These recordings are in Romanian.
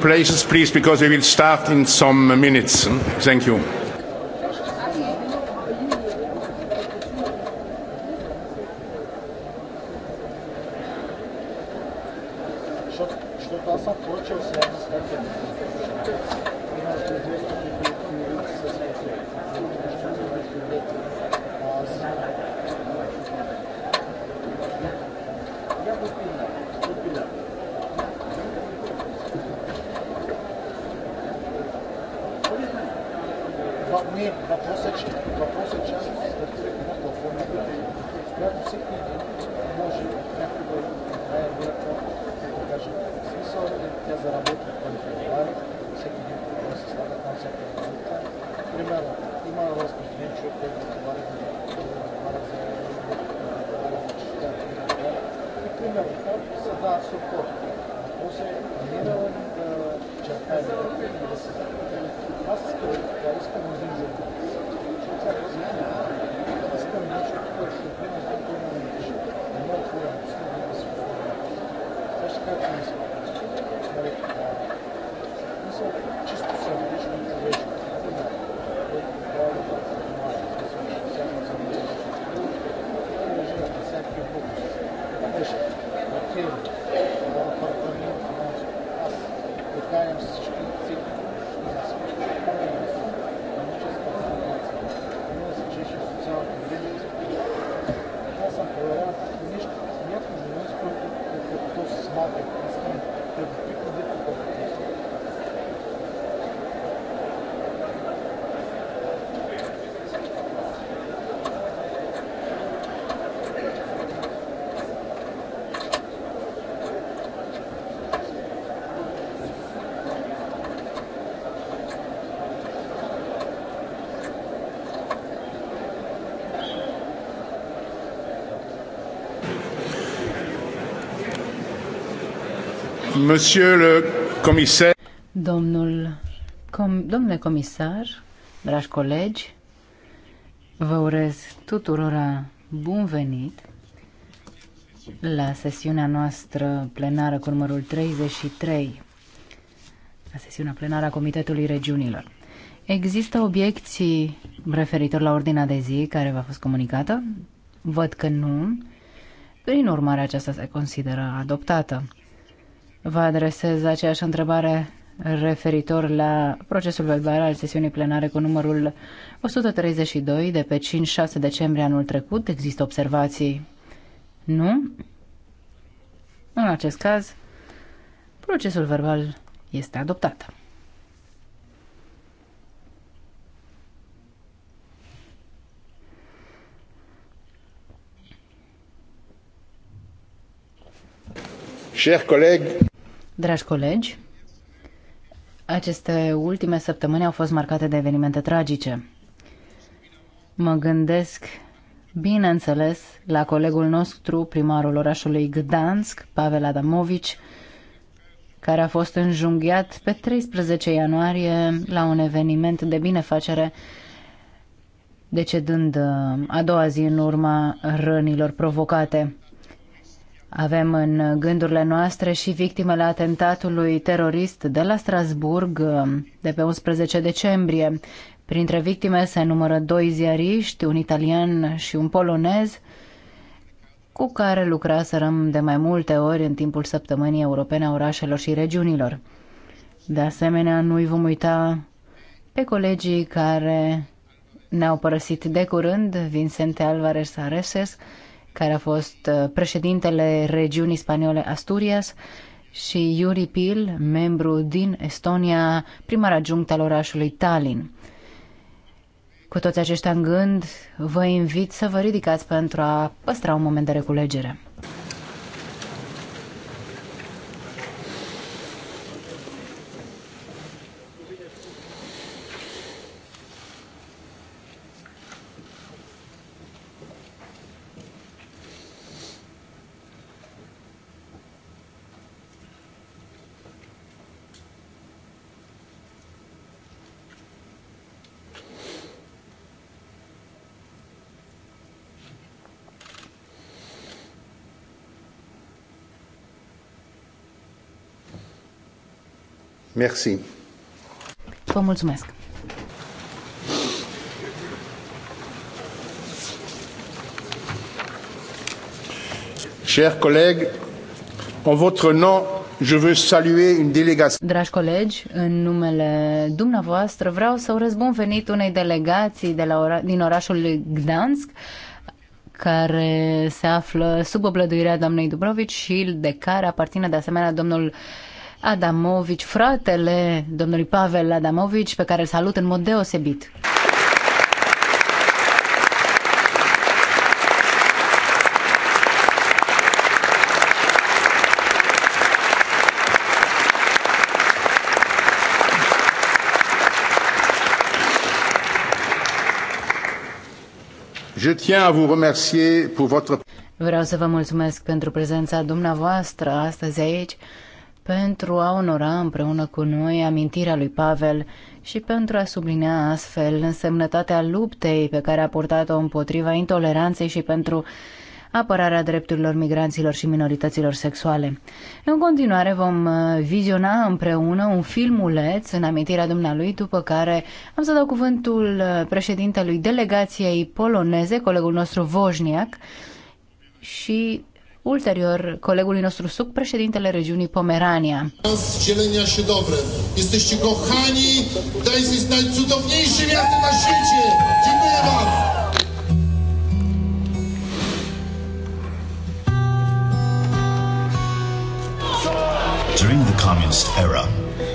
places, please, because we will start in some minutes. Thank you. Monsieur le Domnul, com, domnule comisar, dragi colegi, vă urez tuturor bun venit la sesiunea noastră plenară cu numărul 33, la sesiunea plenară a Comitetului Regiunilor. Există obiecții referitor la ordinea de zi care v-a fost comunicată? Văd că nu. Prin urmare, aceasta se consideră adoptată vă adresez aceeași întrebare referitor la procesul verbal al sesiunii plenare cu numărul 132 de pe 5-6 decembrie anul trecut. Există observații? Nu? În acest caz, procesul verbal este adoptat. Chers collègues, Dragi colegi, aceste ultime săptămâni au fost marcate de evenimente tragice. Mă gândesc, bineînțeles, la colegul nostru, primarul orașului Gdansk, Pavel Adamovici, care a fost înjunghiat pe 13 ianuarie la un eveniment de binefacere, decedând uh, a doua zi în urma rănilor provocate. Avem în gândurile noastre și victimele atentatului terorist de la Strasburg de pe 11 decembrie. Printre victime se numără doi ziariști, un italian și un polonez, cu care sărăm de mai multe ori în timpul săptămânii europene a orașelor și regiunilor. De asemenea, nu-i vom uita pe colegii care ne-au părăsit de curând, Vincente Alvarez Areses, care a fost uh, președintele regiunii spaniole Asturias, și Yuri Pil, membru din Estonia, primar adjunct al orașului Tallinn. Cu toți aceștia în gând, vă invit să vă ridicați pentru a păstra un moment de reculegere. Merci. Vă mulțumesc. Chers collègues, en votre nom, je veux saluer une délégation. Dragi colegi, în numele dumneavoastră vreau să urez bun venit unei delegații de la ora, din orașul Gdansk, care se află sub oblăduirea doamnei Dubrovici și de care aparține de asemenea domnul uh, Adamovici, fratele domnului Pavel Adamovici, pe care îl salut în mod deosebit. Je tiens à vous remercier pour votre... Vreau să vă mulțumesc pentru prezența dumneavoastră astăzi aici pentru a onora împreună cu noi amintirea lui Pavel și pentru a sublinea astfel însemnătatea luptei pe care a purtat-o împotriva intoleranței și pentru apărarea drepturilor migranților și minorităților sexuale. În continuare vom uh, viziona împreună un filmuleț în amintirea dumnealui, după care am să dau cuvântul uh, președintelui delegației poloneze, colegul nostru Vojniak, și Ulterior, colegului nostru suc, președintele regiunii Pomerania. During the communist era,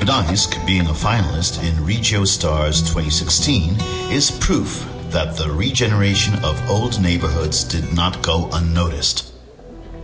Gdańsk, being a finalist in RegioStars 2016, is proof that the regeneration of old neighborhoods did not go unnoticed.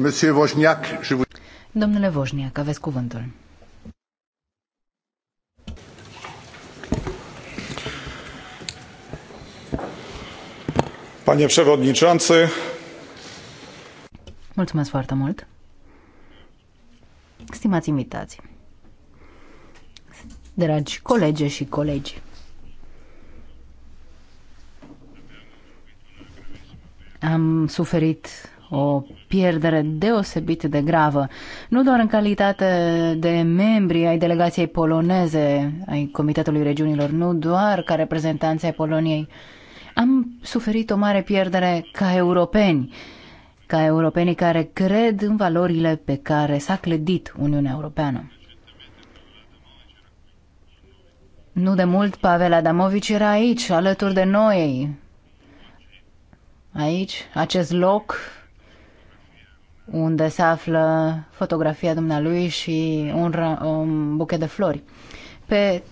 Monsieur Wozniak, je vous... Domnule Voșniac, aveți cuvântul. Panie przewodniczący. Mulțumesc foarte mult. Stimați invitați, dragi colege și colegi, am suferit o pierdere deosebit de gravă, nu doar în calitate de membri ai delegației poloneze ai Comitetului Regiunilor, nu doar ca reprezentanți ai Poloniei. Am suferit o mare pierdere ca europeni, ca europenii care cred în valorile pe care s-a clădit Uniunea Europeană. Nu de mult Pavel Adamovici era aici, alături de noi. Aici, acest loc unde se află fotografia dumnealui și un, un buchet de flori. Pe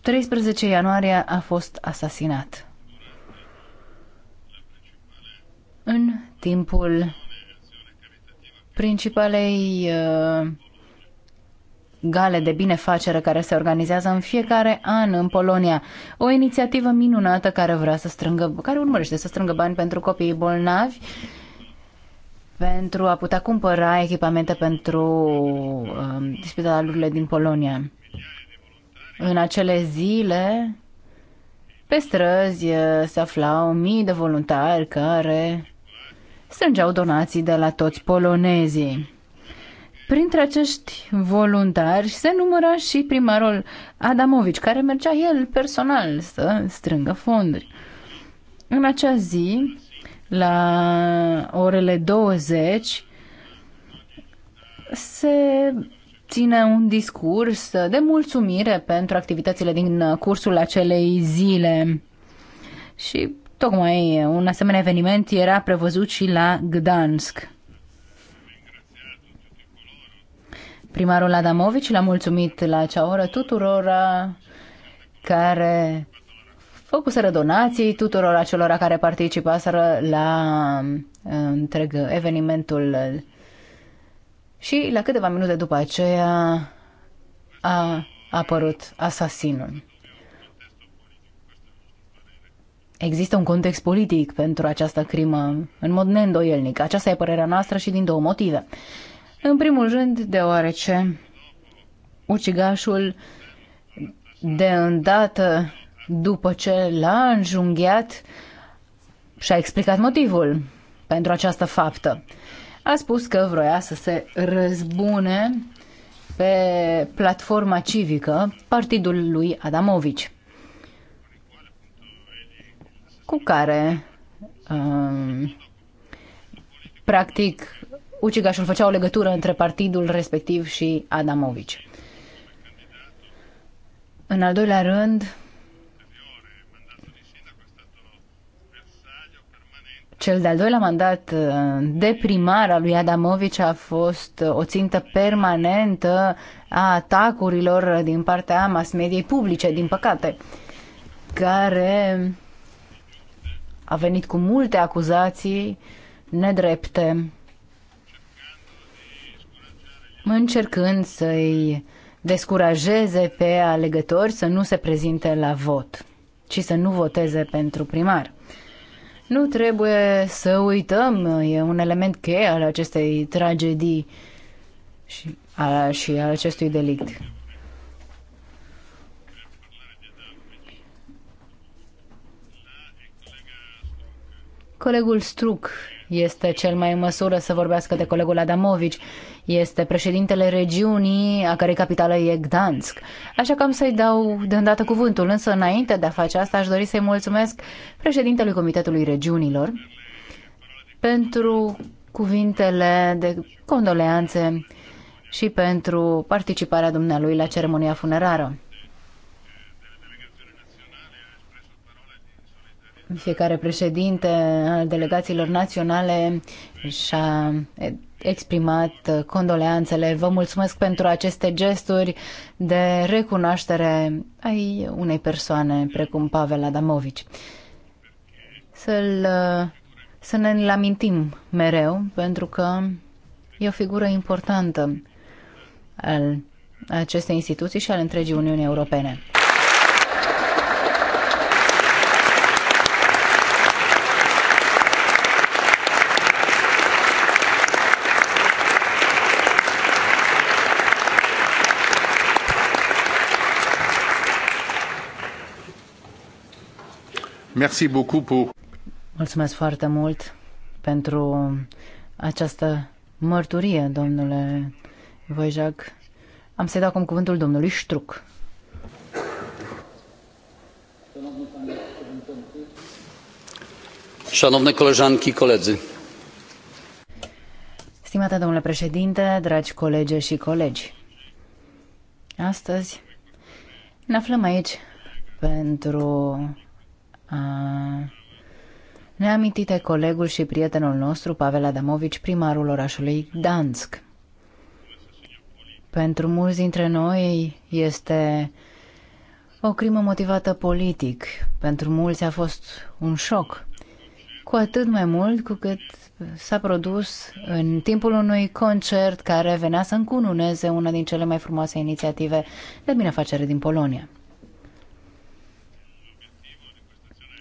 13 ianuarie a fost asasinat. În timpul principalei uh, gale de binefacere care se organizează în fiecare an în Polonia. O inițiativă minunată care vrea să strângă, care urmărește să strângă bani pentru copiii bolnavi. Uh, pentru a putea cumpăra echipamente pentru uh, um, spitalurile din Polonia. În acele zile, pe străzi uh, se aflau mii de voluntari care strângeau donații de la toți polonezii. Printre acești voluntari se număra și primarul Adamovici, care mergea el personal să strângă fonduri. În acea zi, la orele 20 se ține un discurs de mulțumire pentru activitățile din cursul acelei zile. Și tocmai un asemenea eveniment era prevăzut și la Gdansk. Primarul Adamovici l-a mulțumit la acea oră tuturor care făcuseră donații tuturor acelora care participaseră la întreg evenimentul și la câteva minute după aceea a apărut asasinul. Există un context politic pentru această crimă, în mod neîndoielnic. Aceasta e părerea noastră și din două motive. În primul rând, deoarece ucigașul de îndată după ce l-a înjunghiat și a explicat motivul pentru această faptă. A spus că vroia să se răzbune pe platforma civică partidul lui Adamovici, cu care um, practic ucigașul făcea o legătură între partidul respectiv și Adamovici. În al doilea rând, Cel de-al doilea mandat uh, de primar al lui Adamovici a fost uh, o țintă permanentă a atacurilor din partea mass mediei publice, din păcate, care a venit cu multe acuzații nedrepte, încercând să-i descurajeze pe alegători să nu se prezinte la vot, ci să nu voteze pentru primar. Nu trebuie să uităm, e un element cheie al acestei tragedii și, al, și al acestui delict. Colegul Struc este cel mai în măsură să vorbească de colegul Adamovici este președintele regiunii a care capitală e Gdansk. Așa că am să-i dau de îndată cuvântul, însă înainte de a face asta aș dori să-i mulțumesc președintelui Comitetului Regiunilor pentru cuvintele de condoleanțe și pentru participarea dumnealui la ceremonia funerară. Fiecare președinte al delegațiilor naționale și-a exprimat uh, condoleanțele. Vă mulțumesc pentru aceste gesturi de recunoaștere ai unei persoane precum Pavel Adamovici. Să-l, uh, să ne amintim mereu, pentru că e o figură importantă al acestei instituții și al întregii Uniunii Europene. Merci beaucoup pour... Mulțumesc foarte mult pentru această mărturie, domnule Voijac. Am să-i dau acum cuvântul domnului Ștruc. Szanowne koleżanki, koledzy. Stimate domnule președinte, dragi colege și colegi, astăzi ne aflăm aici pentru neamintite colegul și prietenul nostru, Pavel Adamovici, primarul orașului Dansk. Pentru mulți dintre noi este o crimă motivată politic. Pentru mulți a fost un șoc. Cu atât mai mult cu cât s-a produs în timpul unui concert care venea să încununeze una din cele mai frumoase inițiative de binefacere din Polonia.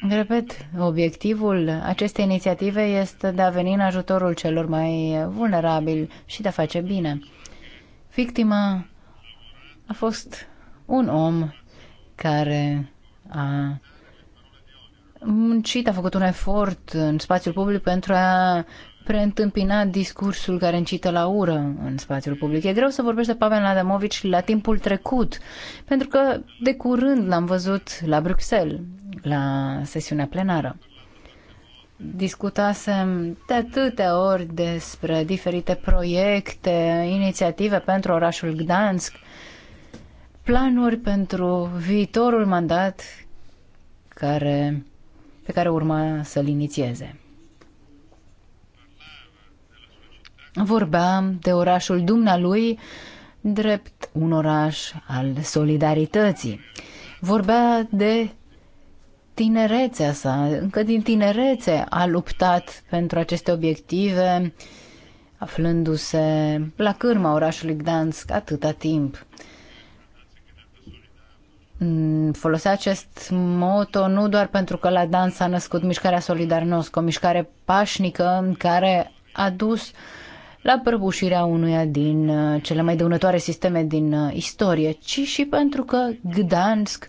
Repet, obiectivul acestei inițiative este de a veni în ajutorul celor mai vulnerabili și de a face bine. Victima a fost un om care a muncit, a făcut un efort în spațiul public pentru a preîntâmpina discursul care încită la ură în spațiul public. E greu să vorbești de Pavel Adamovici la timpul trecut, pentru că de curând l-am văzut la Bruxelles la sesiunea plenară. Discutasem de atâtea ori despre diferite proiecte, inițiative pentru orașul Gdansk, planuri pentru viitorul mandat care, pe care urma să-l inițieze. Vorbeam de orașul dumnealui drept un oraș al solidarității. Vorbea de tinerețea sa, încă din tinerețe a luptat pentru aceste obiective, aflându-se la cârma orașului Gdansk atâta timp. Mm, folosea acest moto nu doar pentru că la dans s-a născut mișcarea Solidarnosc, o mișcare pașnică în care a dus la prăbușirea unuia din uh, cele mai dăunătoare sisteme din uh, istorie, ci și pentru că Gdansk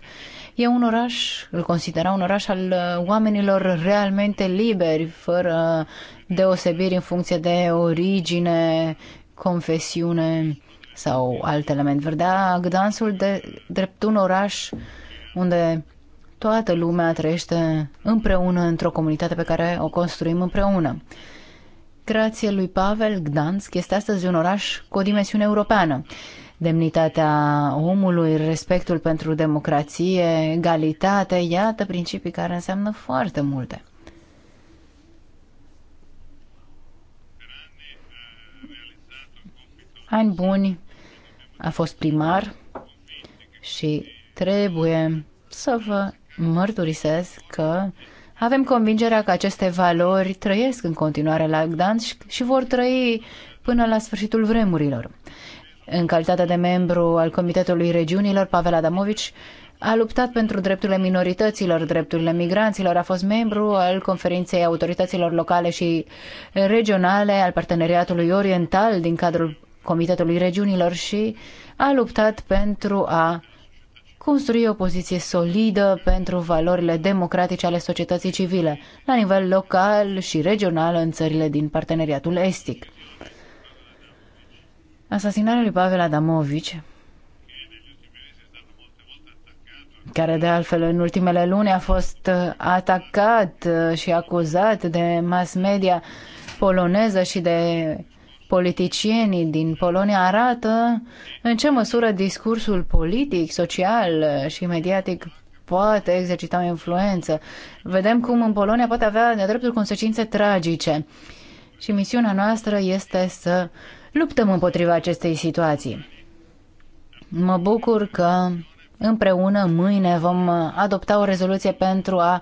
E un oraș, îl considera un oraș al uh, oamenilor realmente liberi, fără deosebiri în funcție de origine, confesiune sau alt element. Vedea Gdansul de drept un oraș unde toată lumea trăiește împreună într-o comunitate pe care o construim împreună. Grație lui Pavel, Gdansk este astăzi un oraș cu o dimensiune europeană demnitatea omului, respectul pentru democrație, egalitate, iată principii care înseamnă foarte multe. Ani buni a fost primar și trebuie să vă mărturisesc că avem convingerea că aceste valori trăiesc în continuare la Gdansk și vor trăi până la sfârșitul vremurilor. În calitate de membru al Comitetului Regiunilor, Pavel Adamovici a luptat pentru drepturile minorităților, drepturile migranților, a fost membru al Conferinței Autorităților Locale și Regionale al Parteneriatului Oriental din cadrul Comitetului Regiunilor și a luptat pentru a construi o poziție solidă pentru valorile democratice ale societății civile, la nivel local și regional în țările din parteneriatul estic. Asasinarea lui Pavel Adamovici, care de altfel în ultimele luni a fost uh, atacat uh, și acuzat de mass media poloneză și de politicienii din Polonia arată în ce măsură discursul politic, social și mediatic poate exercita o influență. Vedem cum în Polonia poate avea de dreptul consecințe tragice. Și misiunea noastră este să uh, luptăm împotriva acestei situații. Mă bucur că împreună mâine vom adopta o rezoluție pentru a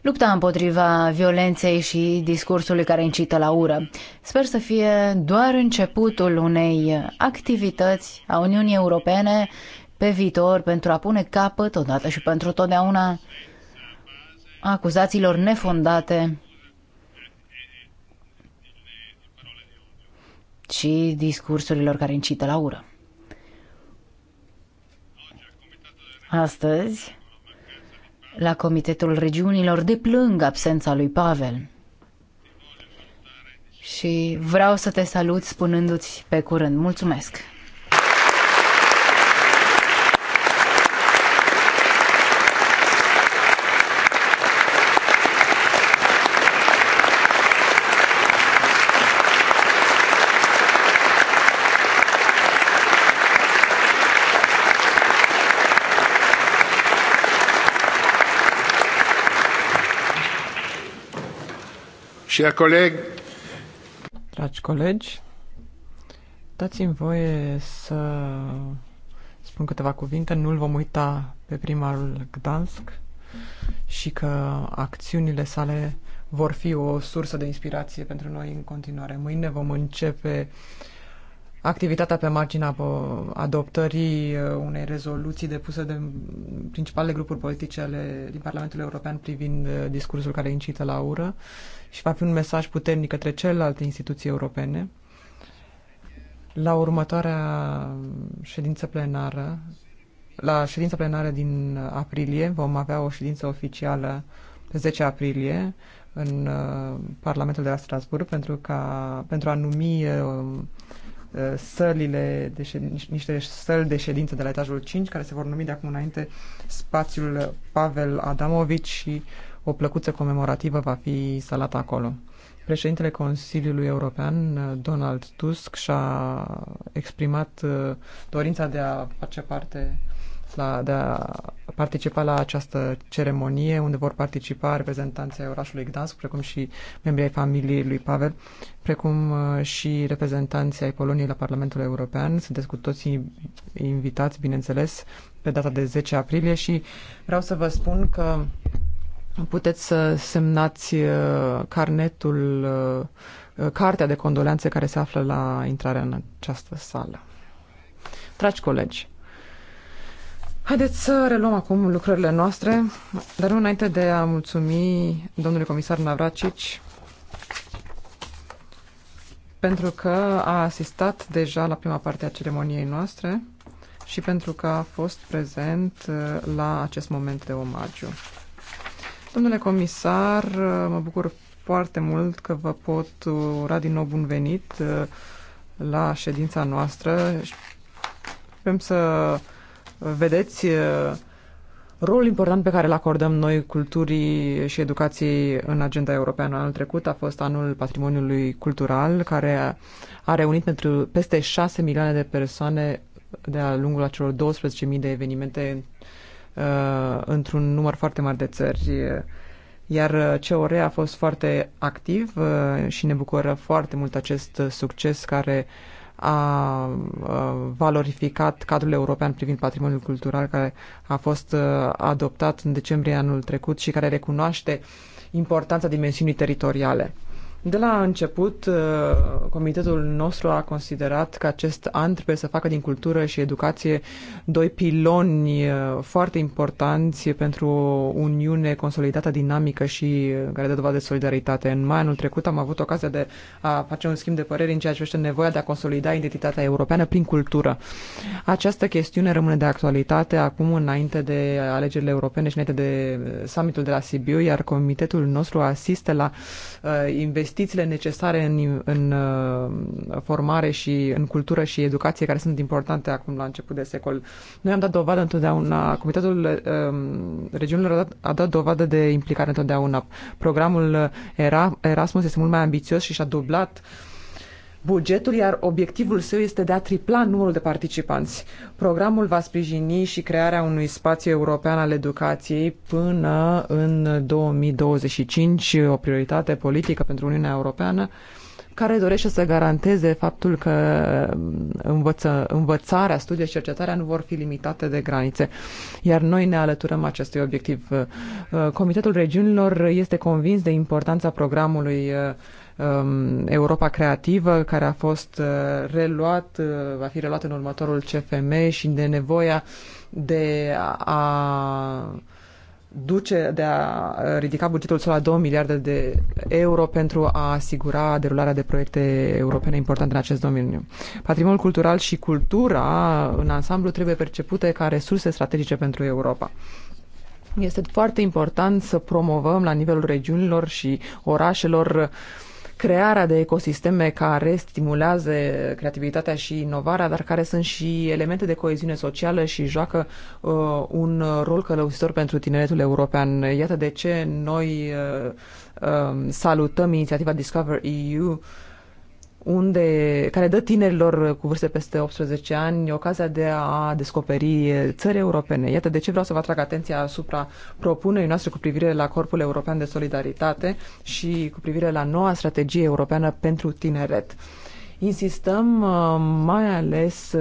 lupta împotriva violenței și discursului care incită la ură. Sper să fie doar începutul unei activități a Uniunii Europene pe viitor pentru a pune capăt odată și pentru totdeauna acuzațiilor nefondate ci discursurilor care incită la ură. Astăzi, la Comitetul Regiunilor deplâng absența lui Pavel. Și vreau să te salut spunându-ți pe curând. Mulțumesc! Chers collègues, Dragi colegi, dați-mi voie să spun câteva cuvinte. Nu-l vom uita pe primarul Gdansk și că acțiunile sale vor fi o sursă de inspirație pentru noi în continuare. Mâine vom începe activitatea pe marginea adoptării uh, unei rezoluții depuse de principalele grupuri politice ale, din Parlamentul European privind uh, discursul care incită la ură și va fi un mesaj puternic către celelalte instituții europene. La următoarea ședință plenară, la ședința plenară din aprilie, vom avea o ședință oficială pe 10 aprilie în uh, Parlamentul de la Strasburg pentru, ca, pentru a numi uh, uh, sălile, de ședințe, niște săli de ședință de la etajul 5, care se vor numi de acum înainte spațiul Pavel Adamovici și o plăcuță comemorativă va fi salată acolo. Președintele Consiliului European, Donald Tusk, și-a exprimat uh, dorința de a face parte la, de a participa la această ceremonie unde vor participa reprezentanții orașului Gdansk, precum și membrii ai familiei lui Pavel, precum uh, și reprezentanții ai Poloniei la Parlamentul European. Sunteți cu toții invitați, bineînțeles, pe data de 10 aprilie și vreau să vă spun că puteți să semnați uh, carnetul, uh, uh, cartea de condolențe care se află la intrarea în această sală. Dragi colegi, haideți să reluăm acum lucrările noastre, dar nu înainte de a mulțumi domnului comisar Navracici pentru că a asistat deja la prima parte a ceremoniei noastre și pentru că a fost prezent la acest moment de omagiu. Domnule comisar, mă bucur foarte mult că vă pot ura din nou bun venit uh, la ședința noastră. Vrem să vedeți uh, rolul important pe care îl acordăm noi culturii și educației în agenda europeană. Anul trecut a fost anul patrimoniului cultural, care a reunit pentru peste 6 milioane de persoane de-a lungul acelor 12.000 de evenimente Uh, într-un număr foarte mare de țări. Iar uh, COR a fost foarte activ uh, și ne bucură foarte mult acest succes care a valorificat cadrul european privind patrimoniul cultural care a fost adoptat în decembrie anul trecut și care recunoaște importanța dimensiunii teritoriale. De la început, uh, comitetul nostru a considerat că acest an trebuie să facă din cultură și educație doi piloni uh, foarte importanți pentru o uniune consolidată, dinamică și uh, care dă dovadă de solidaritate. În mai anul trecut am avut ocazia de a face un schimb de păreri în ceea ce privește nevoia de a consolida identitatea europeană prin cultură. Această chestiune rămâne de actualitate acum înainte de alegerile europene și înainte de summitul de la Sibiu, iar comitetul nostru asistă la uh, investiții investițiile necesare în, în uh, formare și în cultură și educație, care sunt importante acum la început de secol. Noi am dat dovadă întotdeauna, Comitetul uh, Regiunilor a dat, a dat dovadă de implicare întotdeauna. Programul uh, Erasmus este mult mai ambițios și și-a dublat uh, bugetul, iar obiectivul său este de a tripla numărul de participanți. Programul va sprijini și crearea unui spațiu european al educației până în 2025, o prioritate politică pentru Uniunea Europeană care dorește să garanteze faptul că mm, învăță, învățarea, studiile și cercetarea nu vor fi limitate de granițe. Iar noi ne alăturăm acestui obiectiv. Uh, Comitetul Regiunilor este convins de importanța programului uh, Um, Europa Creativă, care a fost uh, reluat, uh, va fi reluat în următorul CFM și de nevoia de a duce, de a ridica bugetul său la 2 miliarde de euro pentru a asigura derularea de proiecte europene importante în acest domeniu. Patrimoniul cultural și cultura în ansamblu trebuie percepute ca resurse strategice pentru Europa. Este foarte important să promovăm la nivelul regiunilor și orașelor uh, crearea de ecosisteme care stimulează creativitatea și inovarea, dar care sunt și elemente de coeziune socială și joacă uh, un rol călăuzitor pentru tineretul european. Iată de ce noi uh, uh, salutăm inițiativa Discover EU uh, unde, care dă tinerilor cu vârste peste 18 ani ocazia de a descoperi țări europene. Iată de ce vreau să vă atrag atenția asupra propunerii noastre cu privire la Corpul European de Solidaritate și cu privire la noua strategie europeană pentru tineret. Insistăm uh, mai ales uh,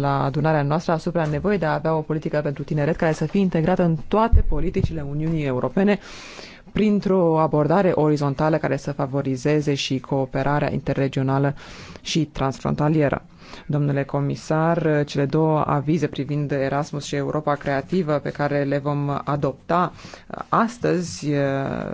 la adunarea noastră asupra nevoii de a avea o politică pentru tineret care să fie integrată în toate politicile Uniunii Europene printr-o abordare orizontală care să favorizeze și cooperarea interregională și transfrontalieră. Domnule comisar, cele două avize privind Erasmus și Europa Creativă pe care le vom adopta astăzi,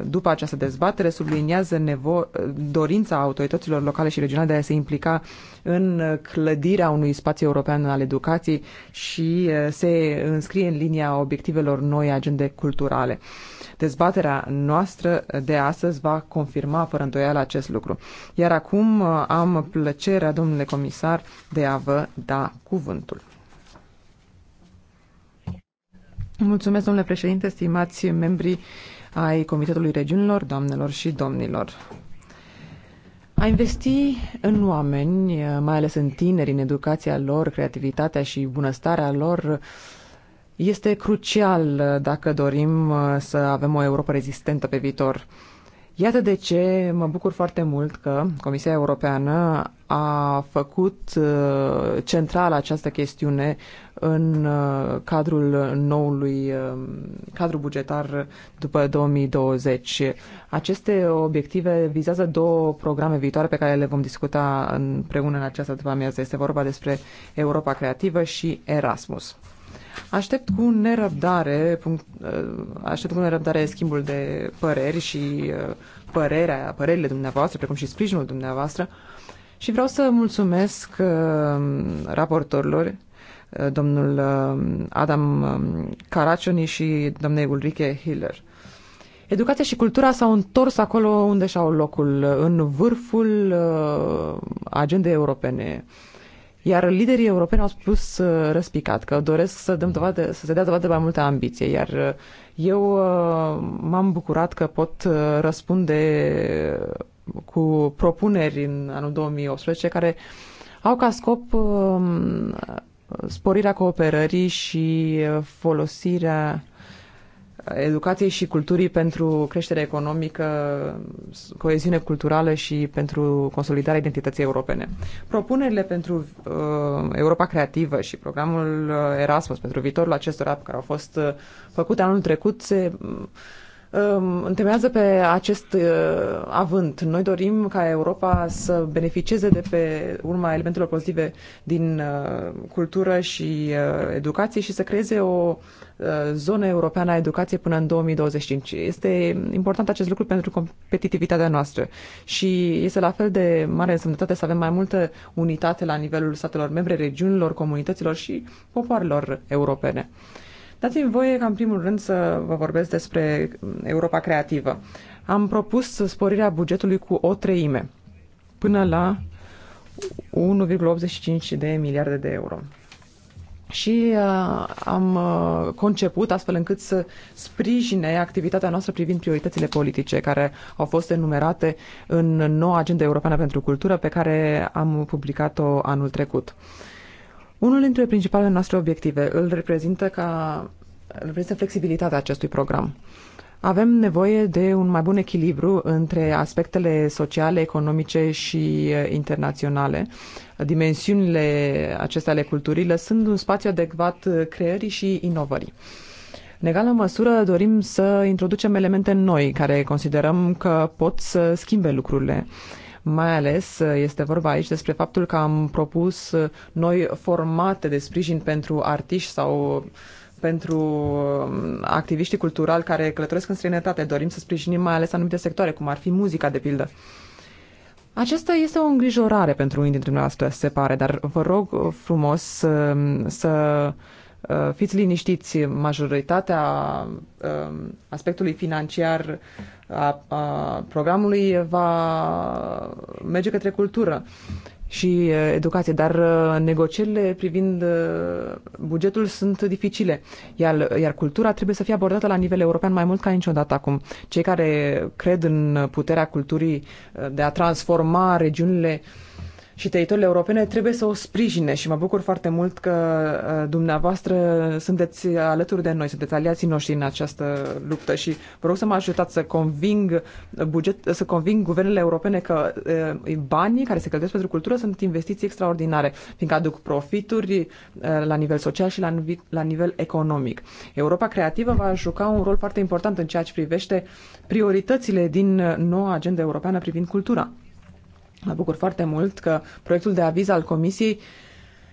după această dezbatere, subliniază nevo- dorința autorităților locale și regionale de a se implica în clădirea unui spațiu european al educației și uh, se înscrie în linia obiectivelor noi agende culturale. Dezbaterea noastră de astăzi va confirma fără îndoială acest lucru. Iar acum uh, am plăcerea, domnule comisar, de a vă da cuvântul. Mulțumesc, domnule președinte, stimați membrii ai Comitetului Regiunilor, doamnelor și domnilor. A investi în oameni, mai ales în tineri, în educația lor, creativitatea și bunăstarea lor, este crucial dacă dorim uh, să avem o Europa rezistentă pe viitor. Iată de ce mă bucur foarte mult că Comisia Europeană a făcut uh, central această chestiune în uh, cadrul noului um, cadru bugetar după 2020. Aceste obiective vizează două programe viitoare pe care le vom discuta împreună în această după amiază. Este vorba despre Europa Creativă și Erasmus. Aștept cu nerăbdare, punct, uh, aștept cu nerăbdare schimbul de păreri și uh, părerea, părerile dumneavoastră, precum și sprijinul dumneavoastră. Și vreau să mulțumesc uh, raportorilor, domnul Adam um, Caracioni și domnul Ulrike Hiller. Educația și cultura s-au întors acolo unde și-au locul, în vârful agendei europene. Iar liderii europeni au spus uh, răspicat că doresc să, dăm dovadă, să se dea dovadă mai multă ambiție. Iar uh, eu uh, m-am bucurat că pot răspunde cu propuneri în anul 2018 care au ca scop um, sporirea cooperării și folosirea educației și culturii pentru creștere economică, coeziune culturală și pentru consolidarea identității europene. Propunerile pentru uh, Europa Creativă și programul uh, Erasmus pentru viitorul acestora care au fost uh, făcute anul trecut se uh, întemeiază pe acest uh, avânt. Noi dorim ca Europa să beneficieze de pe urma elementelor pozitive din uh, cultură și uh, educație și să creeze o zonă europeană a educației până în 2025. Este important acest lucru pentru competitivitatea noastră și este la fel de mare însemnătate să avem mai multă unitate la nivelul statelor membre, regiunilor, comunităților și popoarelor europene. Dați-mi voie ca în primul rând să vă vorbesc despre Europa Creativă. Am propus sporirea bugetului cu o treime, până la 1,85 de miliarde de euro și uh, am uh, conceput astfel încât să sprijine activitatea noastră privind prioritățile politice care au fost enumerate în noua agenda europeană pentru cultură pe care am publicat-o anul trecut. Uh, unul dintre principalele noastre obiective îl reprezintă ca reprezintă flexibilitatea acestui program. Avem nevoie de un mai bun echilibru între aspectele sociale, economice și internaționale. Dimensiunile acestea ale culturii lăsând un spațiu adecvat creării și inovării. În egală măsură dorim să introducem elemente noi care considerăm că pot să schimbe lucrurile mai ales uh, este vorba aici despre faptul că am propus uh, noi formate de sprijin pentru artiști sau pentru um, activiștii culturali care călătoresc în străinătate. Dorim să sprijinim mai ales anumite sectoare, cum ar fi muzica, de pildă. Aceasta este o îngrijorare pentru unii dintre noastre, se pare, dar vă rog frumos um, să, să Uh, fiți liniștiți, majoritatea um, aspectului financiar a, programului va merge către cultură și uh, educație, dar uh, negocierile privind bugetul sunt dificile, iar, iar cultura trebuie să fie abordată la nivel european mai mult ca niciodată acum. Cei care cred în puterea culturii de a transforma regiunile uh, și teritoriile europene trebuie să o sprijine și mă bucur foarte mult că uh, dumneavoastră sunteți alături de noi, sunteți aliații noștri în această luptă și vă rog să mă ajutați să conving, buget, să conving guvernele europene că uh, banii care se cheltuiesc pentru cultură sunt investiții extraordinare, fiindcă aduc profituri uh, la nivel social și la, la nivel economic. Europa Creativă va juca un rol foarte important în ceea ce privește prioritățile din noua agenda europeană privind cultura. Mă bucur foarte mult că proiectul de aviz al Comisiei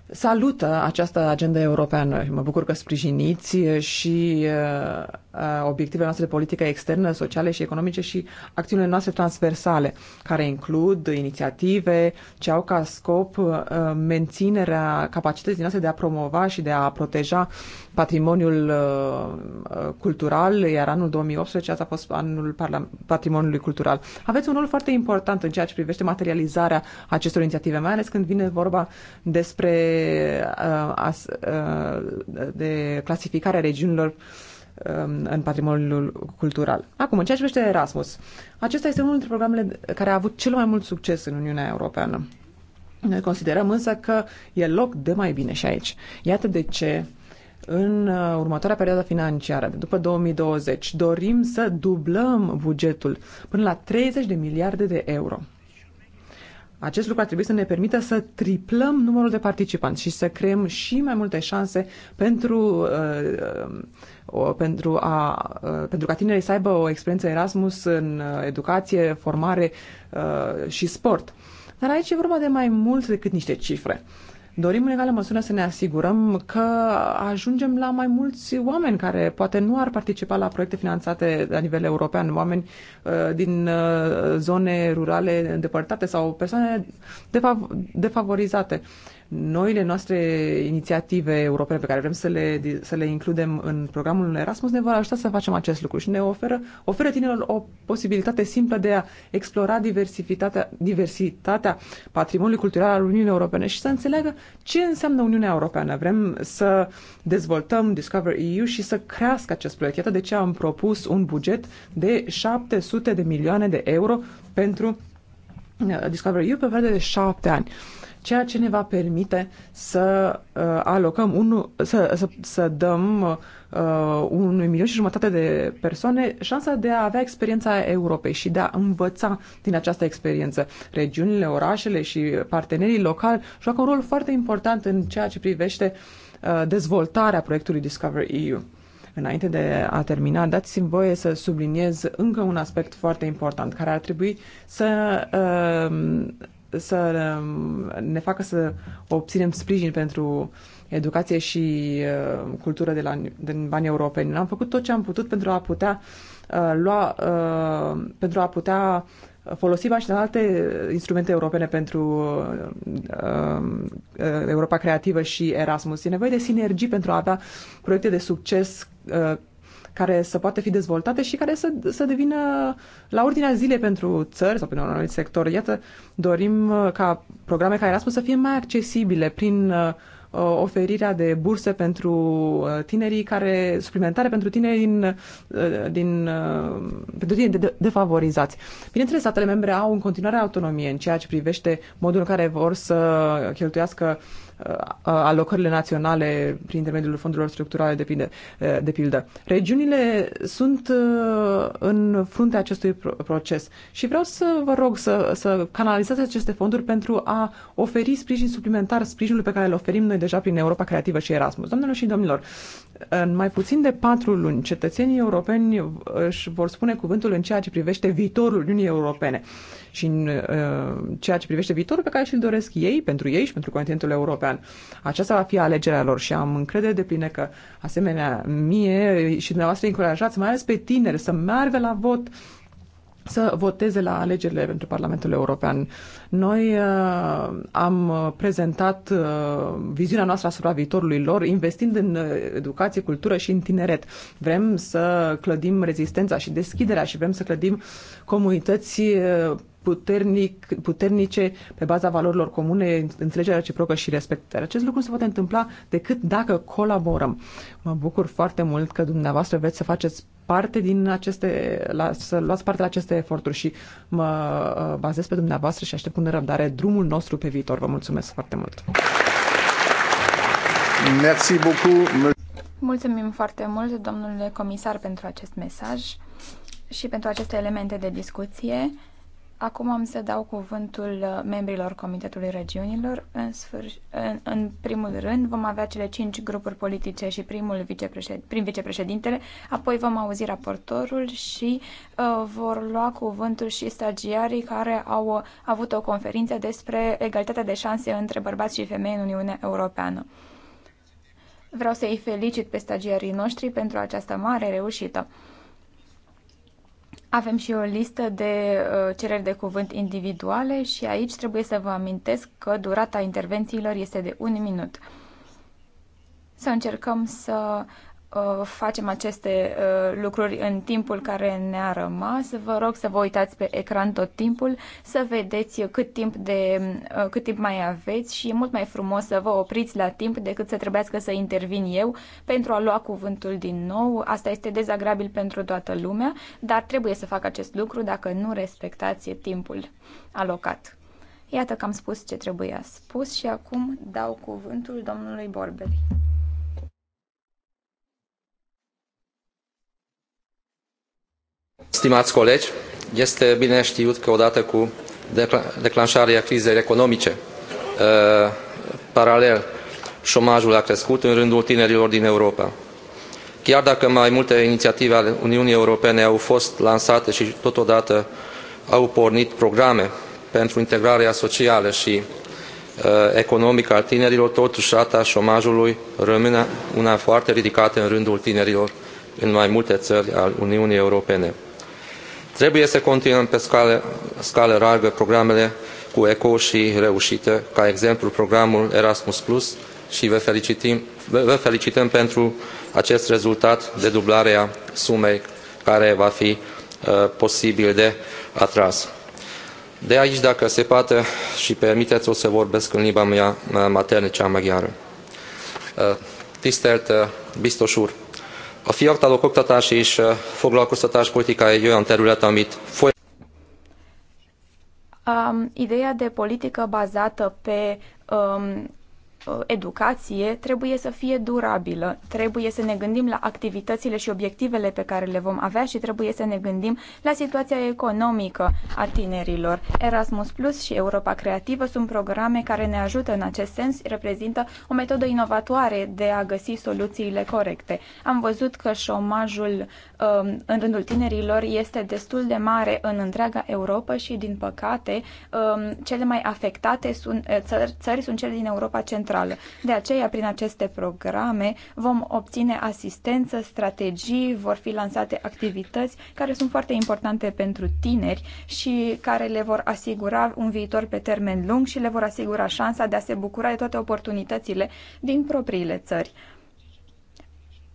salută această agenda europeană. Mă bucur că sprijiniți și uh, Uh, obiectivele noastre de politică externă, sociale și economice și acțiunile noastre transversale, care includ inițiative ce au ca scop uh, menținerea capacității noastre de a promova și de a proteja patrimoniul uh, cultural, iar anul 2018 asta a fost anul patrimoniului cultural. Aveți un rol foarte important în ceea ce privește materializarea acestor inițiative, mai ales când vine vorba despre de clasificarea regiunilor Um, în patrimoniul cultural. Acum, în ceea ce privește Erasmus, acesta este unul dintre programele care a avut cel mai mult succes în Uniunea Europeană. Noi considerăm însă că e loc de mai bine și aici. Iată de ce în uh, următoarea perioadă financiară, după 2020, dorim să dublăm bugetul până la 30 de miliarde de euro. Acest lucru ar trebui să ne permită să triplăm numărul de participanți și să creăm și mai multe șanse pentru uh, uh o, pentru, a, ă, pentru ca tinerii să aibă o experiență Erasmus în ă, educație, formare ă, și sport. Dar aici e vorba de mai mult decât niște cifre. Dorim în egală măsură să ne asigurăm că ajungem la mai mulți oameni care poate nu ar participa la proiecte finanțate la nivel european, oameni din zone rurale îndepărtate sau persoane defav- defavorizate noile noastre inițiative europene pe care vrem să le, să le includem în programul Erasmus ne vor ajuta să facem acest lucru și ne oferă, oferă tinerilor o posibilitate simplă de a explora diversitatea, diversitatea patrimoniului cultural al Uniunii Europene și să înțeleagă ce înseamnă Uniunea Europeană. Vrem să dezvoltăm Discover EU și să crească acest proiect. Iată de ce am propus un buget de 700 de milioane de euro pentru uh, Discover EU pe perioadă de șapte ani ceea ce ne va permite să uh, alocăm unu, să, să, să dăm uh, unui milion și jumătate de persoane șansa de a avea experiența Europei și de a învăța din această experiență. Regiunile, orașele și partenerii locali joacă un rol foarte important în ceea ce privește uh, dezvoltarea proiectului Discover EU. Înainte de a termina, dați-mi voie să subliniez încă un aspect foarte important care ar trebui să uh, să um, ne facă să obținem sprijin pentru educație și uh, cultură de la, din banii europeni. Am făcut tot ce am putut pentru a putea uh, lua, uh, pentru a putea folosi bani și de alte instrumente europene pentru Europa Creativă și Erasmus. E nevoie de sinergii pentru a avea proiecte de succes care să poată fi dezvoltate și care să, să devină la ordinea zilei pentru țări sau pentru un anumit sector. Iată, dorim uh, ca programe care Erasmus să fie mai accesibile prin uh, uh, oferirea de burse pentru tinerii care, suplimentare pentru tineri din, din pentru tineri defavorizați. Bineînțeles, statele membre au în continuare autonomie în ceea ce privește modul în care vor să cheltuiască alocările naționale prin intermediul fondurilor structurale, depinde, de pildă. Regiunile sunt în fruntea acestui proces și vreau să vă rog să, să canalizați aceste fonduri pentru a oferi sprijin suplimentar sprijinul pe care îl oferim noi deja prin Europa Creativă și Erasmus. Doamnelor și domnilor, în mai puțin de patru luni cetățenii europeni își vor spune cuvântul în ceea ce privește viitorul Uniunii Europene și în uh, ceea ce privește viitorul pe care și-l doresc ei, pentru ei și pentru continentul european. Aceasta va fi alegerea lor și am încredere de plină că, asemenea mie și dumneavoastră încurajați, mai ales pe tineri, să meargă la vot, să voteze la alegerile pentru Parlamentul European. Noi uh, am prezentat uh, viziunea noastră asupra viitorului lor, investind în uh, educație, cultură și în tineret. Vrem să clădim rezistența și deschiderea și vrem să clădim comunități uh, puternic, puternice pe baza valorilor comune, înțelegerea reciprocă și respectarea. Acest lucru nu se poate întâmpla decât dacă colaborăm. Mă bucur foarte mult că dumneavoastră veți să faceți parte din aceste, la, să luați parte la aceste eforturi și mă uh, bazez pe dumneavoastră și aștept cu nerăbdare drumul nostru pe viitor. Vă mulțumesc foarte mult! Merci beaucoup. Mulțumim foarte mult, domnule comisar, pentru acest mesaj și pentru aceste elemente de discuție. Acum am să dau cuvântul uh, membrilor Comitetului Regiunilor. În, sfârș... în, în primul rând vom avea cele cinci grupuri politice și primul vicepreședinte. prim vicepreședintele, apoi vom auzi raportorul și uh, vor lua cuvântul și stagiarii care au uh, avut o conferință despre egalitatea de șanse între bărbați și femei în Uniunea Europeană. Vreau să-i felicit pe stagiarii noștri pentru această mare reușită. Avem și o listă de uh, cereri de cuvânt individuale și aici trebuie să vă amintesc că durata intervențiilor este de un minut. Să încercăm să Uh, facem aceste uh, lucruri în timpul care ne-a rămas. Vă rog să vă uitați pe ecran tot timpul, să vedeți cât timp, de, uh, cât timp mai aveți și e mult mai frumos să vă opriți la timp decât să trebuiască să intervin eu pentru a lua cuvântul din nou. Asta este dezagrabil pentru toată lumea, dar trebuie să fac acest lucru dacă nu respectați timpul alocat. Iată că am spus ce trebuia spus și acum dau cuvântul domnului Borbeli. Stimați colegi, este bine știut că odată cu declanșarea crizei economice, uh, paralel, șomajul a crescut în rândul tinerilor din Europa. Chiar dacă mai multe inițiative ale Uniunii Europene au fost lansate și totodată au pornit programe pentru integrarea socială și uh, economică a tinerilor, totuși rata șomajului rămâne una foarte ridicată în rândul tinerilor în mai multe țări al Uniunii Europene. Trebuie să continuăm pe scală, scală largă programele cu eco și reușite, ca exemplu programul Erasmus Plus și vă, felicitim, vă felicităm pentru acest rezultat de dublare a sumei care va fi uh, posibil de atras. De aici, dacă se poate și permiteți, o să vorbesc în limba mea uh, maternă, cea maghiară. Uh, tisztelt uh, biztos a fiatalok oktatási és foglalkoztatáspolitikája egy olyan terület, amit folyamatosan um, ideea de politică bazată pe um, Uh, educație trebuie să fie durabilă, trebuie să ne gândim la activitățile și obiectivele pe care le vom avea și trebuie să ne gândim la situația economică a tinerilor. Erasmus Plus și Europa Creativă sunt programe care ne ajută în acest sens, reprezintă o metodă inovatoare de a găsi soluțiile corecte. Am văzut că șomajul um, în rândul tinerilor este destul de mare în întreaga Europa și, din păcate, um, cele mai afectate sunt, uh, țări, țări sunt cele din Europa Centrală centrală. De aceea, prin aceste programe vom obține asistență, strategii, vor fi lansate activități care sunt foarte importante pentru tineri și care le vor asigura un viitor pe termen lung și le vor asigura șansa de a se bucura de toate oportunitățile din propriile țări.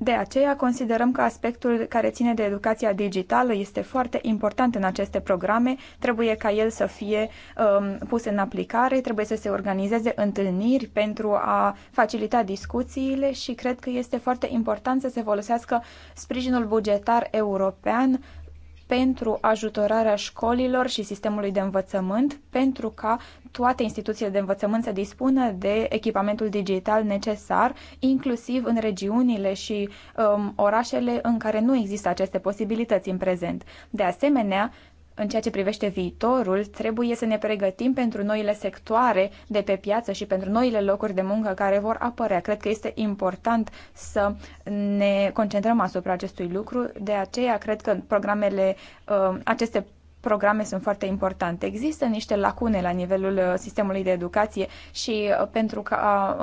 De aceea considerăm că aspectul care ține de educația digitală este foarte important în aceste programe, trebuie ca el să fie um, pus în aplicare, trebuie să se organizeze întâlniri pentru a facilita discuțiile și cred că este foarte important să se folosească sprijinul bugetar european pentru ajutorarea școlilor și sistemului de învățământ, pentru ca toate instituțiile de învățământ să dispună de echipamentul digital necesar, inclusiv în regiunile și um, orașele în care nu există aceste posibilități în prezent. De asemenea, în ceea ce privește viitorul, trebuie să ne pregătim pentru noile sectoare de pe piață și pentru noile locuri de muncă care vor apărea. Cred că este important să ne concentrăm asupra acestui lucru, de aceea cred că programele, uh, aceste programe sunt foarte importante. Există niște lacune la nivelul uh, sistemului de educație și uh, pentru că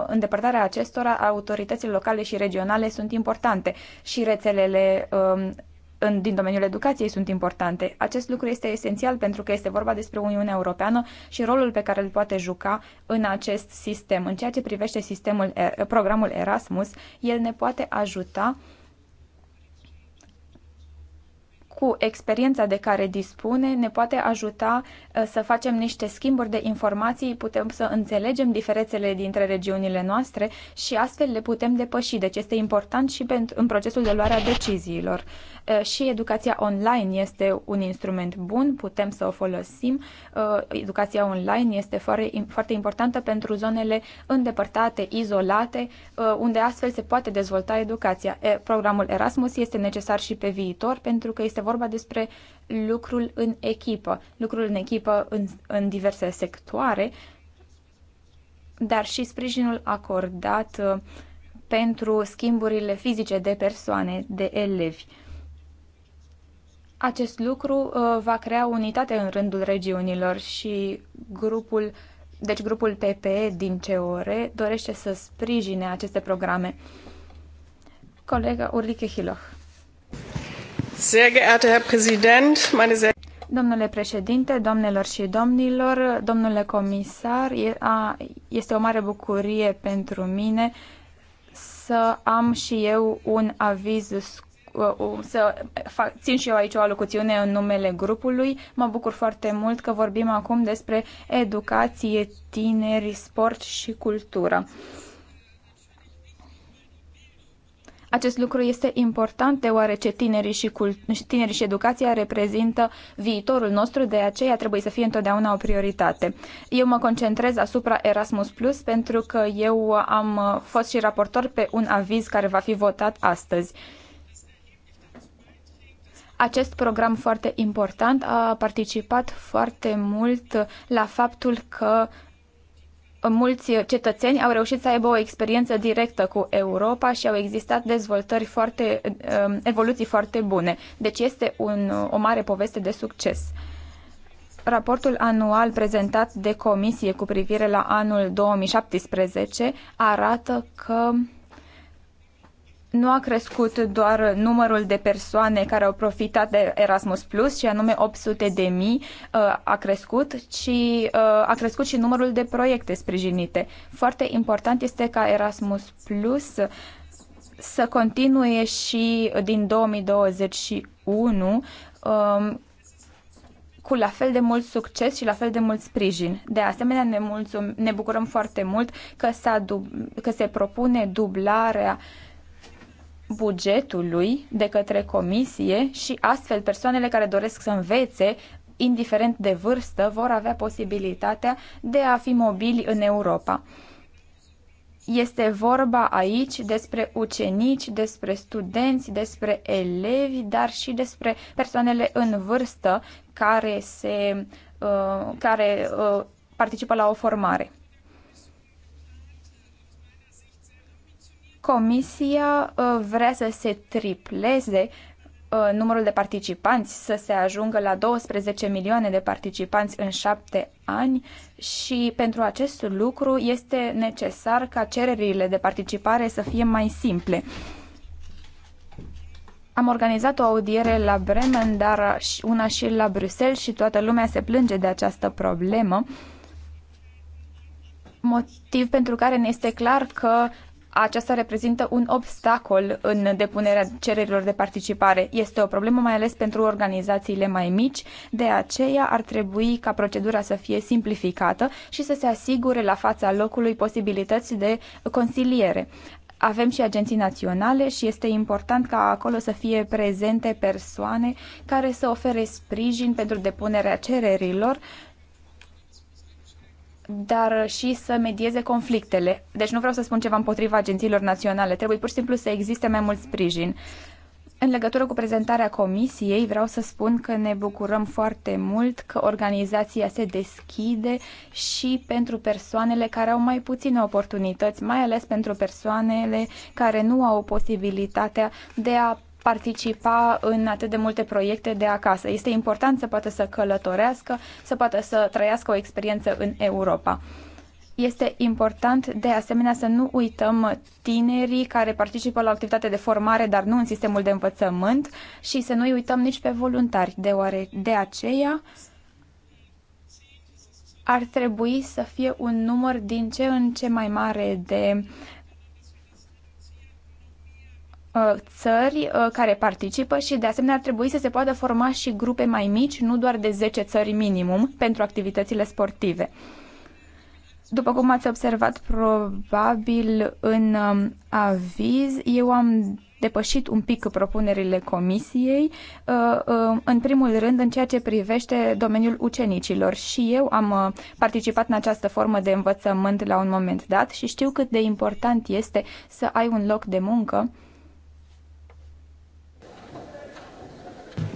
îndepărtarea acestora, autoritățile locale și regionale sunt importante și rețelele um, în, din domeniul educației sunt importante. Acest lucru este esențial pentru că este vorba despre Uniunea Europeană și rolul pe care îl poate juca în acest sistem. În ceea ce privește sistemul, programul Erasmus, el ne poate ajuta cu experiența de care dispune, ne poate ajuta uh, să facem niște schimburi de informații, putem să înțelegem diferențele dintre regiunile noastre și astfel le putem depăși. Deci este important și în procesul de luare a deciziilor. Uh, și educația online este un instrument bun, putem să o folosim. Uh, educația online este foarte importantă pentru zonele îndepărtate, izolate, unde astfel se poate dezvolta educația. Programul Erasmus este necesar și pe viitor pentru că este vorba despre lucrul în echipă, lucrul în echipă în, în diverse sectoare, dar și sprijinul acordat uh, pentru schimburile fizice de persoane, de elevi. Acest lucru uh, va crea unitate în rândul regiunilor și grupul, deci grupul PPE din COR dorește să sprijine aceste programe. Colega Urlike Hiloch. Sehr geehrter Herr Präsident, meine sehr Domnule președinte, domnilor și domnilor, domnule comisar, este o mare bucurie pentru mine să am și eu un aviz să fac, țin și eu aici o alocuțiune în numele grupului. Mă bucur foarte mult că vorbim acum despre educație, tineri, sport și cultură. Acest lucru este important deoarece tinerii și, cult- tinerii și educația reprezintă viitorul nostru, de aceea trebuie să fie întotdeauna o prioritate. Eu mă concentrez asupra Erasmus Plus pentru că eu am fost și raportor pe un aviz care va fi votat astăzi. Acest program foarte important a participat foarte mult la faptul că mulți cetățeni au reușit să aibă o experiență directă cu Europa și au existat dezvoltări foarte, um, evoluții foarte bune. Deci este un, o mare poveste de succes. Raportul anual prezentat de comisie cu privire la anul 2017 arată că nu a crescut doar numărul de persoane care au profitat de Erasmus Plus, și anume 800 de mii uh, a crescut, ci uh, a crescut și numărul de proiecte sprijinite. Foarte important este ca Erasmus Plus să continue și din 2021 um, cu la fel de mult succes și la fel de mult sprijin. De asemenea, ne, mulțum, ne bucurăm foarte mult că, s-a că se propune dublarea uh, bugetului de către comisie și astfel persoanele care doresc să învețe indiferent de vârstă, vor avea posibilitatea de a fi mobili în Europa. Este vorba aici despre ucenici, despre studenți, despre elevi, dar și despre persoanele în vârstă care, se, uh, care uh, participă la o formare. Comisia uh, vrea să se tripleze uh, numărul de participanți, să se ajungă la 12 milioane de participanți în șapte ani și pentru acest lucru este necesar ca cererile de participare să fie mai simple. Am organizat o audiere la Bremen, dar una și la Bruxelles și toată lumea se plânge de această problemă motiv pentru care ne este clar că aceasta reprezintă un obstacol în depunerea cererilor de participare. Este o problemă mai ales pentru organizațiile mai mici, de aceea ar trebui ca procedura să fie simplificată și să se asigure la fața locului posibilități de consiliere avem și agenții naționale și este important ca acolo să fie prezente persoane care să ofere sprijin pentru depunerea cererilor dar și să medieze conflictele. Deci nu vreau să spun ceva împotriva agențiilor naționale, trebuie pur și simplu să existe mai mult sprijin. În legătură cu prezentarea comisiei, vreau să spun că ne bucurăm foarte mult că organizația se deschide și pentru persoanele care au mai puține oportunități, mai ales pentru persoanele care nu au posibilitatea de a participa în atât de multe proiecte de acasă. Este important să poată să călătorească, să poată să trăiască o experiență în Europa. Este important de asemenea să nu uităm tinerii care participă la activitate de formare, dar nu în sistemul de învățământ și să nu uităm nici pe voluntari, deoare de aceea ar trebui să fie un număr din ce în ce mai mare de Uh, țări uh, care participă și de asemenea ar trebui să se poată forma și grupe mai mici, nu doar de 10 țări minimum, pentru activitățile sportive. După cum ați observat probabil în um, aviz, eu am depășit un pic propunerile comisiei, uh, um, în primul rând în ceea ce privește domeniul ucenicilor. Și eu am participat în această formă de învățământ la un moment dat și știu cât de important este să ai un loc de muncă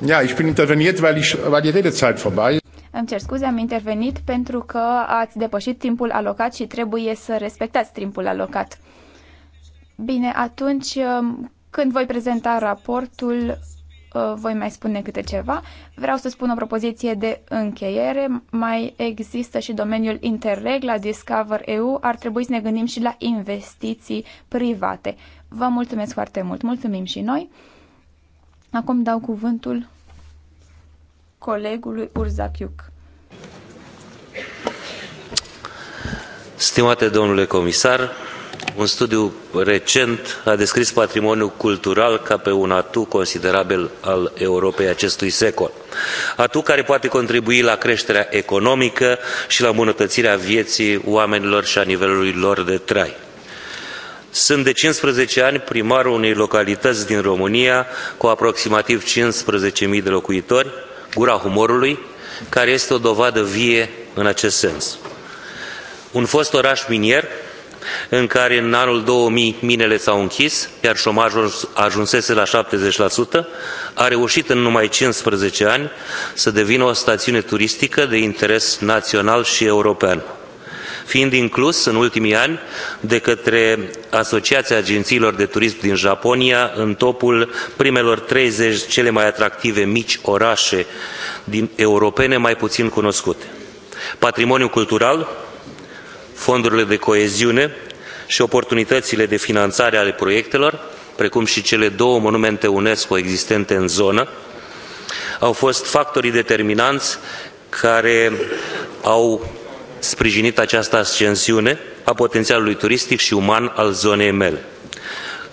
Ja, ich bin interveniert, weil, ich, weil die Redezeit vorbei ist. Îmi cer scuze, am intervenit pentru că ați depășit timpul alocat și trebuie să respectați timpul alocat. Bine, atunci um, când voi prezenta raportul, uh, voi mai spune câte ceva. Vreau să spun o propoziție de încheiere. Mai există și domeniul Interreg la Discover EU. Ar trebui să ne gândim și la investiții private. Vă mulțumesc foarte mult. Mulțumim și noi. Acum dau cuvântul colegului Urzachiuc. Stimate domnule comisar, un studiu recent a descris patrimoniul cultural ca pe un atu considerabil al Europei acestui secol. Atu care poate contribui la creșterea economică și la îmbunătățirea vieții oamenilor și a nivelului lor de trai. Sunt de 15 ani primarul unei localități din România cu aproximativ 15.000 de locuitori, Gura Humorului, care este o dovadă vie în acest sens. Un fost oraș minier, în care în anul 2000 minele s-au închis, iar șomajul ajunsese la 70%, a reușit în numai 15 ani să devină o stațiune turistică de interes național și european fiind inclus în ultimii ani de către Asociația Agențiilor de Turism din Japonia în topul primelor 30 cele mai atractive mici orașe din europene mai puțin cunoscute. Patrimoniul cultural, fondurile de coeziune și oportunitățile de finanțare ale proiectelor, precum și cele două monumente UNESCO existente în zonă, au fost factorii determinanți care au sprijinit această ascensiune a potențialului turistic și uman al zonei mele.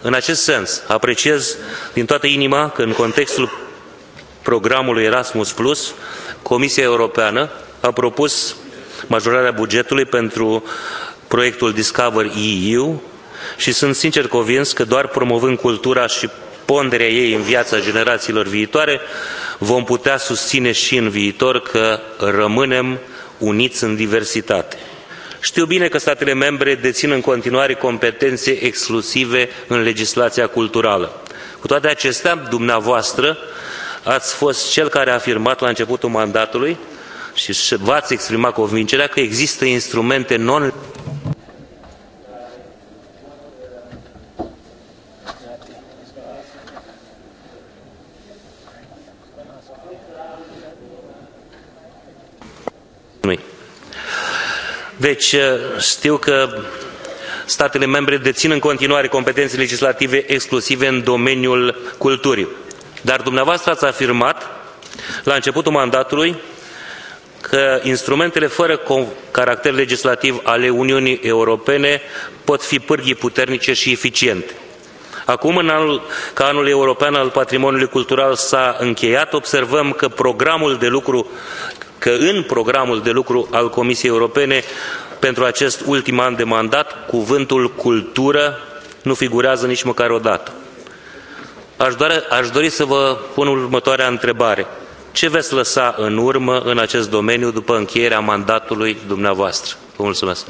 În acest sens, apreciez din toată inima că în contextul programului Erasmus+, Plus, Comisia Europeană a propus majorarea bugetului pentru proiectul Discover EU și sunt sincer convins că doar promovând cultura și ponderea ei în viața generațiilor viitoare, vom putea susține și în viitor că rămânem uniți în diversitate. Știu bine că statele membre dețin în continuare competențe exclusive în legislația culturală. Cu toate acestea, dumneavoastră ați fost cel care a afirmat la începutul mandatului și v-ați exprimat convingerea că există instrumente non noi. Deci uh, știu că statele membre dețin în continuare competențe legislative exclusive în domeniul culturii. Dar dumneavoastră ați afirmat la începutul mandatului că instrumentele fără caracter legislativ ale Uniunii Europene pot fi pârghii puternice și eficiente. Acum, în anul, ca anul european al patrimoniului cultural s-a încheiat, observăm că programul de lucru că în programul de lucru al Comisiei Europene pentru acest ultim an de mandat, cuvântul cultură nu figurează nici măcar o dată. Aș, aș dori să vă pun următoarea întrebare. Ce veți lăsa în urmă în acest domeniu după încheierea mandatului dumneavoastră? Vă mulțumesc!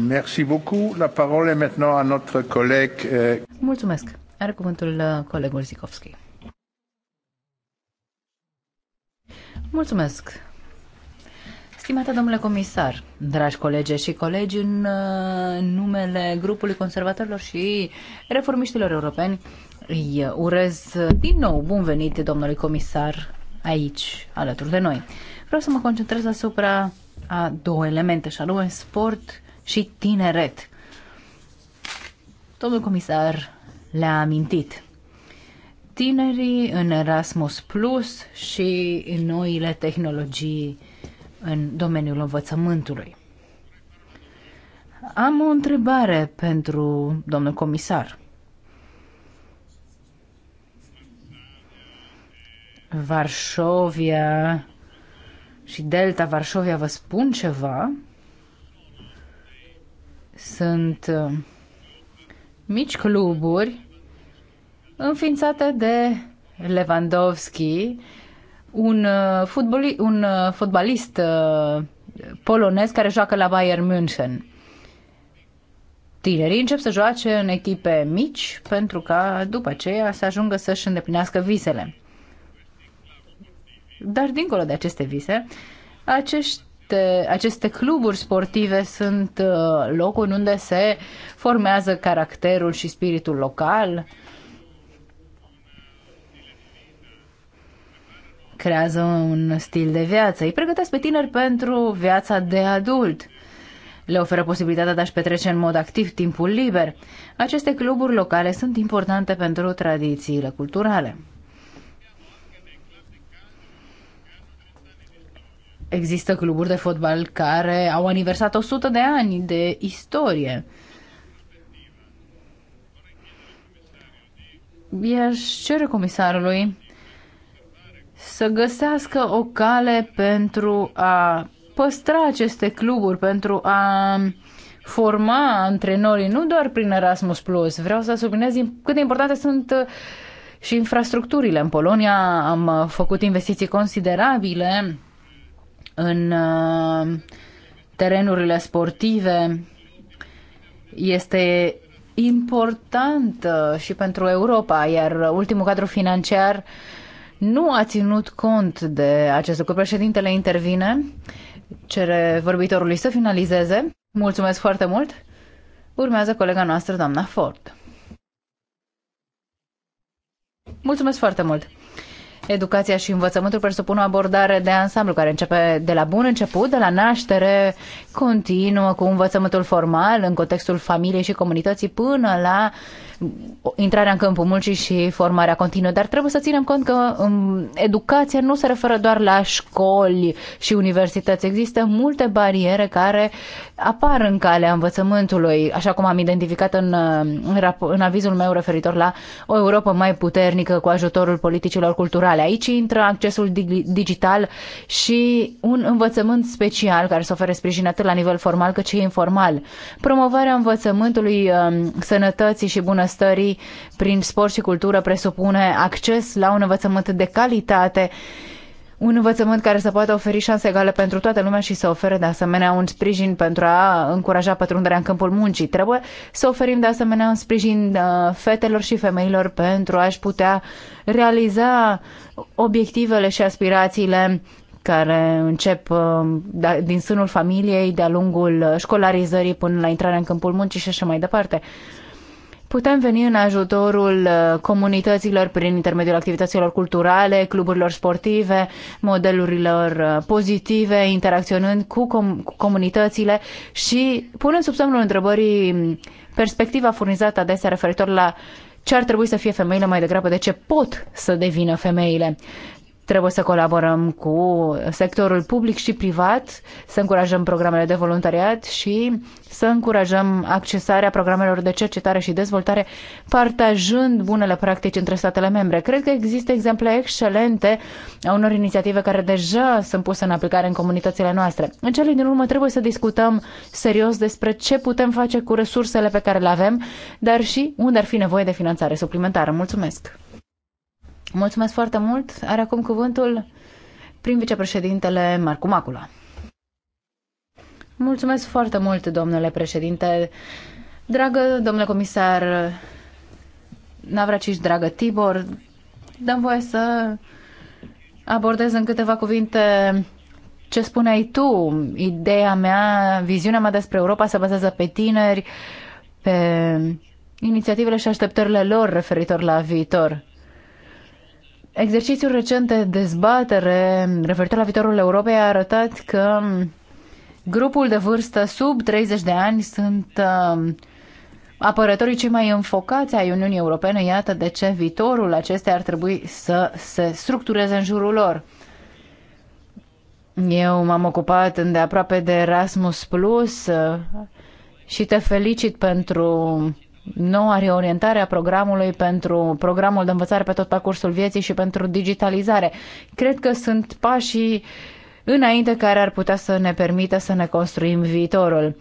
Merci beaucoup. La parole est maintenant à notre collègue. Euh, Mulțumesc. Are cuvântul uh, colegul Zikovski. Mulțumesc. Stimată domnule comisar, dragi colege și colegi, în uh, numele grupului conservatorilor și reformiștilor europeni, îi urez din nou bun venit domnului comisar aici, alături de noi. Vreau să mă concentrez asupra a două elemente, și anume sport și tineret. Domnul comisar le-a amintit. Tinerii în Erasmus Plus și în noile tehnologii în domeniul învățământului. Am o întrebare pentru domnul comisar. Varșovia și Delta Varșovia vă spun ceva? Sunt uh, mici cluburi înființate de Lewandowski, un, uh, futboli, un uh, fotbalist polonez care joacă la Bayern München. Tinerii încep să joace în echipe mici pentru ca după aceea să ajungă să-și îndeplinească visele. Dar dincolo de aceste vise, acești aceste, aceste cluburi sportive sunt uh, locuri unde se formează caracterul și spiritul local, creează un stil de viață, îi pregătesc pe tineri pentru viața de adult. Le oferă posibilitatea de a-și petrece în mod activ timpul liber. Aceste cluburi locale sunt importante pentru tradițiile culturale. Există cluburi de fotbal care au aniversat 100 de ani de istorie. Iar cere comisarului să găsească o cale pentru a păstra aceste cluburi, pentru a forma antrenorii, nu doar prin Erasmus+. Plus. Vreau să subliniez cât de importante sunt uh, și infrastructurile. În Polonia am uh, făcut investiții considerabile în uh, terenurile sportive este importantă și pentru Europa, iar ultimul cadru financiar nu a ținut cont de acest lucru. Președintele intervine, cere vorbitorului să finalizeze. Mulțumesc foarte mult! Urmează colega noastră, doamna Ford. Mulțumesc foarte mult! educația și învățământul presupun o abordare de ansamblu care începe de la bun început, de la naștere, continuă cu învățământul formal în contextul familiei și comunității până la uh, intrarea în câmpul muncii și formarea continuă, dar trebuie să ținem cont că um, educația nu se referă doar la școli și universități. Există multe bariere care apar în calea învățământului, așa cum am identificat în, în avizul meu referitor la o Europa mai puternică cu ajutorul politicilor culturale. Aici intră accesul digital și un învățământ special care să ofere sprijin atât la nivel formal cât și informal. Promovarea învățământului, um, sănătății și bunăstării stării prin sport și cultură presupune acces la un învățământ de calitate, un învățământ care să poată oferi șanse egale pentru toată lumea și să ofere de asemenea un sprijin pentru a încuraja pătrunderea în câmpul muncii. Trebuie să oferim de asemenea un sprijin uh, fetelor și femeilor pentru a-și putea realiza obiectivele și aspirațiile care încep uh, da, din sânul familiei, de-a lungul școlarizării până la intrarea în câmpul muncii și așa mai departe. Putem veni în ajutorul uh, comunităților prin intermediul activităților culturale, cluburilor sportive, modelurilor uh, pozitive, interacționând cu, com- cu comunitățile și punând sub semnul întrebării mm, perspectiva furnizată adesea referitor la ce ar trebui să fie femeile mai degrabă, de ce pot să devină femeile. Trebuie să colaborăm cu sectorul public și privat, să încurajăm programele de voluntariat și să încurajăm accesarea programelor de cercetare și dezvoltare, partajând bunele practici între statele membre. Cred că există exemple excelente a unor inițiative care deja sunt puse în aplicare în comunitățile noastre. În cele din urmă trebuie să discutăm serios despre ce putem face cu resursele pe care le avem, dar și unde ar fi nevoie de finanțare suplimentară. Mulțumesc! Mulțumesc foarte mult. Are acum cuvântul prim vicepreședintele Marcu Macula. Mulțumesc foarte mult, domnule președinte. Dragă domnule comisar Navracis, dragă Tibor, dăm voie să abordez în câteva cuvinte ce spuneai tu. Ideea mea, viziunea mea despre Europa se bazează pe tineri, pe inițiativele și așteptările lor referitor la viitor. Exercițiul recent de dezbatere referitor la viitorul Europei a arătat că grupul de vârstă sub 30 de ani sunt uh, apărătorii cei mai înfocați ai Uniunii Europene. Iată de ce viitorul acestea ar trebui să se structureze în jurul lor. Eu m-am ocupat îndeaproape de Erasmus Plus uh, și te felicit pentru noua reorientare a programului pentru programul de învățare pe tot parcursul vieții și pentru digitalizare. Cred că sunt pașii înainte care ar putea să ne permită să ne construim viitorul.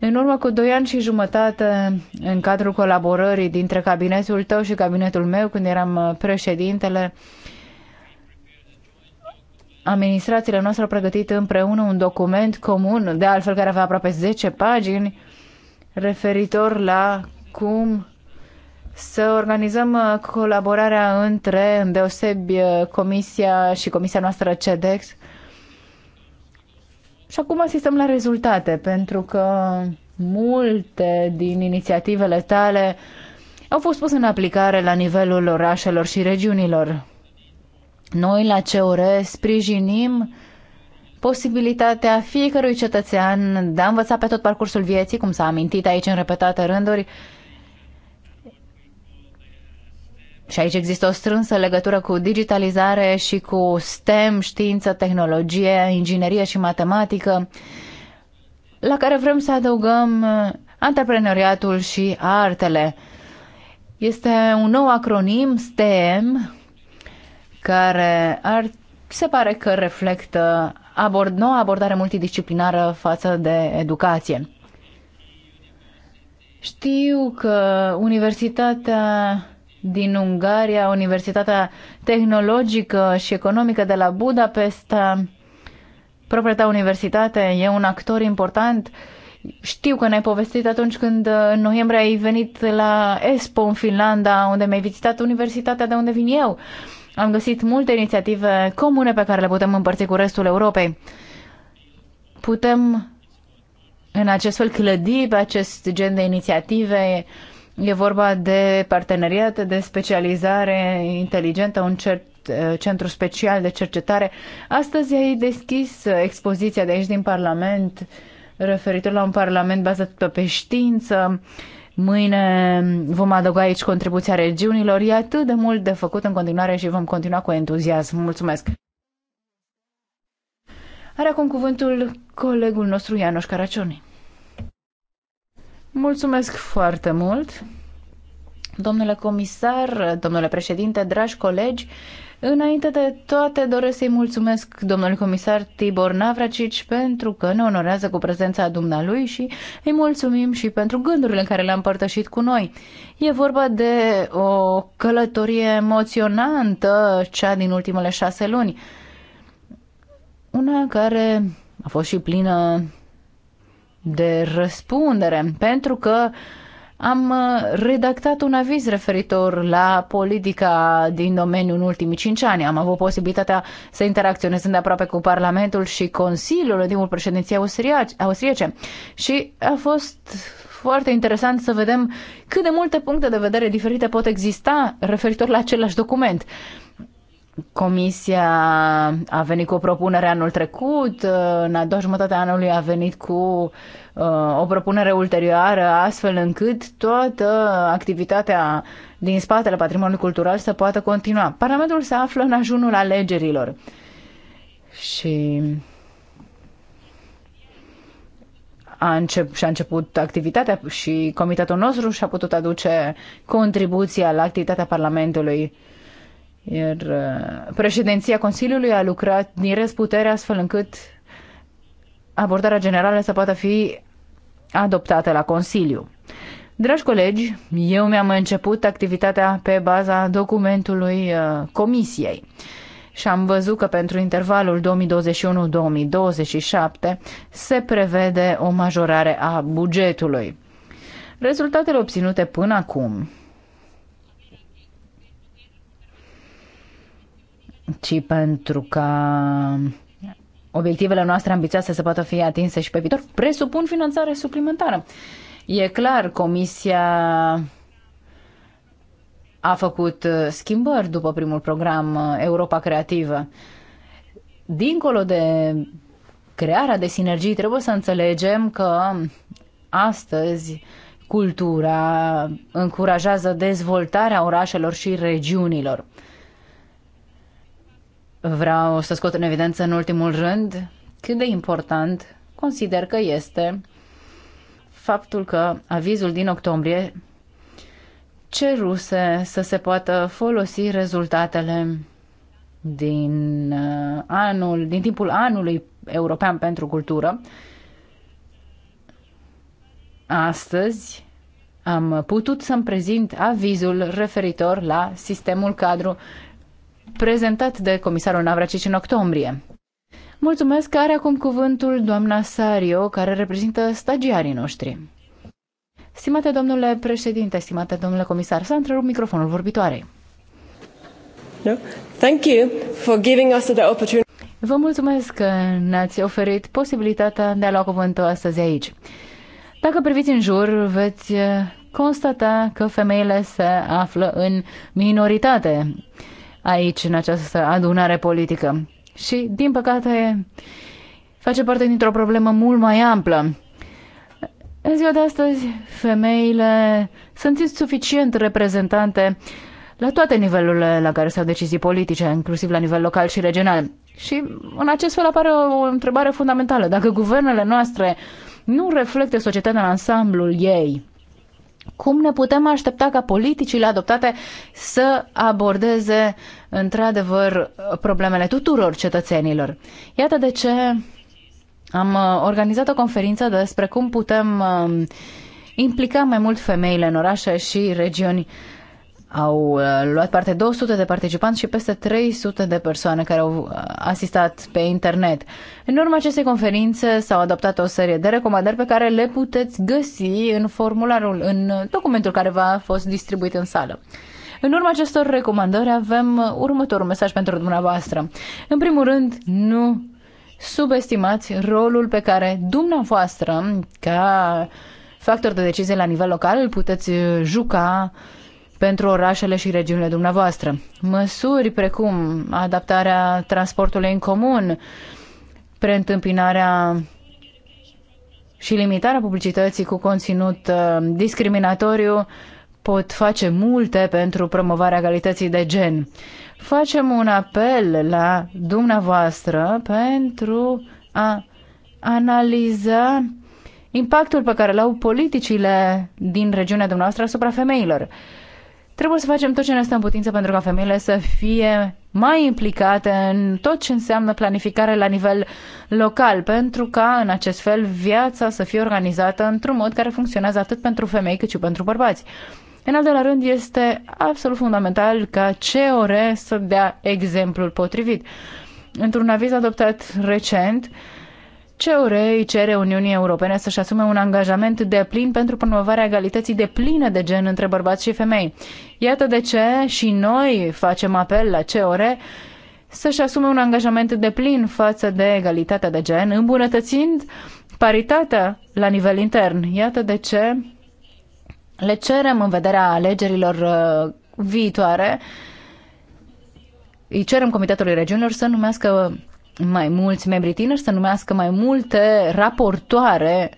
În urmă cu doi ani și jumătate, în cadrul colaborării dintre cabinetul tău și cabinetul meu, când eram președintele, administrațiile noastre au pregătit împreună un document comun, de altfel care avea aproape 10 pagini, referitor la cum să organizăm uh, colaborarea între, îndeosebi, uh, Comisia și Comisia noastră CEDEX. Și acum asistăm la rezultate, pentru că multe din inițiativele tale au fost puse în aplicare la nivelul orașelor și regiunilor. Noi la CEORE, sprijinim posibilitatea fiecărui cetățean de a învăța pe tot parcursul vieții, cum s-a amintit aici în repetate rânduri, Și aici există o strânsă legătură cu digitalizare și cu STEM, știință, tehnologie, inginerie și matematică, la care vrem să adăugăm uh, antreprenoriatul și artele. Este un nou acronim STEM care ar, se pare că reflectă abord, noua abordare multidisciplinară față de educație. Știu că universitatea din Ungaria, Universitatea Tehnologică și Economică de la Budapesta, propria ta universitate, e un actor important. Știu că ne-ai povestit atunci când în noiembrie ai venit la Espo în Finlanda, unde mi-ai vizitat universitatea de unde vin eu. Am găsit multe inițiative comune pe care le putem împărți cu restul Europei. Putem în acest fel clădi pe acest gen de inițiative E vorba de parteneriate de specializare inteligentă, un cert, eh, centru special de cercetare. Astăzi ai deschis eh, expoziția de aici din Parlament referitor la un Parlament bazat pe știință. Mâine vom adăuga aici contribuția regiunilor. E atât de mult de făcut în continuare și vom continua cu entuziasm. Mulțumesc! Are acum cuvântul colegul nostru Ianoș Caracioni. Mulțumesc foarte mult! Domnule comisar, domnule președinte, dragi colegi, Înainte de toate, doresc să-i mulțumesc domnului comisar Tibor Navracici pentru că ne onorează cu prezența dumnealui și îi mulțumim și pentru gândurile în care le-a împărtășit cu noi. E vorba de o călătorie emoționantă, cea din ultimele șase luni. Una care a fost și plină de răspundere, pentru că am uh, redactat un aviz referitor la politica din domeniu în ultimii cinci ani. Am avut posibilitatea să interacționez de aproape cu Parlamentul și Consiliul din timpul președinției austriece și a fost foarte interesant să vedem cât de multe puncte de vedere diferite pot exista referitor la același document. Comisia a venit cu o propunere anul trecut, în a doua jumătate a anului a venit cu uh, o propunere ulterioară, astfel încât toată activitatea din spatele patrimoniului cultural să poată continua. Parlamentul se află în ajunul alegerilor și a, încep, și a început activitatea și comitetul nostru și-a putut aduce contribuția la activitatea Parlamentului iar uh, președinția Consiliului a lucrat din răzputere astfel încât abordarea generală să poată fi adoptată la Consiliu. Dragi colegi, eu mi-am început activitatea pe baza documentului uh, Comisiei și am văzut că pentru intervalul 2021-2027 se prevede o majorare a bugetului. Rezultatele obținute până acum ci pentru ca obiectivele noastre ambițioase să poată fi atinse și pe viitor, presupun finanțare suplimentară. E clar, Comisia a făcut uh, schimbări după primul program uh, Europa Creativă. Dincolo de crearea de sinergii, trebuie să înțelegem că astăzi cultura încurajează dezvoltarea orașelor și regiunilor. Vreau să scot în evidență în ultimul rând cât de important consider că este faptul că avizul din octombrie ceruse să se poată folosi rezultatele din uh, anul, din timpul anului european pentru cultură. Astăzi am putut să-mi prezint avizul referitor la sistemul cadru prezentat de comisarul Navracici în octombrie. Mulțumesc că are acum cuvântul doamna Sario, care reprezintă stagiarii noștri. Stimate domnule președinte, stimate domnule comisar, s-a întrerupt microfonul vorbitoarei. No? Thank you for giving us the opportunity. Vă mulțumesc că ne-ați oferit posibilitatea de a lua cuvântul astăzi aici. Dacă priviți în jur, veți eh, constata că femeile se află în minoritate aici, în această adunare politică. Și, din păcate, face parte dintr-o problemă mult mai amplă. În ziua de astăzi, femeile sunt insuficient reprezentante la toate nivelurile la care s-au decizii politice, inclusiv la nivel local și regional. Și în acest fel apare o întrebare fundamentală. Dacă guvernele noastre nu reflectă societatea în ansamblul ei, cum ne putem aștepta ca politicile adoptate să abordeze într-adevăr problemele tuturor cetățenilor? Iată de ce am uh, organizat o conferință despre cum putem um, implica mai mult femeile în orașe și regiuni au uh, luat parte 200 de participanți și peste 300 de persoane care au uh, asistat pe internet. În urma acestei conferințe s-au adoptat o serie de recomandări pe care le puteți găsi în formularul, în documentul care v-a fost distribuit în sală. În urma acestor recomandări avem uh, următorul mesaj pentru dumneavoastră. În primul rând, nu subestimați rolul pe care dumneavoastră, ca factor de decizie la nivel local, îl puteți juca uh, pentru orașele și regiunile dumneavoastră. Măsuri precum adaptarea transportului în comun, preîntâmpinarea și limitarea publicității cu conținut uh, discriminatoriu pot face multe pentru promovarea calității de gen. Facem un apel la dumneavoastră pentru a analiza impactul pe care l-au politicile din regiunea dumneavoastră asupra femeilor. Trebuie să facem tot ce ne stă în putință pentru ca femeile să fie mai implicate în tot ce înseamnă planificare la nivel local, pentru ca în acest fel viața să fie organizată într-un mod care funcționează atât pentru femei cât și pentru bărbați. În al doilea rând, este absolut fundamental ca CEOR să dea exemplul potrivit. Într-un aviz adoptat recent, uh, ce îi cere Uniunii Europene să-și asume un angajament de plin pentru promovarea egalității de plină de gen între bărbați și femei. Iată de ce și noi facem apel la CEUR să-și asume un angajament de plin față de egalitatea de gen, îmbunătățind paritatea la nivel intern. Iată de ce le cerem în vederea alegerilor uh, viitoare, îi cerem Comitetului Regiunilor să numească mai mulți membri tineri să numească mai multe raportoare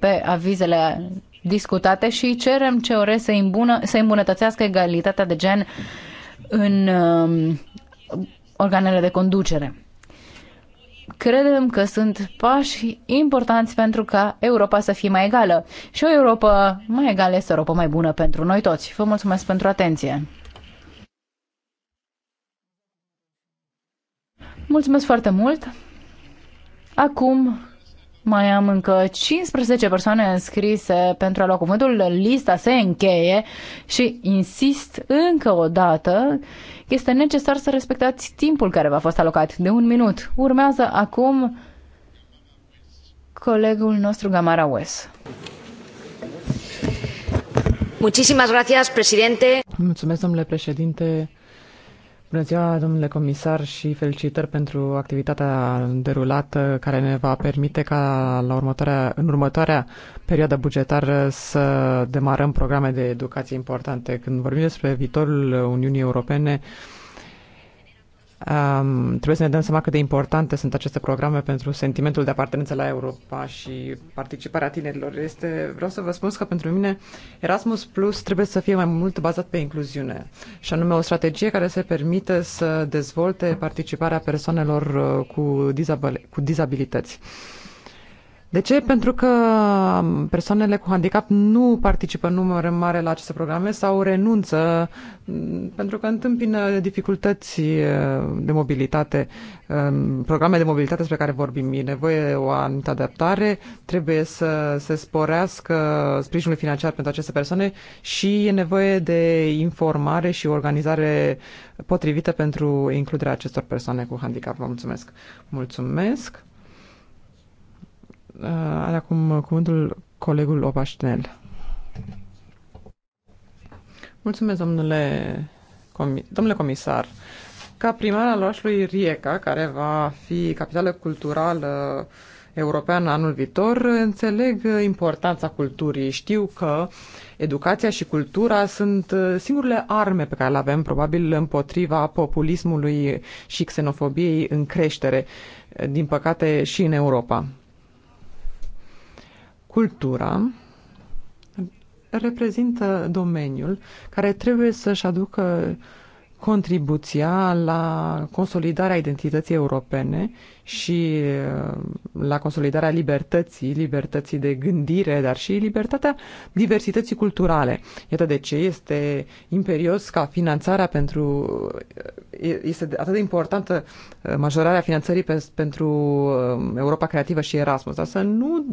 pe avizele discutate și cerem CEORE să, îmbună, să îmbunătățească egalitatea de gen în organele de conducere. Credem că sunt pași importanți pentru ca Europa să fie mai egală și o Europa mai egală este o Europa mai bună pentru noi toți. Vă mulțumesc pentru atenție! Mulțumesc foarte mult! Acum mai am încă 15 persoane înscrise pentru a lua cuvântul. Lista se încheie și insist încă o dată că este necesar să respectați timpul care v-a fost alocat de un minut. Urmează acum colegul nostru Gamara Wes. Muchísimas gracias, presidente. Mulțumesc, domnule președinte. Bună ziua, domnule comisar, și felicitări pentru activitatea derulată care ne va permite ca la următoarea, în următoarea perioadă bugetară să demarăm programe de educație importante. Când vorbim despre viitorul Uniunii Europene, uh, Um, trebuie să ne dăm seama cât de importante sunt aceste programe pentru sentimentul de apartenență la Europa și participarea tinerilor. Este, vreau să vă spun că pentru mine Erasmus Plus trebuie să fie mai mult bazat pe incluziune și anume o strategie care să permită să dezvolte participarea persoanelor uh, cu, dizabil, cu dizabilități. Uh, de ce? Pentru că persoanele cu handicap nu participă în număr mare la aceste programe sau renunță pentru că întâmpină dificultăți eh, de mobilitate, programe de mobilitate despre care vorbim. E nevoie o anumită adaptare, trebuie să se sporească sprijinul financiar pentru aceste persoane și e nevoie de informare și organizare potrivită pentru includerea acestor persoane cu handicap. Vă mulțumesc! Mulțumesc! Uh, are acum cuvântul colegul Opașnel. Mulțumesc, domnule, comi- domnule comisar. Ca primar al orașului Rieca, care va fi capitală culturală europeană anul viitor, înțeleg importanța culturii. Știu că educația și cultura sunt singurele arme pe care le avem, probabil, împotriva populismului și xenofobiei în creștere, din păcate și în Europa. Cultura reprezintă domeniul care trebuie să-și aducă contribuția la consolidarea identității europene și uh, la consolidarea libertății, libertății de gândire, dar și libertatea diversității culturale. Iată de ce este imperios ca finanțarea pentru. Uh, este atât de importantă uh, majorarea finanțării pe, pentru Europa Creativă și Erasmus, dar să nu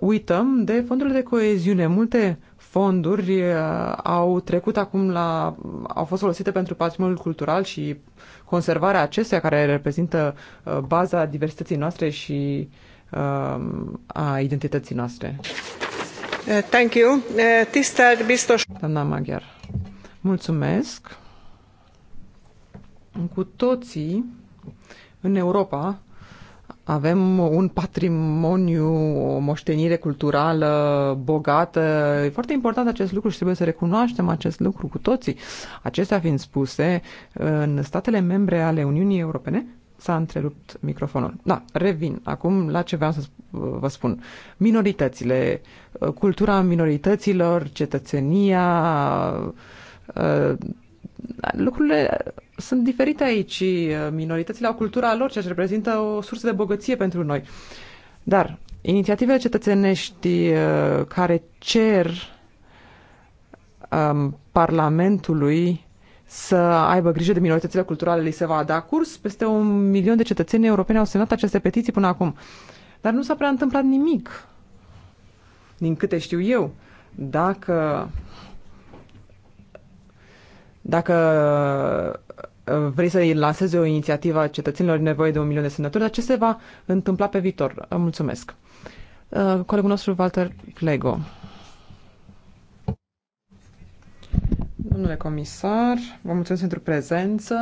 uităm de fondurile de coeziune. Multe fonduri uh, au trecut acum la, au fost folosite pentru patrimoniul cultural și conservarea acestea care reprezintă uh, baza diversității noastre și um, a identității noastre. Uh, thank you. Tisztelt Bistos. Doamna Maghiar, mulțumesc. Cu toții în Europa avem un patrimoniu, o moștenire culturală bogată. E foarte important acest lucru și trebuie să recunoaștem acest lucru cu toții. Acestea fiind spuse, în statele membre ale Uniunii Europene s-a întrerupt microfonul. Da, revin acum la ce vreau să vă spun. Minoritățile, cultura minorităților, cetățenia, ă, lucrurile sunt diferite aici. Uh, minoritățile au cultura lor, ceea ce reprezintă o sursă de bogăție pentru noi. Dar inițiativele cetățenești uh, care cer um, Parlamentului să aibă grijă de minoritățile culturale, li se va da curs. Peste un milion de cetățeni europeni au semnat aceste petiții până acum. Dar nu s-a prea întâmplat nimic, din câte știu eu. Dacă dacă vrei să lansezi o inițiativă a cetățenilor nevoie de un milion de semnături, dar ce se va întâmpla pe viitor? Mulțumesc. Uh, colegul nostru, Walter Plego. Domnule comisar, vă mulțumesc pentru prezență.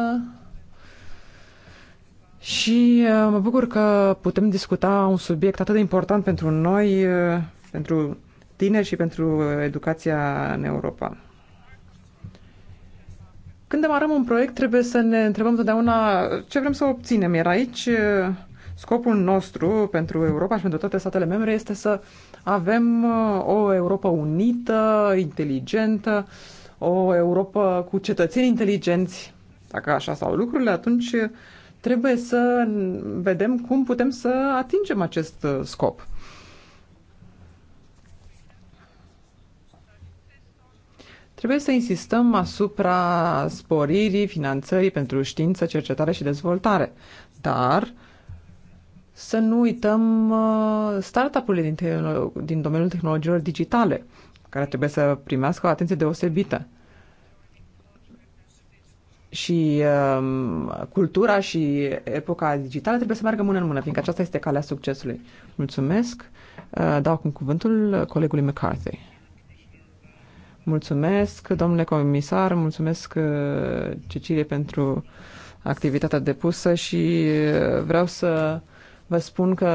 Și uh, mă bucur că putem discuta un subiect atât de important pentru noi, uh, pentru tineri și pentru educația în Europa. Când demarăm un proiect, trebuie să ne întrebăm totdeauna ce vrem să obținem. Iar aici eh, scopul nostru pentru Europa și pentru toate statele membre este să avem eh, o Europa unită, inteligentă, o Europa cu cetățeni inteligenți. Dacă așa stau lucrurile, atunci eh, trebuie să vedem cum putem să atingem acest scop. Trebuie să insistăm asupra sporirii finanțării pentru știință, cercetare și dezvoltare, dar să nu uităm uh, startup-urile din, din domeniul tehnologiilor digitale, care trebuie să primească o atenție deosebită. Și um, cultura și epoca digitală trebuie să meargă mână în mână, fiindcă aceasta este calea succesului. Mulțumesc. Uh, dau acum cuvântul colegului McCarthy. Mulțumesc, domnule comisar, mulțumesc, uh, Cecilie, pentru activitatea depusă și uh, vreau să vă spun că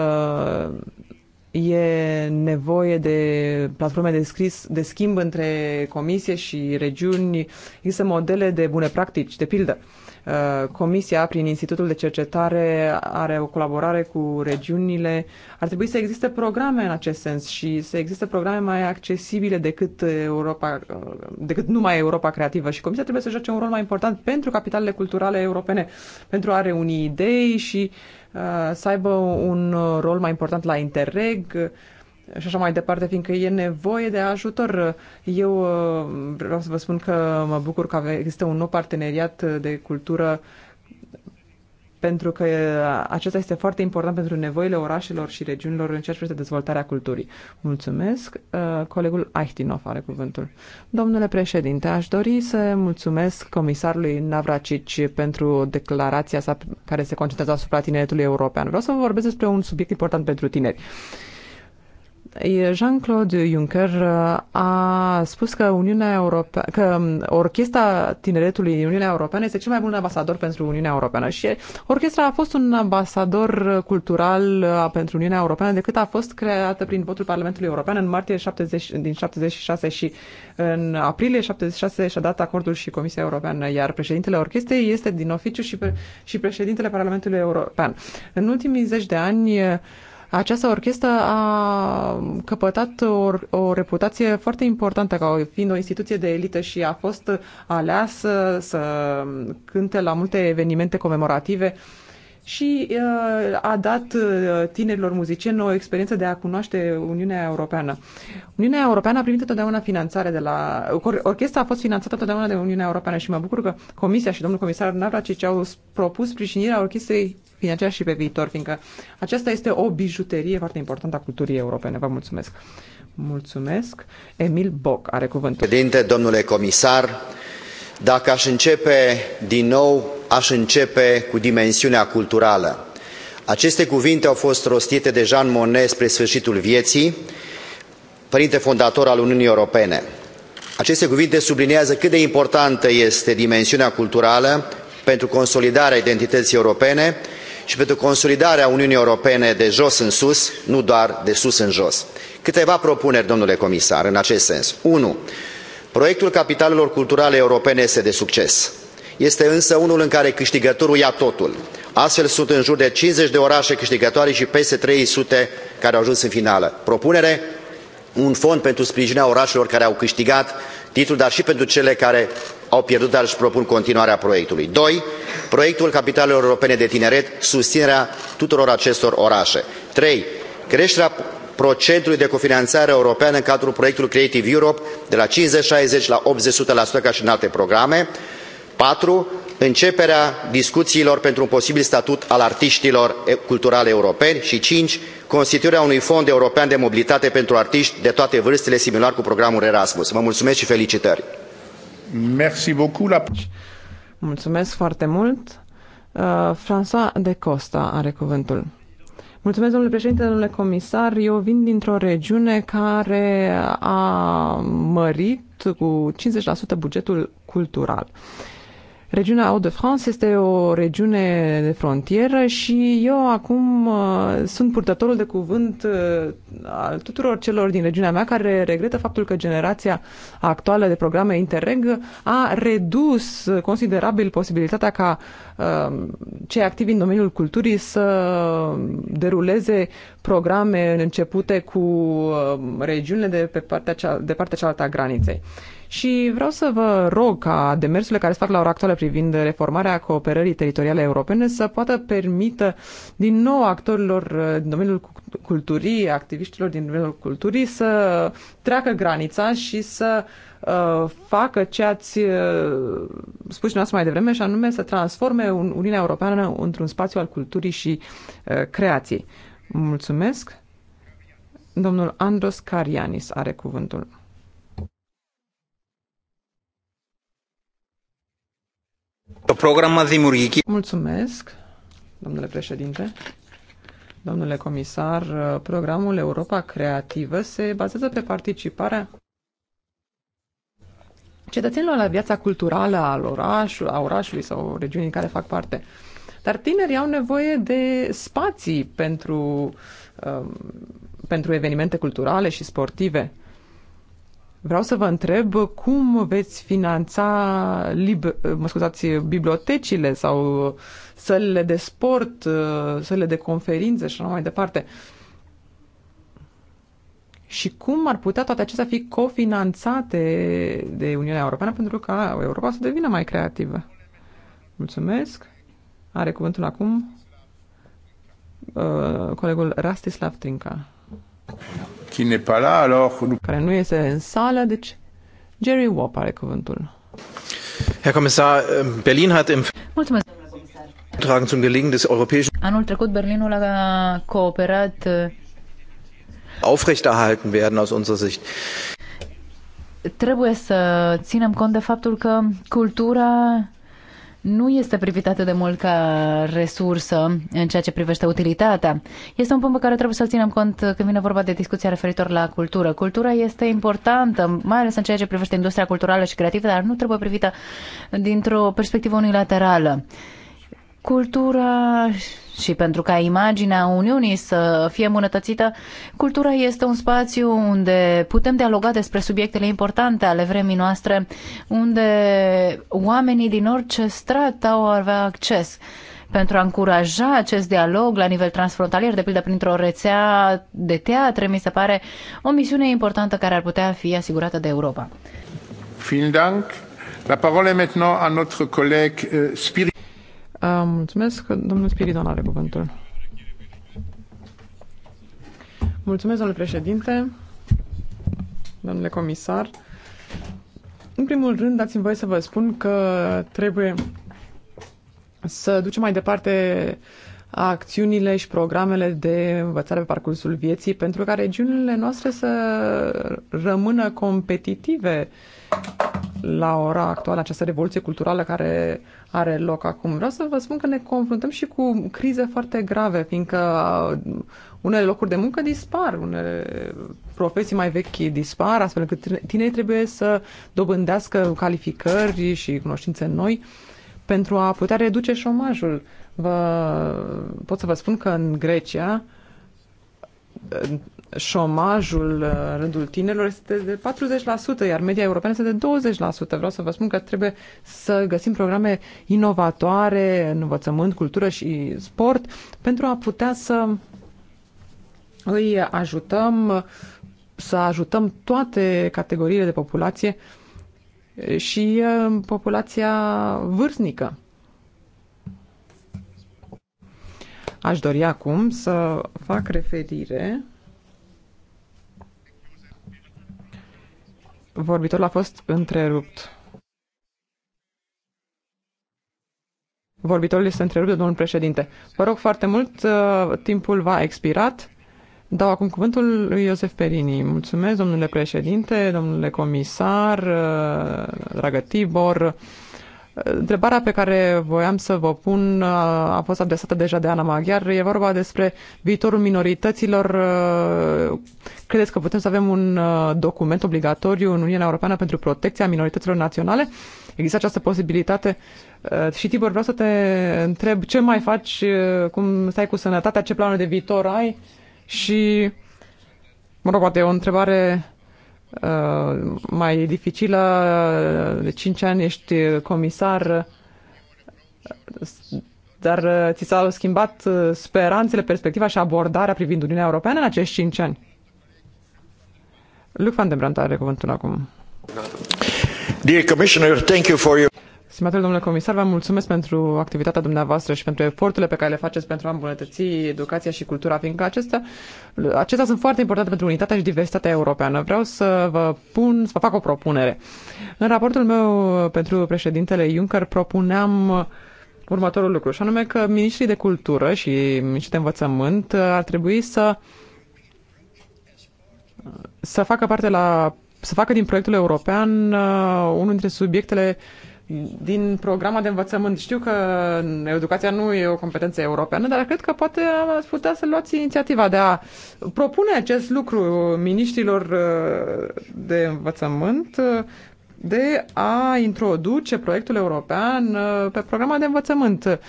e nevoie de platforme de, scris, de schimb între comisie și regiuni. Există modele de bune practici, de pildă. Uh, comisia, prin Institutul de Cercetare, are o colaborare cu regiunile. Ar trebui să existe programe în acest sens și să existe programe mai accesibile decât, Europa, uh, decât numai Europa Creativă. Și Comisia trebuie să joace un rol mai important pentru capitalele culturale europene, pentru a reuni idei și uh, să aibă un rol mai important la Interreg, și așa mai departe, fiindcă e nevoie de ajutor. Eu uh, vreau să vă spun că mă bucur că există un nou parteneriat de cultură pentru că acesta este foarte important pentru nevoile orașelor și regiunilor în ceea ce privește dezvoltarea culturii. Mulțumesc. Uh, colegul Aichtinov are cuvântul. Domnule președinte, aș dori să mulțumesc comisarului Navracici pentru declarația sa care se concentrează asupra tineretului european. Vreau să vă vorbesc despre un subiect important pentru tineri. Jean-Claude Juncker uh, a spus că Uniunea Europe- că um, Orchestra Tineretului Uniunea Europeană este cel mai bun ambasador pentru Uniunea Europeană și orchestra a fost un ambasador cultural uh, pentru Uniunea Europeană decât a fost creată prin votul Parlamentului European în martie 70, din 76 și în aprilie 76 și-a dat acordul și Comisia Europeană, iar președintele orchestrei este din oficiu și, pre- și președintele Parlamentului European. În ultimii zeci de ani uh, această orchestră a căpătat o, o reputație foarte importantă ca fiind o instituție de elită și a fost aleasă să cânte la multe evenimente comemorative uh, și uh, a dat uh, tinerilor muzicieni o experiență de a cunoaște Uniunea Europeană. Uniunea Europeană a primit totdeauna finanțare de la... Or- orchestra a fost finanțată totdeauna de Uniunea Europeană și mă bucur că Comisia și domnul comisar ce au propus sprijinirea orchestrei financiar și pe viitor, fiindcă aceasta este o bijuterie foarte importantă a culturii europene. Vă mulțumesc! Mulțumesc! Emil Boc are cuvântul. Președinte, domnule comisar, dacă aș începe din nou, aș începe cu dimensiunea culturală. Aceste cuvinte au fost rostite de Jean Monnet spre sfârșitul vieții, părinte fondator al Uniunii Europene. Aceste cuvinte subliniază cât de importantă este dimensiunea culturală pentru consolidarea identității europene și pentru consolidarea Uniunii Europene de jos în sus, nu doar de sus în jos. Câteva propuneri, domnule comisar, în acest sens. 1 proiectul capitalelor culturale europene este de succes este însă unul în care câștigătorul ia totul astfel sunt în jur de cincizeci de orașe câștigătoare și peste trei sute care au ajuns în finală. propunere un fond pentru sprijinirea orașelor care au câștigat titlul dar și pentru cele care au pierdut dar își propun continuarea proiectului. doi proiectul capitalelor europene de tineret susținerea tuturor acestor orașe. trei creșterea procentului de cofinanțare europeană în cadrul proiectului Creative Europe de la 50-60 la 80% ca și în alte programe. 4. Începerea discuțiilor pentru un posibil statut al artiștilor culturale europeni și 5. Constituirea unui fond european de mobilitate pentru artiști de toate vârstele, similar cu programul Erasmus. Vă mulțumesc și felicitări! Mulțumesc foarte mult! Uh, François de Costa are cuvântul. Mulțumesc, domnule președinte, domnule comisar. Eu vin dintr-o regiune care a mărit cu 50% bugetul cultural. Uh, Regiunea Hauts-de-France este o regiune de frontieră și eu acum uh, sunt purtătorul de cuvânt uh, al tuturor celor din regiunea mea care regretă faptul că generația actuală de programe Interreg a redus considerabil posibilitatea ca uh, cei activi în domeniul culturii să deruleze programe începute cu regiunile de pe partea, cea, de partea cealaltă a graniței. Și vreau să vă rog ca demersurile care se fac la ora actuală privind reformarea cooperării teritoriale europene să poată permită din nou actorilor uh, din domeniul culturii, activiștilor din domeniul culturii să treacă granița și să uh, facă ce ați uh, spus și noastră mai devreme și anume să transforme Uniunea Europeană într-un spațiu al culturii și creației. Mulțumesc. Domnul Andros Carianis are cuvântul. Programa Dimurghichi. Mulțumesc, domnule președinte. Domnule comisar, programul Europa Creativă se bazează pe participarea cetățenilor la viața culturală al orașului, a orașului sau regiunii care fac parte. Dar tinerii au nevoie de spații pentru, um, pentru evenimente culturale și sportive. Vreau să vă întreb cum veți finanța lib- mă scuzați, bibliotecile sau sălile de sport, sălile de conferințe și așa mai departe. Și cum ar putea toate acestea fi cofinanțate de Uniunea Europeană pentru ca Europa să devină mai creativă? Mulțumesc. Are cuvântul acum uh, colegul Rastislav Trinca care nu este în sală, deci Jerry Wop are cuvântul. Herr Kommissar, ähm, Berlin hat im Mulțumesc, Tragen zum Gelingen des europäischen Anul trecut Berlinul a cooperat uh, aufrechterhalten werden aus unserer Sicht. Trebuie să ținem cont de faptul că cultura nu este privit atât de mult ca resursă în ceea ce privește utilitatea. Este un punct pe care trebuie să-l ținem cont când vine vorba de discuția referitor la cultură. Cultura este importantă, mai ales în ceea ce privește industria culturală și creativă, dar nu trebuie privită dintr-o perspectivă unilaterală. Cultura și pentru ca imaginea Uniunii să fie îmbunătățită, cultura este un spațiu unde putem dialoga despre subiectele importante ale vremii noastre, unde oamenii din orice strat au avea acces pentru a încuraja acest dialog la nivel transfrontalier, de pildă printr-o rețea de teatre, mi se pare o misiune importantă care ar putea fi asigurată de Europa. Vielen Dank. La parole maintenant à notre collègue euh, Spirit. Ah, mulțumesc. Domnul Spiridon are cuvântul. Mulțumesc, domnule președinte, domnule comisar. În primul rând, dați-mi voie să vă spun că trebuie să ducem mai departe acțiunile și programele de învățare pe parcursul vieții pentru ca regiunile noastre să rămână competitive uh, la ora actuală această revoluție culturală care are loc acum. Vreau să vă spun că ne confruntăm și cu crize foarte grave, fiindcă uh, unele locuri de muncă dispar, unele profesii mai vechi dispar, astfel încât tinerii trebuie să dobândească calificări și cunoștințe noi pentru a putea reduce șomajul. Vă, pot să vă spun că în Grecia șomajul uh, în rândul tinerilor este de 40%, iar media europeană este de 20%. Vreau să vă spun că trebuie să găsim programe inovatoare în învățământ, cultură și sport pentru a putea să îi ajutăm să ajutăm toate categoriile de populație și uh, populația vârstnică. Aș dori acum să fac referire Vorbitorul a fost întrerupt. Vorbitorul este întrerupt de domnul președinte. Vă rog foarte mult, uh, timpul va expirat. Dau acum cuvântul lui Iosef Perini. Mulțumesc, domnule președinte, domnule comisar, uh, dragă Tibor. Întrebarea pe care voiam să vă pun uh, a fost adresată deja de Ana Maghiar. E vorba despre viitorul minorităților. Uh, credeți că putem să avem un uh, document obligatoriu în Uniunea Europeană pentru protecția minorităților naționale? Există această posibilitate? Și Tibor, vreau să te întreb ce mai faci, cum stai cu sănătatea, ce planuri de viitor ai și, mă rog, poate e o întrebare Uh, mai dificilă, de 5 ani ești comisar, dar ți s-au schimbat speranțele, perspectiva și abordarea privind Uniunea Europeană în acești 5 ani? Luc van den Brandt are cuvântul acum. Dear Commissioner, thank you for your... Stimatele domnule comisar, vă mulțumesc pentru activitatea dumneavoastră și pentru eforturile pe care le faceți pentru a îmbunătăți educația și cultura, fiindcă acestea, acestea sunt foarte importante pentru unitatea și diversitatea europeană. Vreau să vă pun, să vă fac o propunere. În raportul meu pentru președintele Juncker propuneam următorul lucru, și anume că ministrii de cultură și ministrii de învățământ ar trebui să să facă parte la să facă din proiectul european uh, unul dintre subiectele uh, din programa de învățământ. Știu că educația nu e o competență europeană, dar cred că poate ați putea să luați inițiativa de a propune acest lucru miniștilor uh, de învățământ uh, de a introduce proiectul european uh, pe programa de învățământ.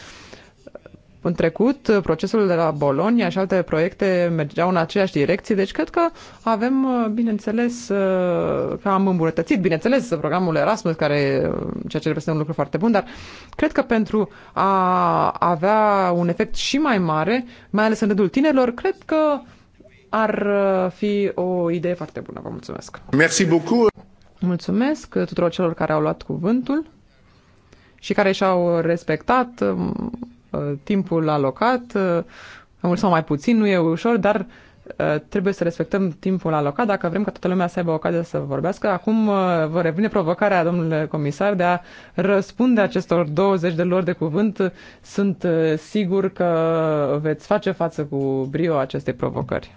În trecut, procesul de la Bolonia și alte proiecte mergeau în aceeași direcție, deci cred că avem, bineînțeles, uh, că am îmbunătățit, bineînțeles, programul Erasmus, care, uh, ceea ce este un lucru foarte bun, dar cred că pentru a avea un efect și mai mare, mai ales în rândul tinerilor, cred că ar uh, fi o idee foarte bună. Vă mulțumesc! Merci beaucoup! Mulțumesc tuturor celor care au luat cuvântul și care și-au respectat um, Uh, timpul alocat, uh, mai mult sau mai puțin, nu e ușor, dar uh, trebuie să respectăm timpul alocat dacă vrem ca toată lumea să aibă ocazia să vorbească. Acum vă revine provocarea, domnule comisar, de a răspunde acestor 20 de lor de cuvânt. Sunt sigur că veți face față cu brio acestei provocări.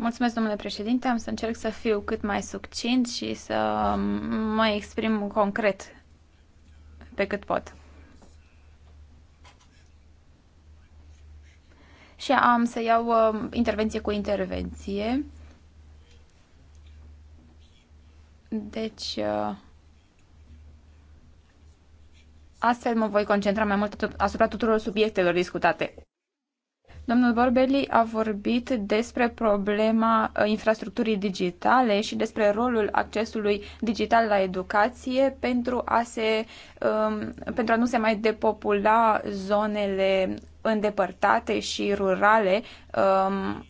Mulțumesc, domnule președinte. Am să încerc să fiu cât mai succint și să um, mă exprim concret pe cât pot. și am să iau uh, intervenție cu intervenție. Deci, uh, astfel mă voi concentra mai mult asupra tuturor subiectelor discutate. Domnul Borbeli a vorbit despre problema uh, infrastructurii digitale și despre rolul accesului digital la educație pentru a, se, um, pentru a nu se mai depopula zonele îndepărtate și rurale um,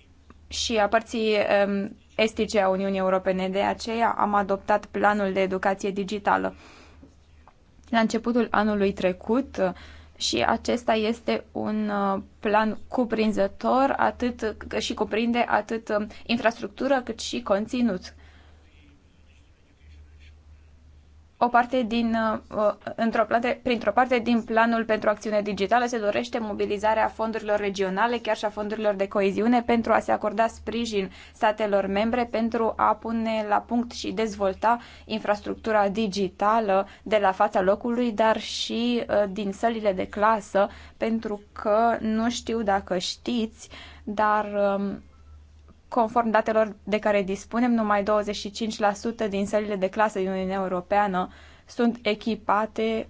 și a părții um, estice a Uniunii Europene. De aceea am adoptat planul de educație digitală la începutul anului trecut uh, și acesta este un uh, plan cuprinzător atât și cuprinde atât um, infrastructură cât și conținut. o parte din, uh, într-o parte, printr-o parte din planul pentru acțiune digitală se dorește mobilizarea fondurilor regionale, chiar și a fondurilor de coeziune, pentru a se acorda sprijin statelor membre pentru a pune la punct și dezvolta infrastructura digitală de la fața locului, dar și uh, din sălile de clasă, pentru că nu știu dacă știți, dar um, Conform datelor de care dispunem, numai 25% din sălile de clasă din Uniunea Europeană sunt echipate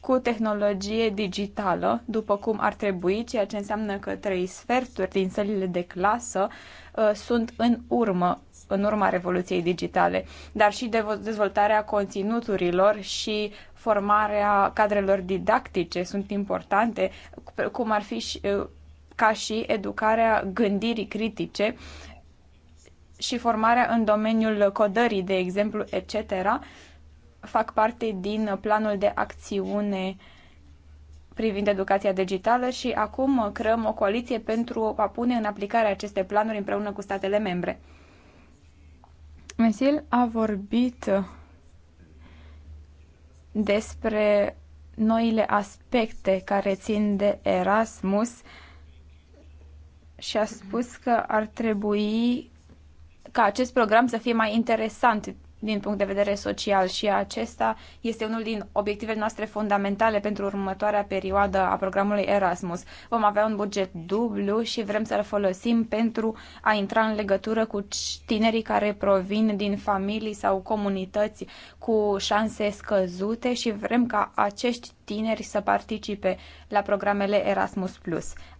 cu tehnologie digitală, după cum ar trebui, ceea ce înseamnă că trei sferturi din sălile de clasă uh, sunt în urmă, în urma revoluției digitale, dar și de dezvoltarea conținuturilor și formarea cadrelor didactice sunt importante, cum ar fi și, uh, ca și educarea gândirii critice și formarea în domeniul codării, de exemplu, etc., fac parte din planul de acțiune privind educația digitală și acum creăm o coaliție pentru a pune în aplicare aceste planuri împreună cu statele membre. Mesil a vorbit despre noile aspecte care țin de Erasmus și a spus că ar trebui ca acest program să fie mai interesant din punct de vedere social și acesta este unul din obiectivele noastre fundamentale pentru următoarea perioadă a programului Erasmus. Vom avea un buget dublu și vrem să-l folosim pentru a intra în legătură cu tinerii care provin din familii sau comunități cu șanse scăzute și vrem ca acești tineri să participe la programele Erasmus+.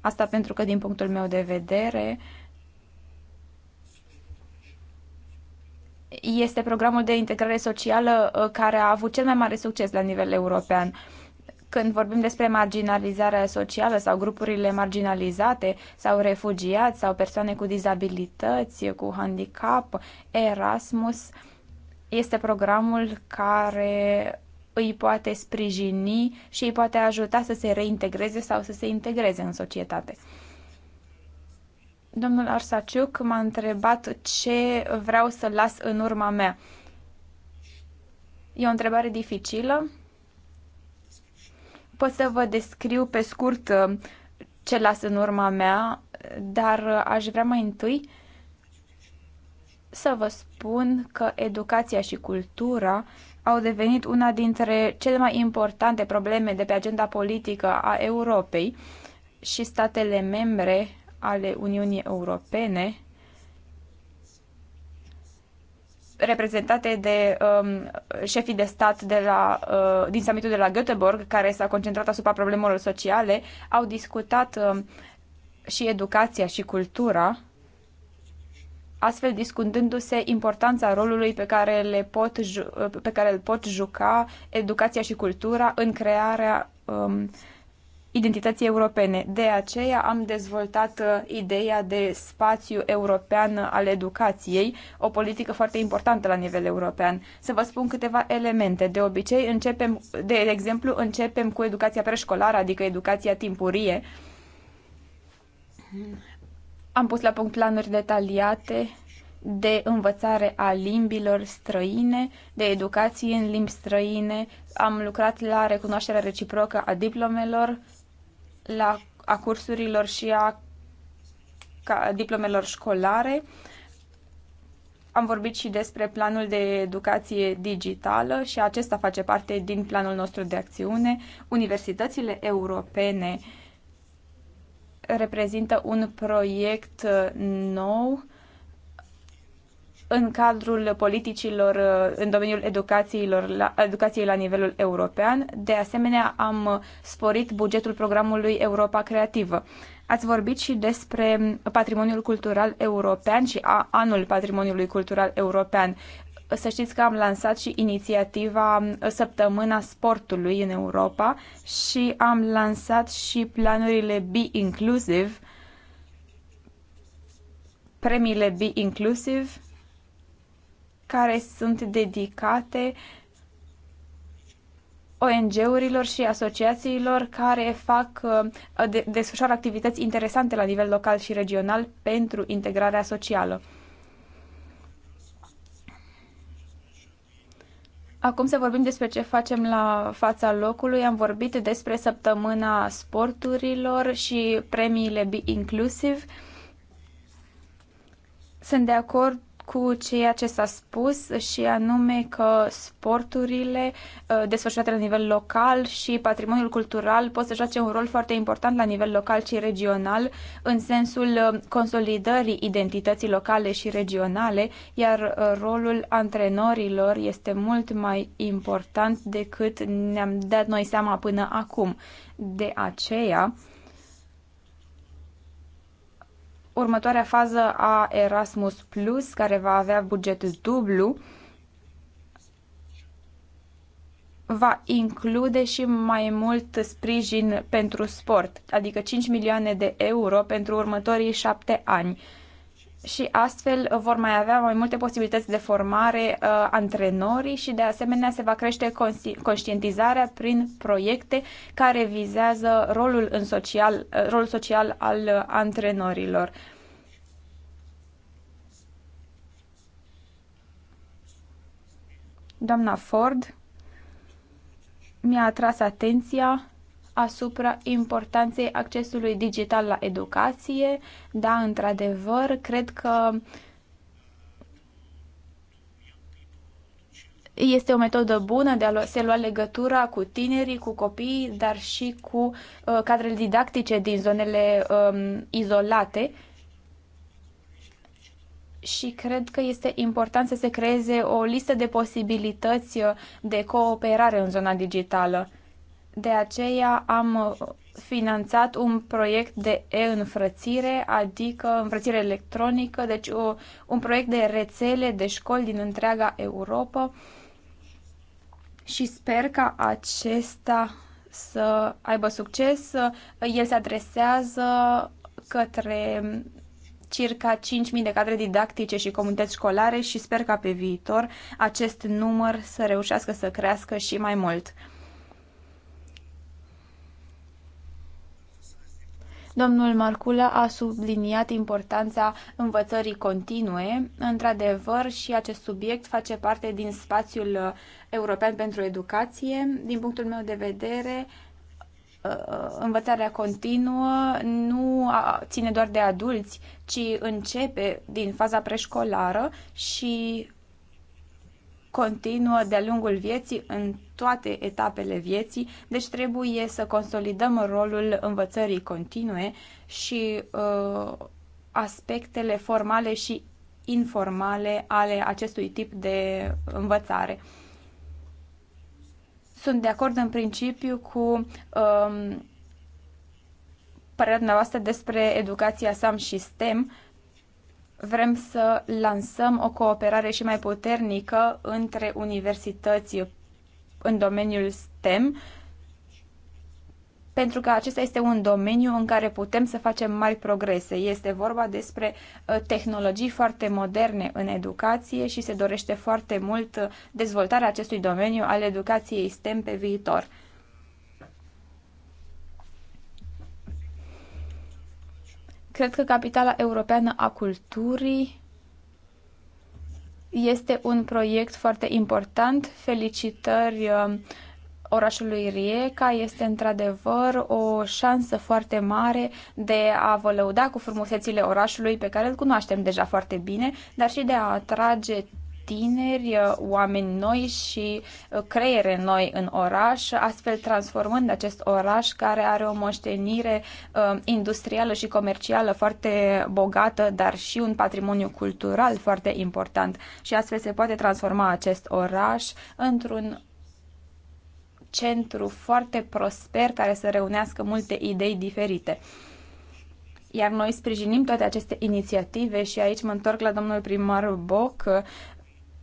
Asta pentru că, din punctul meu de vedere, uh, este programul de integrare socială uh, care a avut cel mai mare succes la nivel european. Când vorbim despre marginalizarea socială sau grupurile marginalizate sau refugiați sau persoane cu dizabilități, cu handicap, Erasmus este programul care îi poate sprijini și îi poate ajuta să se reintegreze sau să se integreze în societate. Domnul Arsaciuc m-a întrebat ce vreau să las în urma mea. E o întrebare dificilă. Pot să vă descriu pe scurt uh, ce las în urma mea, dar uh, aș vrea mai întâi să vă spun că educația și cultura au devenit una dintre cele mai importante probleme de pe agenda politică a Europei și statele membre ale Uniunii Europene reprezentate de um, șefii de stat de la, uh, din summitul de la Göteborg, care s-a concentrat asupra problemelor sociale, au discutat um, și educația și cultura, astfel discutându-se importanța rolului pe care, le pot pe care îl pot juca educația și cultura în crearea um, identității europene. De aceea am dezvoltat uh, ideea de spațiu european al educației, o politică foarte importantă la nivel european. Să vă spun câteva elemente. De obicei, începem, de exemplu, începem cu educația preșcolară, adică educația timpurie. Am pus la punct planuri detaliate de învățare a limbilor străine, de educație în limbi străine, am lucrat la recunoașterea reciprocă a diplomelor la, a cursurilor și a ca, diplomelor școlare. Am vorbit și despre planul de educație digitală și acesta face parte din planul nostru de acțiune. Universitățile europene reprezintă un proiect nou în cadrul politicilor uh, în domeniul educațiilor, la, educației la nivelul european. De asemenea, am sporit bugetul programului Europa Creativă. Ați vorbit și despre patrimoniul cultural european și a, anul patrimoniului cultural european. Să știți că am lansat și inițiativa um, Săptămâna Sportului în Europa și am lansat și planurile Be Inclusive, premiile Be Inclusive care sunt dedicate ONG-urilor și asociațiilor care fac, uh, de, desfășoară activități interesante la nivel local și regional pentru integrarea socială. Acum să vorbim despre ce facem la fața locului. Am vorbit despre săptămâna sporturilor și premiile Be Inclusive. Sunt de acord cu ceea ce s-a spus și anume că sporturile uh, desfășurate la nivel local și patrimoniul cultural pot să joace un rol foarte important la nivel local și regional în sensul uh, consolidării identității locale și regionale, iar uh, rolul antrenorilor este mult mai important decât ne-am dat noi seama până acum. De aceea, următoarea fază a Erasmus Plus, care va avea buget dublu, va include și mai mult sprijin pentru sport, adică 5 milioane de euro pentru următorii șapte ani și astfel vor mai avea mai multe posibilități de formare uh, antrenorii și de asemenea se va crește conștientizarea prin proiecte care vizează rolul, în social, uh, rolul social al uh, antrenorilor. Doamna Ford mi-a atras atenția asupra importanței accesului digital la educație. Da, într-adevăr, cred că este o metodă bună de a se lua legătura cu tinerii, cu copiii, dar și cu uh, cadrele didactice din zonele um, izolate. Și cred că este important să se creeze o listă de posibilități uh, de cooperare în zona digitală. De aceea am uh, finanțat un proiect de e-înfrățire, adică înfrățire electronică, deci o, uh, un proiect de rețele de școli din întreaga Europa și sper ca acesta să aibă succes. Uh, el se adresează către circa 5.000 de cadre didactice și comunități școlare și sper ca pe viitor acest număr să reușească să crească și mai mult. Domnul Marcula a subliniat importanța învățării continue. Într-adevăr, și acest subiect face parte din spațiul uh, european pentru educație. Din punctul meu de vedere, uh, învățarea continuă nu ține doar de adulți, ci începe din faza preșcolară și continuă de-a lungul vieții în toate etapele vieții, deci trebuie să consolidăm rolul învățării continue și uh, aspectele formale și informale ale acestui tip de învățare. Sunt de acord în principiu cu um, părerea dumneavoastră despre educația SAM și STEM vrem să lansăm o cooperare și mai puternică între universități în domeniul STEM, pentru că acesta este un domeniu în care putem să facem mari progrese. Este vorba despre uh, tehnologii foarte moderne în educație și se dorește foarte mult uh, dezvoltarea acestui domeniu al educației STEM pe viitor. Cred că Capitala Europeană a Culturii este un proiect foarte important. Felicitări um, orașului Rieca este într-adevăr o șansă foarte mare de a vă lăuda cu frumusețile orașului pe care îl cunoaștem deja foarte bine, dar și de a atrage tineri, uh, oameni noi și uh, creiere noi în oraș, astfel transformând acest oraș care are o moștenire uh, industrială și comercială foarte bogată, dar și un patrimoniu cultural foarte important. Și astfel se poate transforma acest oraș într-un centru foarte prosper care să reunească multe idei diferite. Iar noi sprijinim toate aceste inițiative și aici mă întorc la domnul primar Boc,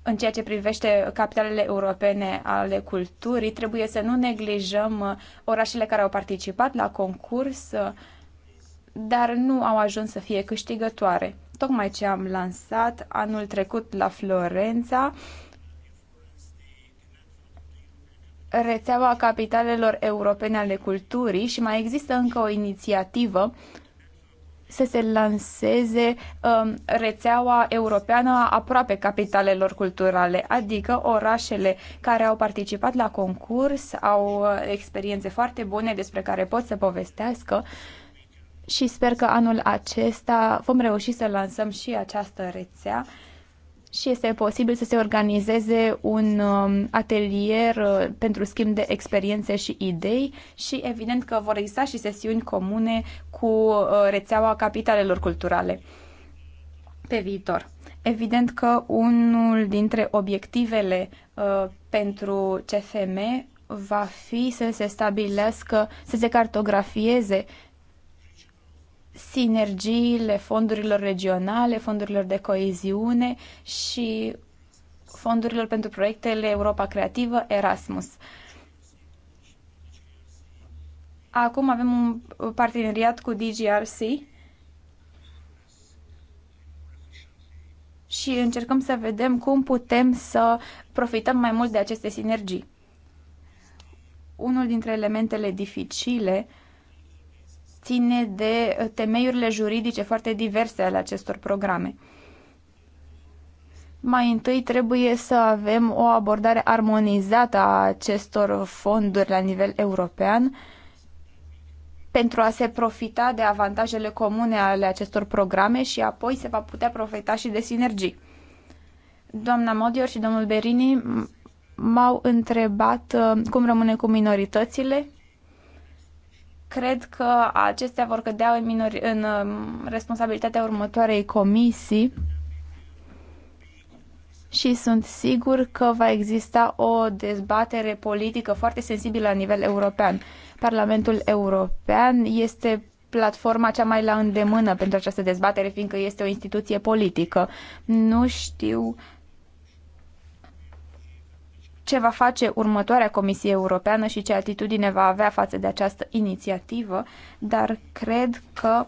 în ceea ce privește capitalele europene ale culturii, trebuie să nu neglijăm uh, orașele care au participat la concurs, uh, dar nu au ajuns să fie câștigătoare. Tocmai ce am lansat anul trecut la Florența, rețeaua capitalelor europene ale culturii și mai există încă o inițiativă să se lanseze um, rețeaua europeană aproape capitalelor culturale, adică orașele care au participat la concurs, au uh, experiențe foarte bune despre care pot să povestească și sper că anul acesta vom reuși să lansăm și această rețea și este posibil să se organizeze un um, atelier uh, pentru schimb de experiențe și idei și evident că vor exista și sesiuni comune cu uh, rețeaua capitalelor culturale pe viitor. Evident că unul dintre obiectivele uh, pentru CFM va fi să se stabilească, să se cartografieze sinergiile fondurilor regionale, fondurilor de coeziune și fondurilor pentru proiectele Europa Creativă Erasmus. Acum avem un parteneriat cu DGRC și încercăm să vedem cum putem să profităm mai mult de aceste sinergii. Unul dintre elementele dificile uh, ține de uh, temeiurile juridice foarte diverse ale acestor programe. Mai întâi trebuie să avem o abordare armonizată a acestor fonduri la nivel european pentru a se profita de avantajele comune ale acestor programe și apoi se va putea profita și de sinergii. Doamna Modior și domnul Berini m-au întrebat uh, cum rămâne cu minoritățile cred că acestea vor cădea în, minori, în um, responsabilitatea următoarei comisii și sunt sigur că va exista o dezbatere politică foarte sensibilă la nivel european. Parlamentul European este platforma cea mai la îndemână pentru această dezbatere, fiindcă este o instituție politică. Nu știu uh, ce va face următoarea Comisie Europeană și ce atitudine va avea față de această inițiativă, dar cred că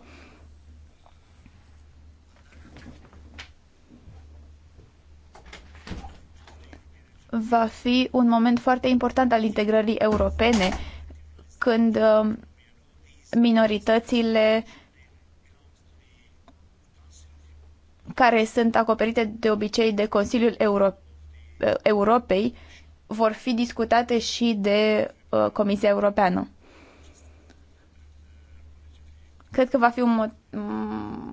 va fi un moment foarte important al integrării europene când uh, minoritățile care sunt acoperite de obicei de Consiliul uh, Europei vor fi discutate și de uh, Comisia Europeană. Cred că va fi un, un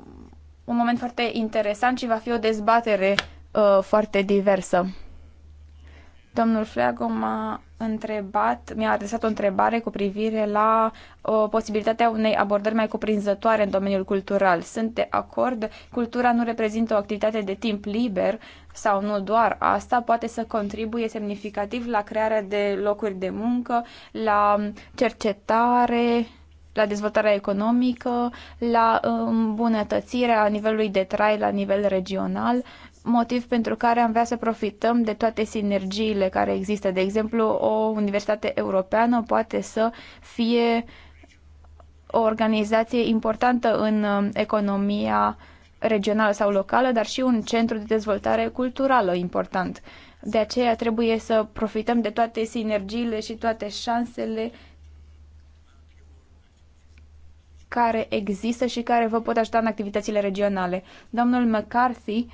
moment foarte interesant și va fi o dezbatere uh, foarte diversă. Domnul Fleago a întrebat, mi-a adresat o întrebare cu privire la o posibilitatea unei abordări mai cuprinzătoare în domeniul cultural. Sunt de acord, cultura nu reprezintă o activitate de timp liber sau nu doar asta, poate să contribuie semnificativ la crearea de locuri de muncă, la cercetare, la dezvoltarea economică, la îmbunătățirea nivelului de trai la nivel regional motiv pentru care am vrea să profităm de toate sinergiile care există. De exemplu, o universitate europeană poate să fie o organizație importantă în um, economia regională sau locală, dar și un centru de dezvoltare culturală important. De aceea trebuie să profităm de toate sinergiile și toate șansele care există și care vă pot ajuta în activitățile regionale. Domnul McCarthy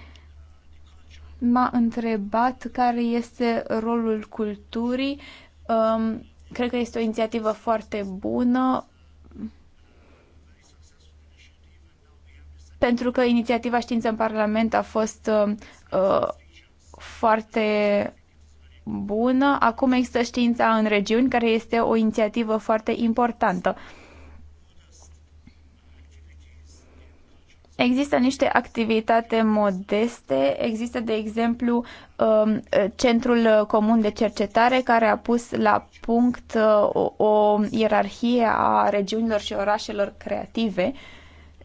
m-a întrebat care este rolul culturii. Um, cred că este o inițiativă foarte bună. Pentru că inițiativa Știință în Parlament a fost uh, uh foarte bună. Acum există Știința în regiuni, care este o inițiativă foarte importantă. Uh, Există niște activitate modeste, există, de exemplu, um, Centrul Comun de Cercetare care a pus la punct uh, o, o ierarhie a regiunilor și orașelor creative.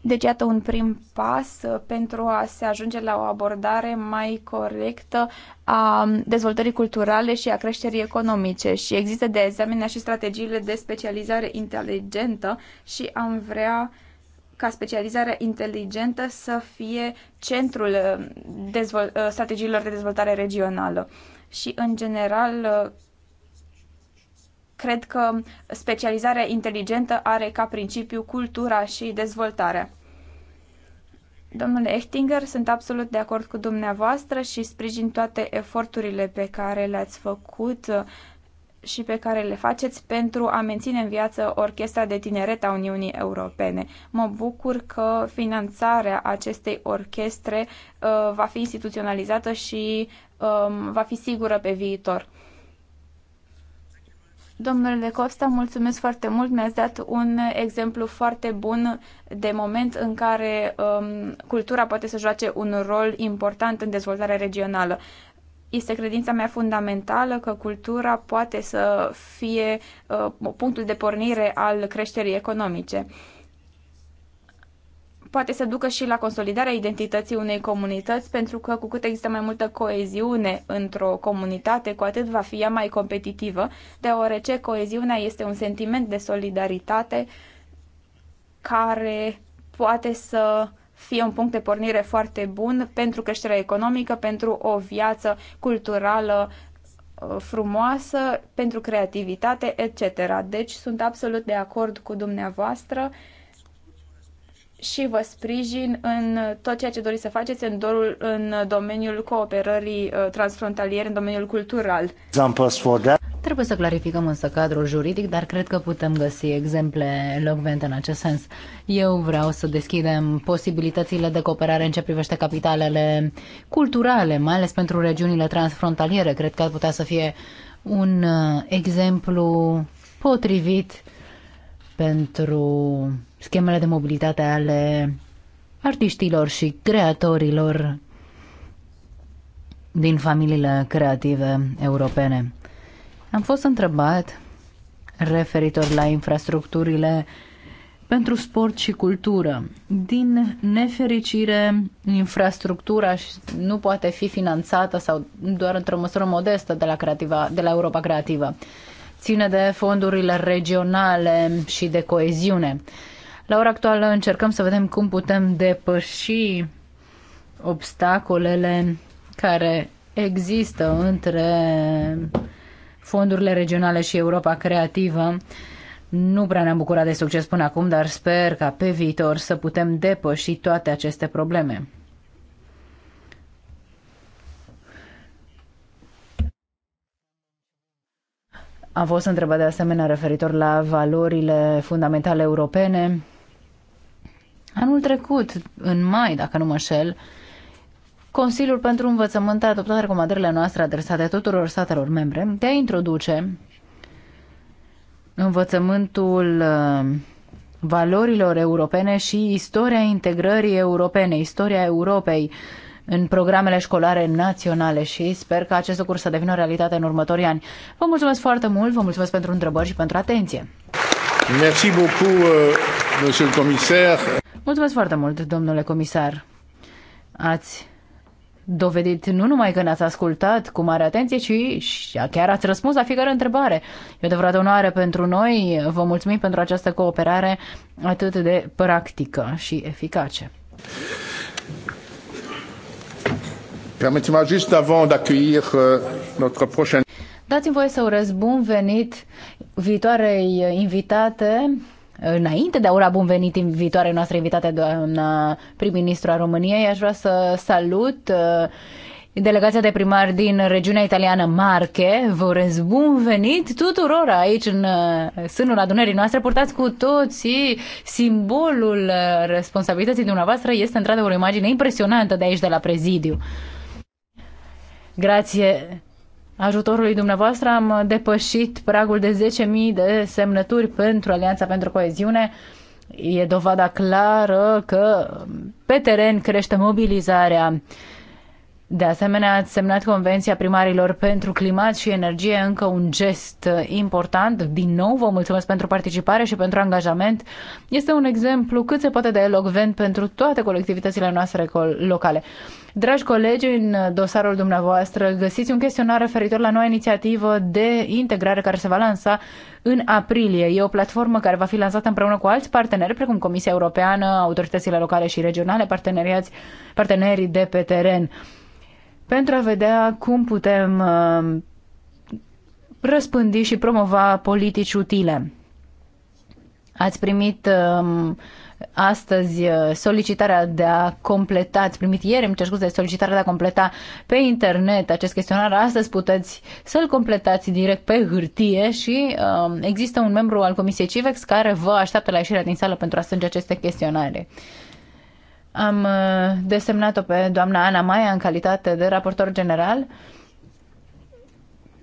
Deci, iată un prim pas uh, pentru a se ajunge la o abordare mai corectă a dezvoltării culturale și a creșterii economice. Și există, de asemenea, și strategiile de specializare inteligentă și am vrea uh, ca specializarea inteligentă să fie centrul uh, uh, strategiilor de dezvoltare regională. Și, în general, uh, cred că specializarea inteligentă are ca principiu cultura și dezvoltarea. Domnule Echtinger, sunt absolut de acord cu dumneavoastră și sprijin toate eforturile pe care le-ați făcut și pe care le faceți pentru a menține în viață Orchestra de Tineret a Uniunii Europene. Mă bucur că finanțarea acestei orchestre uh, va fi instituționalizată și um, va fi sigură pe viitor. Domnule Costa, mulțumesc foarte mult. Mi-ați dat un exemplu foarte bun de moment în care um, cultura poate să joace un rol important în dezvoltarea regională este credința mea fundamentală că cultura poate să fie uh, punctul de pornire al creșterii economice. Poate să ducă și la consolidarea identității unei comunități, pentru că cu cât există mai multă coeziune într-o comunitate, cu atât va fi ea mai competitivă, deoarece coeziunea este un sentiment de solidaritate care poate să fie un punct de pornire foarte bun pentru creșterea economică, pentru o viață culturală uh, frumoasă, pentru creativitate, etc. Deci sunt absolut de acord cu dumneavoastră și vă sprijin în tot ceea ce doriți să faceți în, dorul, în domeniul cooperării uh, transfrontaliere, în domeniul cultural. Trebuie să clarificăm însă cadrul juridic, dar cred că putem găsi exemple locvente în acest sens. Eu vreau să deschidem posibilitățile de cooperare în ce privește capitalele culturale, mai ales pentru regiunile transfrontaliere. Cred că ar putea să fie un uh, exemplu potrivit pentru schemele de mobilitate ale artiștilor și creatorilor din familiile creative europene. Am fost întrebat referitor la infrastructurile pentru sport și cultură. Din nefericire, infrastructura nu poate fi finanțată sau doar într-o măsură modestă de la, creativa, de la Europa Creativă. Ține de fondurile regionale și de coeziune. La ora actuală încercăm să vedem cum putem depăși obstacolele care există între fondurile regionale și Europa Creativă. Nu prea ne-am bucurat de succes până acum, dar sper ca pe viitor să putem depăși toate aceste probleme. A fost întrebat de asemenea referitor la valorile fundamentale europene. Anul trecut, în mai, dacă nu mă șel, Consiliul pentru Învățământ a adoptat recomandările noastre adresate tuturor statelor membre de a introduce învățământul uh, valorilor europene și istoria integrării europene, istoria Europei în programele școlare naționale și sper că acest lucru să devină o realitate în următorii ani. Vă mulțumesc foarte mult, vă mulțumesc pentru întrebări și pentru atenție. Merci beaucoup, euh, monsieur le Mulțumesc foarte mult, domnule comisar. Ați dovedit nu numai că ne-ați ascultat cu mare atenție, ci și chiar ați răspuns la fiecare întrebare. E o adevărată onoare pentru noi. Vă mulțumim pentru această cooperare atât de practică și eficace. Permettez-moi juste avant d'accueillir euh, notre prochaine Dați-mi voie să urez bun venit viitoarei invitate, înainte de a ura bun venit în noastră invitate, doamna prim-ministru a României, aș vrea să salut uh, delegația de primari din regiunea italiană Marche. Vă urez bun venit tuturor aici în uh, sânul adunării noastre. Purtați cu toții simbolul uh, responsabilității dumneavoastră. Este într-adevăr o imagine impresionantă de aici, de la prezidiu. Grazie ajutorului dumneavoastră am depășit pragul de 10.000 de semnături pentru Alianța pentru Coeziune. E dovada clară că pe teren crește mobilizarea. De asemenea, ați semnat Convenția Primarilor pentru Climat și Energie, încă un gest important. Din nou, vă mulțumesc pentru participare și pentru angajament. Este un exemplu cât se poate de elogvent pentru toate colectivitățile noastre locale. Dragi colegi, în uh, dosarul dumneavoastră găsiți un chestionar referitor la noua inițiativă de integrare care se va lansa în aprilie. E o platformă care va fi lansată împreună cu alți parteneri, precum Comisia Europeană, autoritățile locale și regionale, parteneriați, partenerii de pe teren, pentru a vedea cum putem uh, răspândi și promova politici utile. Ați primit uh, astăzi uh, solicitarea de a completa, ați primit ieri, îmi cer scuze, solicitarea de a completa pe internet acest chestionar, astăzi puteți să-l completați direct pe hârtie și um, există un membru al Comisiei Civex care vă așteaptă la ieșirea din sală pentru a strânge aceste chestionare. Am uh, desemnat-o pe doamna Ana Maia în calitate de raportor general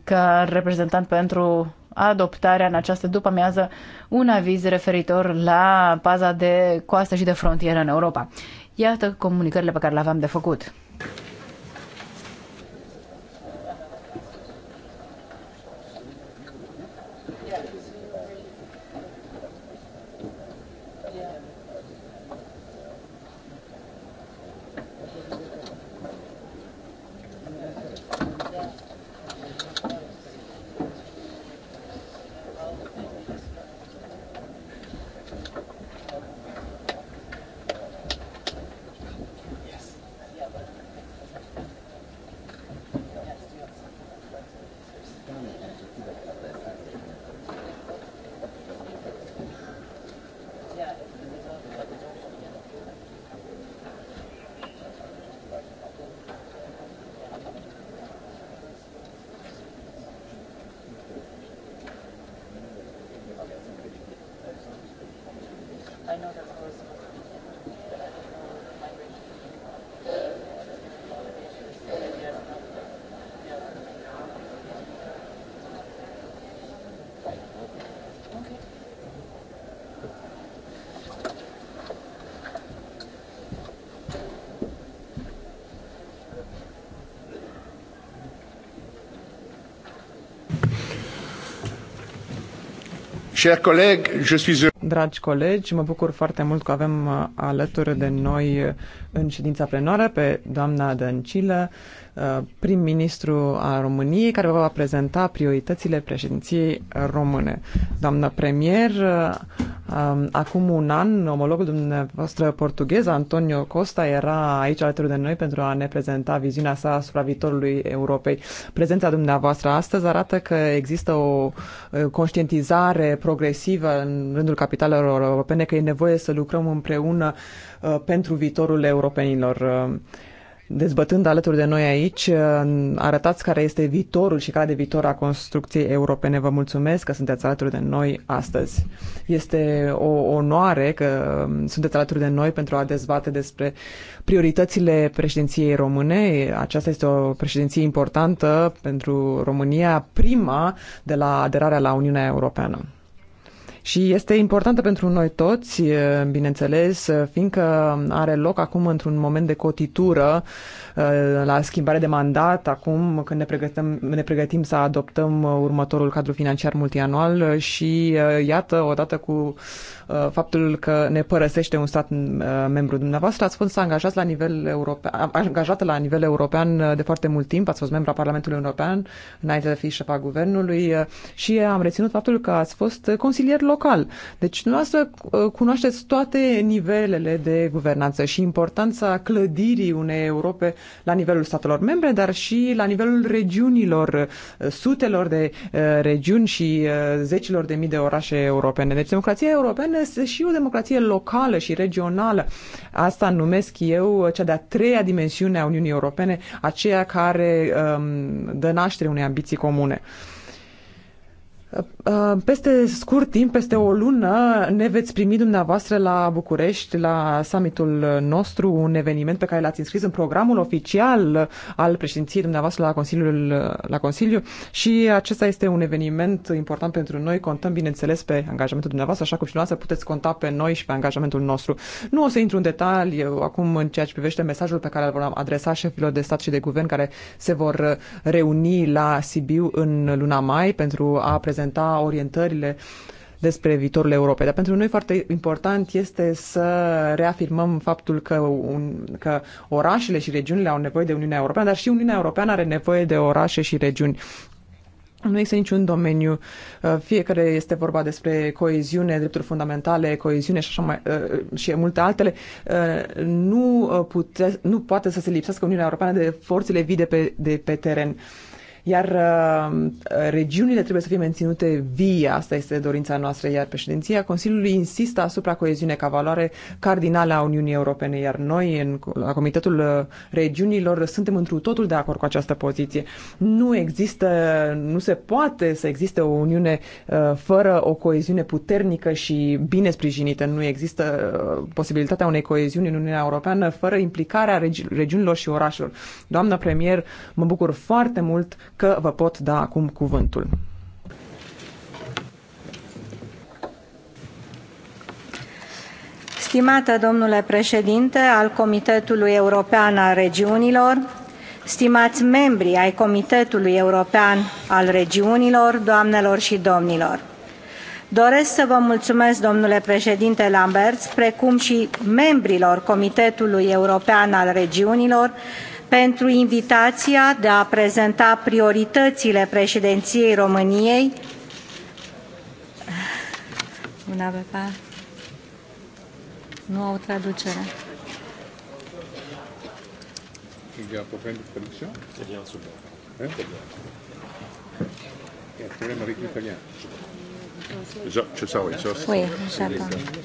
ca reprezentant pentru adoptarea în această după-amiază un aviz referitor la paza de coastă și de frontieră în Europa. Iată comunicările pe care le aveam de făcut. Chers collègues, je suis... Dragi colegi, mă bucur foarte mult că avem uh, alături de noi uh, în ședința plenară pe doamna Dăncilă, Uh, prim-ministru a României, care vă va prezenta prioritățile președinției române. Doamnă premier, uh, um, acum un an, omologul dumneavoastră portughez, Antonio Costa, era aici alături de noi pentru a ne prezenta viziunea sa asupra viitorului Europei. Prezența dumneavoastră astăzi arată că există o uh, conștientizare progresivă în rândul capitalelor europene că e nevoie să lucrăm împreună pentru viitorul europenilor dezbătând alături de noi aici, uh, arătați care este viitorul și care de viitor a construcției europene. Vă mulțumesc că sunteți alături de noi astăzi. Este o onoare că um, sunteți alături de noi pentru a dezbate despre prioritățile președinției române. Aceasta este o președinție importantă pentru România, prima de la aderarea la Uniunea Europeană și este importantă pentru noi toți, bineînțeles, fiindcă are loc acum într-un moment de cotitură uh, Uh, la schimbare de mandat acum când ne pregătim, ne pregătim să adoptăm uh, următorul cadru financiar multianual uh, și iată, odată cu faptul că ne părăsește un stat membru. Dumneavoastră ați fost angajat la nivel european, angajat la nivel european de foarte mult timp, ați fost membru a Parlamentului European înainte de a fi șefa guvernului și am reținut faptul că ați fost consilier local. Deci dumneavoastră cunoașteți toate nivelele de guvernanță și importanța clădirii unei Europe la nivelul statelor membre, dar și la nivelul regiunilor, uh, sutelor de uh, regiuni și uh, zecilor de mii de orașe europene. Deci democrația europeană este și o democrație locală și regională. Asta numesc eu cea de-a treia dimensiune a Uniunii Europene, aceea care um, dă naștere unei ambiții comune. Uh, Uh, peste scurt timp, peste o lună, ne veți primi dumneavoastră la București, la summitul nostru, un eveniment pe care l-ați înscris în programul oficial al președinției dumneavoastră la, Consiliul, la Consiliu și acesta este un eveniment important pentru noi. Contăm, bineînțeles, pe angajamentul dumneavoastră, așa cum și dumneavoastră puteți conta pe noi și pe angajamentul nostru. Nu o să intru în detalii acum în ceea ce privește mesajul pe care îl vom adresa șefilor de stat și de guvern care se vor uh, reuni la Sibiu în luna mai pentru a prezenta prezenta orientările despre viitorul Europei. Dar pentru noi foarte important este să reafirmăm faptul că, un, că orașele și regiunile au nevoie de Uniunea Europeană, dar și Uniunea Europeană are nevoie de orașe și regiuni. Nu există niciun domeniu, uh, fie că este vorba despre coeziune, drepturi fundamentale, coeziune și așa mai, uh, și multe altele, uh, nu, pute, nu poate să se lipsească Uniunea Europeană de forțele vii de pe, de pe teren. Iar uh, regiunile trebuie să fie menținute vii, asta este dorința noastră, iar președinția Consiliului insistă asupra coeziunii ca valoare cardinală a Uniunii Europene, iar noi, în, la Comitetul uh, Regiunilor, suntem întru totul de acord cu această poziție. Nu există, nu se poate să existe o Uniune uh, fără o coeziune puternică și bine sprijinită. Nu există posibilitatea unei coeziuni în Uniunea Europeană fără implicarea regi- regiunilor și orașelor. Doamna premier, mă bucur foarte mult că vă pot da acum cuvântul. Stimată domnule președinte al Comitetului European al Regiunilor, stimați membri ai Comitetului European al Regiunilor, doamnelor și domnilor, doresc să vă mulțumesc, domnule președinte Lamberts, precum și membrilor Comitetului European al Regiunilor, pentru invitația de a prezenta prioritățile președinției României Una pe pa. Nu au traducere. Il y a un problème de traduction C'est bien sous Hein Il y a un problème avec l'italien. Ça, ça, oui, ça. Oui, j'attends.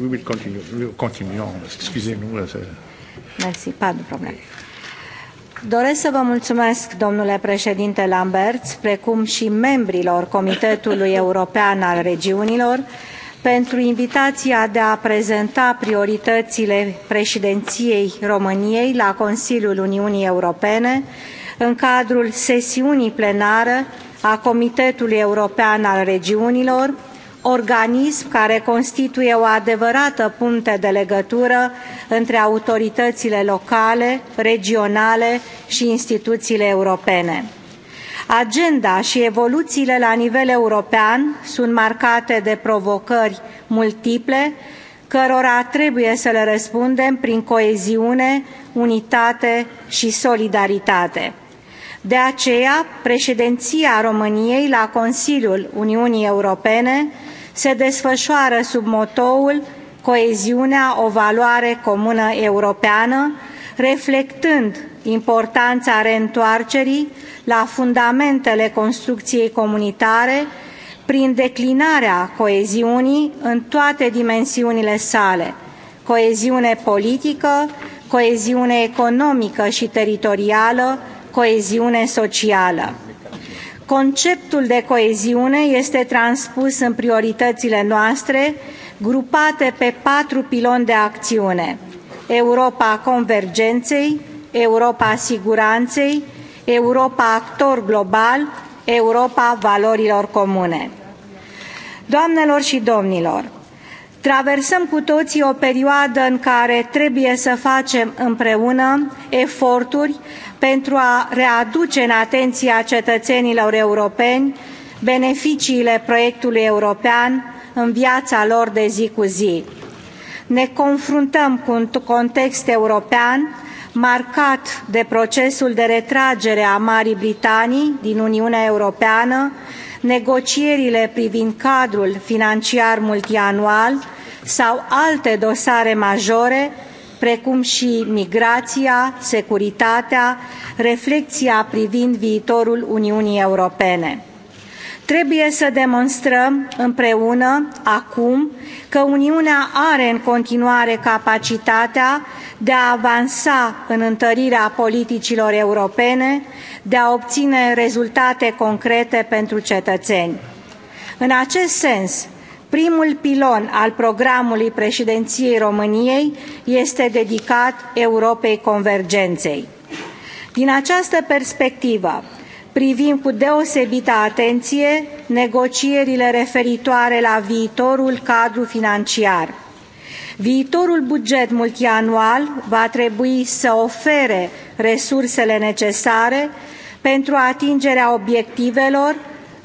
we will continue. We will continue. Excusez-nous. Merci. pas de problème. Doresc să vă mulțumesc, domnule președinte Lambert, precum și membrilor Comitetului European al Regiunilor, pentru invitația de a prezenta prioritățile președinției României la Consiliul Uniunii Europene în cadrul sesiunii plenară a Comitetului European al Regiunilor organism care constituie o adevărată punte de legătură între autoritățile locale, regionale și instituțiile europene. Agenda și evoluțiile la nivel european sunt marcate de provocări multiple, cărora trebuie să le răspundem prin coeziune, unitate și solidaritate. De aceea, președinția României la Consiliul Uniunii Europene se desfășoară sub motoul Coeziunea, o valoare comună europeană, reflectând importanța reîntoarcerii la fundamentele construcției comunitare prin declinarea coeziunii în toate dimensiunile sale, coeziune politică, coeziune economică și teritorială, coeziune socială. Conceptul de coeziune este transpus în prioritățile noastre, grupate pe patru piloni de acțiune. Europa convergenței, Europa siguranței, Europa actor global, Europa valorilor comune. Doamnelor și domnilor, Traversăm cu toții o perioadă în care trebuie să facem împreună eforturi pentru a readuce în atenția cetățenilor europeni beneficiile proiectului european în viața lor de zi cu zi. Ne confruntăm cu un context european marcat de procesul de retragere a Marii Britanii din Uniunea Europeană, negocierile privind cadrul financiar multianual sau alte dosare majore precum și migrația, securitatea, reflexia privind viitorul Uniunii Europene. Trebuie să demonstrăm împreună, acum, că Uniunea are în continuare capacitatea de a avansa în întărirea politicilor europene, de a obține rezultate concrete pentru cetățeni. În acest sens, primul pilon al programului președinției româniei este dedicat europei convergenței. din această perspectivă privim cu deosebită atenție negocierile referitoare la viitorul cadru financiar. viitorul buget multianual va trebui să ofere resursele necesare pentru atingerea obiectivelor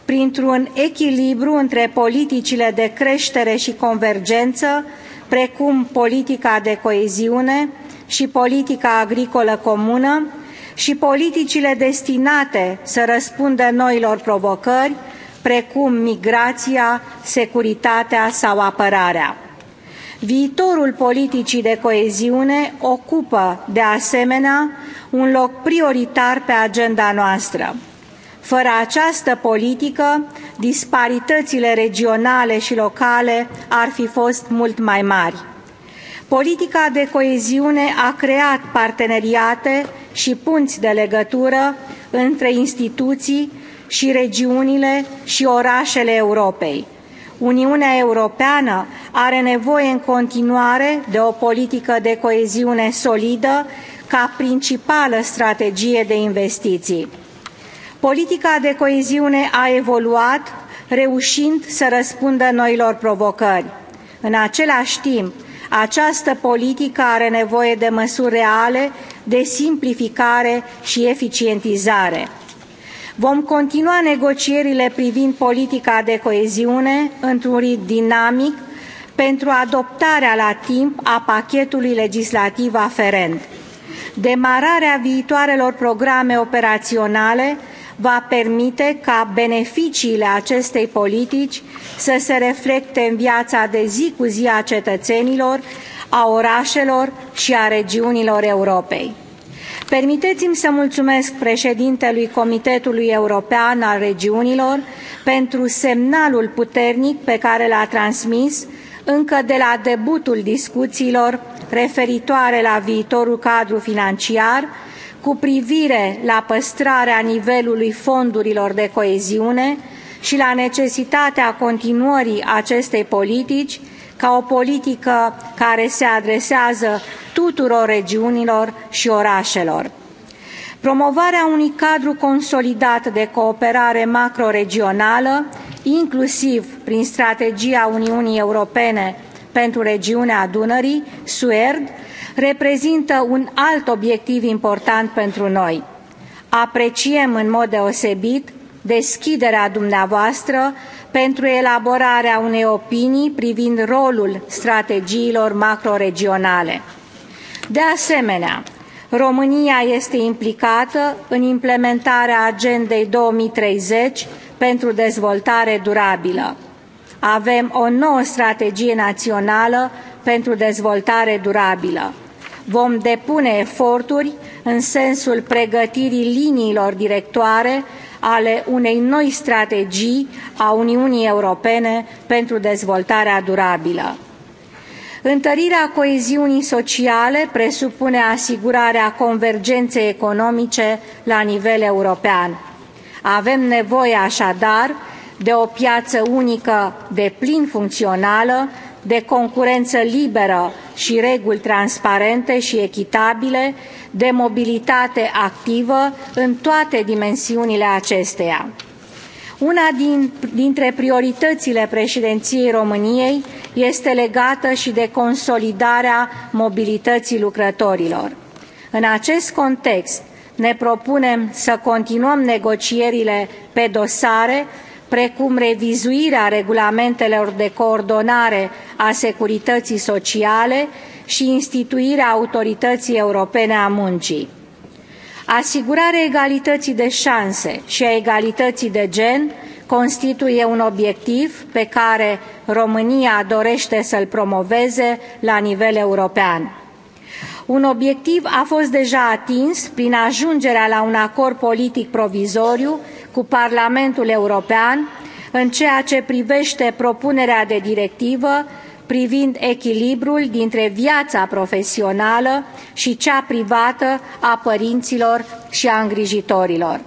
printr-un echilibru între politicile de creștere și convergență, precum politica de coeziune și politica agricolă comună, și politicile destinate să răspundă noilor provocări, precum migrația, securitatea sau apărarea. Viitorul politicii de coeziune ocupă, de asemenea, un loc prioritar pe agenda noastră. Fără această politică, disparitățile regionale și locale ar fi fost mult mai mari. Politica de coeziune a creat parteneriate și punți de legătură între instituții și regiunile și orașele Europei. Uniunea Europeană are nevoie în continuare de o politică de coeziune solidă ca principală strategie de investiții. Politica de coeziune a evoluat, reușind să răspundă noilor provocări. În același timp, această politică are nevoie de măsuri reale, de simplificare și eficientizare. Vom continua negocierile privind politica de coeziune într-un ritm dinamic pentru adoptarea la timp a pachetului legislativ aferent. Demararea viitoarelor programe operaționale va permite ca beneficiile acestei politici să se reflecte în viața de zi cu zi a cetățenilor, a orașelor și a regiunilor Europei. Permiteți-mi să mulțumesc președintelui Comitetului European al Regiunilor pentru semnalul puternic pe care l-a transmis încă de la debutul discuțiilor referitoare la viitorul cadru financiar cu privire la păstrarea nivelului fondurilor de coeziune și la necesitatea continuării acestei politici ca o politică care se adresează tuturor regiunilor și orașelor. Promovarea unui cadru consolidat de cooperare macroregională, inclusiv prin strategia Uniunii Europene pentru regiunea Dunării, SUERD, reprezintă un alt obiectiv important pentru noi. Apreciem în mod deosebit deschiderea dumneavoastră pentru elaborarea unei opinii privind rolul strategiilor macroregionale. De asemenea, România este implicată în implementarea Agendei 2030 pentru dezvoltare durabilă. Avem o nouă strategie națională pentru dezvoltare durabilă vom depune eforturi în sensul pregătirii liniilor directoare ale unei noi strategii a Uniunii Europene pentru dezvoltarea durabilă. Întărirea coeziunii sociale presupune asigurarea convergenței economice la nivel european. Avem nevoie așadar de o piață unică de plin funcțională de concurență liberă și reguli transparente și echitabile, de mobilitate activă în toate dimensiunile acesteia. Una din, dintre prioritățile președinției României este legată și de consolidarea mobilității lucrătorilor. În acest context, ne propunem să continuăm negocierile pe dosare precum revizuirea regulamentelor de coordonare a securității sociale și instituirea Autorității Europene a Muncii. Asigurarea egalității de șanse și a egalității de gen constituie un obiectiv pe care România dorește să-l promoveze la nivel european. Un obiectiv a fost deja atins prin ajungerea la un acord politic provizoriu cu Parlamentul European în ceea ce privește propunerea de directivă privind echilibrul dintre viața profesională și cea privată a părinților și a îngrijitorilor.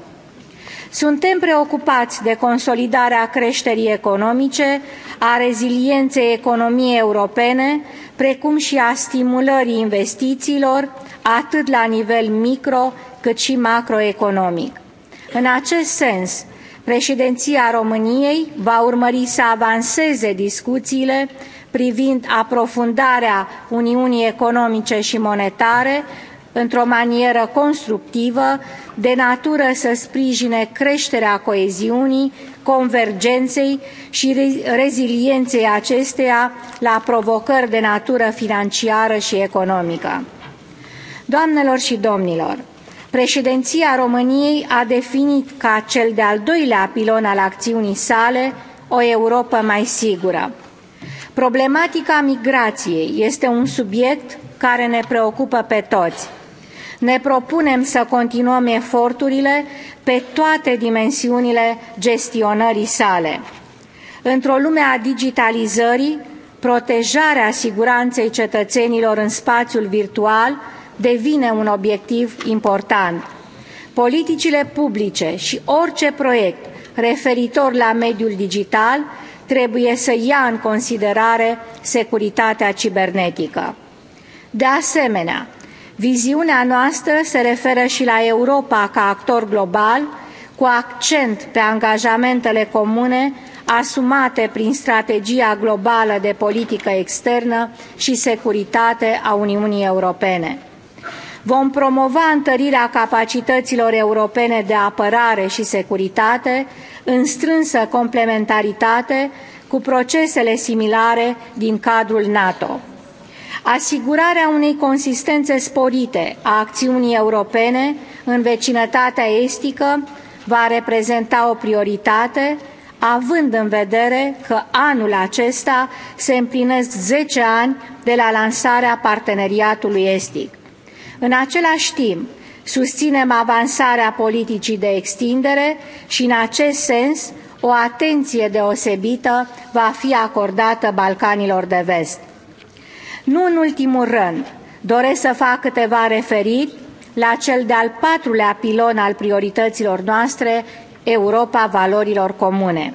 Suntem preocupați de consolidarea creșterii economice, a rezilienței economiei europene, precum și a stimulării investițiilor, atât la nivel micro cât și macroeconomic în acest sens președinția româniei va urmări să avanseze discuțiile privind aprofundarea uniunii economice și monetare într o manieră constructivă de natură să sprijine creșterea coeziunii convergenței și rezilienței acesteia la provocări de natură financiară și economică. Doamnelor și domnilor, Președinția României a definit ca cel de-al doilea pilon al acțiunii sale o Europă mai sigură. Problematica migrației este un subiect care ne preocupă pe toți. Ne propunem să continuăm eforturile pe toate dimensiunile gestionării sale. Într-o lume a digitalizării, protejarea siguranței cetățenilor în spațiul virtual devine un obiectiv important. Politicile publice și orice proiect referitor la mediul digital trebuie să ia în considerare securitatea cibernetică. De asemenea, viziunea noastră se referă și la Europa ca actor global, cu accent pe angajamentele comune asumate prin strategia globală de politică externă și securitate a Uniunii Europene. Vom promova întărirea capacităților europene de apărare și securitate în strânsă complementaritate cu procesele similare din cadrul NATO. Asigurarea unei consistențe sporite a acțiunii europene în vecinătatea estică va reprezenta o prioritate având în vedere că anul acesta se împlinesc zece ani de la lansarea parteneriatului estic. În același timp, susținem avansarea politicii de extindere și, în acest sens, o atenție deosebită va fi acordată Balcanilor de Vest. Nu în ultimul rând, doresc să fac câteva referiri la cel de-al patrulea pilon al priorităților noastre, Europa valorilor comune.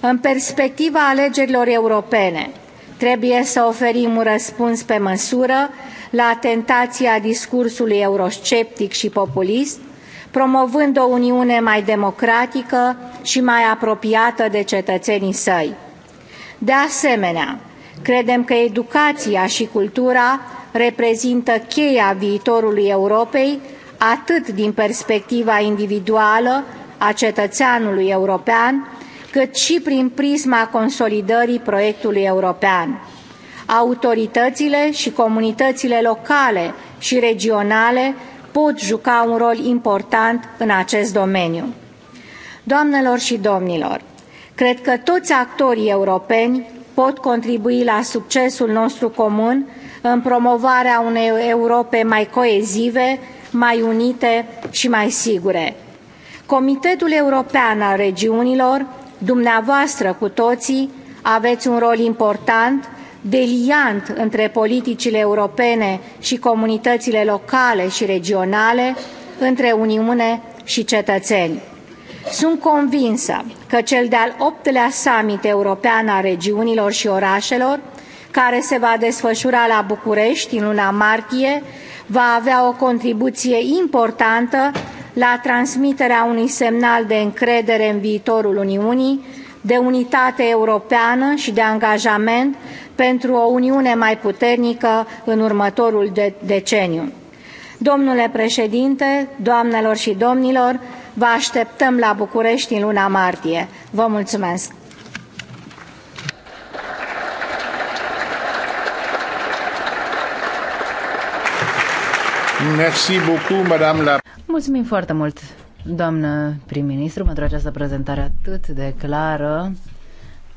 În perspectiva alegerilor europene, trebuie să oferim un răspuns pe măsură la tentația discursului eurosceptic și populist, promovând o Uniune mai democratică și mai apropiată de cetățenii săi. De asemenea, credem că educația și cultura reprezintă cheia viitorului Europei, atât din perspectiva individuală a cetățeanului european, cât și prin prisma consolidării proiectului european autoritățile și comunitățile locale și regionale pot juca un rol important în acest domeniu. Doamnelor și domnilor, cred că toți actorii europeni pot contribui la succesul nostru comun în promovarea unei Europe mai coezive, mai unite și mai sigure. Comitetul European al Regiunilor, dumneavoastră cu toții, aveți un rol important deliant între politicile europene și comunitățile locale și regionale, între Uniune și cetățeni. Sunt convinsă că cel de-al optulea summit european al regiunilor și orașelor, care se va desfășura la București în luna martie, va avea o contribuție importantă la transmiterea unui semnal de încredere în viitorul Uniunii, de unitate europeană și de angajament pentru o Uniune mai puternică în următorul de deceniu. Domnule președinte, doamnelor și domnilor, vă așteptăm la București în luna martie. Vă mulțumesc! Mulțumim foarte mult, doamnă prim-ministru, pentru această prezentare atât de clară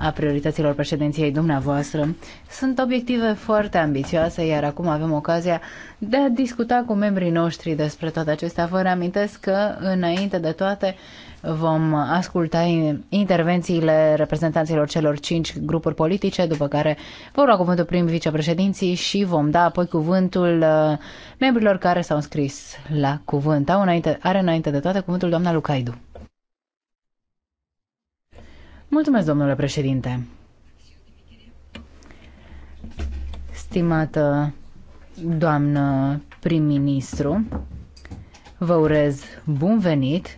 a priorităților președinției dumneavoastră. Sunt obiective foarte ambițioase, iar acum avem ocazia de a discuta cu membrii noștri despre toate acestea. Vă reamintesc că, înainte de toate, vom asculta intervențiile reprezentanților celor cinci grupuri politice, după care vor lua cuvântul prim vicepreședinții și vom da apoi cuvântul uh, membrilor care s-au înscris la cuvânt. Au înainte, are înainte de toate cuvântul doamna Lucaidu. Mulțumesc, domnule președinte. Stimată doamnă prim-ministru, vă urez bun venit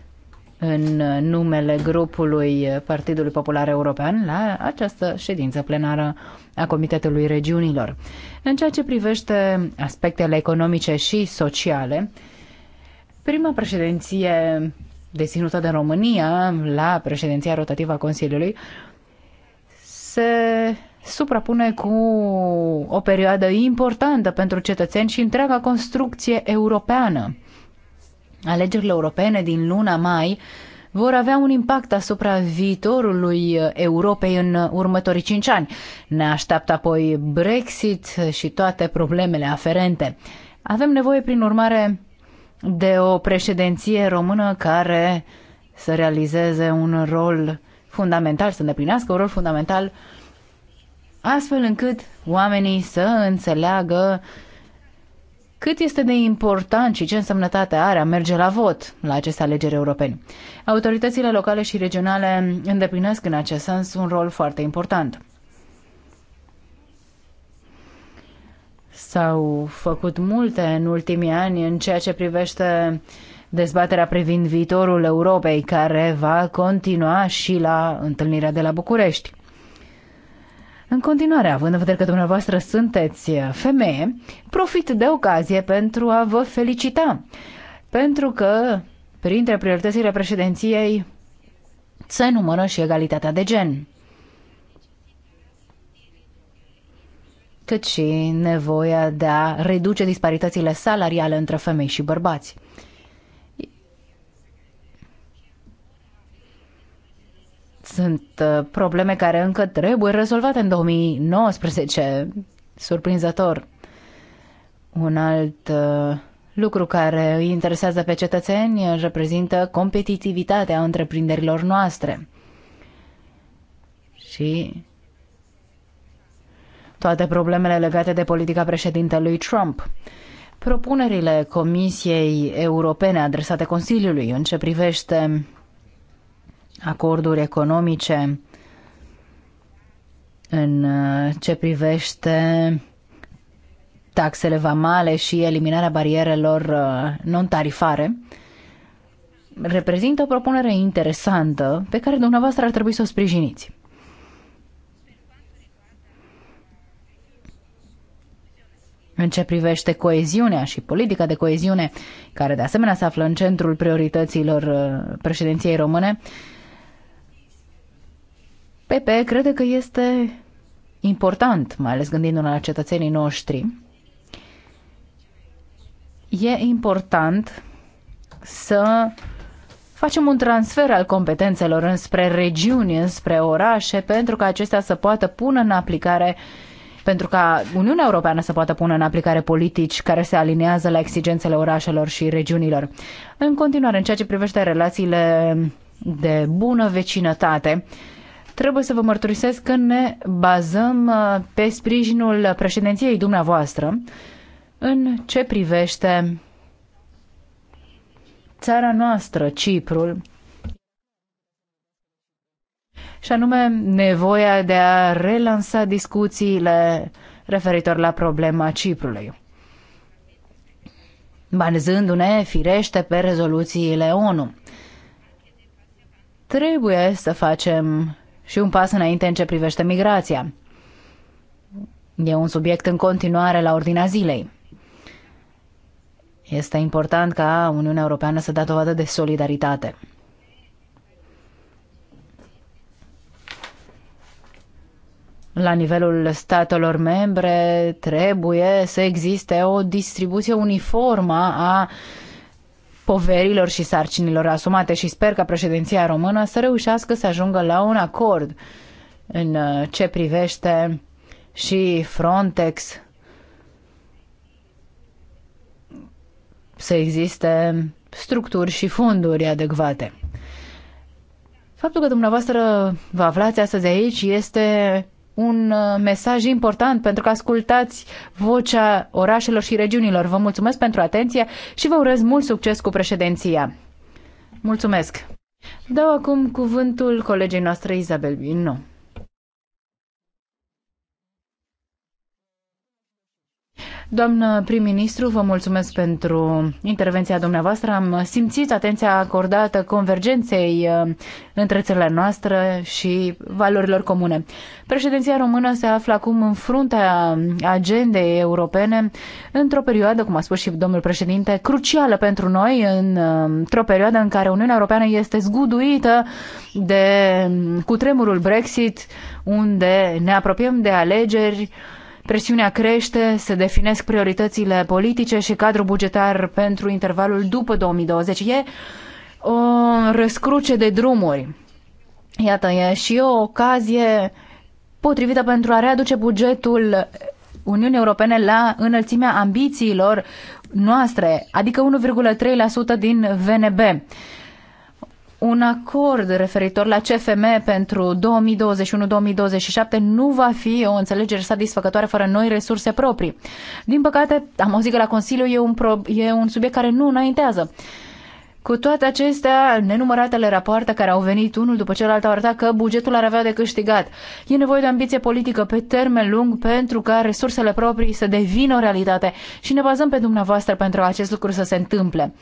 în numele grupului Partidului Popular European la această ședință plenară a Comitetului Regiunilor. În ceea ce privește aspectele economice și sociale, prima președinție deținută de România la președinția rotativă a Consiliului se suprapune cu o perioadă importantă pentru cetățeni și întreaga construcție europeană. Alegerile europene din luna mai vor avea un impact asupra viitorului Europei în următorii cinci ani. Ne așteaptă apoi Brexit și toate problemele aferente. Avem nevoie, prin urmare, de o președinție română care să realizeze un rol fundamental, să îndeplinească un rol fundamental, astfel încât oamenii să înțeleagă cât este de important și ce însemnătate are a merge la vot la aceste alegeri europene. Autoritățile locale și regionale îndeplinesc în acest sens un rol foarte important. S-au făcut multe în ultimii ani în ceea ce privește dezbaterea privind viitorul Europei, care va continua și la întâlnirea de la București. În continuare, având în vedere că dumneavoastră sunteți femeie, profit de ocazie pentru a vă felicita. Pentru că, printre prioritățile președinției, se numără și egalitatea de gen. cât și nevoia de a reduce disparitățile salariale între femei și bărbați. Sunt uh, probleme care încă trebuie rezolvate în 2019, surprinzător. Un alt uh, lucru care îi interesează pe cetățeni uh, reprezintă competitivitatea întreprinderilor noastre. Și toate problemele legate de politica președintelui Trump. Propunerile Comisiei Europene adresate Consiliului în ce privește acorduri economice, în uh, ce privește taxele vamale și eliminarea barierelor uh, non-tarifare, reprezintă o propunere interesantă pe care dumneavoastră ar trebui să o sprijiniți. În ce privește coeziunea și politica de coeziune, care de asemenea se află în centrul priorităților uh, președinției române, Pepe crede că este important, mai ales gândindu-ne la cetățenii noștri, e important să facem un transfer al competențelor înspre regiuni, înspre orașe, pentru ca acestea să poată pune în aplicare uh, pentru ca Uniunea Europeană să poată pune în aplicare politici care se aliniază la exigențele orașelor și regiunilor. În continuare, în ceea ce privește relațiile de bună vecinătate, trebuie să vă mărturisesc că ne bazăm uh, pe sprijinul președinției dumneavoastră în ce privește țara noastră, Ciprul, și anume nevoia de a relansa discuțiile referitor la problema Ciprului, banzându ne firește pe rezoluțiile ONU. Trebuie să facem și un pas înainte în ce privește migrația. E un subiect în continuare la ordinea zilei. Este important ca Uniunea Europeană să dea dovadă de solidaritate. la nivelul statelor membre trebuie să existe o distribuție uniformă a poverilor și sarcinilor asumate și sper că președinția română să reușească să ajungă la un acord în uh, ce privește și Frontex să existe structuri și fonduri adecvate. Faptul că dumneavoastră vă aflați astăzi aici este un uh, mesaj important pentru că ascultați vocea orașelor și regiunilor. Vă mulțumesc pentru atenție și vă urez mult succes cu președinția. Mulțumesc! Dau acum cuvântul colegii noastre Isabel Bino. Doamnă prim-ministru, vă mulțumesc pentru intervenția dumneavoastră. Am simțit atenția acordată convergenței uh, între țările noastre și valorilor comune. Președinția română se află acum în fruntea agendei europene într-o perioadă, cum a spus și domnul președinte, crucială pentru noi, uh, într-o perioadă în care Uniunea Europeană este zguduită de cutremurul Brexit, unde ne apropiem de alegeri, Presiunea crește, se definesc prioritățile politice și cadrul bugetar pentru intervalul după 2020. E o răscruce de drumuri. Iată, e și o ocazie potrivită pentru a readuce bugetul Uniunii Europene la înălțimea ambițiilor noastre, adică 1,3% din VNB un acord referitor la CFM pentru 2021-2027 nu va fi o înțelegere satisfăcătoare fără noi resurse proprii. Din păcate, am auzit că la Consiliu e un, pro- e un subiect care nu înaintează. Cu toate acestea, nenumăratele rapoarte care au venit unul după celălalt au arătat că bugetul ar avea de câștigat. E nevoie de ambiție politică pe termen lung pentru ca resursele proprii să devină o realitate și ne bazăm pe dumneavoastră pentru acest lucru să se întâmple.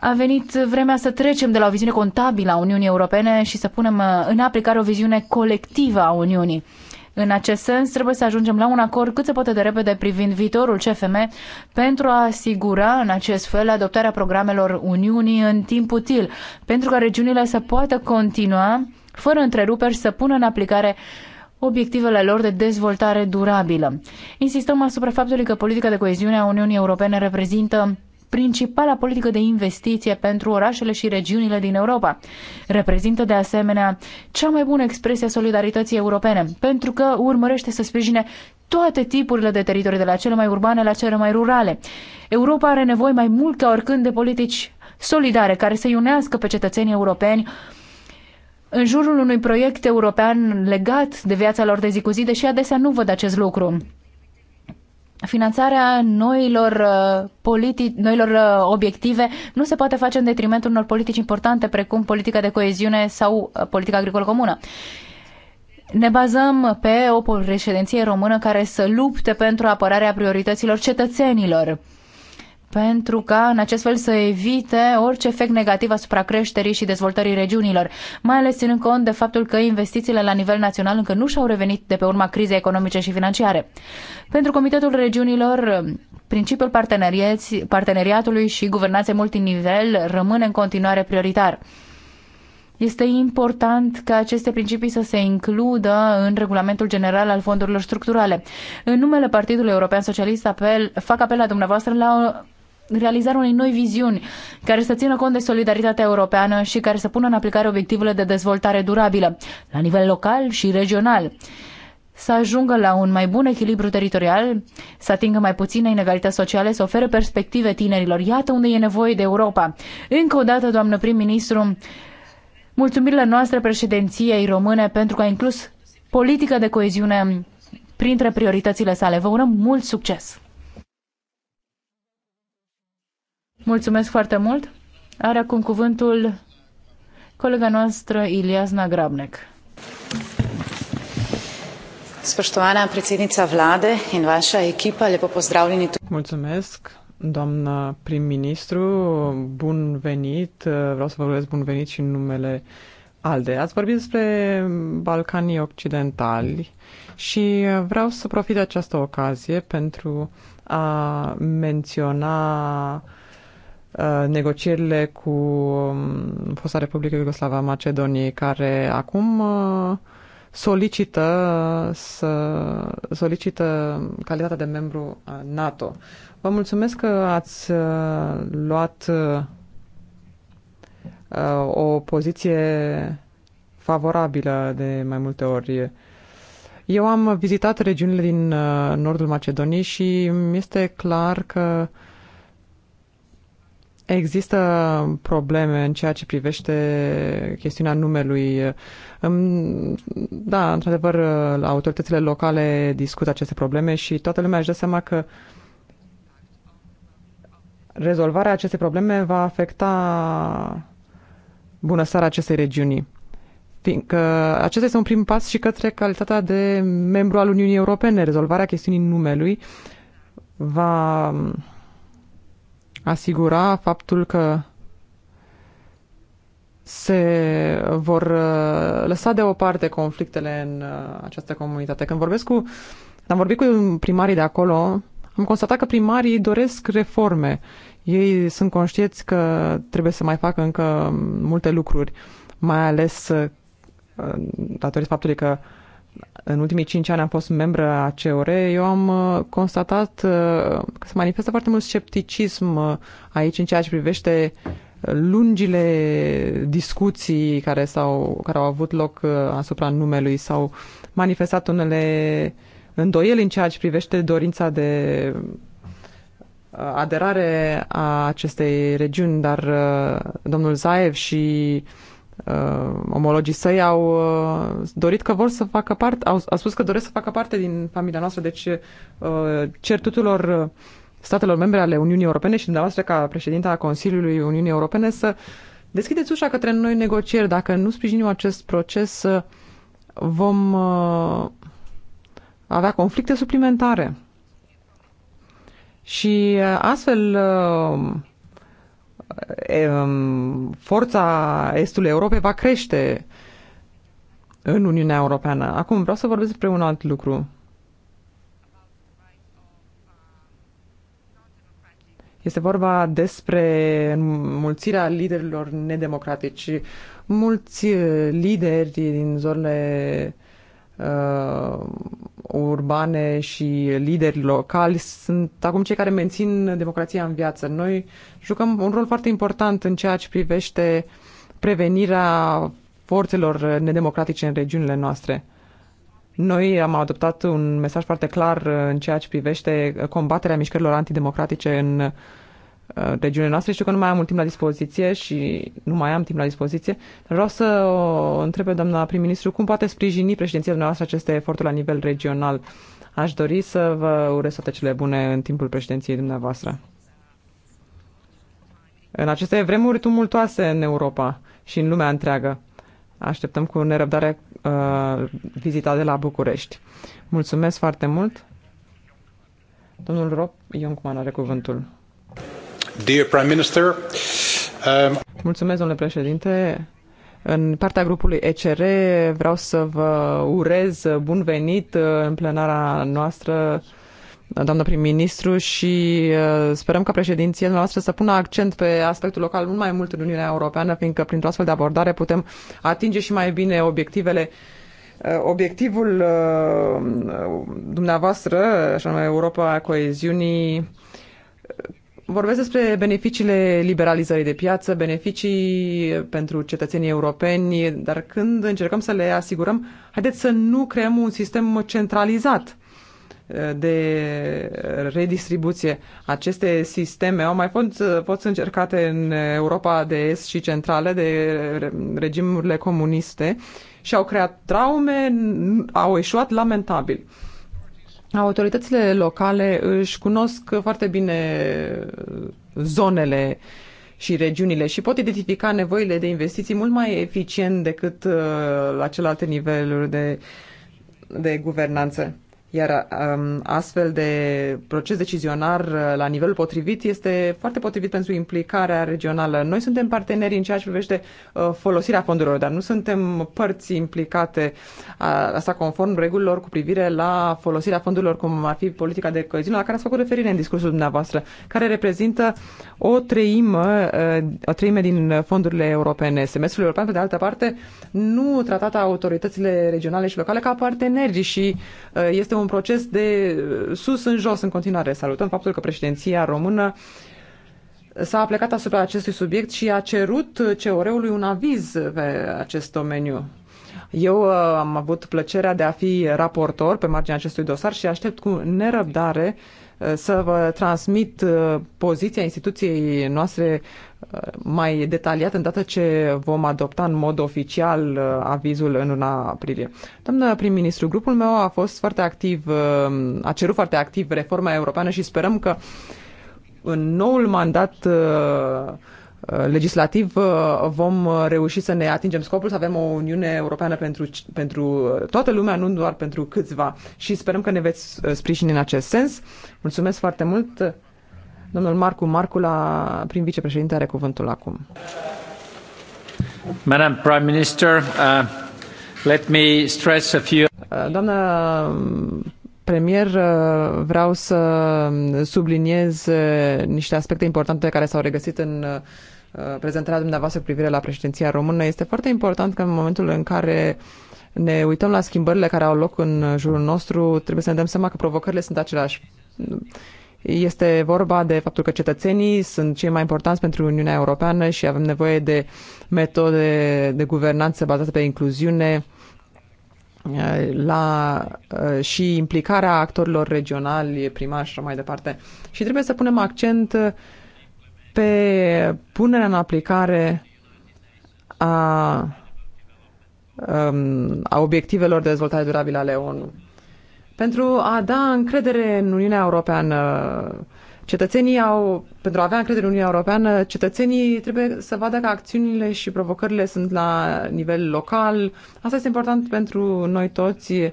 A venit vremea să trecem de la o viziune contabilă a Uniunii Europene și să punem uh, în aplicare o viziune colectivă a Uniunii. În acest sens, trebuie să ajungem la un acord cât se poate de repede privind viitorul CFM pentru a asigura în acest fel adoptarea programelor Uniunii în timp util, pentru ca regiunile să poată continua fără întreruperi să pună în aplicare obiectivele lor de dezvoltare durabilă. Insistăm asupra faptului că politica de coeziune a Uniunii Europene reprezintă principala politică de investiție pentru orașele și regiunile din Europa. Reprezintă de asemenea cea mai bună expresie a solidarității europene, pentru că urmărește să sprijine toate tipurile de teritorii, de la cele mai urbane la cele mai rurale. Europa are nevoie mai mult ca oricând de politici solidare care să iunească pe cetățenii europeni în jurul unui proiect european legat de viața lor de zi cu zi, deși adesea nu văd acest lucru finanțarea noilor uh, politici, noilor uh, obiective nu se poate face în detrimentul unor politici importante precum politica de coeziune sau uh, politica agricolă comună. Ne bazăm pe o președinție română care să lupte pentru apărarea priorităților cetățenilor pentru ca în acest fel să evite orice efect negativ asupra creșterii și dezvoltării regiunilor, mai ales ținând cont de faptul că investițiile la nivel național încă nu și-au revenit de pe urma crizei economice și financiare. Pentru Comitetul Regiunilor, principiul parteneriatului și guvernanței multinivel rămâne în continuare prioritar. Este important ca aceste principii să se includă în regulamentul general al fondurilor structurale. În numele Partidului European Socialist apel, fac apel la dumneavoastră la o realizarea unei noi viziuni care să țină cont de solidaritatea europeană și care să pună în aplicare obiectivele de dezvoltare durabilă, la nivel local și regional să ajungă la un mai bun echilibru teritorial, să atingă mai puține inegalități sociale, să ofere perspective tinerilor. Iată unde e nevoie de Europa. Încă o dată, doamnă prim-ministru, mulțumirile noastre președinției române pentru că a inclus politică de coeziune printre prioritățile sale. Vă urăm mult succes! Mulțumesc foarte mult. Are acum cuvântul colega noastră Ilias Nagrabnek. Spăștoana predsednica vlade în vașa echipă, le lepo pozdravljeni. Mulțumesc, doamna prim-ministru, bun venit. Vreau să vă urez bun venit și în numele ALDE. Ați vorbit despre Balcanii Occidentali și vreau să profit de această ocazie pentru a menționa Uh, negocierile cu um, fosta Republică Iugoslava Macedoniei, care acum uh, solicită, să, solicită calitatea de membru NATO. Vă mulțumesc că ați uh, luat o poziție favorabilă de mai multe ori. Eu am vizitat regiunile din nordul Macedoniei și este clar că uh, Există probleme în ceea ce privește chestiunea numelui. Da, într-adevăr, autoritățile locale discută aceste probleme și toată lumea își dă seama că rezolvarea acestei probleme va afecta bunăstarea acestei regiuni. Fiindcă acesta este un prim pas și către calitatea de membru al Uniunii Europene. Rezolvarea chestiunii numelui va asigura faptul că se vor uh, lăsa deoparte conflictele în uh, această comunitate. Când vorbesc cu, am vorbit cu primarii de acolo, am constatat că primarii doresc reforme. Ei sunt conștienți că trebuie să mai facă încă multe lucruri, mai ales uh, datorită faptului că uh, în ultimii cinci ani am fost membră a CEOR, eu am uh, constatat uh, că se manifestă foarte mult scepticism uh, aici în ceea ce privește lungile discuții care, s-au, care au avut loc asupra numelui. sau manifestat unele îndoieli în ceea ce privește dorința de aderare a acestei regiuni, dar domnul Zaev și uh, omologii săi au uh, dorit că vor să facă parte, au, au spus că doresc să facă parte din familia noastră, deci uh, cer tuturor uh, statelor membre ale Uniunii Europene și dumneavoastră ca președinta a Consiliului Uniunii Europene să deschideți ușa către noi negocieri. Dacă nu sprijinim acest proces, uh, vom uh, avea conflicte suplimentare. Și uh, astfel uh, forța Estului Europei va crește în Uniunea Europeană. Acum vreau să vorbesc despre un alt lucru. Este vorba despre mulțirea liderilor nedemocratici. Mulți lideri din zonele uh, urbane și lideri locali sunt acum cei care mențin democrația în viață. Noi jucăm un rol foarte important în ceea ce privește prevenirea forțelor nedemocratice în regiunile noastre. Noi am adoptat un mesaj foarte clar în ceea ce privește combaterea mișcărilor antidemocratice în Uh, regiunea noastră. Știu că nu mai am mult timp la dispoziție și nu mai am timp la dispoziție. Vreau să o întreb doamna prim-ministru cum poate sprijini președinția noastră aceste eforturi la nivel regional. Aș dori să vă urez toate cele bune în timpul președinției dumneavoastră. În aceste vremuri tumultoase în Europa și în lumea întreagă, așteptăm cu nerăbdare uh, vizita de la București. Mulțumesc foarte mult! Domnul Rob cum are cuvântul. Dear Prime Minister, um... Mulțumesc, domnule președinte. În partea grupului ECR vreau să vă urez bun venit uh, în plenara noastră doamnă prim-ministru și uh, sperăm că președinția noastră să pună accent pe aspectul local mult mai mult în Uniunea Europeană, fiindcă printr-o astfel de abordare putem atinge și mai bine obiectivele uh, obiectivul dumneavoastră, așa numai Europa a coeziunii vorbesc despre beneficiile liberalizării de piață, beneficii pentru cetățenii europeni, dar când încercăm să le asigurăm, haideți să nu creăm un sistem centralizat eh, de redistribuție. Aceste sisteme au mai fost, fost eh, încercate în Europa de Est și Centrală de regimurile comuniste și au creat traume, au eșuat lamentabil autoritățile locale își cunosc foarte bine zonele și regiunile și pot identifica nevoile de investiții mult mai eficient decât uh, la celelalte niveluri de, de guvernanță. Iar um, astfel de proces decizionar uh, la nivelul potrivit este foarte potrivit pentru implicarea regională. Noi suntem parteneri în ceea ce privește uh, folosirea fondurilor, dar nu suntem părți implicate, uh, asta conform regulilor cu privire la folosirea fondurilor, cum ar fi politica de coeziune, la care ați făcut referire în discursul dumneavoastră, care reprezintă o treime, uh, o treime din fondurile europene. Semestrul european, pe de altă parte, nu tratată autoritățile regionale și locale ca parteneri și uh, este un un proces de uh, sus în jos în continuare. Salutăm faptul că președinția română s-a plecat asupra acestui subiect și a cerut CEOR-ului un aviz pe acest domeniu. Eu uh, am avut plăcerea de a fi raportor pe marginea acestui dosar și aștept cu nerăbdare uh, să vă transmit poziția instituției noastre mai detaliat în data ce vom adopta în mod oficial uh, avizul în luna aprilie. Doamnă prim-ministru, grupul meu a fost foarte activ, uh, a cerut foarte activ reforma europeană și sperăm că în noul mandat uh, legislativ vom reuși să ne atingem scopul, să avem o Uniune Europeană pentru, pentru toată lumea, nu doar pentru câțiva. Și sperăm că ne veți sprijini în acest sens. Mulțumesc foarte mult! Domnul Marcu Marcula, prim vicepreședinte, are cuvântul acum. Madam Prime Minister, uh, let me stress a few... Uh, Doamna um, premier, uh, vreau să um, subliniez uh, niște aspecte importante care s-au regăsit în prezentarea dumneavoastră cu privire la președinția română. Este foarte important că în momentul în care ne uităm la schimbările care au loc în jurul nostru, trebuie să ne dăm seama că provocările sunt aceleași este vorba de faptul că cetățenii sunt cei mai importanți pentru Uniunea Europeană și avem nevoie de metode de guvernanță bazate pe incluziune la, și implicarea actorilor regionali, primari și așa mai departe. Și trebuie să punem accent pe punerea în aplicare a, um, a obiectivelor de dezvoltare durabilă ale ONU. Pentru a da încredere în Uniunea Europeană, cetățenii au, pentru a avea încredere în Uniunea Europeană, cetățenii trebuie să vadă că acțiunile și provocările sunt la nivel local. Asta este important pentru noi toți.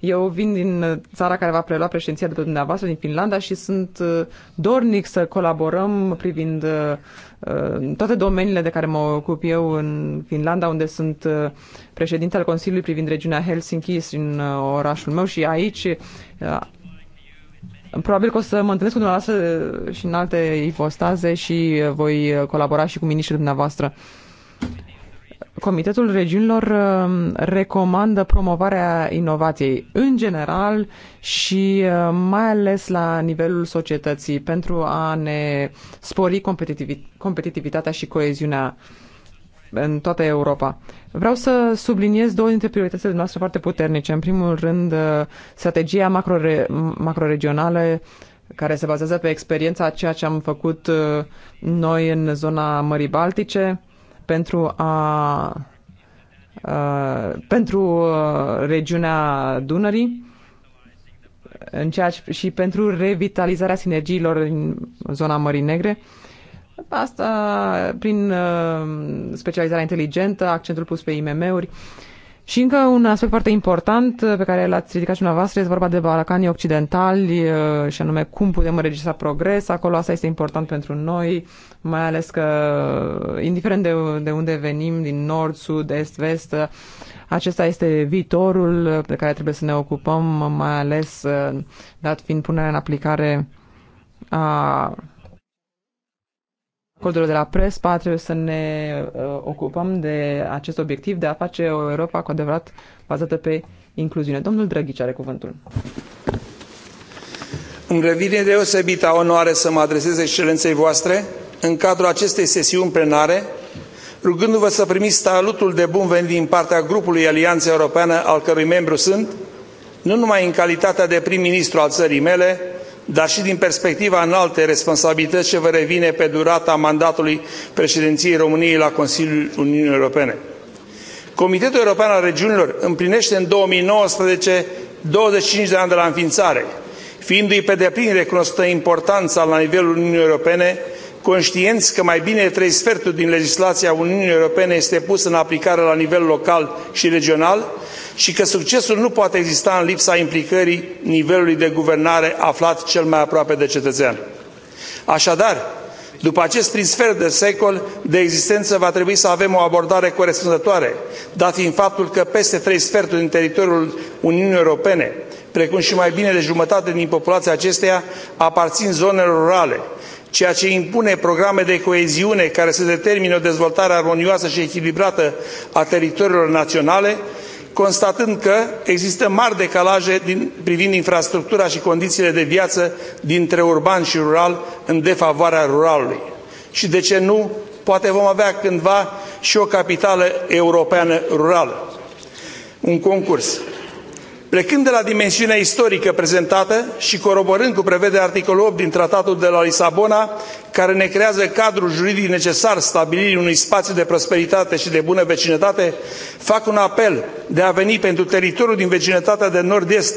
Eu vin din țara care va prelua președinția de pe dumneavoastră, din Finlanda, și sunt uh, dornic să colaborăm privind uh, toate domeniile de care mă ocup eu în Finlanda, unde sunt uh, președinte al Consiliului privind regiunea Helsinki în uh, orașul meu și aici uh, Probabil că o să mă întâlnesc cu dumneavoastră și în alte ipostaze și voi colabora și cu miniștrii dumneavoastră. Comitetul Regiunilor uh, recomandă promovarea inovației în general și uh, mai ales la nivelul societății pentru a ne spori competitivitatea și coeziunea în toată Europa. Vreau să subliniez două dintre prioritățile noastre foarte puternice. În primul rând, uh, strategia macroregională care se bazează pe experiența a ceea ce am făcut noi în zona Mării Baltice, pentru a pentru uh, regiunea Dunării în ceea ce, și pentru revitalizarea sinergiilor în zona Mării Negre. Asta prin uh, specializarea inteligentă, accentul pus pe IMM-uri. Uh, și încă un aspect foarte important uh, pe care l-ați ridicat și dumneavoastră este vorba de Balcanii Occidentali uh, și anume cum putem înregistra progres. Acolo asta este important pentru noi, mai ales că uh, indiferent de, de unde venim, din nord, sud, est, vest, acesta este viitorul pe care trebuie să ne ocupăm, mai ales dat fiind punerea în aplicare a codurile de la Prespa, trebuie să ne uh, ocupăm de acest obiectiv de a face o Europa cu adevărat bazată pe incluziune. Domnul Drăghici are cuvântul. În grăbire deosebită onoare să mă adresez excelenței voastre în cadrul acestei sesiuni plenare, rugându-vă să primiți salutul de bun venit din partea grupului Alianța Europeană, al cărui membru sunt, nu numai în calitatea de prim-ministru al țării mele, dar și din perspectiva alte responsabilități ce vă revine pe durata mandatului președinției României la Consiliul Uniunii Europene. Comitetul European al Regiunilor împlinește în 2019 25 de ani de la înființare, fiindu-i pe deplin recunoscută importanța la nivelul Uniunii Europene, conștienți că mai bine trei sferturi din legislația Uniunii Europene este pusă în aplicare la nivel local și regional, și că succesul nu poate exista în lipsa implicării nivelului de guvernare aflat cel mai aproape de cetățean. Așadar, după acest prin sfert de secol de existență va trebui să avem o abordare corespunzătoare, dat fiind faptul că peste trei sferturi din teritoriul Uniunii Europene, precum și mai bine de jumătate din populația acesteia, aparțin zonelor rurale, ceea ce impune programe de coeziune care să determine o dezvoltare armonioasă și echilibrată a teritoriilor naționale constatând că există mari decalaje din, privind infrastructura și condițiile de viață dintre urban și rural în defavoarea ruralului. Și de ce nu, poate vom avea cândva și o capitală europeană rurală. Un concurs. Plecând de la dimensiunea istorică prezentată și coroborând cu prevederea articolul 8 din Tratatul de la Lisabona, care ne creează cadrul juridic necesar stabilirii unui spațiu de prosperitate și de bună vecinătate, fac un apel de a veni pentru teritoriul din vecinătatea de nord-est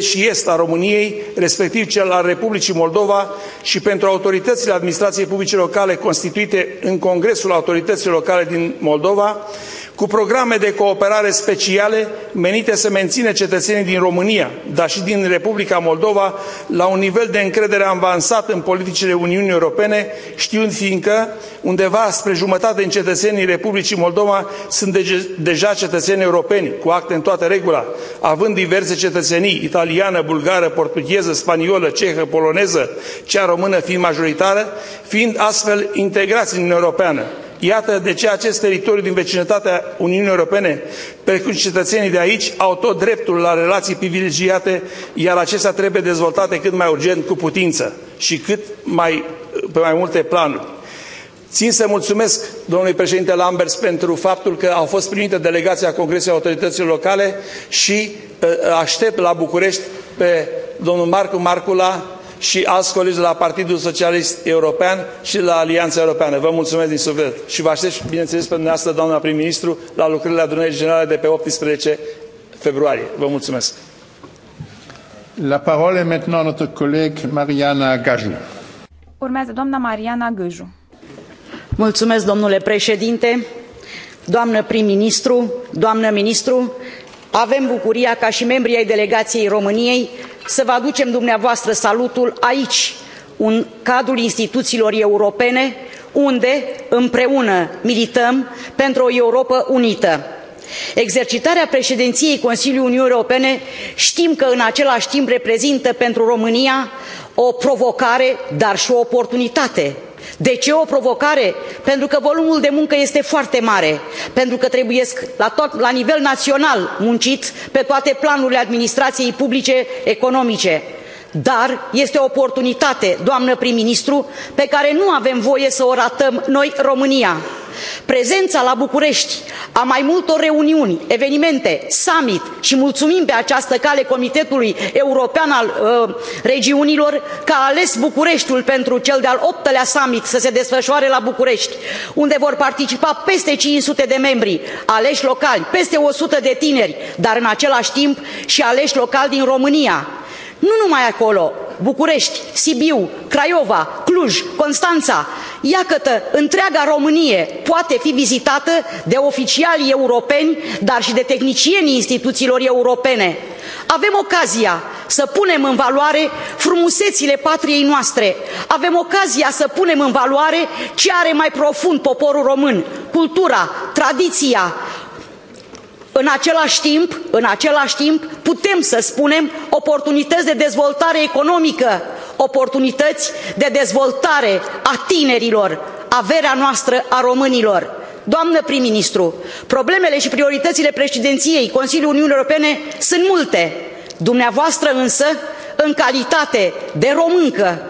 și est a României, respectiv cel al Republicii Moldova și pentru autoritățile administrației publice locale constituite în Congresul Autorităților Locale din Moldova, cu programe de cooperare speciale menite să mențină cetățenii din România, dar și din Republica Moldova, la un nivel de încredere avansat în politicile Uniunii Europene, știind fiindcă undeva spre jumătate din cetățenii Republicii Moldova sunt de deja cetățeni europeni, cu acte în toată regula, având diverse cetățenii, italiană, bulgară, portugheză, spaniolă, cehă, poloneză, cea română fiind majoritară, fiind astfel integrați în Uniunea Europeană. Iată de ce acest teritoriu din vecinătatea Uniunii Europene, precum și cetățenii de aici, au tot dreptul la relații privilegiate, iar acestea trebuie dezvoltate cât mai urgent cu putință și cât mai, pe mai multe planuri. Țin să mulțumesc domnului președinte Lambers pentru faptul că au fost primite delegația Congresului Autorităților Locale și ă, aștept la București pe domnul Marcu Marcula, și alți colegi la Partidul Socialist European și la Alianța Europeană. Vă mulțumesc din suflet și vă aștept, bineînțeles, pe dumneavoastră, doamna prim-ministru, la lucrările adunării generale de pe 18 februarie. Vă mulțumesc. La parole maintenant notre collègue Mariana Gajou. Urmează doamna Mariana Gâju. Mulțumesc, domnule președinte, doamnă prim-ministru, doamnă ministru. Avem bucuria ca și membrii ai delegației României să vă aducem dumneavoastră salutul aici, în cadrul instituțiilor europene, unde împreună milităm pentru o Europă unită. Exercitarea președinției Consiliului Uniunii Europene știm că în același timp reprezintă pentru România o provocare, dar și o oportunitate. De ce o provocare? Pentru că volumul de muncă este foarte mare, pentru că trebuie la, tot, la nivel național muncit pe toate planurile administrației publice economice dar este o oportunitate, doamnă prim-ministru, pe care nu avem voie să o ratăm noi, România. Prezența la București a mai multor reuniuni, evenimente, summit și mulțumim pe această cale Comitetului European al uh, Regiunilor că a ales Bucureștiul pentru cel de-al opt-lea summit să se desfășoare la București, unde vor participa peste 500 de membri, aleși locali, peste 100 de tineri, dar în același timp și aleși locali din România. Nu numai acolo, București, Sibiu, Craiova, Cluj, Constanța, iacătă întreaga Românie poate fi vizitată de oficiali europeni, dar și de tehnicienii instituțiilor europene. Avem ocazia să punem în valoare frumusețile patriei noastre. Avem ocazia să punem în valoare ce are mai profund poporul român, cultura, tradiția, în același timp, în același timp, putem să spunem oportunități de dezvoltare economică, oportunități de dezvoltare a tinerilor, averea noastră a românilor. Doamnă prim-ministru, problemele și prioritățile președinției Consiliului Uniunii Europene sunt multe. Dumneavoastră însă, în calitate de româncă,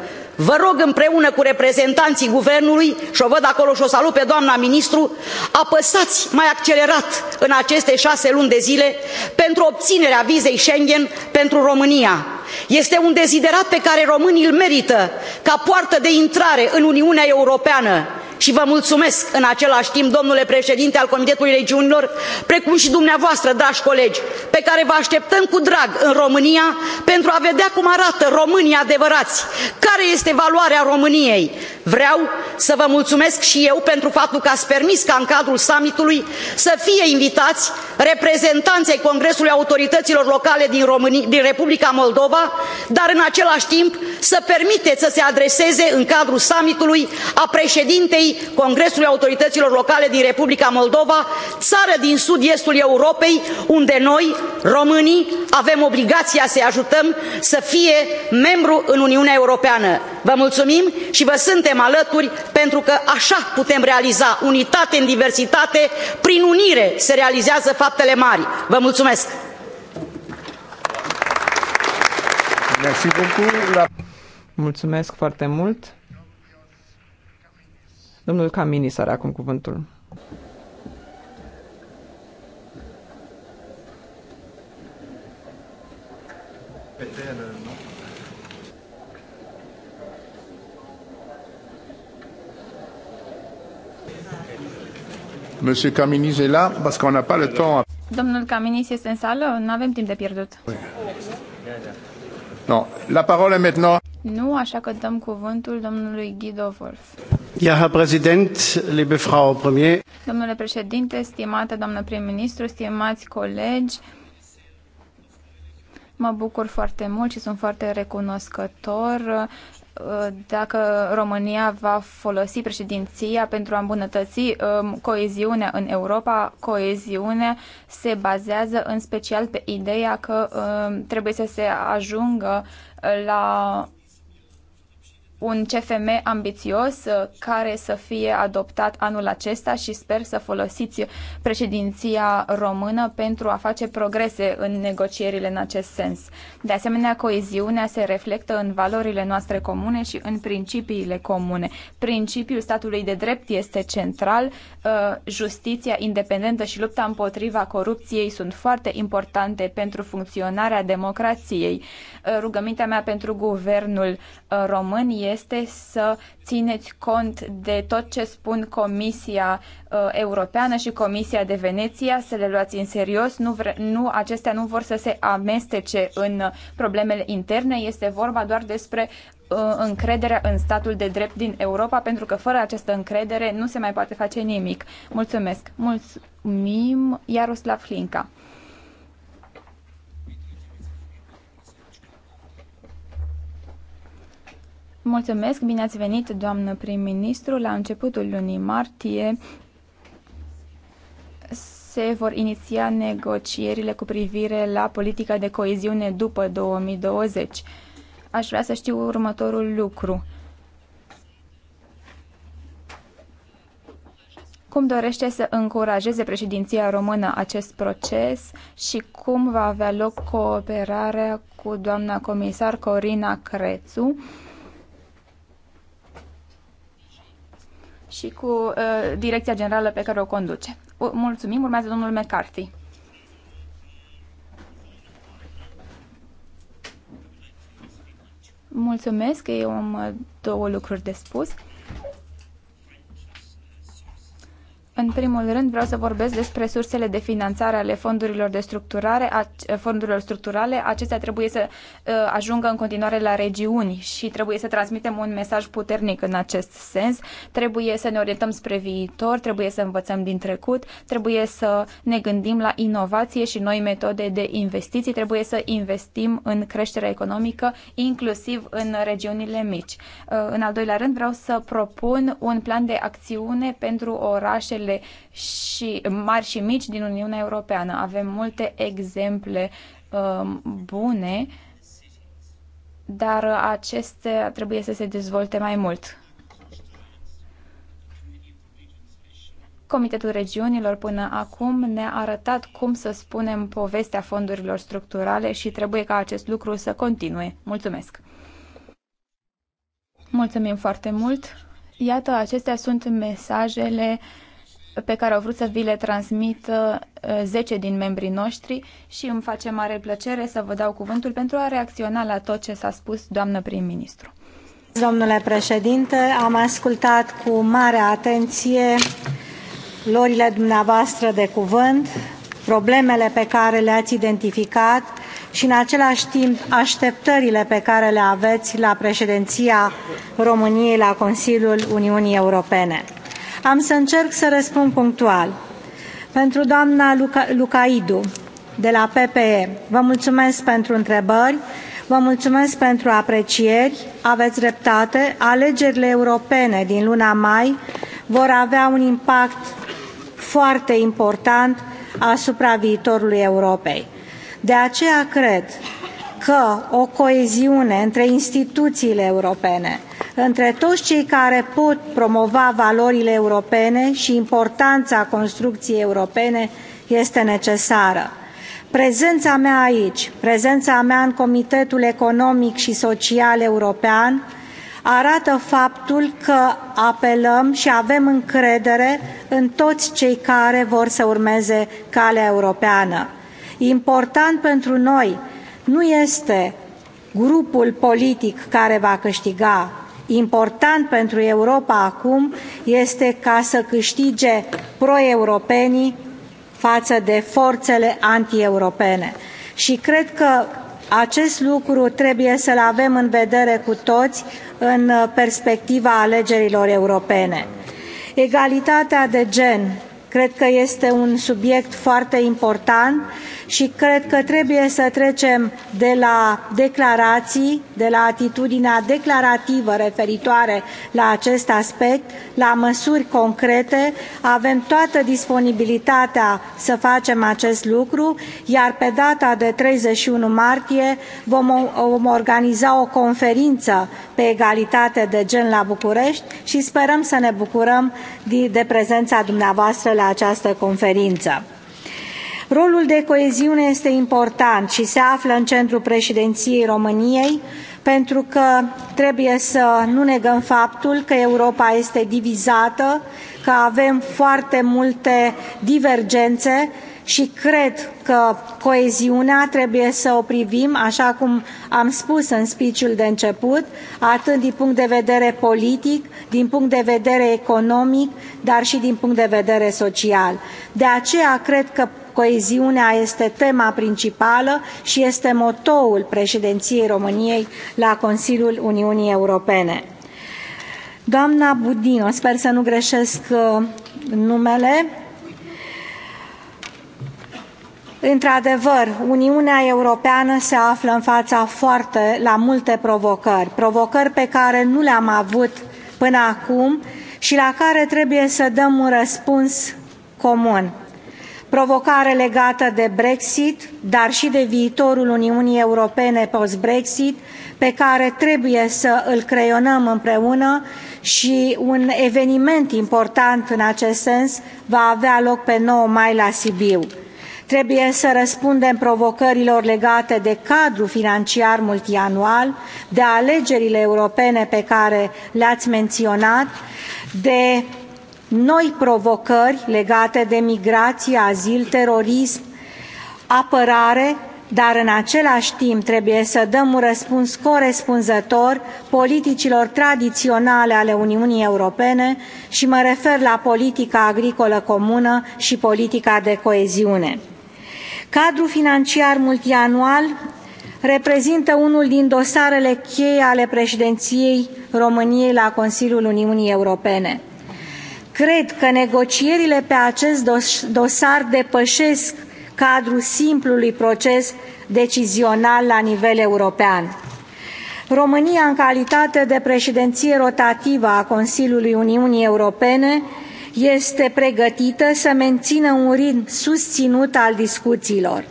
Vă rog împreună cu reprezentanții guvernului, și o văd acolo și o salut pe doamna ministru, apăsați mai accelerat în aceste șase luni de zile pentru obținerea vizei Schengen pentru România. Este un deziderat pe care românii îl merită ca poartă de intrare în Uniunea Europeană și vă mulțumesc în același timp, domnule președinte al Comitetului Regiunilor, precum și dumneavoastră, dragi colegi, pe care vă așteptăm cu drag în România pentru a vedea cum arată românii adevărați, care este valoarea României. Vreau să vă mulțumesc și eu pentru faptul că ați permis ca în cadrul summitului să fie invitați reprezentanți ai Congresului Autorităților Locale din, România, din Republica Moldova, dar în același timp să permiteți să se adreseze în cadrul summitului a președintei Comisiei Congresului Autorităților Locale din Republica Moldova, țară din sud-estul Europei, unde noi, românii, avem obligația să-i ajutăm să fie membru în Uniunea Europeană. Vă mulțumim și vă suntem alături pentru că așa putem realiza unitate în diversitate, prin unire se realizează faptele mari. Vă mulțumesc! Mulțumesc foarte mult! Domnul Caminis are acum cuvântul. Monsieur Caminis est là parce qu'on n'a pas le temps. Domnul Caminis este în sală, nu avem timp de pierdut. Non, la parole est maintenant. Nu, așa că dăm cuvântul domnului Guido Wolf. Ja, Herr Präsident, liebe Frau Premier. Domnule președinte, stimată doamnă prim-ministru, stimați colegi, mă bucur foarte mult și sunt foarte recunoscător uh, dacă România va folosi președinția pentru a îmbunătăți um, coeziunea în Europa. Coeziunea se bazează în special pe ideea că um, trebuie să se ajungă la un CFM ambițios uh, care să fie adoptat anul acesta și sper să folosiți președinția română pentru a face progrese în negocierile în acest sens. De asemenea, coeziunea se reflectă în valorile noastre comune și în principiile comune. Principiul statului de drept este central, uh, justiția independentă și lupta împotriva corupției sunt foarte importante pentru funcționarea democrației. Uh, rugămintea mea pentru guvernul român este să țineți cont de tot ce spun Comisia uh, Europeană și Comisia de Veneția, să le luați în serios. Nu, vre, nu Acestea nu vor să se amestece în problemele interne, este vorba doar despre uh, încrederea în statul de drept din Europa, pentru că fără această încredere nu se mai poate face nimic. Mulțumesc! Mulțumim, Iaroslav Hlinca! Mulțumesc, bine ați venit, doamnă prim-ministru. La începutul lunii martie se vor iniția negocierile cu privire la politica de coeziune după 2020. Aș vrea să știu următorul lucru. cum dorește să încurajeze președinția română acest proces și cum va avea loc cooperarea cu doamna comisar Corina Crețu și cu uh, direcția generală pe care o conduce. Mulțumim, urmează domnul McCarthy. Mulțumesc, eu am două lucruri de spus. În primul rând vreau să vorbesc despre sursele de finanțare ale fondurilor de structurare, a, fondurilor structurale. Acestea trebuie să uh, ajungă în continuare la regiuni și trebuie să transmitem un mesaj puternic în acest sens. Trebuie să ne orientăm spre viitor, trebuie să învățăm din trecut, trebuie să ne gândim la inovație și noi metode de investiții, trebuie să investim în creșterea economică, inclusiv în regiunile mici. Uh, în al doilea rând vreau să propun un plan de acțiune pentru orașele țările și mari și mici din Uniunea Europeană. Avem multe exemple um, bune, dar acestea trebuie să se dezvolte mai mult. Comitetul Regiunilor până acum ne-a arătat cum să spunem povestea fondurilor structurale și trebuie ca acest lucru să continue. Mulțumesc! Mulțumim foarte mult! Iată, acestea sunt mesajele pe care au vrut să vi le transmit 10 uh, din membrii noștri și îmi face mare plăcere să vă dau cuvântul pentru a reacționa la tot ce s-a spus, doamnă prim-ministru. Domnule președinte, am ascultat cu mare atenție lorile dumneavoastră de cuvânt, problemele pe care le-ați identificat și în același timp așteptările pe care le aveți la președinția României la Consiliul Uniunii Europene. Am să încerc să răspund punctual. Pentru doamna Luca Lucaidu, de la PPE, vă mulțumesc pentru întrebări, vă mulțumesc pentru aprecieri, aveți dreptate, alegerile europene din luna mai vor avea un impact foarte important asupra viitorului Europei. De aceea cred că o coeziune între instituțiile europene, între toți cei care pot promova valorile europene și importanța construcției europene este necesară. Prezența mea aici, prezența mea în Comitetul Economic și Social European arată faptul că apelăm și avem încredere în toți cei care vor să urmeze calea europeană. Important pentru noi nu este grupul politic care va câștiga, Important pentru Europa acum este ca să câștige pro-europenii față de forțele anti-europene. Și cred că acest lucru trebuie să-l avem în vedere cu toți în perspectiva alegerilor europene. Egalitatea de gen cred că este un subiect foarte important și cred că trebuie să trecem de la declarații, de la atitudinea declarativă referitoare la acest aspect, la măsuri concrete. Avem toată disponibilitatea să facem acest lucru, iar pe data de 31 martie vom, vom organiza o conferință pe egalitate de gen la București și sperăm să ne bucurăm de, de prezența dumneavoastră la această conferință. Rolul de coeziune este important și se află în centrul președinției României, pentru că trebuie să nu negăm faptul că Europa este divizată, că avem foarte multe divergențe și cred că coeziunea trebuie să o privim, așa cum am spus în speech-ul de început, atât din punct de vedere politic, din punct de vedere economic, dar și din punct de vedere social. De aceea cred că coeziunea este tema principală și este motoul președinției României la Consiliul Uniunii Europene. Doamna Budino, sper să nu greșesc uh, numele, într adevăr uniunea europeană se află în fața foarte, la multe provocări provocări pe care nu le am avut până acum și la care trebuie să dăm un răspuns comun provocare legată de brexit dar și de viitorul uniunii europene post brexit pe care trebuie să îl creionăm împreună și un eveniment important în acest sens va avea loc pe 9 mai la Sibiu trebuie să răspundem provocărilor legate de cadrul financiar multianual, de alegerile europene pe care le-ați menționat, de noi provocări legate de migrație, azil, terorism, apărare, dar în același timp trebuie să dăm un răspuns corespunzător politicilor tradiționale ale Uniunii Europene și mă refer la politica agricolă comună și politica de coeziune. Cadrul financiar multianual reprezintă unul din dosarele cheie ale președinției României la Consiliul Uniunii Europene. Cred că negocierile pe acest dosar depășesc cadrul simplului proces decizional la nivel european. România, în calitate de președinție rotativă a Consiliului Uniunii Europene, este pregătită să mențină un ritm susținut al discuțiilor.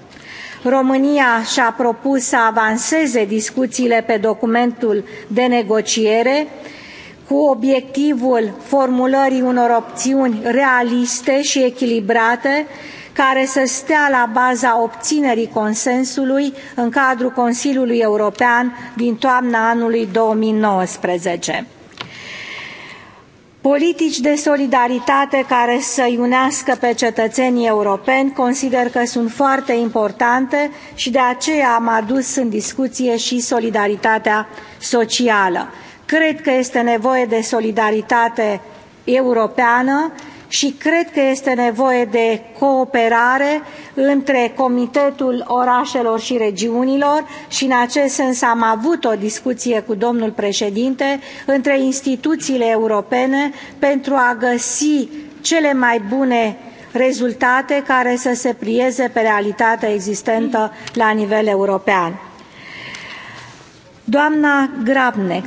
România și-a propus să avanseze discuțiile pe documentul de negociere cu obiectivul formulării unor opțiuni realiste și echilibrate care să stea la baza obținerii consensului în cadrul Consiliului European din toamna anului 2019. Politici de solidaritate care să unească pe cetățenii europeni consider că sunt foarte importante și de aceea am adus în discuție și solidaritatea socială. Cred că este nevoie de solidaritate europeană și cred că este nevoie de cooperare între Comitetul Orașelor și Regiunilor și în acest sens am avut o discuție cu domnul președinte între instituțiile europene pentru a găsi cele mai bune rezultate care să se plieze pe realitatea existentă la nivel european. Doamna Grabnek,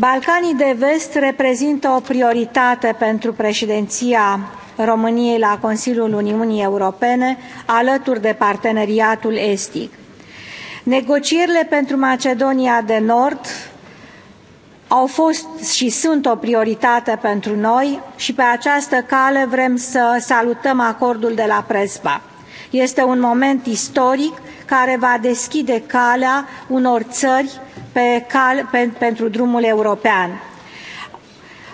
Balcanii de vest reprezintă o prioritate pentru președinția României la Consiliul Uniunii Europene, alături de parteneriatul estic. Negocierile pentru Macedonia de Nord au fost și sunt o prioritate pentru noi și pe această cale vrem să salutăm acordul de la Prespa. Este un moment istoric care va deschide calea unor țări pe cal, pe, pentru drumul european.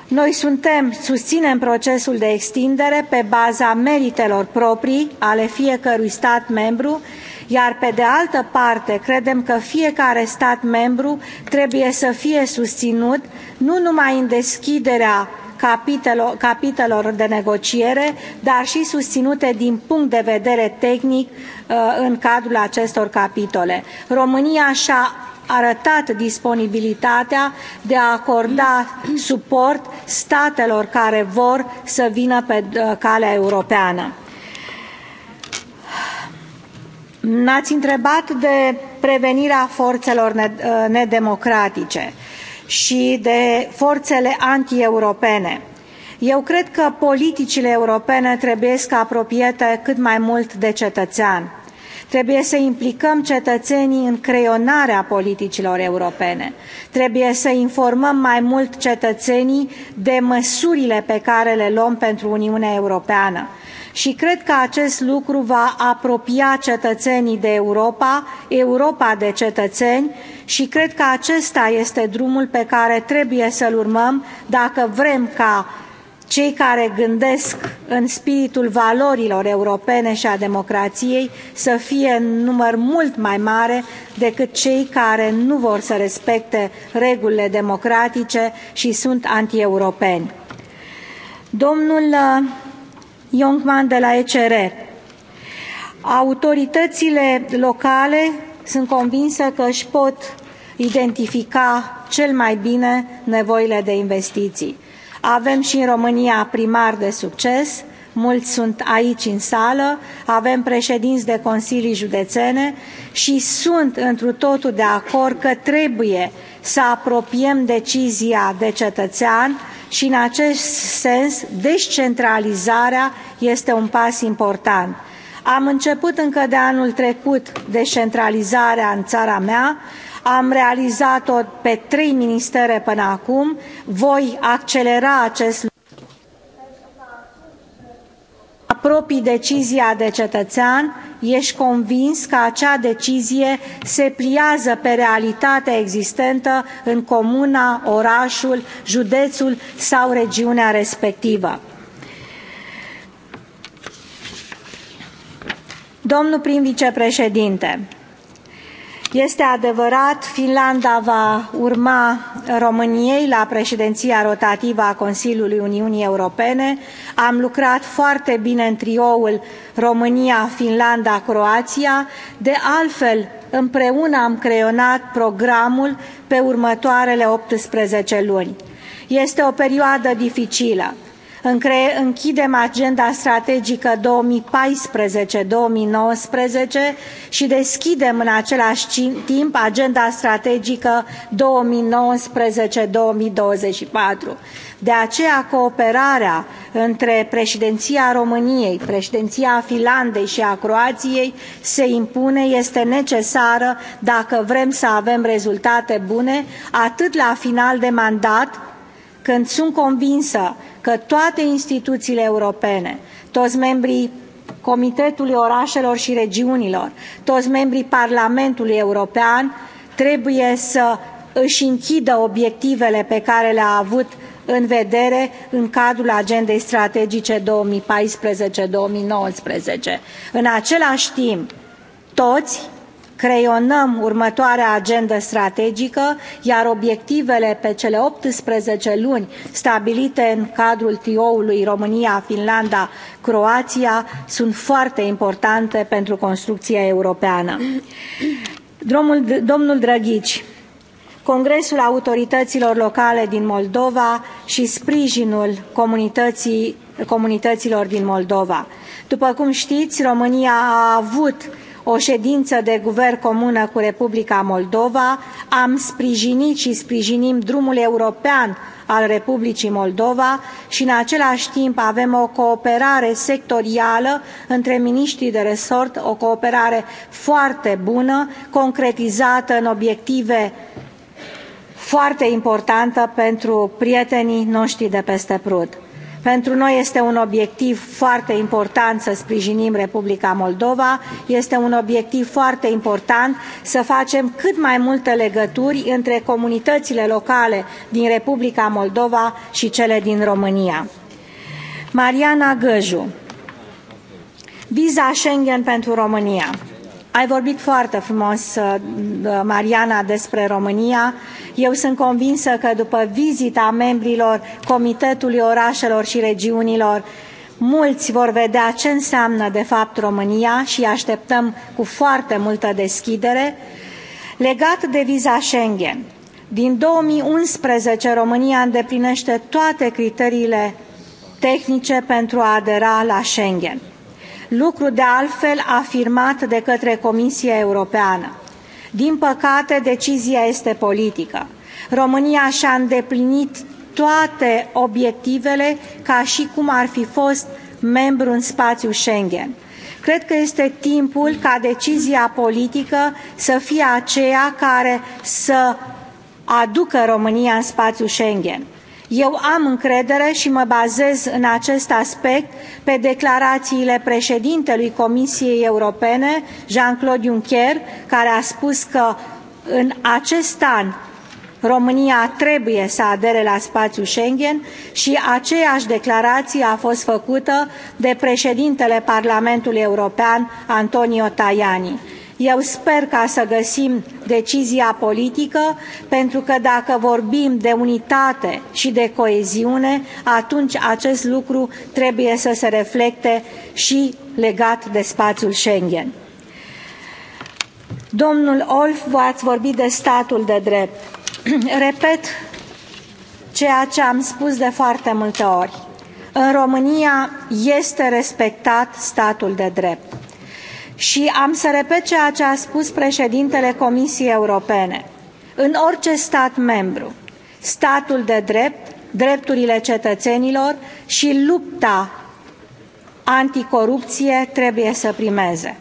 Noi suntem, susținem procesul de extindere pe baza meritelor proprii ale fiecărui stat membru, iar pe de altă parte credem că fiecare stat membru trebuie să fie susținut nu numai în deschiderea capitelor, capitelor de negociere, dar și susținute din punct de vedere tehnic uh, în cadrul acestor capitole. România și-a arătat disponibilitatea de a acorda suport statelor care vor să vină pe uh, calea europeană. M-ați întrebat de prevenirea forțelor uh, nedemocratice și de forțele antieuropene. Eu cred că politicile europene trebuie să apropiate cât mai mult de cetățean. Trebuie să implicăm cetățenii în creionarea politicilor europene. Trebuie să informăm mai mult cetățenii de măsurile pe care le luăm pentru Uniunea Europeană și cred că acest lucru va apropia cetățenii de Europa, Europa de cetățeni și cred că acesta este drumul pe care trebuie să-l urmăm dacă vrem ca cei care gândesc în spiritul valorilor europene și a democrației să fie în număr mult mai mare decât cei care nu vor să respecte regulile democratice și sunt antieuropeni. Domnul uh, Youngman de la ECR. Autoritățile locale sunt convinsă că își pot identifica cel mai bine nevoile de investiții. Avem și în România primari de succes, mulți sunt aici în sală, avem președinți de consilii județene și sunt întru totul de acord că trebuie să apropiem decizia de cetățean și în acest sens descentralizarea este un pas important. Am început încă de anul trecut descentralizarea în țara mea, am realizat-o pe trei ministere până acum, voi accelera acest lucru apropii decizia de cetățean ești convins că acea decizie se pliază pe realitatea existentă în comuna, orașul, județul sau regiunea respectivă. Domnul prim-vicepreședinte, este adevărat, Finlanda va urma României la președinția rotativă a Consiliului Uniunii Europene. Am lucrat foarte bine în trioul România, Finlanda, Croația. De altfel, împreună am creionat programul pe următoarele 18 luni. Este o perioadă dificilă. închidem agenda strategică 2014-2019 și deschidem în același timp agenda strategică 2019-2024. De aceea, cooperarea între președinția României, președinția Finlandei și a Croației se impune, este necesară dacă vrem să avem rezultate bune, atât la final de mandat, când sunt convinsă că toate instituțiile europene, toți membrii Comitetului Orașelor și Regiunilor, toți membrii Parlamentului European trebuie să își închidă obiectivele pe care le-a avut în vedere în cadrul agendei strategice 2014-2019. În același timp, toți creionăm următoarea agendă strategică, iar obiectivele pe cele 18 luni stabilite în cadrul TIO-ului România, Finlanda, Croația sunt foarte importante pentru construcția europeană. Domnul, domnul Drăghici, Congresul Autorităților Locale din Moldova și sprijinul comunității, comunităților din Moldova. După cum știți, România a avut o ședință de guvern comună cu Republica Moldova, am sprijinit și sprijinim drumul european al Republicii Moldova și în același timp avem o cooperare sectorială între miniștrii de resort, o cooperare foarte bună, concretizată în obiective foarte importantă pentru prietenii noștri de peste prut. Pentru noi este un obiectiv foarte important să sprijinim Republica Moldova, este un obiectiv foarte important să facem cât mai multe legături între comunitățile locale din Republica Moldova și cele din România. Mariana Găju, viza Schengen pentru România. Ai vorbit foarte frumos, uh, Mariana, despre România. Eu sunt convinsă că după vizita membrilor Comitetului Orașelor și Regiunilor, mulți vor vedea ce înseamnă de fapt România și așteptăm cu foarte multă deschidere. Legat de viza Schengen, din 2011 România îndeplinește toate criteriile tehnice pentru a adera la Schengen lucru de altfel afirmat de către Comisia Europeană. Din păcate, decizia este politică. România și-a îndeplinit toate obiectivele ca și cum ar fi fost membru în spațiul Schengen. Cred că este timpul ca decizia politică să fie aceea care să aducă România în spațiul Schengen eu am încredere și mă bazez în acest aspect pe declarațiile președintelui comisiei europene jean claude juncker care a spus că în acest an România trebuie să adere la spațiul Schengen și aceeași declarație a fost făcută de președintele Parlamentului European, Antonio Tajani. Eu sper ca să găsim decizia politică, pentru că dacă vorbim de unitate și de coeziune, atunci acest lucru trebuie să se reflecte și legat de spațiul Schengen. Domnul Olf, v-ați vorbit de statul de drept. Repet ceea ce am spus de foarte multe ori. În România este respectat statul de drept și am să repet ceea ce a spus președintele Comisiei Europene. În orice stat membru, statul de drept, drepturile cetățenilor și lupta anticorupție trebuie să primeze.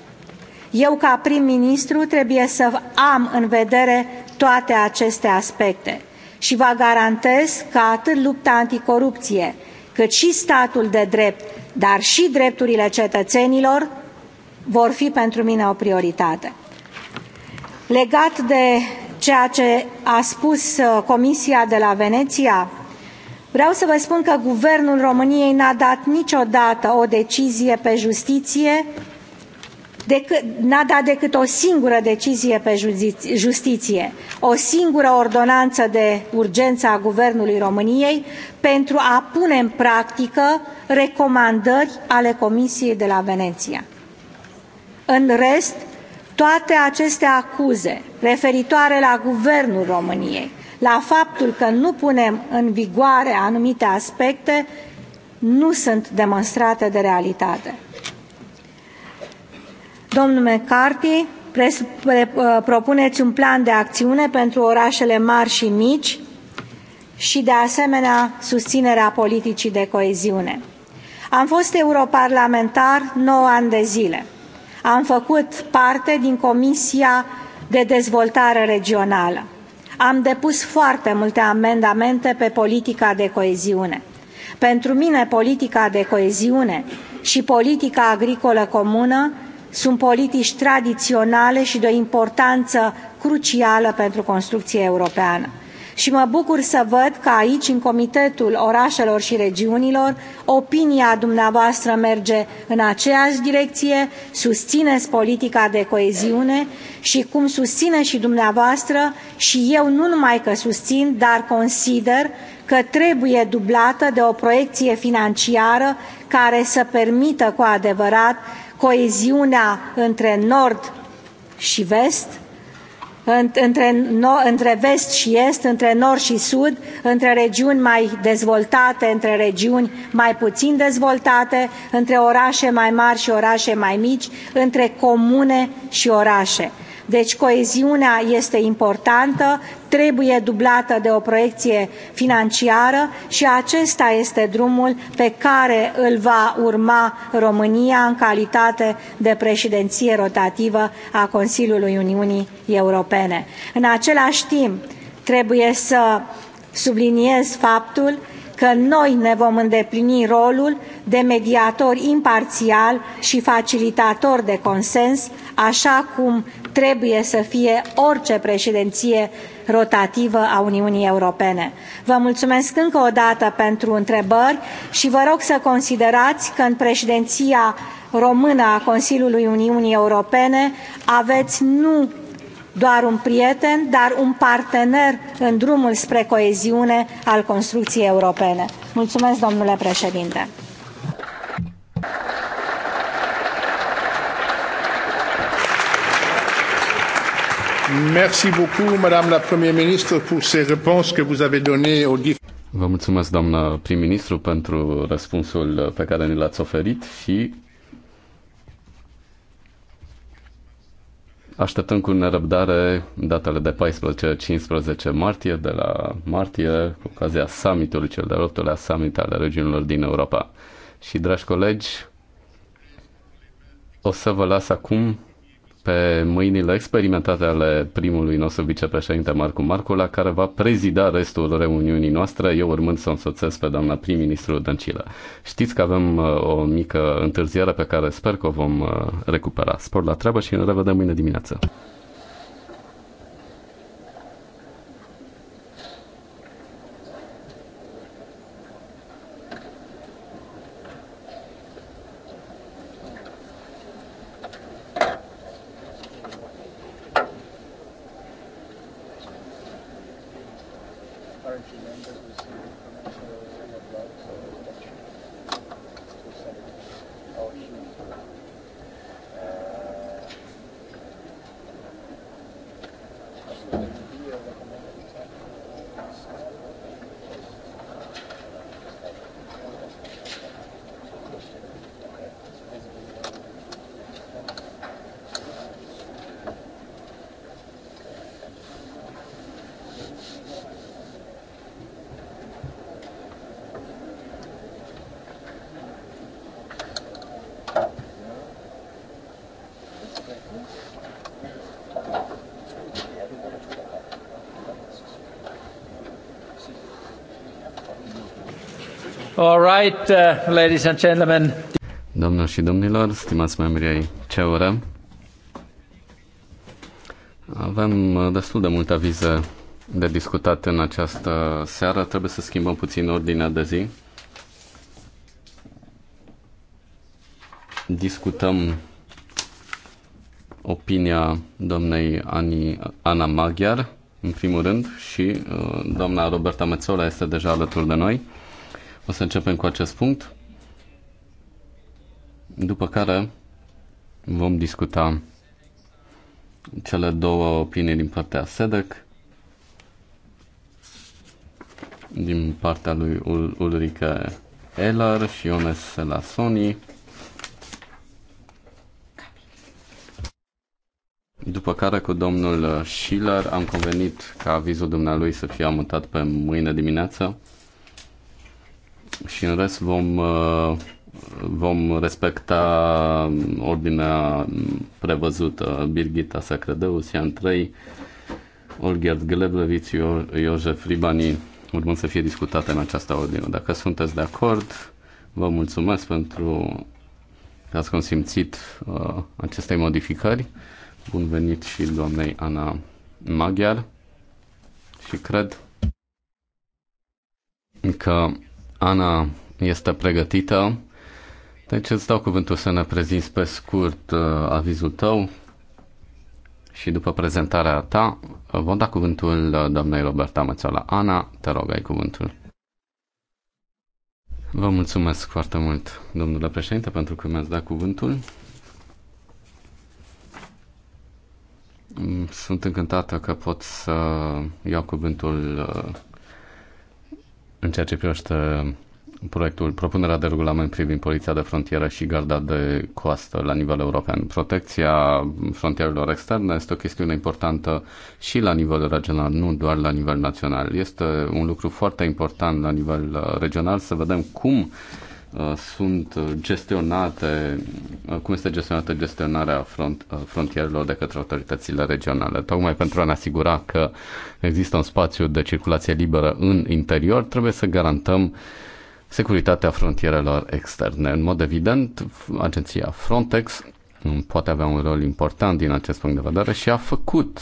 Eu, ca prim-ministru, trebuie să am în vedere toate aceste aspecte și vă garantez că atât lupta anticorupție, cât și statul de drept, dar și drepturile cetățenilor vor fi pentru mine o prioritate. Legat de ceea ce a spus uh, Comisia de la Veneția, vreau să vă spun că Guvernul României n-a dat niciodată o decizie pe justiție, n-a dat decât o singură decizie pe justiție, o singură ordonanță de urgență a Guvernului României pentru a pune în practică recomandări ale Comisiei de la Veneția. În rest, toate aceste acuze referitoare la guvernul României, la faptul că nu punem în vigoare anumite aspecte, nu sunt demonstrate de realitate. Domnul McCarthy, uh, propuneți un plan de acțiune pentru orașele mari și mici și, de asemenea, susținerea politicii de coeziune. Am fost europarlamentar 9 ani de zile am făcut parte din Comisia de Dezvoltare Regională. Am depus foarte multe amendamente pe politica de coeziune. Pentru mine, politica de coeziune și politica agricolă comună sunt politici tradiționale și de o importanță crucială pentru construcția europeană și mă bucur să văd că aici, în Comitetul Orașelor și Regiunilor, opinia dumneavoastră merge în aceeași direcție, susțineți politica de coeziune și cum susține și dumneavoastră și eu nu numai că susțin, dar consider că trebuie dublată de o proiecție financiară care să permită cu adevărat coeziunea între nord și vest, între, între vest și est, între nord și sud, între regiuni mai dezvoltate, între regiuni mai puțin dezvoltate, între orașe mai mari și orașe mai mici, între comune și orașe. Deci coeziunea este importantă, trebuie dublată de o proiecție financiară și acesta este drumul pe care îl va urma România în calitate de președinție rotativă a Consiliului Uniunii Europene. În același timp, trebuie să subliniez faptul că noi ne vom îndeplini rolul de mediator imparțial și facilitator de consens, așa cum trebuie să fie orice președinție rotativă a Uniunii Europene. Vă mulțumesc încă o dată pentru întrebări și vă rog să considerați că în președinția română a Consiliului Uniunii Europene aveți nu doar un prieten, dar un partener în drumul spre coeziune al construcției europene. Mulțumesc, domnule președinte. Merci beaucoup, Madame la Première Ministre, pour ces réponses que vous avez données aux différents. Vă mulțumesc, doamnă prim-ministru, pentru răspunsul pe care ni l-ați oferit și așteptăm cu nerăbdare datele de 14-15 martie, de la martie, cu ocazia summitului cel de-al optulea summit al regiunilor din Europa. Și, dragi colegi, o să vă las acum pe mâinile experimentate ale primului nostru vicepreședinte Marcu Marcula, care va prezida restul reuniunii noastre, eu urmând să însoțesc pe doamna prim-ministru Dăncilă. Știți că avem uh, o mică întârziere pe care sper că o vom uh, recupera. Spor la treabă și ne revedem mâine dimineață. right, uh, ladies and gentlemen. Domnilor și domnilor, stimați membri ai oră avem uh, destul de multe avize de discutat în această seară. Trebuie să schimbăm puțin ordinea de zi. Discutăm opinia domnei Ani, Ana Maghiar, în primul rând, și uh, doamna Roberta Mețola este deja alături de noi. O să începem cu acest punct, după care vom discuta cele două opinii din partea SEDEC, din partea lui Ulrike Eller și Iones Selasoni, După care cu domnul Schiller am convenit ca avizul dumnealui să fie amutat pe mâine dimineață și în rest vom, uh, vom respecta ordinea prevăzută. Birgita Sacredeus, Ian 3, Olgerd Gleblevich, Iosef Ribani, urmând să fie discutate în această ordine. Dacă sunteți de acord, vă mulțumesc pentru că ați consimțit uh, aceste modificări. Bun venit și doamnei Ana Maghiar și cred că Ana este pregătită, deci îți dau cuvântul să ne prezinți pe scurt uh, avizul tău și după prezentarea ta uh, vom da cuvântul uh, doamnei Roberta Mățola. Ana, te rog, ai cuvântul. Vă mulțumesc foarte mult, domnule președinte, pentru că mi-ați dat cuvântul. Mm, sunt încântată că pot să iau cuvântul în ceea ce privește proiectul, propunerea de regulament privind poliția de frontieră și garda de coastă la nivel european. Protecția frontierelor externe este o chestiune importantă și la nivel regional, nu doar la nivel național. Este un lucru foarte important la nivel uh, regional să vedem cum uh, Uh, sunt uh, gestionate, uh, cum este gestionată gestionarea front, frontierelor de către autoritățile regionale. Tocmai pentru a ne asigura că există un spațiu de circulație liberă în interior, trebuie să garantăm securitatea frontierelor externe. În mod evident, agenția Frontex mm, poate avea un rol important din acest punct de vedere și a făcut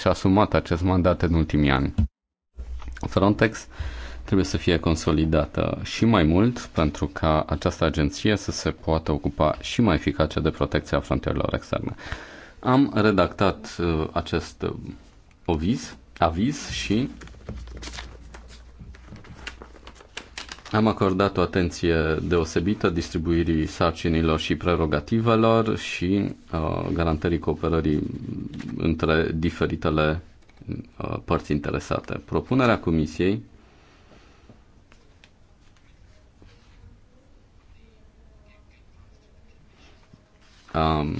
și a asumat acest mandat în ultimii ani. Frontex uh, trebuie să fie consolidată și mai mult pentru ca această agenție să se poată ocupa și mai eficace de protecția frontierelor externe. Am redactat uh, acest uh, oviz, aviz și am acordat o atenție deosebită distribuirii sarcinilor și prerogativelor și uh, garantării cooperării între diferitele uh, părți interesate. Propunerea Comisiei um,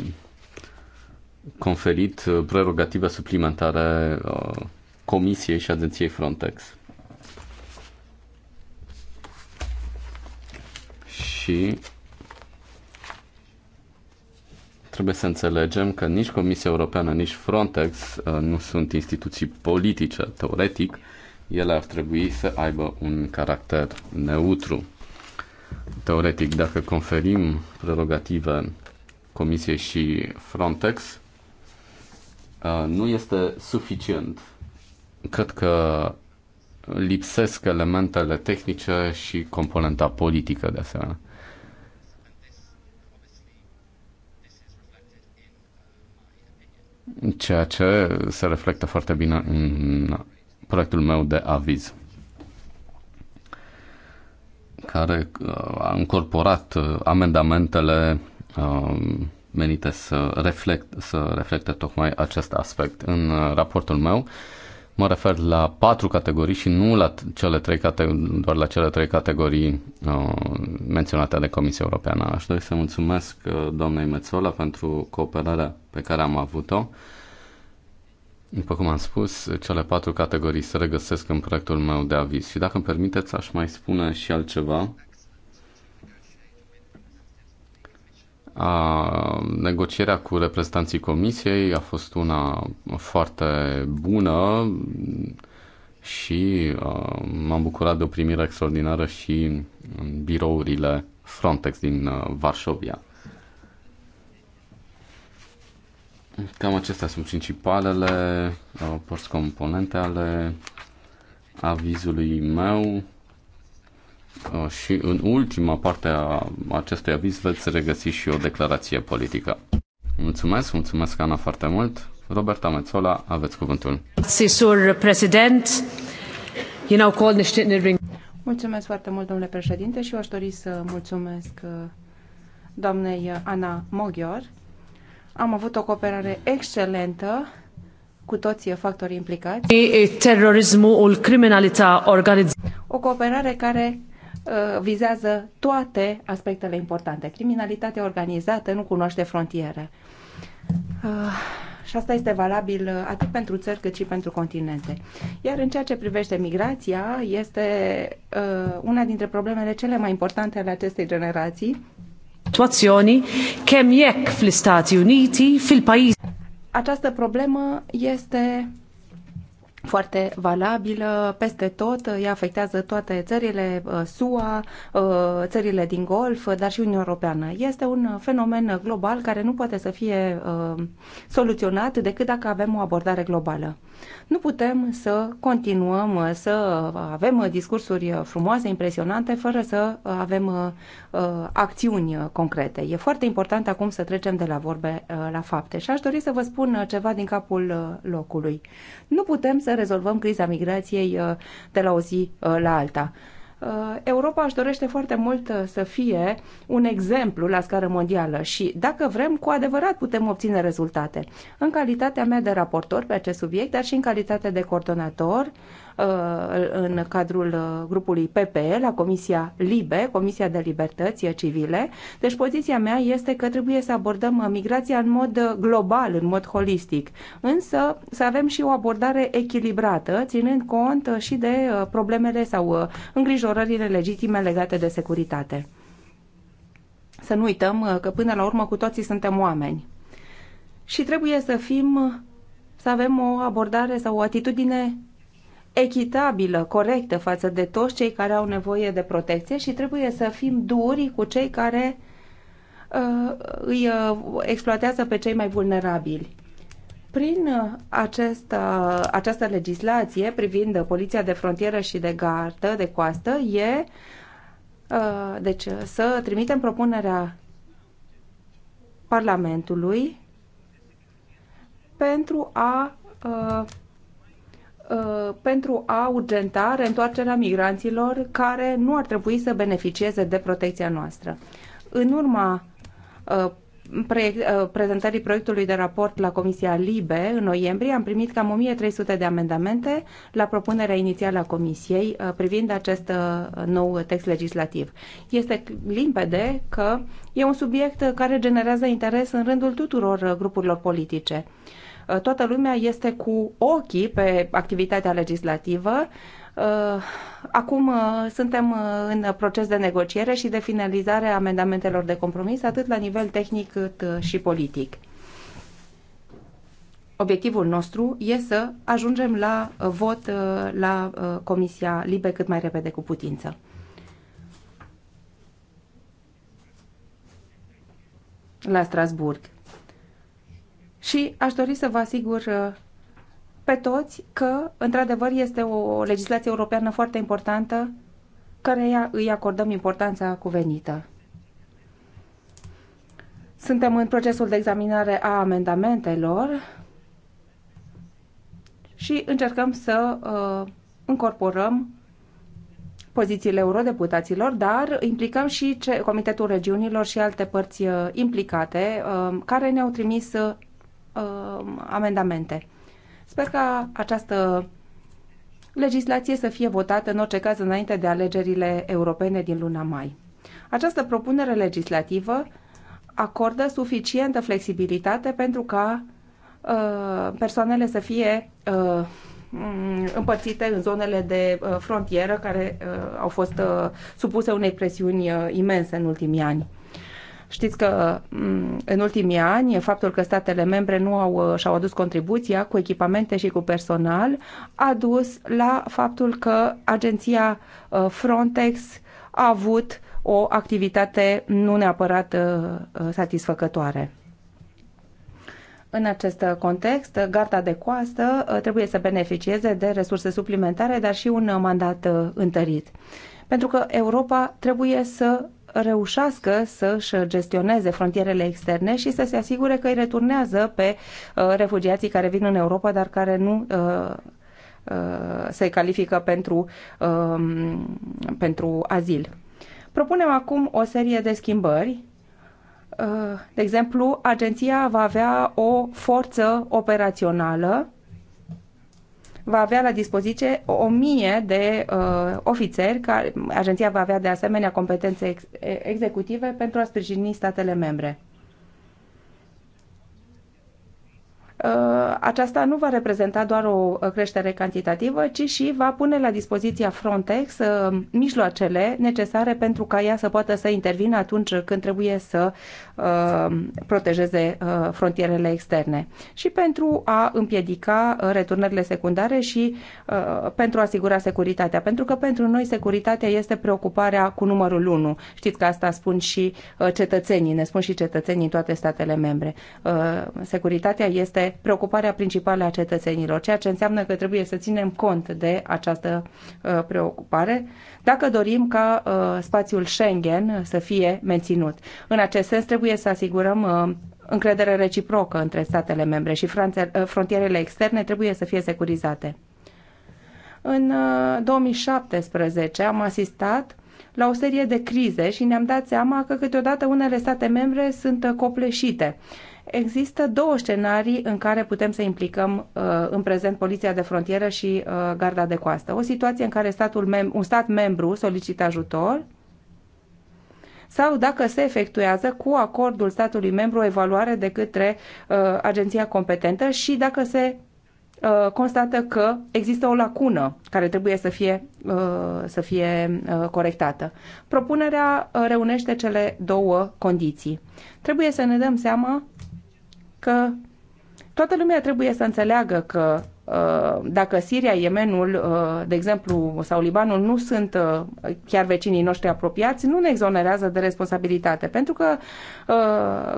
conferit prerogative suplimentare uh, Comisiei și Agenției Frontex. Și trebuie să înțelegem că nici Comisia Europeană, nici Frontex uh, nu sunt instituții politice, teoretic, ele ar trebui să aibă un caracter neutru. Teoretic, dacă conferim prerogative Comisie și Frontex uh, nu este suficient. Cred că lipsesc elementele tehnice și componenta politică de asemenea. Ceea ce se reflectă foarte bine în proiectul meu de aviz care uh, a încorporat uh, amendamentele Um, menite să, reflect, să reflecte tocmai acest aspect. În uh, raportul meu mă refer la patru categorii și nu la cele trei categorii, doar la cele trei categorii uh, menționate de Comisia Europeană. Aș dori să mulțumesc uh, doamnei Mețola pentru cooperarea pe care am avut-o. După cum am spus, cele patru categorii se regăsesc în proiectul meu de aviz și dacă îmi permiteți aș mai spune și altceva A, negocierea cu reprezentanții comisiei a fost una foarte bună și m-am bucurat de o primire extraordinară și în birourile Frontex din Varșovia. Cam acestea sunt principalele porți părți componente ale avizului meu. Uh, și în ultima parte a acestui aviz veți regăsi și o declarație politică. Mulțumesc, mulțumesc Ana foarte mult. Roberta Mețola, aveți cuvântul. Sisur, președinte, you know, Mulțumesc foarte mult, domnule președinte, și aș dori să mulțumesc uh, doamnei Ana Moghior. Am avut o cooperare excelentă cu toți factorii implicați. Terorismul, criminalitatea organizată. O cooperare care Uh, vizează toate aspectele importante. Criminalitatea organizată nu cunoaște frontiere. Uh, și asta este valabil uh, atât pentru țări cât și pentru continente. Iar în ceea ce privește migrația, este una dintre problemele cele mai importante ale acestei generații. Situaționi kem jekk fl-Istati Uniti, fil Această problemă este foarte valabilă peste tot, ea afectează toate țările, uh, SUA, uh, țările din Golf, uh, dar și Uniunea Europeană. Este un fenomen global care nu poate să fie soluționat decât dacă avem o abordare globală. Nu putem să continuăm uh, să avem uh, discursuri uh, frumoase, impresionante, fără să avem acțiuni concrete. E foarte important acum să trecem de la vorbe la fapte. Și aș dori să vă spun ceva din capul locului. Nu putem să rezolvăm criza migrației de la o zi la alta. Uh, Europa își dorește foarte mult uh, să fie un exemplu la scară mondială și, dacă vrem, cu adevărat putem obține rezultate. În calitatea mea de raportor pe acest subiect, dar și în calitate de coordonator, Uh, în cadrul uh, grupului PPE la Comisia LIBE, Comisia de Libertăți Civile. Deci poziția mea este că trebuie să abordăm uh, migrația în mod global, în mod holistic, însă să avem și o abordare echilibrată, ținând cont și de problemele sau îngrijorările legitime legate de securitate. Să nu uităm că până la urmă cu toții suntem oameni. Și trebuie să fim, să avem o abordare sau o atitudine echitabilă, corectă față de toți cei care au nevoie de protecție și trebuie să fim duri cu cei care uh, îi uh, exploatează pe cei mai vulnerabili. Prin uh, această, uh, această legislație privind poliția de frontieră și de gardă, de coastă, e uh, deci să trimitem propunerea Parlamentului pentru a uh, Uh, pentru a urgenta reîntoarcerea migranților care nu ar trebui să beneficieze de protecția noastră. În urma uh, pre uh, prezentării proiectului de raport la Comisia Libe în noiembrie am primit cam 1300 de amendamente la propunerea inițială a Comisiei privind acest nou text legislativ. Este limpede că e un subiect care generează interes în rândul tuturor grupurilor politice. Uh, toată lumea este cu ochii pe activitatea legislativă. Uh, acum uh, suntem în proces de negociere și de finalizare a amendamentelor de compromis, atât la nivel tehnic cât și politic. Obiectivul nostru e să ajungem la vot la Comisia Libe cât mai repede cu putință. La Strasburg și aș dori să vă asigur uh, pe toți că, într-adevăr, este o legislație europeană foarte importantă care îi acordăm importanța cuvenită. Suntem în procesul de examinare a amendamentelor și încercăm să uh, încorporăm pozițiile eurodeputaților, dar implicăm și ce, Comitetul Regiunilor și alte părți uh, implicate uh, care ne-au trimis Um, amendamente. Sper că această legislație să fie votată în orice caz înainte de alegerile europene din luna mai. Această propunere legislativă acordă suficientă flexibilitate pentru ca uh, persoanele să fie uh, împărțite în zonele de uh, frontieră care uh, au fost uh, supuse unei presiuni uh, imense în ultimii ani. Știți că mm, în ultimii ani, faptul că statele membre nu au uh, și-au adus contribuția cu echipamente și cu personal a dus la faptul că agenția uh, Frontex a avut o activitate nu neapărat uh, satisfăcătoare. În acest context, garda de coastă trebuie să beneficieze de resurse suplimentare, dar și un mandat întărit. Pentru că Europa trebuie să reușească să-și gestioneze frontierele externe și să se asigure că îi returnează pe uh, refugiații care vin în Europa, dar care nu uh, uh, se califică pentru, um, pentru azil. Propunem acum o serie de schimbări de exemplu, agenția va avea o forță operațională va avea la dispoziție o mie de uh, ofițeri, care agenția va avea de asemenea competențe ex- executive pentru a sprijini statele membre. Uh, aceasta nu va reprezenta doar o creștere cantitativă, ci și va pune la dispoziția Frontex uh, mijloacele necesare pentru ca ea să poată să intervină atunci când trebuie să uh, protejeze frontierele externe și pentru a împiedica returnările secundare și pentru a asigura securitatea. Pentru că pentru noi securitatea este preocuparea cu numărul 1. Știți că asta spun și cetățenii, ne spun și cetățenii în toate statele membre. Securitatea este preocuparea principală a cetățenilor, ceea ce înseamnă că trebuie să ținem cont de această uh, preocupare dacă dorim ca uh, spațiul Schengen să fie menținut. În acest sens trebuie să asigurăm uh, încredere reciprocă între statele membre și frontierele externe trebuie să fie securizate. În 2017 am asistat la o serie de crize și ne-am dat seama că câteodată unele state membre sunt copleșite Există două scenarii în care putem să implicăm uh, în prezent Poliția de Frontieră și uh, Garda de Coastă. O situație în care statul mem- un stat membru solicită ajutor sau dacă se efectuează cu acordul statului membru o evaluare de către uh, agenția competentă și dacă se uh, constată că există o lacună care trebuie să fie, uh, să fie uh, corectată. Propunerea uh, reunește cele două condiții. Trebuie să ne dăm seama că toată lumea trebuie să înțeleagă că uh, dacă Siria, Yemenul, uh, de exemplu, sau Libanul nu sunt uh, chiar vecinii noștri apropiați, nu ne exonerează de responsabilitate, pentru că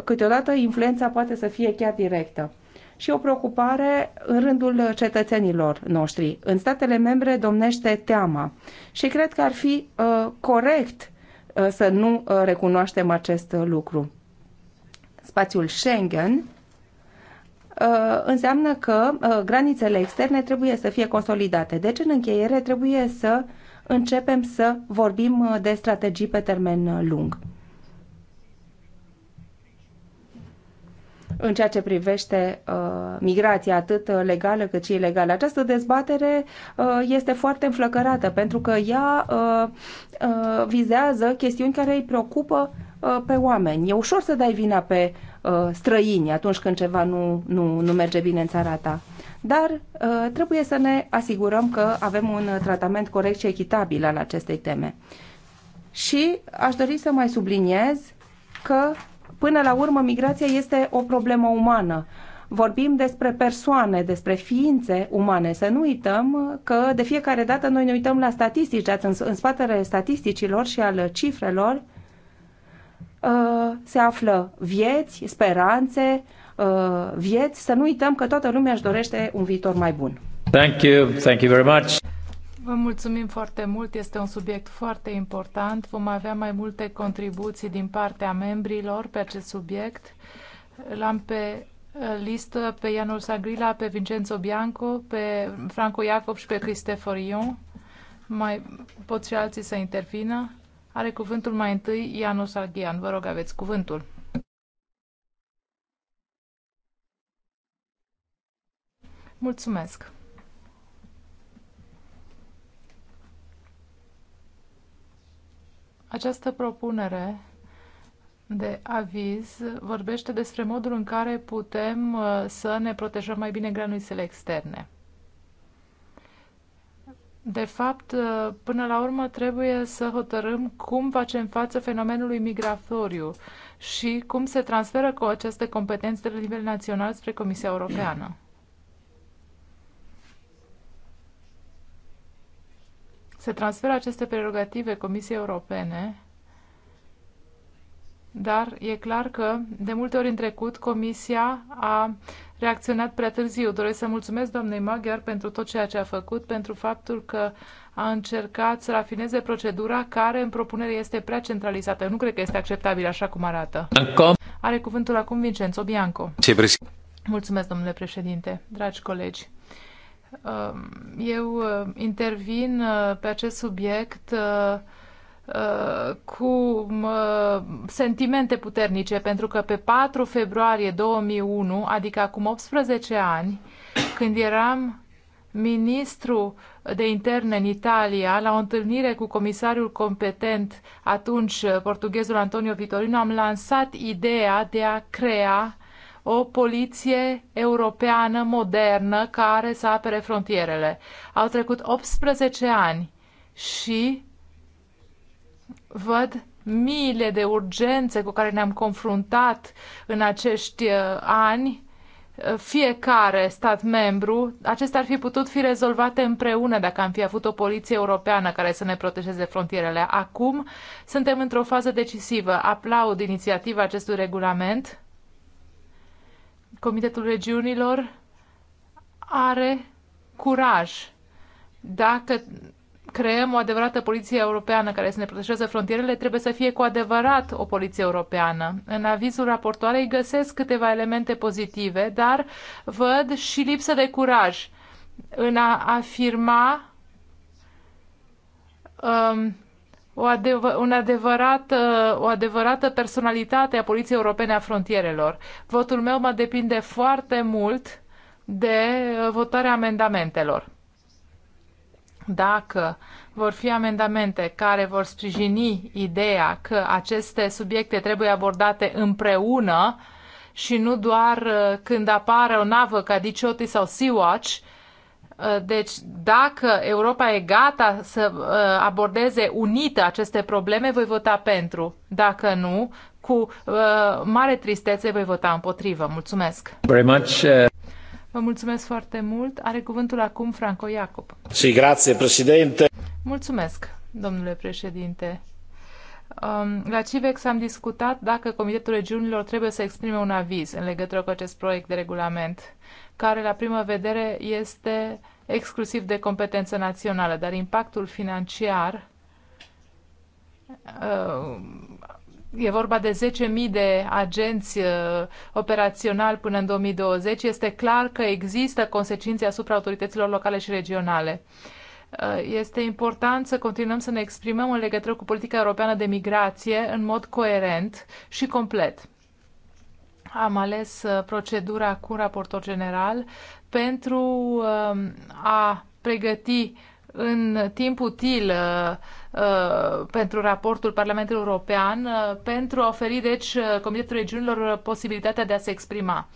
câteodată influența poate să fie chiar directă și o preocupare în rândul cetățenilor noștri. În statele membre domnește teama și cred că ar fi corect să nu recunoaștem acest lucru. Spațiul Schengen Uh, înseamnă că uh, granițele externe trebuie să fie consolidate. Deci, în încheiere, trebuie să începem să vorbim uh, de strategii pe termen lung. în ceea ce privește uh, migrația atât legală cât și ilegală. Această dezbatere uh, este foarte înflăcărată pentru că ea uh, uh, vizează chestiuni care îi preocupă uh, pe oameni. E ușor să dai vina pe uh, străini atunci când ceva nu, nu, nu merge bine în țara ta. Dar uh, trebuie să ne asigurăm că avem un tratament corect și echitabil al acestei teme. Și aș dori să mai subliniez că, până la urmă, migrația este o problemă umană. Vorbim despre persoane, despre ființe umane. Să nu uităm că de fiecare dată noi ne uităm la statistici, în, în spatele statisticilor și al cifrelor uh, Uh, se află vieți, speranțe, uh, vieți. Să nu uităm că toată lumea își dorește un viitor mai bun. Thank you. Thank you very much. Vă mulțumim foarte mult, este un subiect foarte important. Vom avea mai multe contribuții din partea membrilor pe acest subiect. L-am pe uh, listă pe Ianul Sagrila, pe Vincenzo Bianco, pe Franco Iacob și pe Ion. Mai pot și alții să intervină. Are cuvântul mai întâi Ianus Aghian. Vă rog, aveți cuvântul. Mulțumesc! Această propunere de aviz vorbește despre modul în care putem uh, să ne protejăm mai bine granuițele externe. De fapt, uh, până la urmă trebuie să hotărâm cum facem față fenomenului migratoriu și cum se transferă cu aceste competențe de la nivel național spre Comisia Europeană. Se transferă aceste prerogative Comisiei Europene, dar e clar că de multe ori în trecut Comisia a reacționat prea târziu. Doresc să mulțumesc doamnei Maghiar pentru tot ceea ce a făcut, pentru faptul că a încercat să rafineze procedura care în propunere este prea centralizată. Nu cred că este acceptabil așa cum arată. Are cuvântul acum Vincenzo Bianco. Mulțumesc, domnule președinte, dragi colegi. Um, eu uh, intervin uh, pe acest subiect uh, Uh, cu uh, sentimente puternice, pentru că pe 4 februarie 2001, adică acum 18 ani, când eram ministru de interne în Italia, la o întâlnire cu comisarul competent, atunci uh, portughezul Antonio Vitorino, am lansat ideea de a crea o poliție europeană modernă care să apere frontierele. Au trecut 18 ani și văd miile de urgențe cu care ne-am confruntat în acești uh, ani, uh, fiecare stat membru, acestea ar fi putut fi rezolvate împreună dacă am fi avut o poliție europeană care să ne protejeze frontierele. Acum suntem într-o fază decisivă. Aplaud inițiativa acestui regulament. Comitetul Regiunilor are curaj. Dacă creăm o adevărată poliție europeană care să ne protejeze frontierele, trebuie să fie cu adevărat o poliție europeană. În avizul raportoarei găsesc câteva elemente pozitive, dar văd și lipsă de curaj în a afirma um, o, adevă, un adevărat, uh, o adevărată personalitate a Poliției Europene a Frontierelor. Votul meu mă depinde foarte mult de uh, votarea amendamentelor dacă vor fi amendamente care vor sprijini ideea că aceste subiecte trebuie abordate împreună și nu doar uh, când apare o navă ca Dicioti sau Sea-Watch, uh, deci, dacă Europa e gata să uh, abordeze unită aceste probleme, voi vota pentru. Dacă nu, cu mare tristețe voi vota împotrivă. Mulțumesc! Very much, Vă mulțumesc foarte mult. Are cuvântul acum Franco Iacob. Și grație, președinte. Mulțumesc, domnule președinte. Um, la CIVEX am discutat dacă Comitetul Regiunilor trebuie să exprime un aviz în legătură cu acest proiect de regulament, care la primă vedere este exclusiv de competență națională, dar impactul financiar uh, E vorba de 10.000 de agenți uh, operaționali până în 2020. Este clar că există consecințe asupra autorităților locale și regionale. Uh, este important să continuăm să ne exprimăm în legătură cu politica europeană de migrație în mod coerent și complet. Am ales uh, procedura cu raportor general pentru a pregăti în timp util Uh, pentru raportul Parlamentului European uh, pentru a oferi, deci, uh, Comitetul Regiunilor posibilitatea de a se exprima.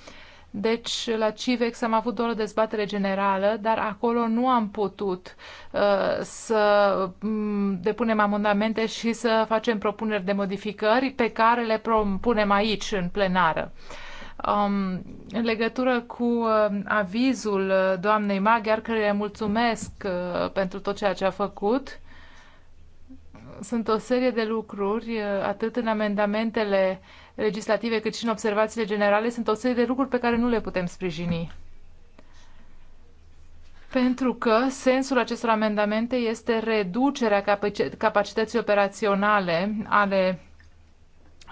Deci, la CIVEX am avut doar o dezbatere generală, dar acolo nu am putut uh, să mm, depunem amendamente și să facem propuneri de modificări pe care le propunem aici, în plenară. Um, în legătură cu uh, avizul doamnei Maghiar, care le mulțumesc uh, pentru tot ceea ce a făcut, sunt o serie de lucruri, uh, atât în amendamentele legislative cât și în observațiile generale, sunt o serie de lucruri pe care nu le putem sprijini. Pentru că sensul acestor amendamente este reducerea capacității operaționale ale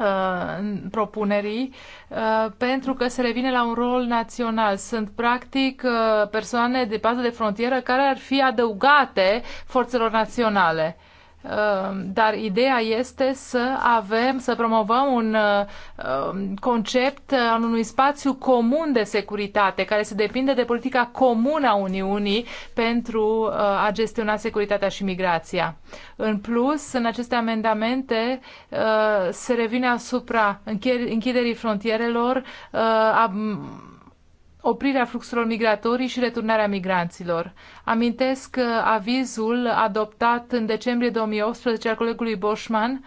uh, propunerii, uh, pentru că se revine la un rol național. Sunt practic persoane de pază de frontieră care ar fi adăugate forțelor naționale. Um, dar ideea este să avem, să promovăm un um, concept al unui spațiu comun de securitate, care se depinde de politica comună a Uniunii pentru uh, a gestiona securitatea și migrația. În plus, în aceste amendamente uh, se revine asupra închiderii frontierelor, uh, oprirea fluxurilor migratorii și returnarea migranților. Amintesc uh, avizul adoptat în decembrie 2018 al colegului Boschman,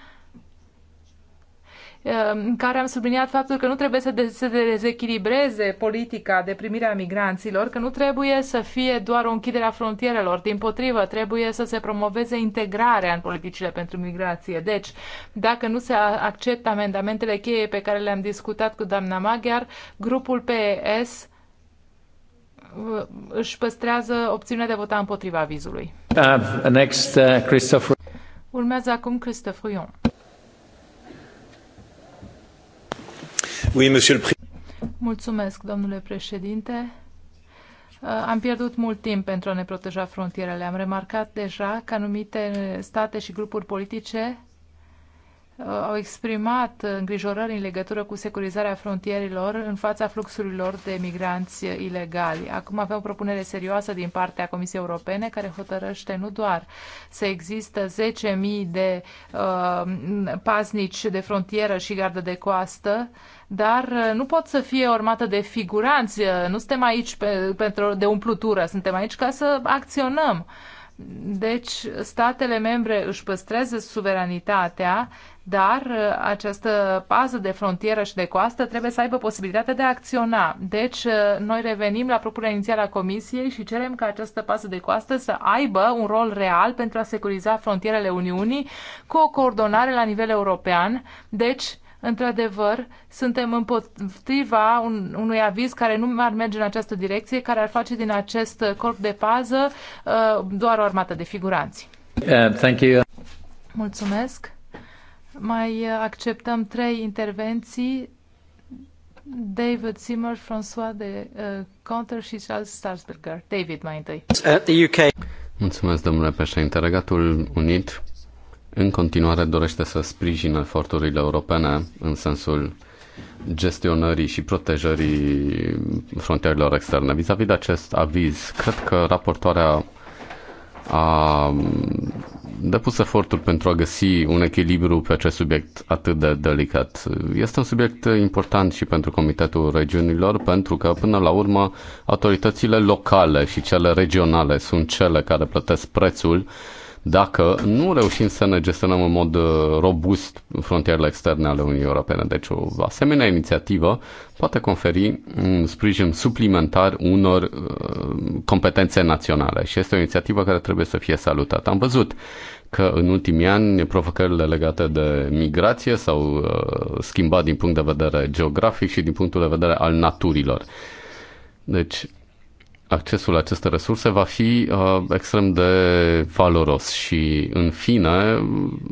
uh, în care am subliniat faptul că nu trebuie să se dezechilibreze politica de primire a migranților, că nu trebuie să fie doar o închidere a frontierelor, din potrivă, trebuie să se promoveze integrarea în politicile pentru migrație. Deci, dacă nu se acceptă amendamentele cheie pe care le-am discutat cu doamna Maghiar, grupul PES își păstrează opțiunea de a vota împotriva vizului. Uh, next, uh, Urmează acum Christophe Ruyon. Oui, monsieur le Mulțumesc, domnule președinte. Uh, am pierdut mult timp pentru a ne proteja frontierele. Am remarcat deja că anumite state și grupuri politice Uh, au exprimat îngrijorări în legătură cu securizarea frontierelor în fața fluxurilor de migranți ilegali. Acum avem o propunere serioasă din partea Comisiei Europene care hotărăște nu doar să există 10.000 de uh, paznici de frontieră și gardă de coastă, dar uh, nu pot să fie urmată de figuranți. Uh, nu suntem aici pe, pentru de umplutură, suntem aici ca să acționăm. Deci, statele membre își păstrează suveranitatea dar uh, această pază de frontieră și de coastă trebuie să aibă posibilitatea de a acționa. Deci, uh, noi revenim la propunerea inițială a Comisiei și cerem ca această pază de coastă să aibă un rol real pentru a securiza frontierele Uniunii cu o coordonare la nivel european. Deci, într-adevăr, suntem împotriva un, unui aviz care nu ar merge în această direcție, care ar face din acest corp de pază uh, doar o armată de figuranți. Uh, thank you. Mulțumesc. Mai acceptăm trei intervenții. David Zimmer, François de uh, Conter și Charles Starsberger. David, mai întâi. At the UK. Mulțumesc, domnule președinte. Regatul Unit în continuare dorește să sprijine eforturile europene în sensul gestionării și protejării frontierelor externe. Vis-a-vis -vis de acest aviz, cred că raportoarea a depus eforturi pentru a găsi un echilibru pe acest subiect atât de delicat. Este un subiect important și pentru Comitetul Regiunilor, pentru că, până la urmă, autoritățile locale și cele regionale sunt cele care plătesc prețul dacă nu reușim să ne gestionăm în mod uh, robust frontierele externe ale Uniunii Europene. Deci o asemenea inițiativă poate conferi un sprijin suplimentar unor uh, competențe naționale și este o inițiativă care trebuie să fie salutată. Am văzut că în ultimii ani provocările legate de migrație s-au uh, schimbat din punct de vedere geografic și din punctul de vedere al naturilor. Deci, accesul la aceste resurse va fi uh, extrem de valoros și, în fine,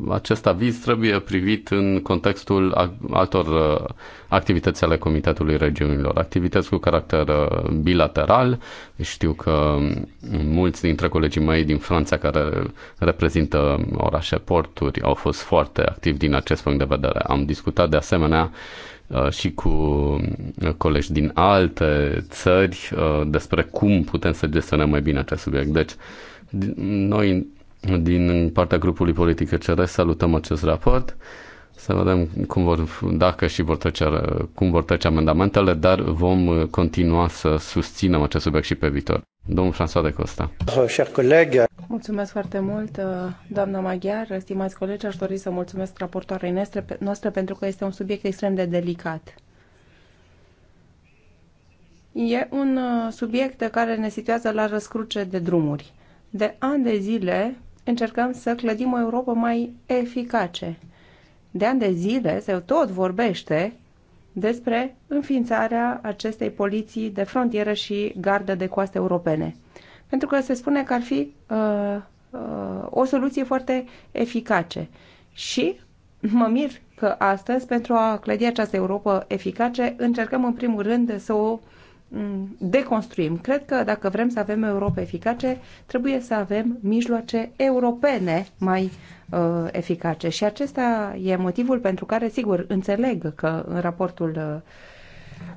acest aviz trebuie privit în contextul altor uh, activități ale Comitetului Regiunilor, activități cu caracter uh, bilateral. Știu că mm, mulți dintre colegii mei din Franța care reprezintă orașe porturi au fost foarte activi din acest punct de vedere. Am discutat de asemenea uh, Uh, și cu uh, colegi din alte țări uh, despre cum putem să gestionăm mai bine acest subiect. Deci, noi din partea grupului politic CRS salutăm acest raport să vedem cum vor, dacă și vor trece, cum vor trece amendamentele, dar vom continua să susținem acest subiect și pe viitor. Domnul François de Costa. Mulțumesc foarte mult, uh, doamna Maghiar. Stimați colegi, aș dori să mulțumesc raportoarei noastre pentru că este un subiect extrem de delicat. E un uh, subiect care ne situează la răscruce de drumuri. De ani de zile încercăm să clădim o Europa mai eficace, de ani de zile se tot vorbește despre înființarea acestei poliții de frontieră și gardă de coaste europene. Pentru că se spune că ar fi uh, uh, o soluție foarte eficace. Și mă mir că astăzi, pentru a clădi această Europa eficace, încercăm în primul rând să o deconstruim. Cred că dacă vrem să avem Europa eficace, trebuie să avem mijloace europene mai uh, eficace. Și acesta e motivul pentru care, sigur, înțeleg că în raportul uh,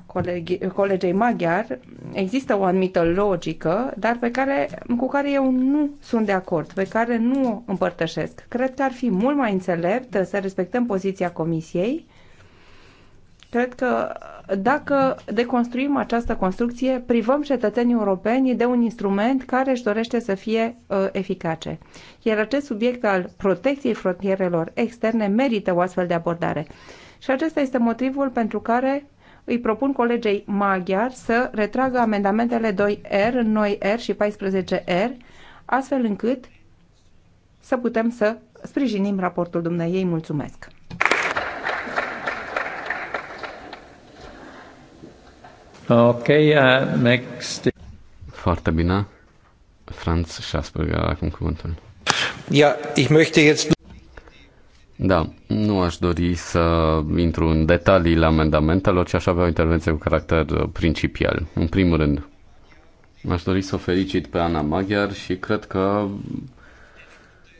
colegi, colegei maghiar există o anumită logică, dar pe care, cu care eu nu sunt de acord, pe care nu o împărtășesc. Cred că ar fi mult mai înțelept să respectăm poziția Comisiei Cred că dacă deconstruim această construcție, privăm cetățenii europeni de un instrument care își dorește să fie uh, eficace. Iar acest subiect al protecției frontierelor externe merită o astfel de abordare. Și acesta este motivul pentru care îi propun colegei maghiar să retragă amendamentele 2R, 9R și 14R, astfel încât să putem să sprijinim raportul dumneiei. Mulțumesc! Ok, uh, next. Foarte bine. Franz Schasberger acum cuvântul. Ja, ich möchte jetzt... Da, nu aș dori să intru în detaliile amendamentelor, ci aș avea o intervenție cu caracter principial. În primul rând, aș dori să o felicit pe Ana Maghiar și cred că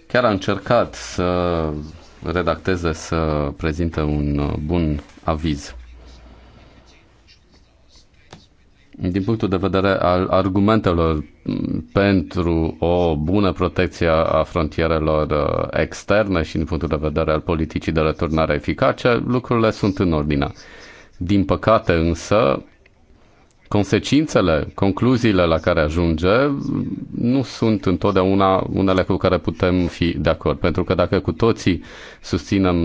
chiar a încercat să redacteze, să prezinte un bun aviz din punctul de vedere al argumentelor pentru o bună protecție a frontierelor uh, externe și din punctul de vedere al politicii de returnare eficace, lucrurile sunt în ordine. Din păcate însă, consecințele, concluziile la care ajunge nu sunt întotdeauna unele cu care putem fi de acord. Pentru că dacă cu toții susținem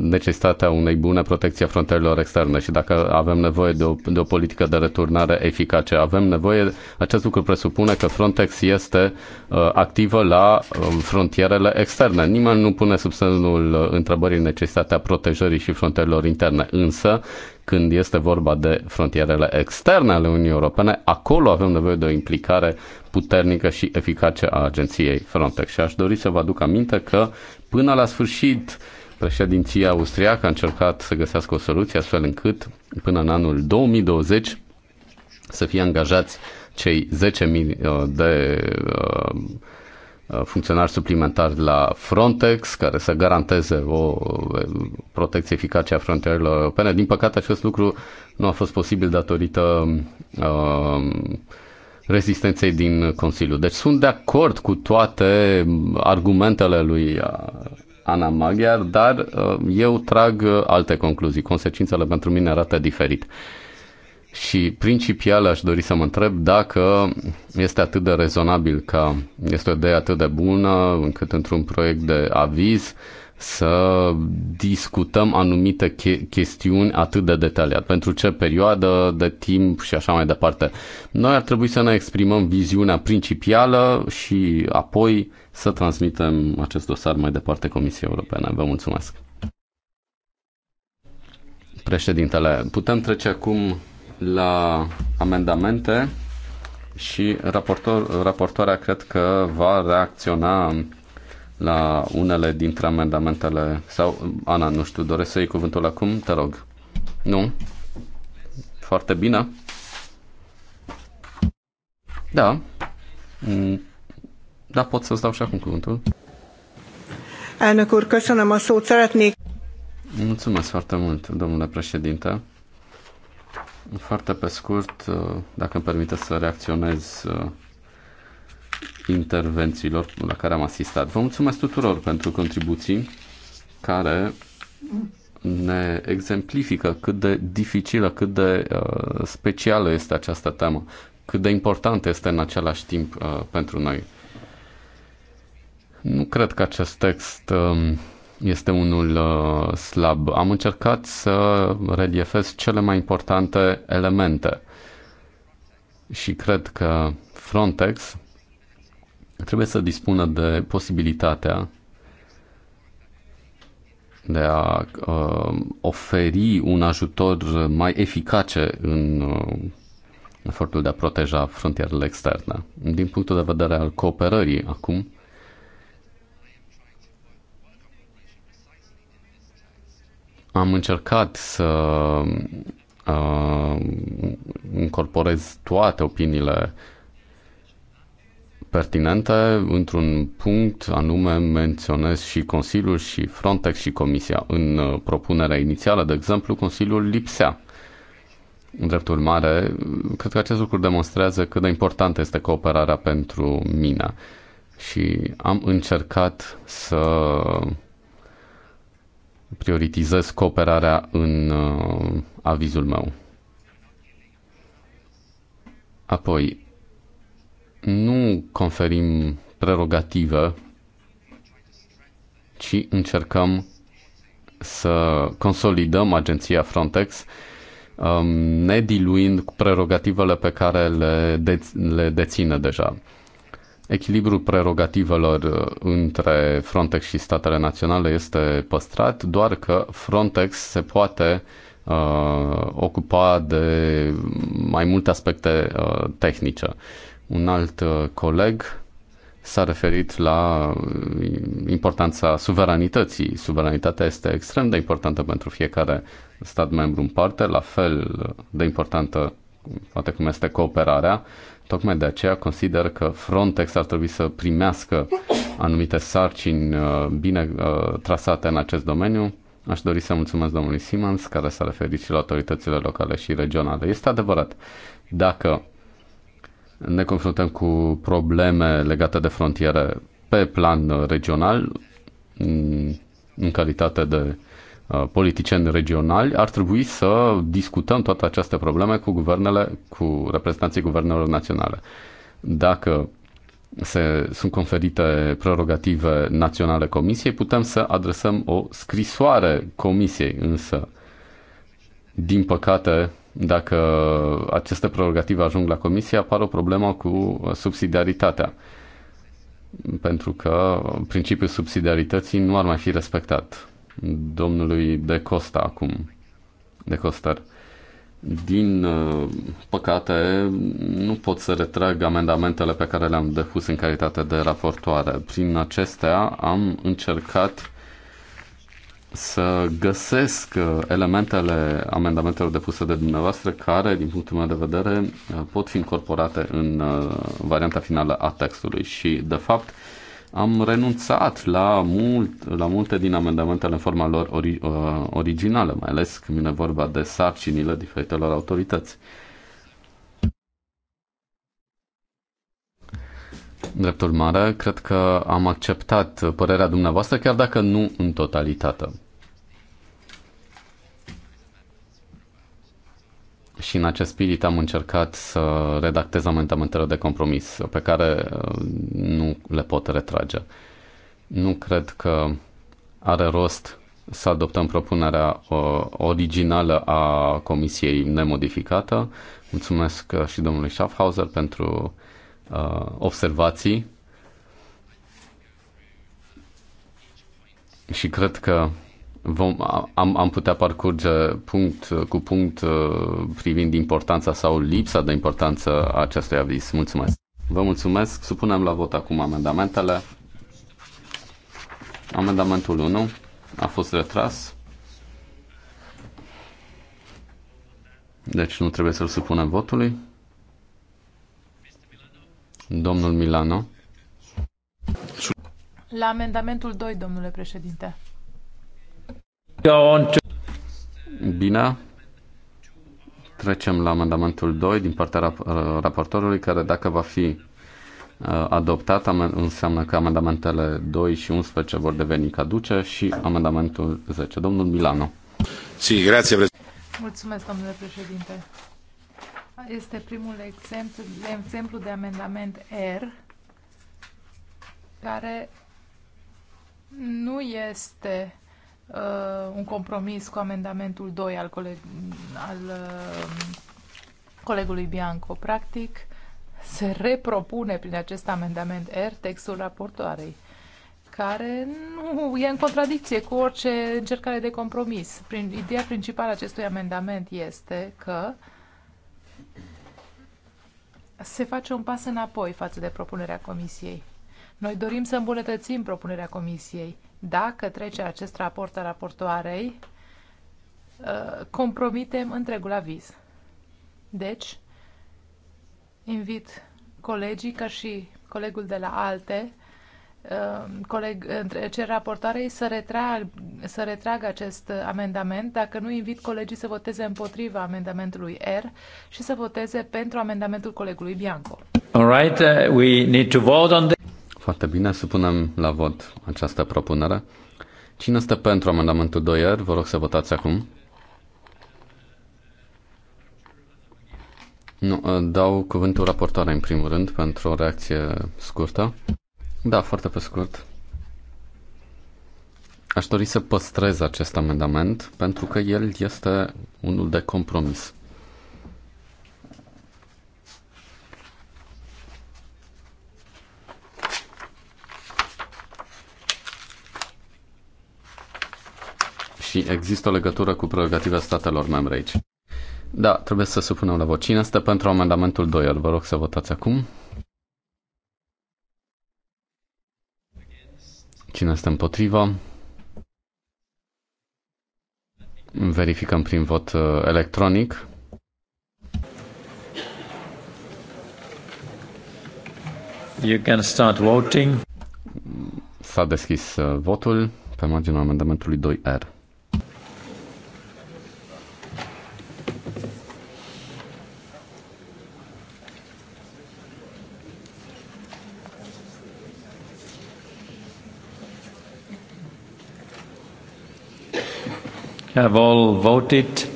necesitatea unei bune protecții a frontierelor externe și dacă avem nevoie de o, de o politică de returnare eficace, avem nevoie, acest lucru presupune că Frontex este uh, activă la uh, frontierele externe. Nimeni nu pune sub semnul întrebării necesitatea protejării și frontierelor interne, însă când este vorba de frontierele externe ale Uniunii Europene, acolo avem nevoie de o implicare puternică și eficace a agenției Frontex. Și aș dori să vă aduc aminte că până la sfârșit președinția austriacă a încercat să găsească o soluție astfel încât până în anul 2020 să fie angajați cei 10.000 uh, de uh, Uh, funcționari suplimentari la Frontex care să garanteze o uh, protecție eficace a frontierelor europene. Din păcate, acest lucru nu a fost posibil datorită uh, rezistenței din Consiliu. Deci sunt de acord cu toate argumentele lui Ana Maghiar, dar eu trag alte concluzii. Consecințele pentru mine arată diferit. Și principial aș dori să mă întreb dacă este atât de rezonabil ca este o idee atât de bună încât într-un proiect de aviz să discutăm anumite che- chestiuni atât de detaliat. Pentru ce perioadă de timp și așa mai departe. Noi ar trebui să ne exprimăm viziunea principială și apoi să transmitem acest dosar mai departe Comisiei Europene. Vă mulțumesc. Președintele, putem trece acum la amendamente și raportor, raportoarea cred că va reacționa la unele dintre amendamentele sau Ana, nu știu, doresc să iei cuvântul acum? Te rog. Nu? Foarte bine. Da. Mm, da, pot să-ți dau și acum cuvântul. Elnök úr, köszönöm a szót, szeretnék. Mulțumesc foarte mult, domnule președinte. Foarte pe scurt, uh, dacă îmi permite să reacționez uh, intervențiilor la care am asistat. Vă mulțumesc tuturor pentru contribuții care ne exemplifică cât de dificilă, cât de uh, specială este această temă, cât de importantă este în același timp pentru noi. Nu cred că acest text um, este unul uh, slab. Am încercat să reliefez cele mai importante elemente și cred că Frontex trebuie să dispună de posibilitatea de a uh, oferi un ajutor mai eficace în uh, efortul de a proteja frontierele externe. Din punctul de vedere al cooperării acum, Am încercat să uh, incorporez toate opiniile pertinente într-un punct anume menționez și Consiliul și Frontex și Comisia. În uh, propunerea inițială, de exemplu, Consiliul lipsea. În drept urmare, cred că acest lucru demonstrează cât de importantă este cooperarea pentru mine. Și am încercat să prioritizez cooperarea în uh, avizul meu. Apoi, nu conferim prerogative, ci încercăm să consolidăm agenția Frontex, um, ne diluind prerogativele pe care le, de- le deține deja. Echilibrul prerogativelor uh, între Frontex și statele naționale este păstrat, doar că Frontex se poate uh, ocupa de mai multe aspecte uh, tehnice. Un alt uh, coleg s-a referit la uh, importanța suveranității. Suveranitatea este extrem de importantă pentru fiecare stat membru în parte, la fel uh, de importantă poate cum este cooperarea. Uh, Tocmai de aceea consider că Frontex ar trebui să primească anumite sarcini uh, bine uh, trasate în acest domeniu. Aș dori să mulțumesc domnului Simons, care s-a referit și la autoritățile locale și regionale. Este adevărat, dacă ne confruntăm cu probleme legate de frontiere pe plan regional, în calitate de Uh, politicieni regionali, ar trebui să discutăm toate aceste probleme cu guvernele, cu reprezentanții guvernelor naționale. Dacă se, sunt conferite prerogative naționale comisiei, putem să adresăm o scrisoare comisiei, însă, din păcate, dacă aceste prerogative ajung la comisie, apare o problemă cu subsidiaritatea pentru că principiul subsidiarității nu ar mai fi respectat domnului De Costa acum, De Coster. Din uh, păcate, nu pot să retrag amendamentele pe care le-am depus în calitate de raportoare. Prin acestea am încercat să găsesc uh, elementele amendamentelor depuse de dumneavoastră care, din punctul meu de vedere, uh, pot fi incorporate în varianta finală a textului și, de fapt, am renunțat la, mult, la multe din amendamentele în forma lor ori, uh, originală, mai ales când vine vorba de sarcinile diferitelor autorități. Dreptul mare cred că am acceptat părerea dumneavoastră, chiar dacă nu în totalitate. și în acest spirit am încercat să redactez amendamentele de compromis pe care uh, nu le pot retrage. Nu cred că are rost să adoptăm propunerea uh, originală a comisiei nemodificată. Mulțumesc uh, și domnului Schaffhauser pentru observații și cred că vom, am, am putea parcurge punct cu punct uh, privind importanța sau lipsa de importanță a acestui aviz. Mulțumesc! Vă mulțumesc! Supunem la vot acum amendamentele. Amendamentul 1 a fost retras. Deci nu trebuie să-l supunem votului. Domnul Milano. La amendamentul 2, domnule președinte. Bine. Trecem la amendamentul 2 din partea rap- uh, raportorului, care dacă va fi uh, adoptat înseamnă că amendamentele 2 și 11 vor deveni caduce și amendamentul 10. Domnul Milano. Si, grazie, Mulțumesc, domnule președinte. Este primul exemplu, exemplu de amendament R care nu este uh, un compromis cu amendamentul 2 al, coleg al uh, colegului Bianco. Practic, se repropune prin acest amendament R textul raportoarei care nu e în contradicție cu orice încercare de compromis. Prin, ideea principală a acestui amendament este că se face un pas înapoi față de propunerea Comisiei. Noi dorim să îmbunătățim propunerea Comisiei dacă trece acest raport al raportoarei, uh, compromitem întregul aviz. Deci, invit colegii, ca și colegul de la alte, uh, coleg, cer raportoarei să, retrag, să retragă acest amendament, dacă nu invit colegii să voteze împotriva amendamentului R și să voteze pentru amendamentul colegului Bianco. All right, uh, we need to vote on the... Foarte bine, să punem la vot această propunere. Cine este pentru amendamentul 2 iar? Vă rog să votați acum. Nu, ă, dau cuvântul raportoare în primul rând pentru o reacție scurtă. Da, foarte pe scurt. Aș dori să păstrez acest amendament pentru că el este unul de compromis. și există o legătură cu prerogativa statelor membre aici. Da, trebuie să supunem la vot. Cine este pentru amendamentul 2? Vă rog să votați acum. Cine este împotriva? Verificăm prin vot uh, electronic. You can start voting. S-a deschis uh, votul pe marginea amendamentului 2R. Have all voted.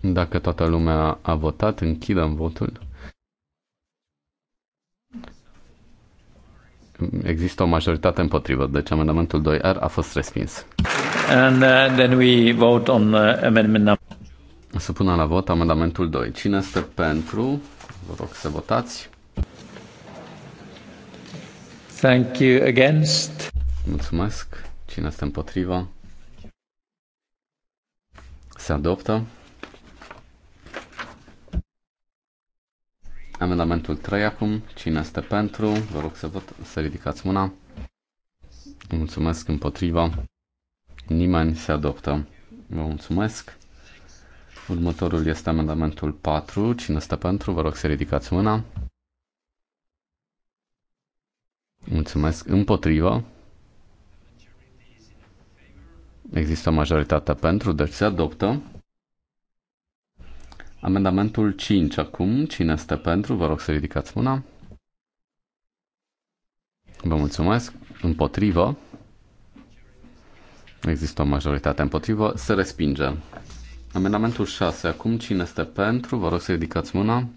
Dacă toată lumea a votat, închidem votul. Există o majoritate împotrivă, deci amendamentul 2R a fost respins. And uh, then we vote on uh, amendment number. Să punem la vot amendamentul 2. Cine este pentru? Vă rog să votați. Thank you against. Mulțumesc. Cine este împotriva? Se adoptă. Amendamentul 3 acum. Cine este pentru? Vă rog să, vot, să ridicați mâna. Mulțumesc împotriva. Nimeni se adoptă. Vă mulțumesc. Următorul este amendamentul 4. Cine este pentru? Vă rog să ridicați mâna. Mulțumesc împotriva. Există o majoritate pentru, deci se adoptă. Amendamentul 5 acum. Cine este pentru? Vă rog să ridicați mâna. Vă mulțumesc. Împotrivă. Există o majoritate împotrivă. Se respinge. Amendamentul 6. Acum cine este pentru? Vă rog să ridicați mâna.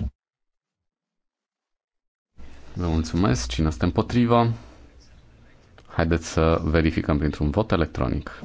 Vă mulțumesc. Cine este împotrivă? Haideți să verificăm printr-un vot electronic.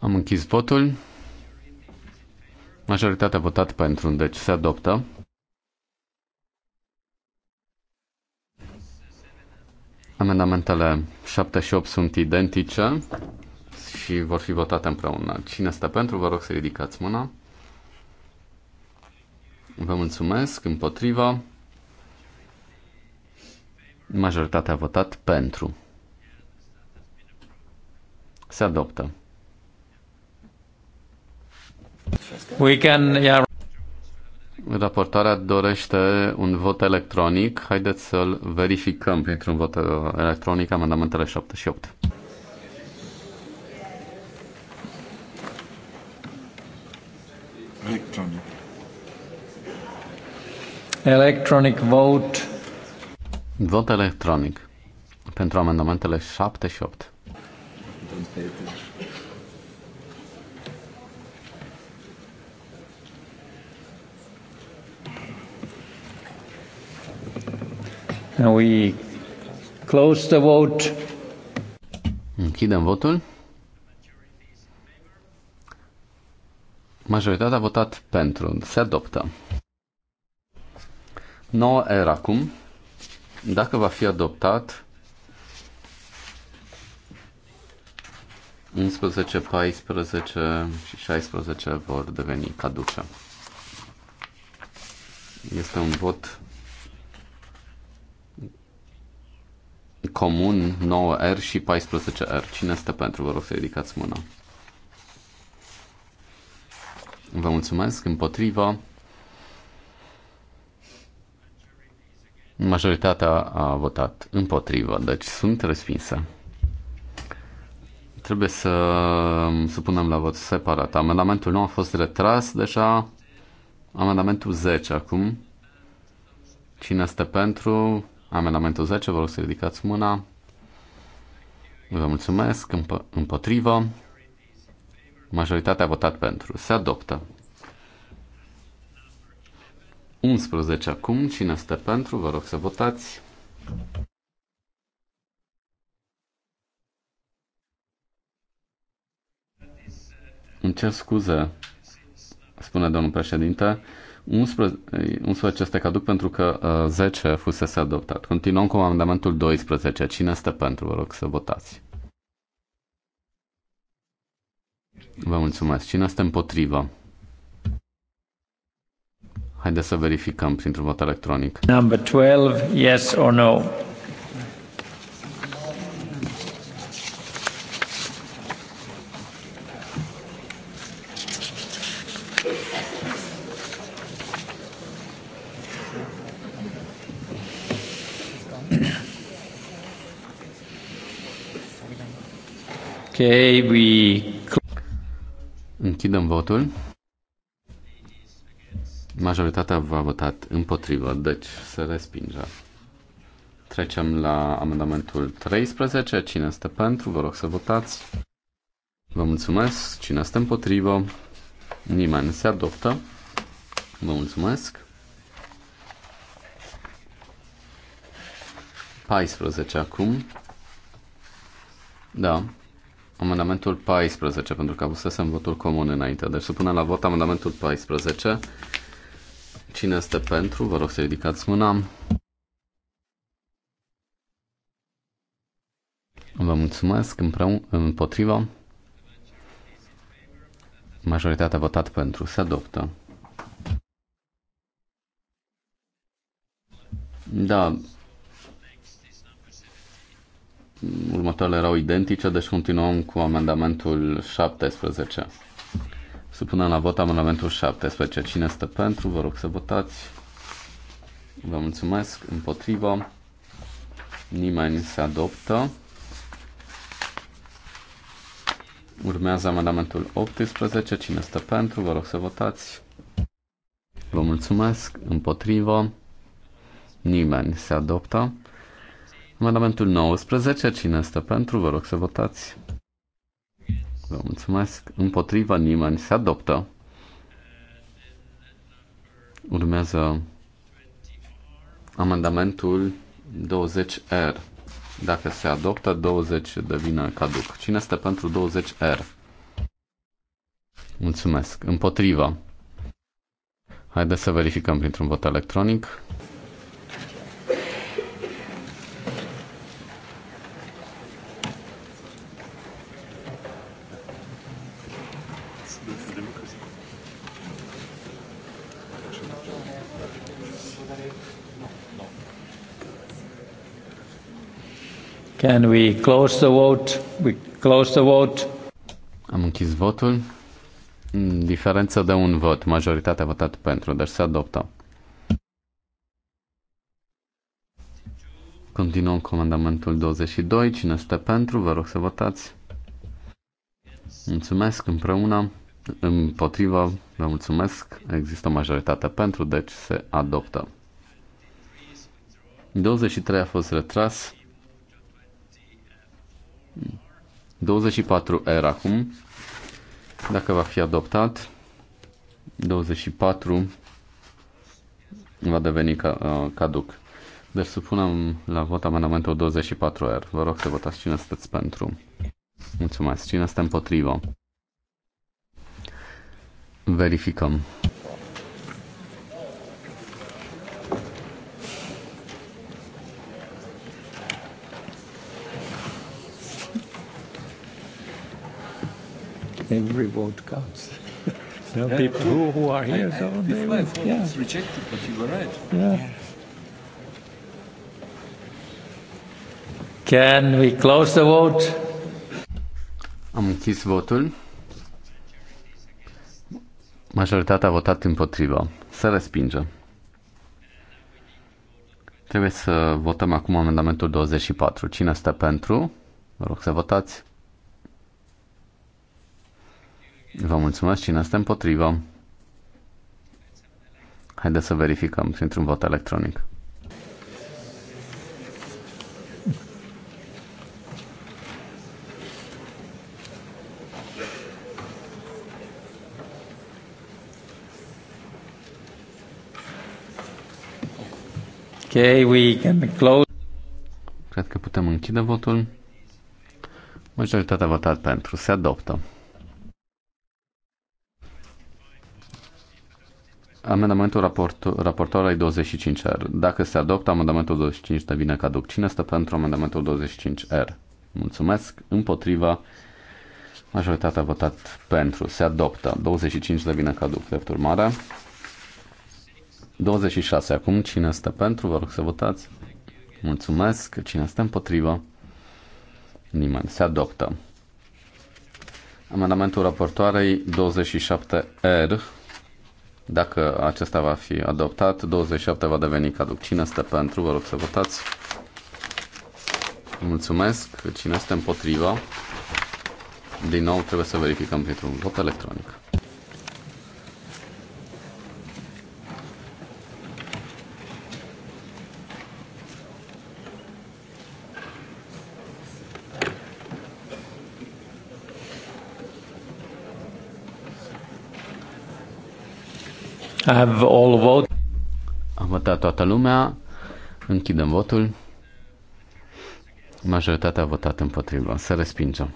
Am închis votul. Majoritatea a votat pentru, deci se adoptă. Amendamentele 7 și 8 sunt identice și vor fi votate împreună. Cine stă pentru, vă rog să ridicați mâna. Vă mulțumesc. Împotriva. Majoritatea a votat pentru. Se adoptă. We can, yeah. Raportarea dorește un vot electronic. Haideți să-l verificăm printr-un vot electronic amendamentele 7 și 8. Electronic. Electronic vote. Vot electronic pentru amendamentele 7 și 8. And we close the vote. Închidem votul. Majoritatea a votat pentru. Se adoptă. 9 era acum. Dacă va fi adoptat, 11, 14 și 16 vor deveni caduce. Este un vot comun 9R și 14R. Cine este pentru? Vă rog să ridicați mâna. Vă mulțumesc. Împotriva. Majoritatea a votat împotriva, deci sunt respinse. Trebuie să supunem la vot separat. Amendamentul nu a fost retras deja. Amendamentul 10 acum. Cine este pentru? Amendamentul 10, vă rog să ridicați mâna. Vă mulțumesc. Împ- împotrivă. Majoritatea a votat pentru. Se adoptă. 11 acum. Cine este pentru? Vă rog să votați. Îmi cer scuze, spune domnul președinte. 11, 11 este caduc pentru că uh, 10 fusese adoptat. Continuăm cu amendamentul 12. Cine este pentru? Vă rog să votați. Vă mulțumesc. Cine este împotrivă? Haideți să verificăm printr-un vot electronic. Number 12, yes or no. Okay, we... Închidem votul. Majoritatea v-a votat împotrivă, deci se respinge. Trecem la amendamentul 13. Cine este pentru? Vă rog să votați. Vă mulțumesc. Cine este împotrivă? Nimeni se adoptă. Vă mulțumesc. 14 acum. Da, Amendamentul 14, pentru că avusesem votul comun înainte. Deci supunem la vot amendamentul 14. Cine este pentru? Vă rog să ridicați mâna. Vă mulțumesc împreună, împotriva. Majoritatea a votat pentru. Se adoptă. Da, următoarele erau identice, deci continuăm cu amendamentul 17. Supunem la vot amendamentul 17. Cine este pentru? Vă rog să votați. Vă mulțumesc. Împotriva. Nimeni se adoptă. Urmează amendamentul 18. Cine este pentru? Vă rog să votați. Vă mulțumesc. Împotriva. Nimeni se adoptă. Amendamentul 19, cine este pentru? Vă rog să votați. Vă mulțumesc. Împotriva nimeni se adoptă. Urmează amendamentul 20R. Dacă se adoptă, 20 devine caduc. Cine este pentru 20R? Mulțumesc. Împotriva. Haideți să verificăm printr-un vot electronic. Can we close the vote? We close the vote. Am închis votul. În mm, diferență de un vot, majoritatea a votat pentru, deci se adoptă. Continuăm comandamentul 22. Cine este pentru, vă rog să votați. Mulțumesc împreună, împotriva, Vă mulțumesc. Există majoritatea majoritate pentru, deci se adoptă. 23 a fost retras. 24 era acum. Dacă va fi adoptat, 24 va deveni ca, uh, caduc. Deci supunem la vot amendamentul 24R. Vă rog să votați cine sunteți pentru. Mulțumesc. Cine este împotrivă? Verificăm. Every vote counts. There are people who, who are here, I, so I, they will. Yeah. It's rejected, but you were right. Yeah. yeah. Can we close the vote? Am închis votul. Majoritatea a votat împotriva. Se respinge. Trebuie să votăm acum amendamentul 24. Cine stă pentru? Vă rog să votați. Vă mulțumesc. Cine stă împotriva? Haideți să verificăm printr-un vot electronic. Okay, we can close. Cred că putem închide votul. Majoritatea a votat pentru. Se adoptă. Amendamentul raport, raportorului 25R. Dacă se adoptă, amendamentul 25 devine caduc. Cine stă pentru amendamentul 25R? Mulțumesc. Împotriva. Majoritatea a votat pentru. Se adoptă. 25 devine caduc. Drept urmare. 26 acum. Cine este pentru? Vă rog să votați. Mulțumesc. Cine este împotrivă? Nimeni. Se adoptă. Amendamentul raportoarei 27R. Dacă acesta va fi adoptat, 27 va deveni caduc. Cine este pentru? Vă rog să votați. Mulțumesc. Cine este împotrivă. Din nou trebuie să verificăm printr-un vot electronic. Have all vote. Am votat toată lumea. Închidem votul. Majoritatea a votat împotriva. Să respingem.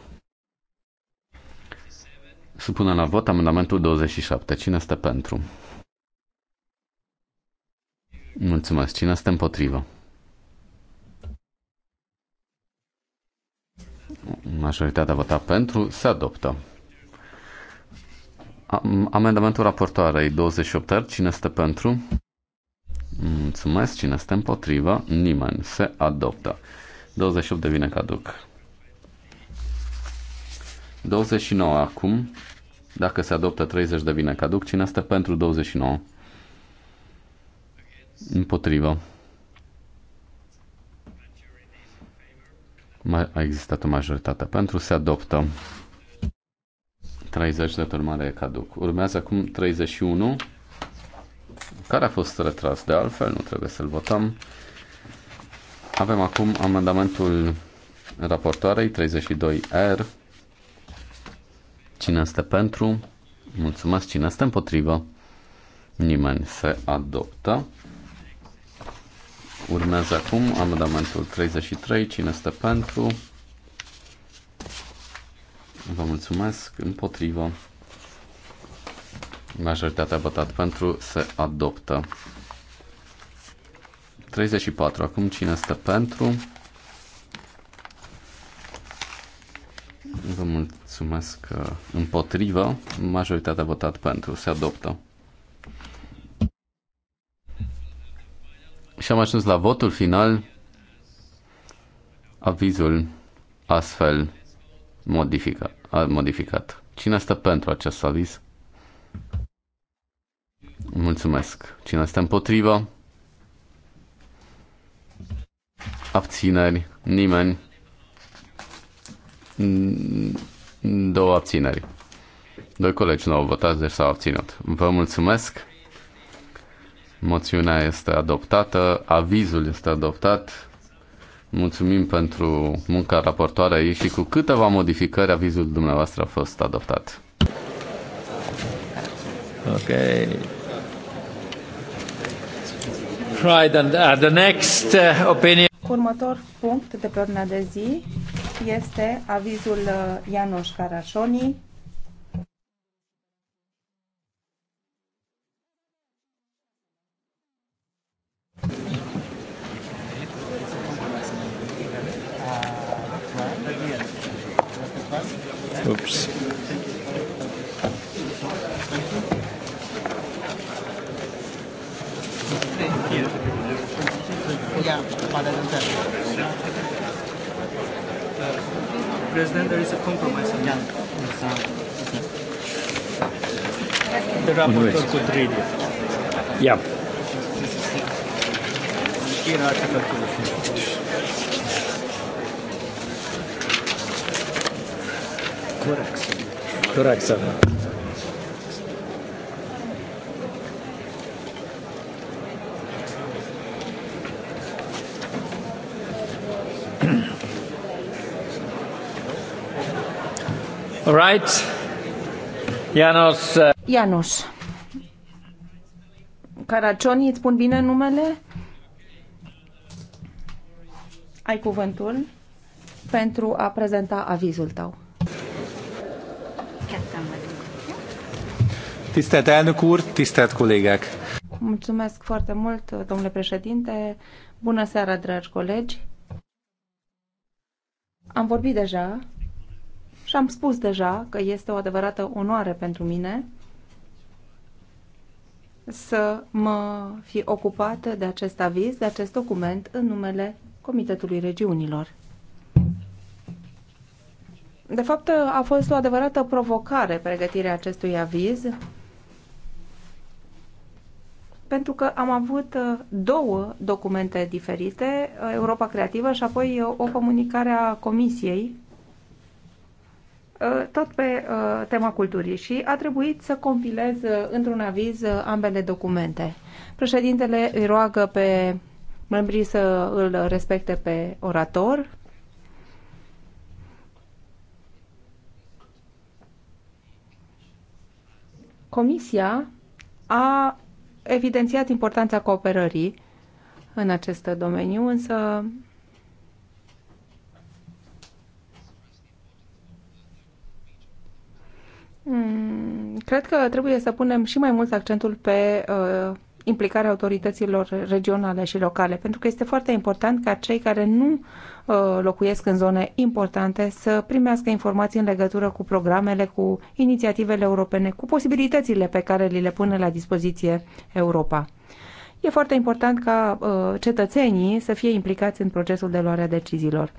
Supunem la vot amendamentul 27. Cine este pentru? Mulțumesc. Cine este împotrivă? Majoritatea a votat pentru. Se adoptă. Amendamentul raportoarei 28 cine este pentru? Mulțumesc, cine este împotrivă? Nimeni. Se adoptă. 28 devine caduc. 29 acum. Dacă se adoptă 30 devine caduc. Cine este pentru 29? Împotrivă. Mai a existat o majoritate pentru. Se adoptă. 30 de urmare e caduc. Urmează acum 31, care a fost retras de altfel, nu trebuie să-l votăm. Avem acum amendamentul raportoarei 32R. Cine este pentru? Mulțumesc. Cine este împotrivă? Nimeni se adoptă. Urmează acum amendamentul 33. Cine este pentru? Vă mulțumesc. Împotrivă. Majoritatea a votat pentru. Se adoptă. 34. Acum cine stă pentru? Vă mulțumesc. Împotrivă. Majoritatea a votat pentru. Se adoptă. Și am ajuns la votul final. Avizul astfel modifică, modificat. Cine este pentru acest aviz? Mulțumesc. Cine este împotrivă? Abțineri? Nimeni? Două abțineri. Doi colegi nu au votat, deci s-au abținut. Vă mulțumesc. Moțiunea este adoptată, avizul este adoptat. Mulțumim pentru munca raportoarei și cu câteva modificări avizul dumneavoastră a fost adoptat. Ok. Right, and uh, the next uh, opinion. Următor punct de pe ordinea de zi este avizul uh, Ianoș Carașoni, Oops. President, there is a compromise Yeah. that. The rapporteur could read it. Yeah. Here are the conclusions. Coraxon. Coraxon. All right. Janos. Uh... Janos. Caracioni, îți spun bine numele? Ai cuvântul pentru a prezenta avizul tău. Tisztelt elnök úr, tisztelt kollégák! Mulțumesc foarte mult, domnule președinte. Bună seara, dragi colegi. Am vorbit deja și am spus deja că este o adevărată onoare pentru mine să mă fi ocupat de acest aviz, de acest document în numele Comitetului Regiunilor. De fapt, a fost o adevărată provocare pregătirea acestui aviz pentru că am avut uh, două documente diferite, uh, Europa Creativă și apoi uh, o comunicare a Comisiei, tot pe tema culturii și a trebuit să compilez într-un aviz ambele documente. Președintele îi roagă pe membrii să îl respecte pe orator, Comisia a evidențiat importanța cooperării în acest domeniu, însă mm, Cred că trebuie să punem și mai mult accentul pe uh, implicarea autorităților regionale și locale, pentru că este foarte important ca cei care nu Uh, locuiesc în zone importante să primească informații în legătură cu programele, cu inițiativele europene, cu posibilitățile pe care li le pune la dispoziție Europa. E foarte important ca uh, cetățenii să fie implicați în procesul de luare a deciziilor.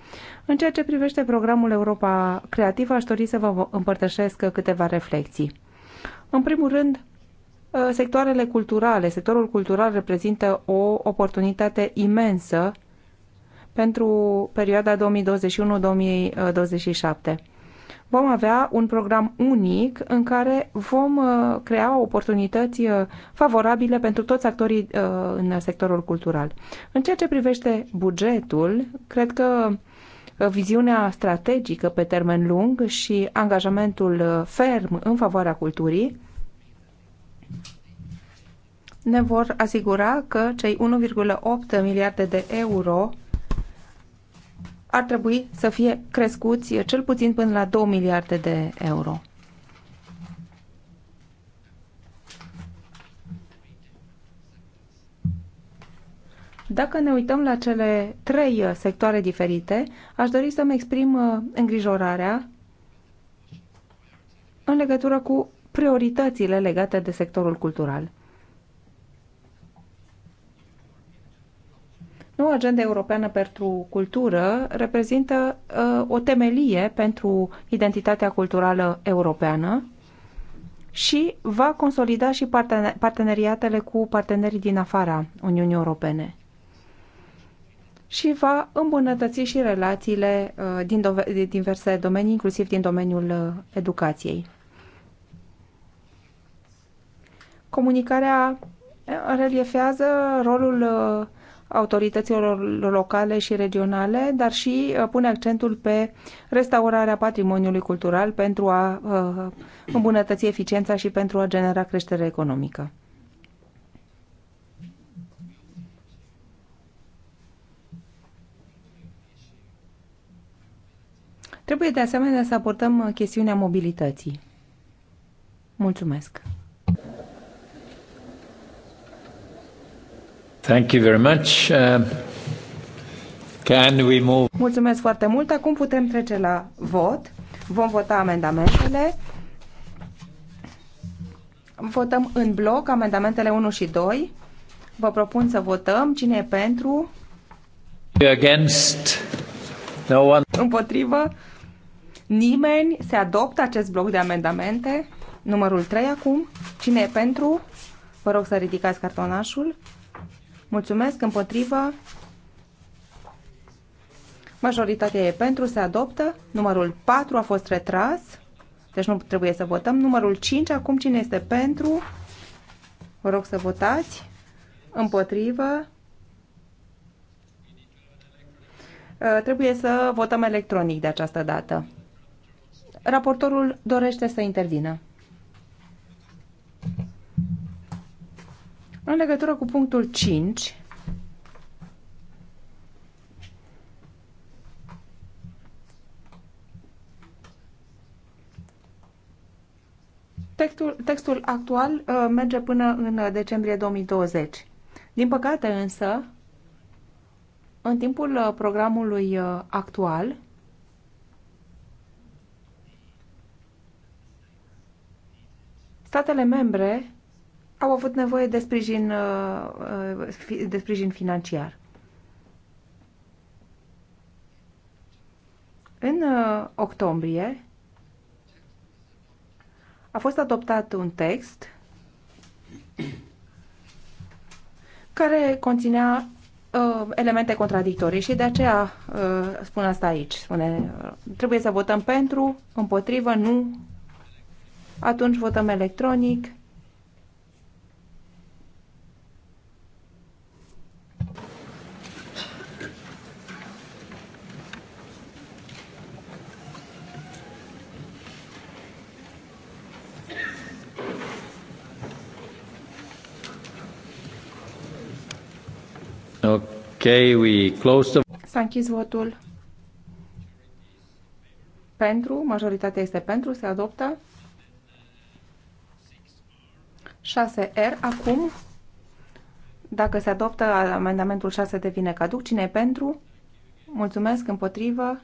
În ceea ce privește programul Europa Creativă, aș dori să vă împărtășesc câteva reflexii. În primul rând, uh, sectoarele culturale. Sectorul cultural reprezintă o oportunitate imensă pentru perioada 2021-2027. Vom avea un program unic în care vom uh, crea oportunități uh, favorabile pentru toți actorii uh, în sectorul cultural. În ceea ce privește bugetul, cred că viziunea strategică pe termen lung și angajamentul ferm în favoarea culturii ne vor asigura că cei 1,8 miliarde de euro ar trebui să fie crescuți cel puțin până la 2 miliarde de euro. Dacă ne uităm la cele trei sectoare diferite, aș dori să-mi exprim uh, îngrijorarea în legătură cu prioritățile legate de sectorul cultural. Noua agenda europeană pentru cultură reprezintă uh, o temelie pentru identitatea culturală europeană și va consolida și partener parteneriatele cu partenerii din afara Uniunii Europene și va îmbunătăți și relațiile uh, din din diverse domenii, inclusiv din domeniul uh, educației. Comunicarea uh, reliefează rolul uh, autorităților locale și regionale, dar și uh, pune accentul pe restaurarea patrimoniului cultural pentru a uh, îmbunătăți eficiența și pentru a genera creștere economică. Trebuie de asemenea să aportăm chestiunea mobilității. Mulțumesc! Thank you very much. Uh, can we move? Mulțumesc foarte mult. Acum putem trece la vot. Vom vota amendamentele. Votăm în bloc amendamentele 1 și 2. Vă propun să votăm. Cine e pentru? Against. No one. Împotrivă. Nimeni se adoptă acest bloc de amendamente. Numărul 3 acum. Cine e pentru? Vă rog să ridicați cartonașul. Mulțumesc împotrivă. Majoritatea e pentru, se adoptă. Numărul 4 a fost retras. Deci nu trebuie să votăm. Numărul 5, acum cine este pentru? Vă rog să votați. Împotrivă. Ă, trebuie să votăm electronic de această dată. Raportorul dorește să intervină. În legătură cu punctul 5, Textul, textul actual uh, merge până în decembrie 2020. Din păcate însă, în timpul uh, programului uh, actual, statele membre au avut nevoie de sprijin, uh, uh, de sprijin financiar. În uh, octombrie a fost adoptat un text care conținea elemente contradictorii și de aceea spun asta aici. Spune, trebuie să votăm pentru, împotrivă, nu. Atunci votăm electronic. Okay, we close the... S-a închis votul. Pentru, majoritatea este pentru, se adoptă. 6R acum. Dacă se adoptă, amendamentul 6 devine caduc. Cine e pentru? Mulțumesc, împotrivă.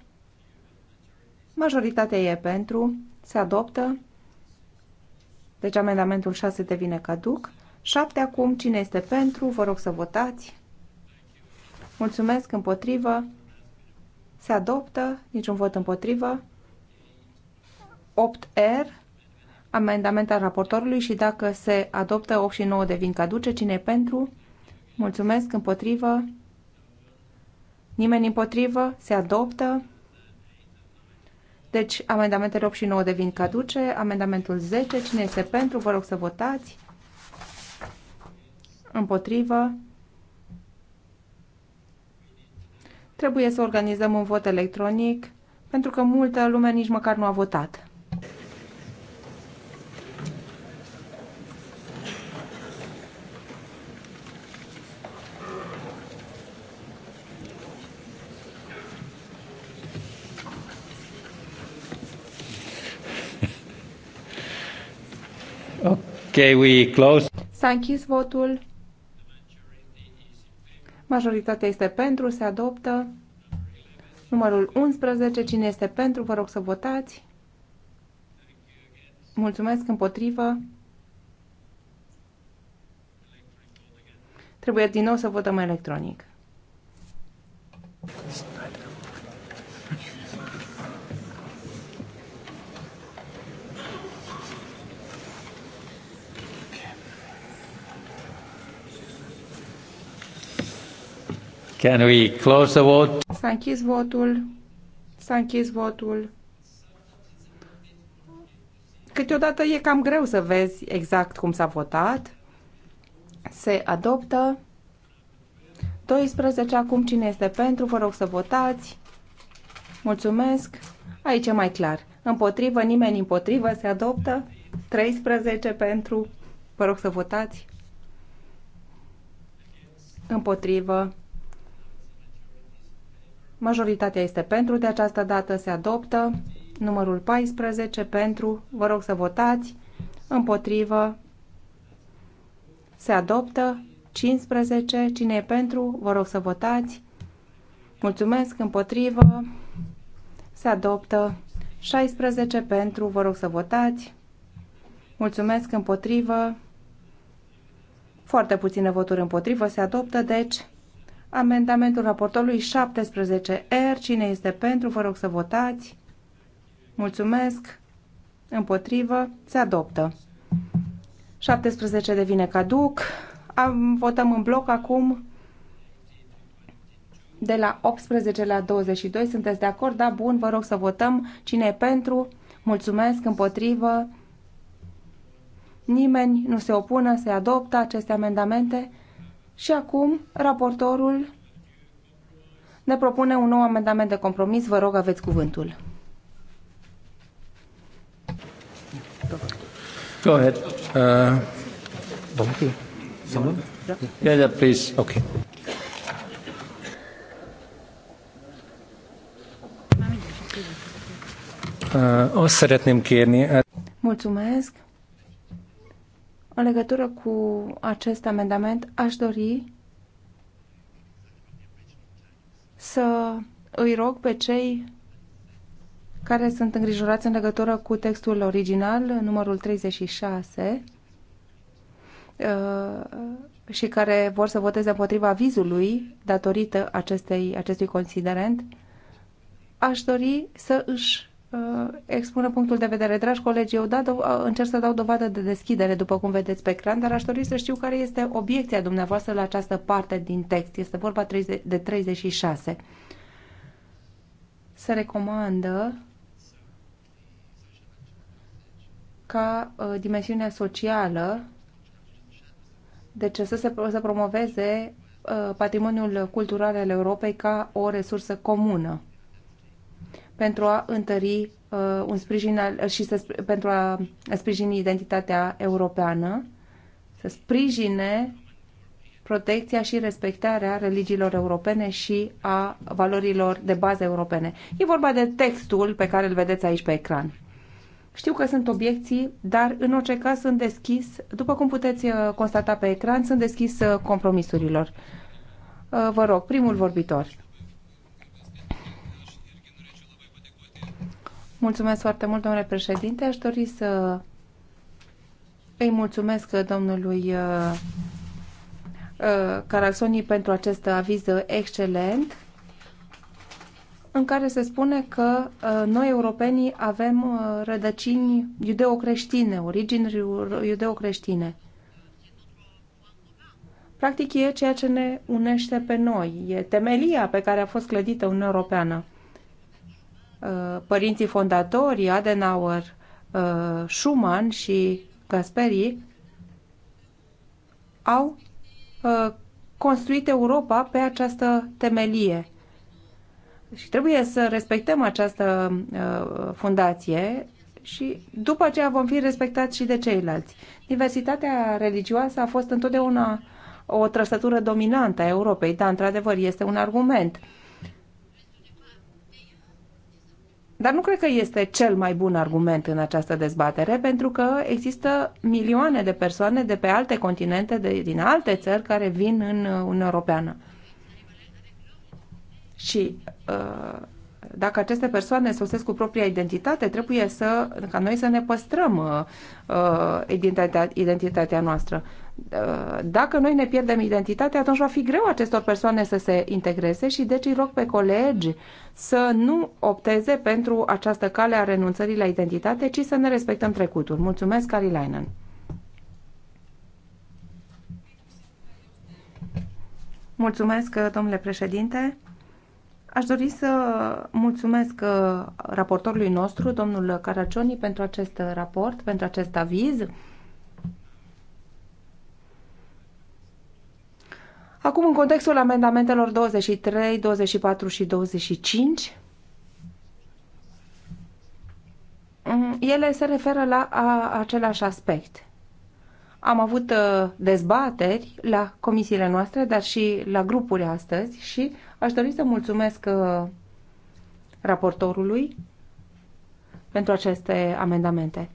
Majoritatea e pentru, se adoptă. Deci amendamentul 6 devine caduc. 7 acum, cine este pentru? Vă rog să votați. Mulțumesc împotrivă. Se adoptă. Niciun vot împotrivă. 8R. Amendament al raportorului și dacă se adoptă 8 și 9 devin caduce. Cine e pentru? Mulțumesc împotrivă. Nimeni împotrivă. Se adoptă. Deci, amendamentele 8 și 9 devin caduce. Amendamentul 10. Cine este pentru? Vă rog să votați. Împotrivă. Trebuie să organizăm un vot electronic, pentru că multă lume nici măcar nu a votat. Okay, we close. S-a închis votul. Majoritatea este pentru, se adoptă. Numărul 11, cine este pentru, vă rog să votați. Mulțumesc, împotrivă. Trebuie din nou să votăm electronic. Can we close the vote? S-a închis votul. S-a închis votul. Câteodată e cam greu să vezi exact cum s-a votat. Se adoptă. 12. Acum cine este pentru? Vă rog să votați. Mulțumesc. Aici e mai clar. Împotrivă, nimeni împotrivă, se adoptă. 13 pentru. Vă rog să votați. Împotrivă. Majoritatea este pentru, de această dată se adoptă. Numărul 14 pentru, vă rog să votați, împotrivă, se adoptă. 15, cine e pentru, vă rog să votați. Mulțumesc, împotrivă, se adoptă. 16 pentru, vă rog să votați. Mulțumesc, împotrivă. Foarte puține voturi împotrivă se adoptă, deci Amendamentul raportorului 17R. Cine este pentru? Vă rog să votați. Mulțumesc. Împotrivă. Se adoptă. 17 devine caduc. Am, votăm în bloc acum de la 18 la 22. Sunteți de acord? Da, bun. Vă rog să votăm. Cine e pentru? Mulțumesc. Împotrivă. Nimeni nu se opună, se adoptă aceste amendamente. Și acum, raportorul ne propune un nou amendament de compromis. Vă rog, aveți cuvântul. Go ahead. Uh, someone? Yeah, yeah, please. Okay. Uh, o szeretném kérni. Uh, Mulțumesc. În legătură cu acest amendament, aș dori să îi rog pe cei care sunt îngrijorați în legătură cu textul original, numărul 36, uh, și care vor să voteze împotriva vizului datorită acestei, acestui considerent, aș dori să își Uh, expună punctul de vedere. Dragi colegi, eu da, încerc să dau dovadă de deschidere, după cum vedeți pe ecran, dar aș dori să știu care este obiecția dumneavoastră la această parte din text. Este vorba de 36. Se recomandă ca uh, dimensiunea socială, de deci ce să se să promoveze uh, patrimoniul cultural al Europei ca o resursă comună pentru a întări uh, un sprijin al, și să, pentru a sprijini identitatea europeană, să sprijine protecția și respectarea religiilor europene și a valorilor de bază europene. E vorba de textul pe care îl vedeți aici pe ecran. Știu că sunt obiecții, dar în orice caz sunt deschis, după cum puteți uh, constata pe ecran, sunt deschis uh, compromisurilor. Uh, vă rog, primul vorbitor. Mulțumesc foarte mult, domnule președinte. Aș dori să îi mulțumesc domnului uh, uh, Caraxoni pentru acest aviz excelent în care se spune că uh, noi europenii avem rădăcini iudeocreștine, origini iudeocreștine. Practic e ceea ce ne unește pe noi, e temelia pe care a fost clădită Uniunea Europeană. Uh, părinții fondatori, Adenauer, uh, Schumann și Gasperi, au uh, construit Europa pe această temelie. Și trebuie să respectăm această fundație și după aceea vom fi respectați și de ceilalți. Diversitatea religioasă a fost întotdeauna o trăsătură dominantă a Europei. dar într-adevăr, este un argument. Dar nu cred că este cel mai bun argument în această dezbatere, pentru că există milioane de persoane de pe alte continente, de, din alte țări, care vin în Uniunea Europeană. Și uh, dacă aceste persoane sosesc cu propria identitate, trebuie să, ca noi să ne păstrăm uh, uh, identitatea, identitatea noastră. Uh, dacă noi ne pierdem identitatea, atunci va fi greu acestor persoane să se integreze și deci îi rog pe colegi să nu opteze pentru această cale a renunțării la identitate, ci să ne respectăm trecutul. Mulțumesc, Carilainen. Mulțumesc, domnule președinte. Aș dori să mulțumesc uh, raportorului nostru, domnul Caracioni, pentru acest uh, raport, pentru acest aviz. Acum, în contextul amendamentelor 23, 24 și 25, mm, ele se referă la a, același aspect. Am avut uh, dezbateri la comisiile noastre, dar și la grupuri astăzi și Aș dori să mulțumesc uh, raportorului pentru aceste amendamente.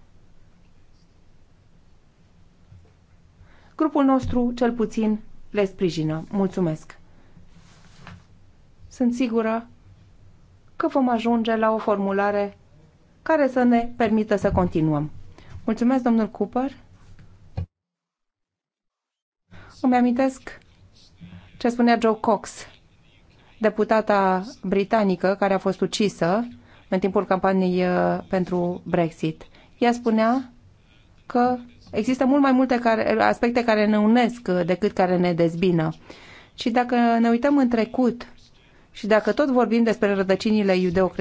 Grupul nostru, cel puțin, le sprijină. Mulțumesc! Sunt sigură că vom ajunge la o formulare care să ne permită să continuăm. Mulțumesc, domnul Cooper. Îmi amintesc ce spunea Joe Cox deputata britanică care a fost ucisă în timpul campaniei uh, pentru Brexit. Ea spunea că există mult mai multe care, aspecte care ne unesc uh, decât care ne dezbină. Și dacă ne uităm în trecut și dacă tot vorbim despre rădăcinile iudeo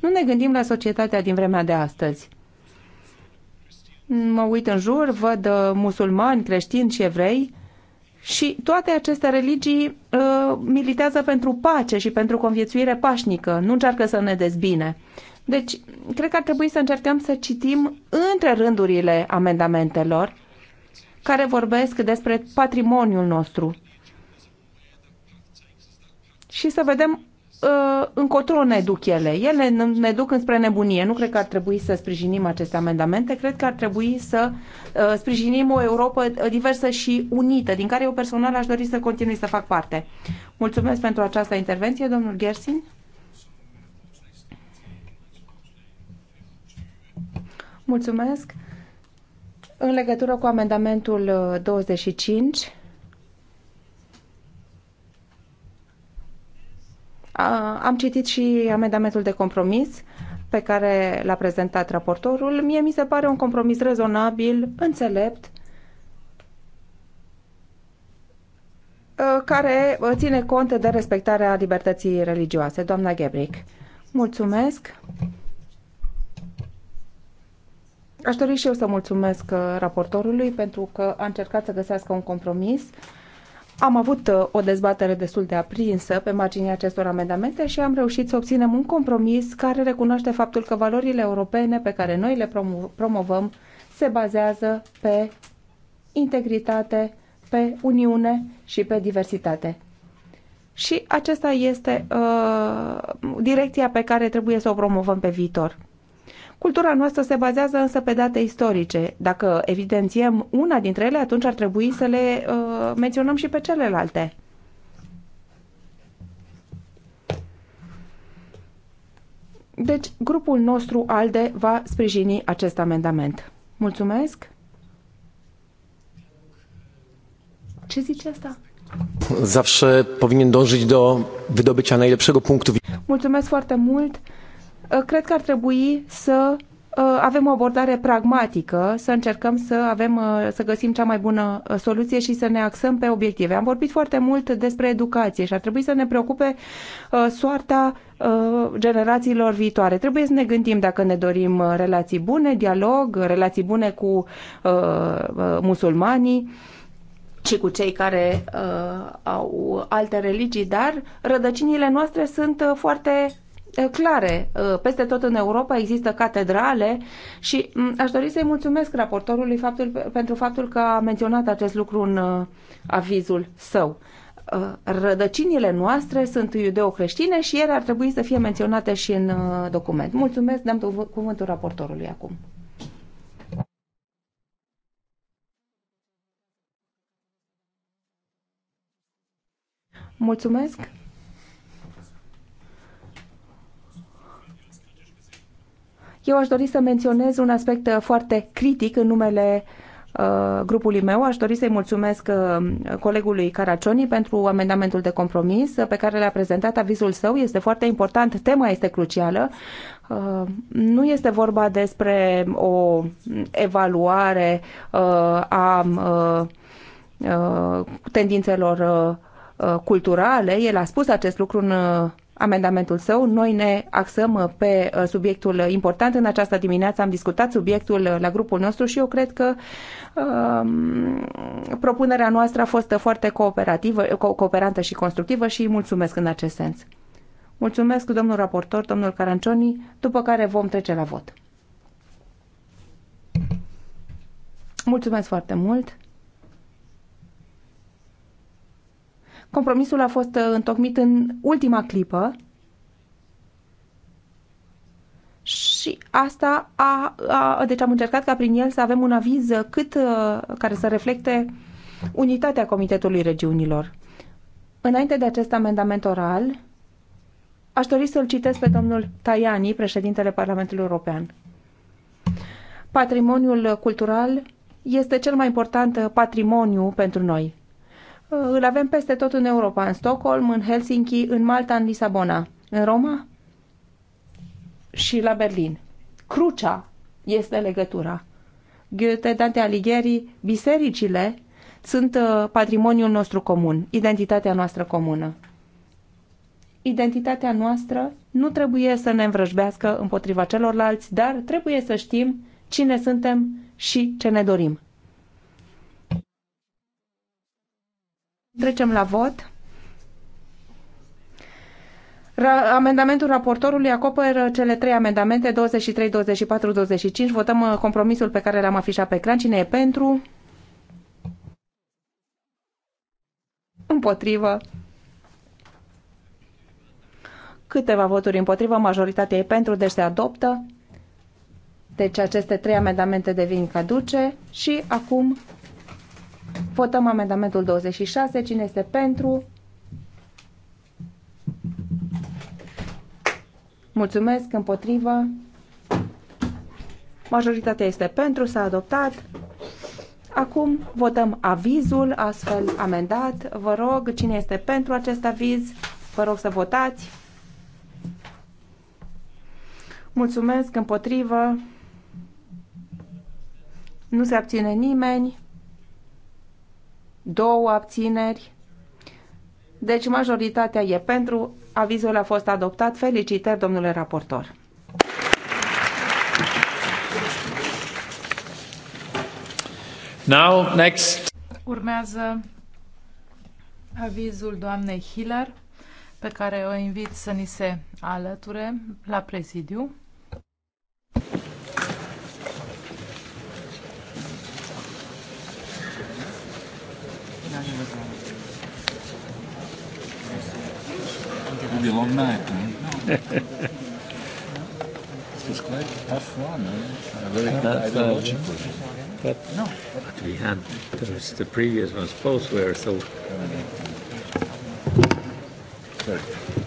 nu ne gândim la societatea din vremea de astăzi. Mă uit în jur, văd uh, musulmani, creștini și evrei și toate aceste religii uh, militează pentru pace și pentru conviețuire pașnică, nu încearcă să ne dezbine. Deci, cred că ar trebui să încercăm să citim între rândurile amendamentelor care vorbesc despre patrimoniul nostru și să vedem Uh, încotro ne duc ele. Ele ne duc înspre nebunie. Nu cred că ar trebui să sprijinim aceste amendamente. Cred că ar trebui să uh, sprijinim o Europa diversă și unită, din care eu personal aș dori să continui să fac parte. Mulțumesc pentru această intervenție, domnul Gersin. Mulțumesc. În legătură cu amendamentul 25, uh, Am citit și amendamentul de compromis pe care l-a prezentat raportorul. Mie mi se pare un compromis rezonabil, înțelept, care ține cont de respectarea libertății religioase. Doamna Gebric, mulțumesc. Aș dori și eu să mulțumesc raportorului pentru că a încercat să găsească un compromis am avut uh, o dezbatere destul de aprinsă pe marginea acestor amendamente și am reușit să obținem un compromis care recunoaște faptul că valorile europene pe care noi le promovăm se bazează pe integritate, pe uniune și pe diversitate. Și acesta este uh, direcția pe care trebuie să o promovăm pe viitor. Cultura noastră se bazează însă pe date istorice. Dacă evidențiem una dintre ele, atunci ar trebui să le uh, menționăm și pe celelalte. Deci, grupul nostru ALDE va sprijini acest amendament. Mulțumesc! Ce zice asta? Zawsze powinien dążyć do wydobycia najlepszego punktu Mulțumesc foarte mult! Uh, cred că ar trebui să uh, avem o abordare pragmatică, să încercăm să avem, uh, să găsim cea mai bună soluție și să ne axăm pe obiective. Am vorbit foarte mult despre educație și ar trebui să ne preocupe soarta generațiilor viitoare. Trebuie să ne gândim dacă ne dorim relații bune, dialog, relații bune cu musulmanii, și cu cei care au alte religii, dar rădăcinile noastre sunt foarte Eh, clare. Eh, peste tot în Europa există catedrale și mm, aș dori să-i mulțumesc raportorului faptul, pentru faptul că a menționat acest lucru în eh, avizul său. Rădăcinile noastre sunt iudeo-creștine și ele ar trebui să fie menționate și în document. Mulțumesc, dăm cuvântul raportorului acum. Mulțumesc! Eu aș dori să menționez un aspect uh, foarte critic în numele uh, grupului meu. Aș dori să-i mulțumesc uh, colegului Caracioni pentru amendamentul de compromis pe care l-a prezentat avizul său. Este foarte important, tema este crucială. Nu este vorba despre o evaluare a tendințelor culturale. El a spus acest lucru în amendamentul său. Noi ne axăm uh, pe uh, subiectul important. În această dimineață am discutat subiectul uh, la grupul nostru și eu cred că um, propunerea noastră a fost foarte cooperativă, co cooperantă și constructivă și îi mulțumesc în acest sens. Mulțumesc, domnul raportor, domnul Carancioni, după care vom trece la vot. Mulțumesc foarte mult! Compromisul a fost uh, întocmit în ultima clipă și asta a, a, deci am încercat ca prin el să avem un aviz uh, cât uh, care să reflecte unitatea Comitetului Regiunilor. Înainte de acest amendament oral, aș dori să-l citesc pe domnul Tajani, președintele Parlamentului European. Patrimoniul cultural este cel mai important patrimoniu pentru noi. Uh, îl avem peste tot în Europa, în Stockholm, în Helsinki, în Malta, în Lisabona, în Roma și la Berlin. Crucea este legătura. Goethe, Dante Alighieri, bisericile sunt uh, patrimoniul nostru comun, identitatea noastră comună. Identitatea noastră nu trebuie să ne învrăjbească împotriva celorlalți, dar trebuie să știm cine suntem și ce ne dorim. Trecem la vot. Ra amendamentul raportorului acoperă cele trei amendamente 23, 24, 25. Votăm uh, compromisul pe care l-am afișat pe ecran. Cine e pentru? Împotrivă. Câteva voturi împotrivă, majoritatea e pentru, deci se adoptă. Deci aceste trei amendamente devin caduce și acum Votăm amendamentul 26. Cine este pentru? Mulțumesc. Împotrivă. Majoritatea este pentru. S-a adoptat. Acum votăm avizul astfel amendat. Vă rog, cine este pentru acest aviz? Vă rog să votați. Mulțumesc. Împotrivă. Nu se abține nimeni două abțineri. Deci majoritatea e pentru. Avizul a fost adoptat. Felicitări, domnule raportor. Now, next. Urmează avizul doamnei Hiller, pe care o invit să ni se alăture la prezidiu. be a long night. it was quite a tough one. Eh? Very ideological. But, no. but we had those, the previous ones both were so. Sorry.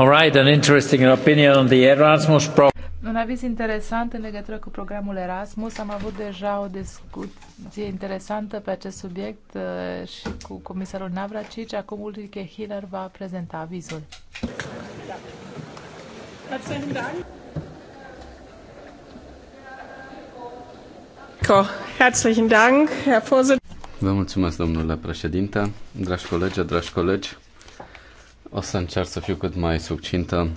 All right, an interesting opinion on the Erasmus program. Un aviz interesant în legătură cu programul Erasmus. Am avut deja o discuție interesantă pe acest subiect uh, și cu comisarul Navracici. Acum Ulrike Hiller va prezenta avizul. Vă mulțumesc, domnule președinte, dragi colegi, dragi colegi. O să încerc să fiu cât mai succintă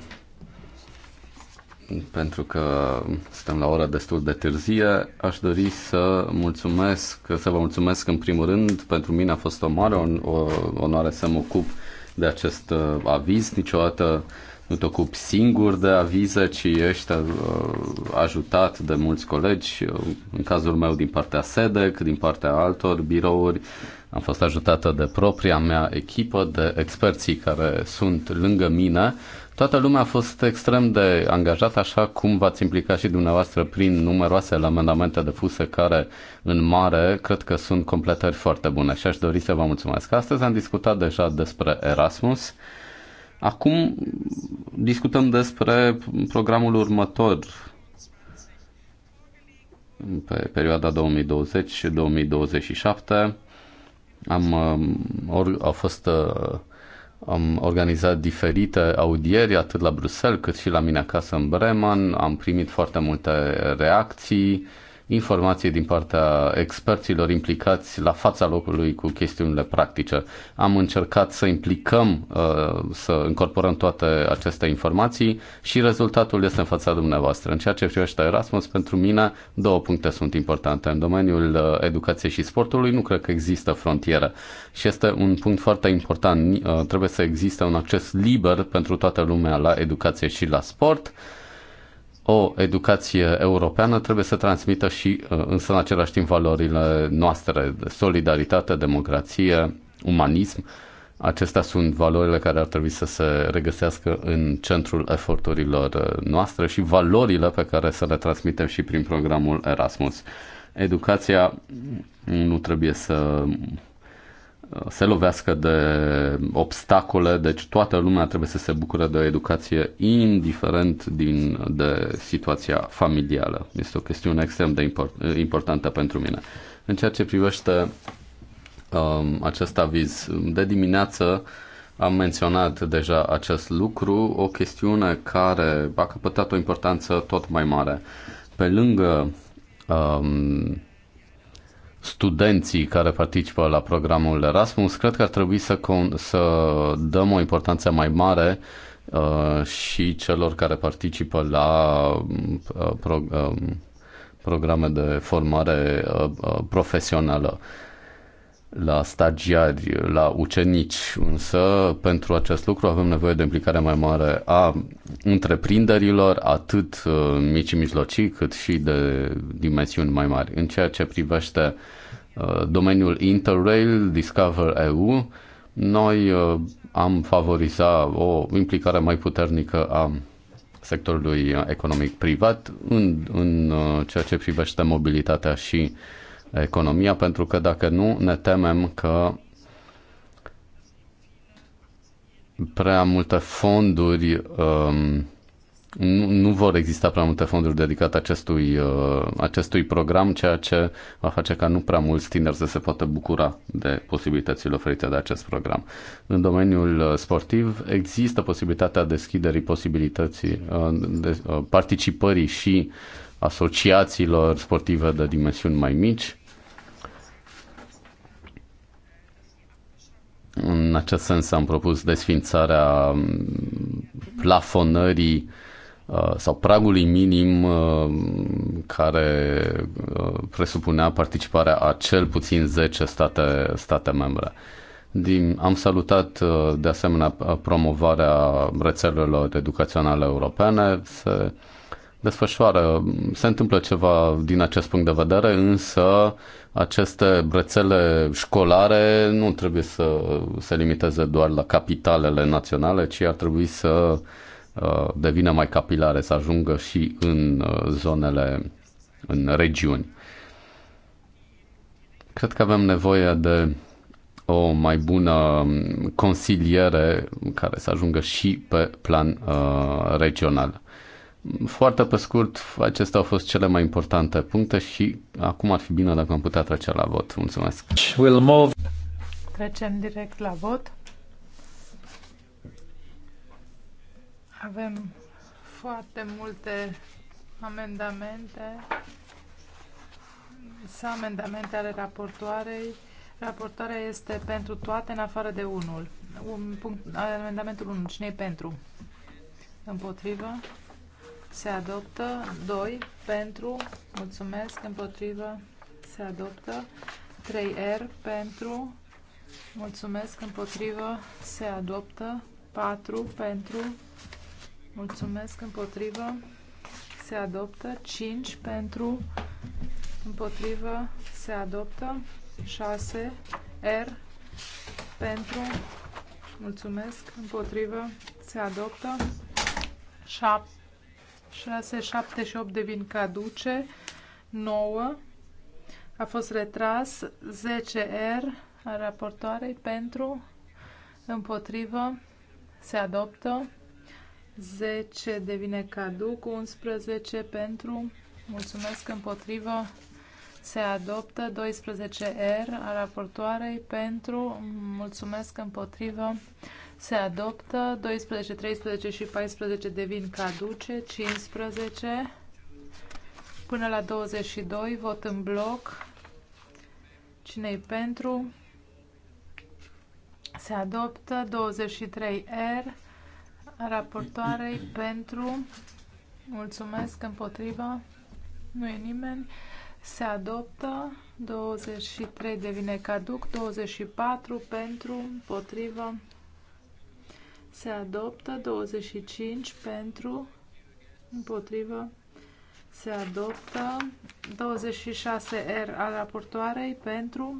pentru că suntem la ora destul de târzie. Aș dori să mulțumesc, să vă mulțumesc în primul rând. Pentru mine a fost o mare o, onoare să mă ocup de acest uh, aviz. Niciodată nu te ocupi singur de avize, ci ești uh, ajutat de mulți colegi, uh, în cazul meu din partea SEDEC, din partea altor birouri, am fost ajutată de propria mea echipă, de experții care sunt lângă mine. Toată lumea a fost extrem de angajată, așa cum v-ați implicat și dumneavoastră prin numeroase amendamente depuse, care, în mare, cred că sunt completări foarte bune și aș dori să vă mulțumesc. Astăzi am discutat deja despre Erasmus. Acum discutăm despre programul următor pe perioada 2020-2027 am, um, or, au fost uh, am organizat diferite audieri atât la Bruxelles cât și la mine acasă în Bremen, am primit foarte multe reacții, informații din partea experților implicați la fața locului cu chestiunile practice. Am încercat să implicăm, uh, să incorporăm toate aceste informații și rezultatul este în fața dumneavoastră. În ceea ce privește Erasmus, pentru mine două puncte sunt importante. În domeniul uh, educației și sportului nu cred că există frontieră și este un punct foarte important. Uh, trebuie să existe un acces liber pentru toată lumea la educație și la sport o educație europeană trebuie să transmită și, uh, însă, în același timp, valorile noastre solidaritate, democrație, umanism. Acestea sunt valorile care ar trebui să se regăsească în centrul eforturilor uh, noastre și valorile pe care să le transmitem și prin programul Erasmus. Educația nu trebuie să se lovească de obstacole, deci toată lumea trebuie să se bucure de o educație indiferent din, de situația familială. Este o chestiune extrem de import, importantă pentru mine. În ceea ce privește um, acest aviz, de dimineață am menționat deja acest lucru, o chestiune care a căpătat o importanță tot mai mare. Pe lângă um, studenții care participă la programul Erasmus, cred că ar trebui să, să dăm o importanță mai mare uh, și celor care participă la uh, pro, uh, programe de formare uh, uh profesională. Uh, la stagiari, la ucenici, însă pentru acest lucru avem nevoie de implicare mai mare a întreprinderilor, atât uh, mici și mijlocii, cât și de dimensiuni mai mari. În ceea ce privește uh, domeniul Interrail, Discover EU, noi uh, am favoriza o implicare mai puternică a sectorului economic privat în, în ceea ce privește mobilitatea și uh, economia, pentru că dacă nu, ne temem că prea multe fonduri um, nu, nu vor exista prea multe fonduri dedicate acestui, uh, acestui program, ceea ce va face ca nu prea mulți tineri să se poată bucura de posibilitățile oferite de acest program. În domeniul uh, sportiv există posibilitatea deschiderii posibilității uh, de, uh, participării și asociațiilor sportive de dimensiuni mai mici, În acest sens am propus desfințarea mm, plafonării uh, sau pragului minim uh, care uh, presupunea participarea a cel puțin 10 state, state membre. Din, am salutat de asemenea promovarea rețelelor educaționale europene. Se desfășoară, se întâmplă ceva din acest punct de vedere, însă aceste brățele școlare nu trebuie să se limiteze doar la capitalele naționale, ci ar trebui să uh, devină mai capilare, să ajungă și în uh, zonele, în regiuni. Cred că avem nevoie de o mai bună consiliere care să ajungă și pe plan uh, regional. Foarte pe scurt, acestea au fost cele mai importante puncte și acum ar fi bine dacă am putea trece la vot. Mulțumesc! We'll move. Trecem direct la vot. Avem foarte multe amendamente. Sunt amendamente ale raportoarei. Raportoarea este pentru toate, în afară de unul. Un punct, amendamentul 1. Cine e pentru? Împotrivă? se adoptă. 2 pentru, mulțumesc, împotrivă, se adoptă. 3R pentru, mulțumesc, împotrivă, se adoptă. 4 pentru, mulțumesc, împotrivă, se adoptă. 5 pentru, împotrivă, se adoptă. 6 R pentru, mulțumesc, împotrivă, se adoptă. 7 6, 7 și 8 devin caduce, 9 a fost retras, 10R a raportoarei pentru, împotrivă, se adoptă, 10 devine caduc, 11 pentru, mulțumesc, împotrivă, se adoptă, 12R a raportoarei pentru, mulțumesc, împotrivă, se adoptă, 12, 13 și 14 devin caduce, 15 până la 22, vot în bloc, cine-i pentru, se adoptă, 23R, raportoarei pentru, mulțumesc, împotriva, nu e nimeni, se adoptă, 23 devine caduc, 24 pentru, împotriva, se adoptă, 25 pentru, împotrivă, se adoptă, 26R al raportoarei pentru,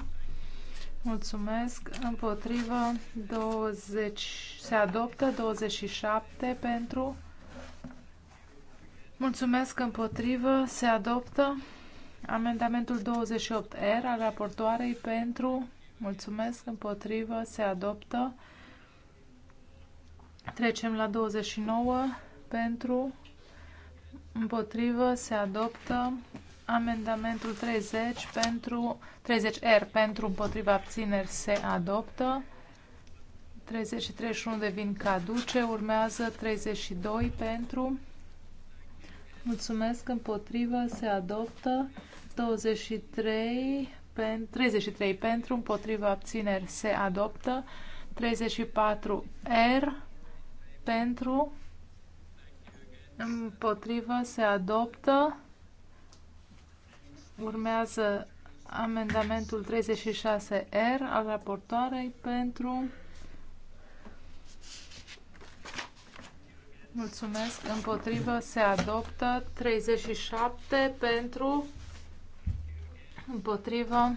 mulțumesc, împotrivă, 20, se adoptă, 27 pentru, mulțumesc, împotrivă, se adoptă, amendamentul 28R al raportoarei pentru, mulțumesc, împotrivă, se adoptă, Trecem la 29 pentru, împotrivă, se adoptă amendamentul 30 pentru 30R pentru împotriva abțineri se adoptă. 30 și 31 devin caduce, urmează 32 pentru Mulțumesc, împotrivă se adoptă 23 pentru 33 pentru împotriva abțineri se adoptă 34 R pentru, împotrivă, se adoptă. Urmează amendamentul 36R al raportoarei pentru, mulțumesc, împotrivă, se adoptă. 37 pentru, împotrivă,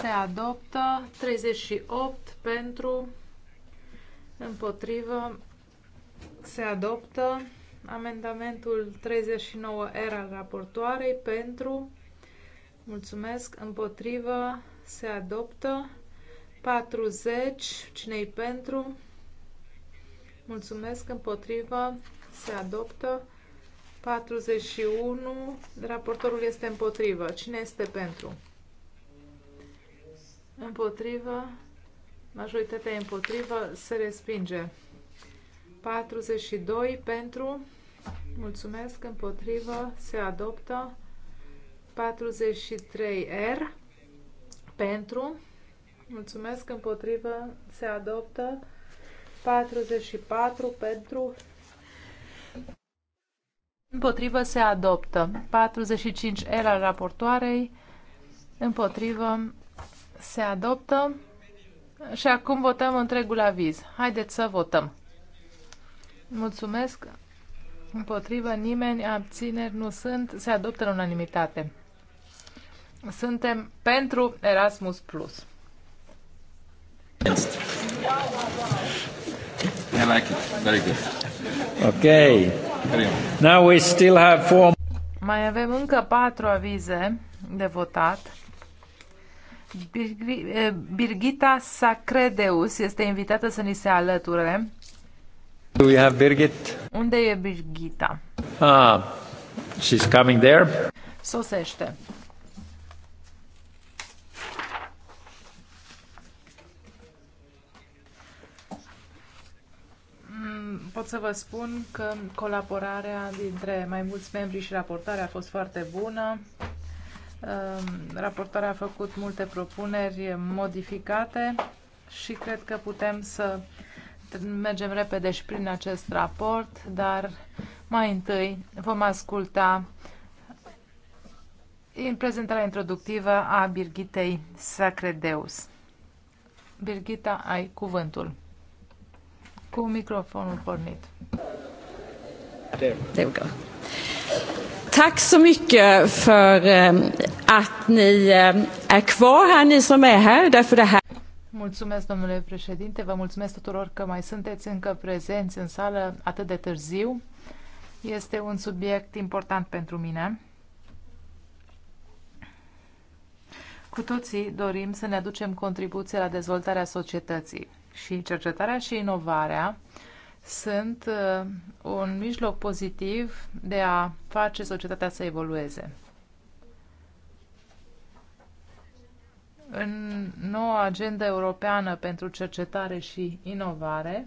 se adoptă. 38 pentru, împotrivă, se adoptă amendamentul 39R al raportoarei pentru, mulțumesc, împotrivă, se adoptă 40, cine-i pentru, mulțumesc, împotrivă, se adoptă 41, raportorul este împotrivă, cine este pentru? Împotrivă, majoritatea împotrivă, se respinge. 42 pentru, mulțumesc, împotrivă, se adoptă. 43R pentru, mulțumesc, împotrivă, se adoptă. 44 pentru, împotrivă, se adoptă. 45R al raportoarei, împotrivă, se adoptă. Și acum votăm întregul aviz. Haideți să votăm. Mulțumesc. Împotrivă nimeni, abțineri nu sunt, se adoptă în unanimitate. Suntem pentru Erasmus+. Plus. I like it. Very good. Now we still have four... Mai avem încă patru avize de votat. Birgita Sacredeus este invitată să ni se alăture. Do we have Birgit? Unde e Birgita? Ah, she's coming there. Sosește. Mm, pot să vă spun că colaborarea dintre mai mulți membri și raportarea a fost foarte bună. Ehm, Raportarea a făcut multe propuneri modificate și cred că putem să mergem repede și prin acest raport, dar mai întâi vom asculta în prezentarea introductivă a Birgitei Sacredeus. Birgita, ai cuvântul. Cu microfonul pornit. There, we go. Tack så mycket för ehm, att ni ehm, är kvar här, ni som är här, därför det här Mulțumesc, domnule președinte, vă mulțumesc tuturor că mai sunteți încă prezenți în sală atât de târziu. Este un subiect important pentru mine. Cu toții dorim să ne aducem contribuție la dezvoltarea societății și cercetarea și inovarea sunt uh, un mijloc pozitiv de a face societatea să evolueze. În noua agenda europeană pentru cercetare și inovare,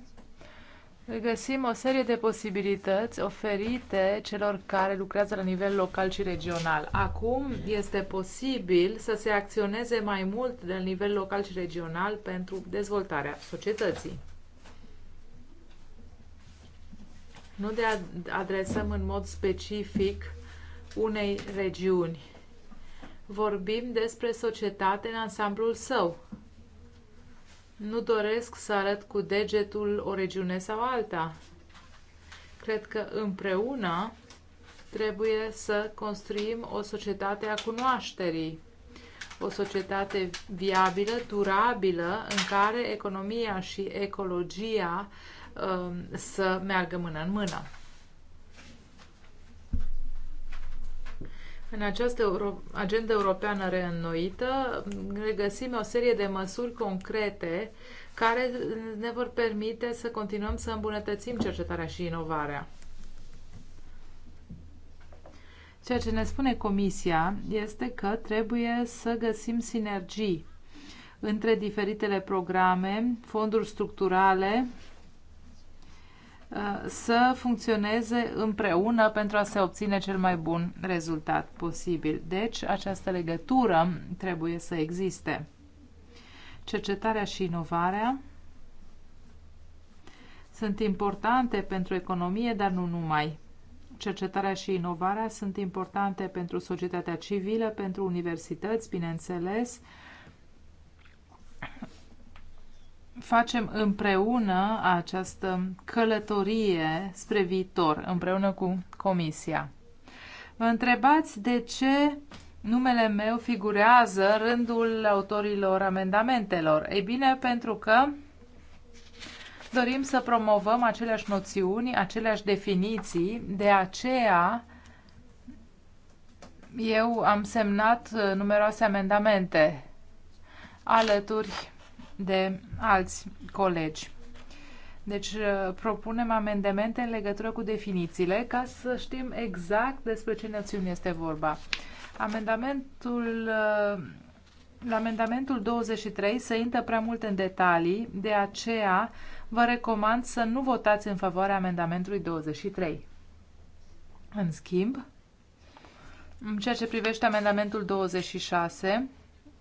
găsim o serie de posibilități oferite celor care lucrează la nivel local și regional. Acum este posibil să se acționeze mai mult la nivel local și regional pentru dezvoltarea societății. nu ne adresăm în mod specific unei regiuni. Vorbim despre societate în ansamblul său. Nu doresc să arăt cu degetul o regiune sau alta. Cred că împreună trebuie să construim o societate a cunoașterii, o societate viabilă, durabilă, în care economia și ecologia Um, să meargă mână în mână. În această Euro- agenda europeană reînnoită regăsim o serie de măsuri concrete care ne vor permite să continuăm să îmbunătățim cercetarea și inovarea. Ceea ce ne spune Comisia este că trebuie să găsim sinergii între diferitele programe, fonduri structurale să funcționeze împreună pentru a se obține cel mai bun rezultat posibil. Deci, această legătură trebuie să existe. Cercetarea și inovarea sunt importante pentru economie, dar nu numai. Cercetarea și inovarea sunt importante pentru societatea civilă, pentru universități, bineînțeles, facem împreună această călătorie spre viitor, împreună cu Comisia. Vă întrebați de ce numele meu figurează în rândul autorilor amendamentelor? Ei bine, pentru că dorim să promovăm aceleași noțiuni, aceleași definiții, de aceea eu am semnat numeroase amendamente alături de alți colegi. Deci uh, propunem amendamente în legătură cu definițiile ca să știm exact despre ce națiuni este vorba. Amendamentul uh, la amendamentul 23 se intră prea mult în detalii, de aceea vă recomand să nu votați în favoarea amendamentului 23. În schimb, în ceea ce privește amendamentul 26,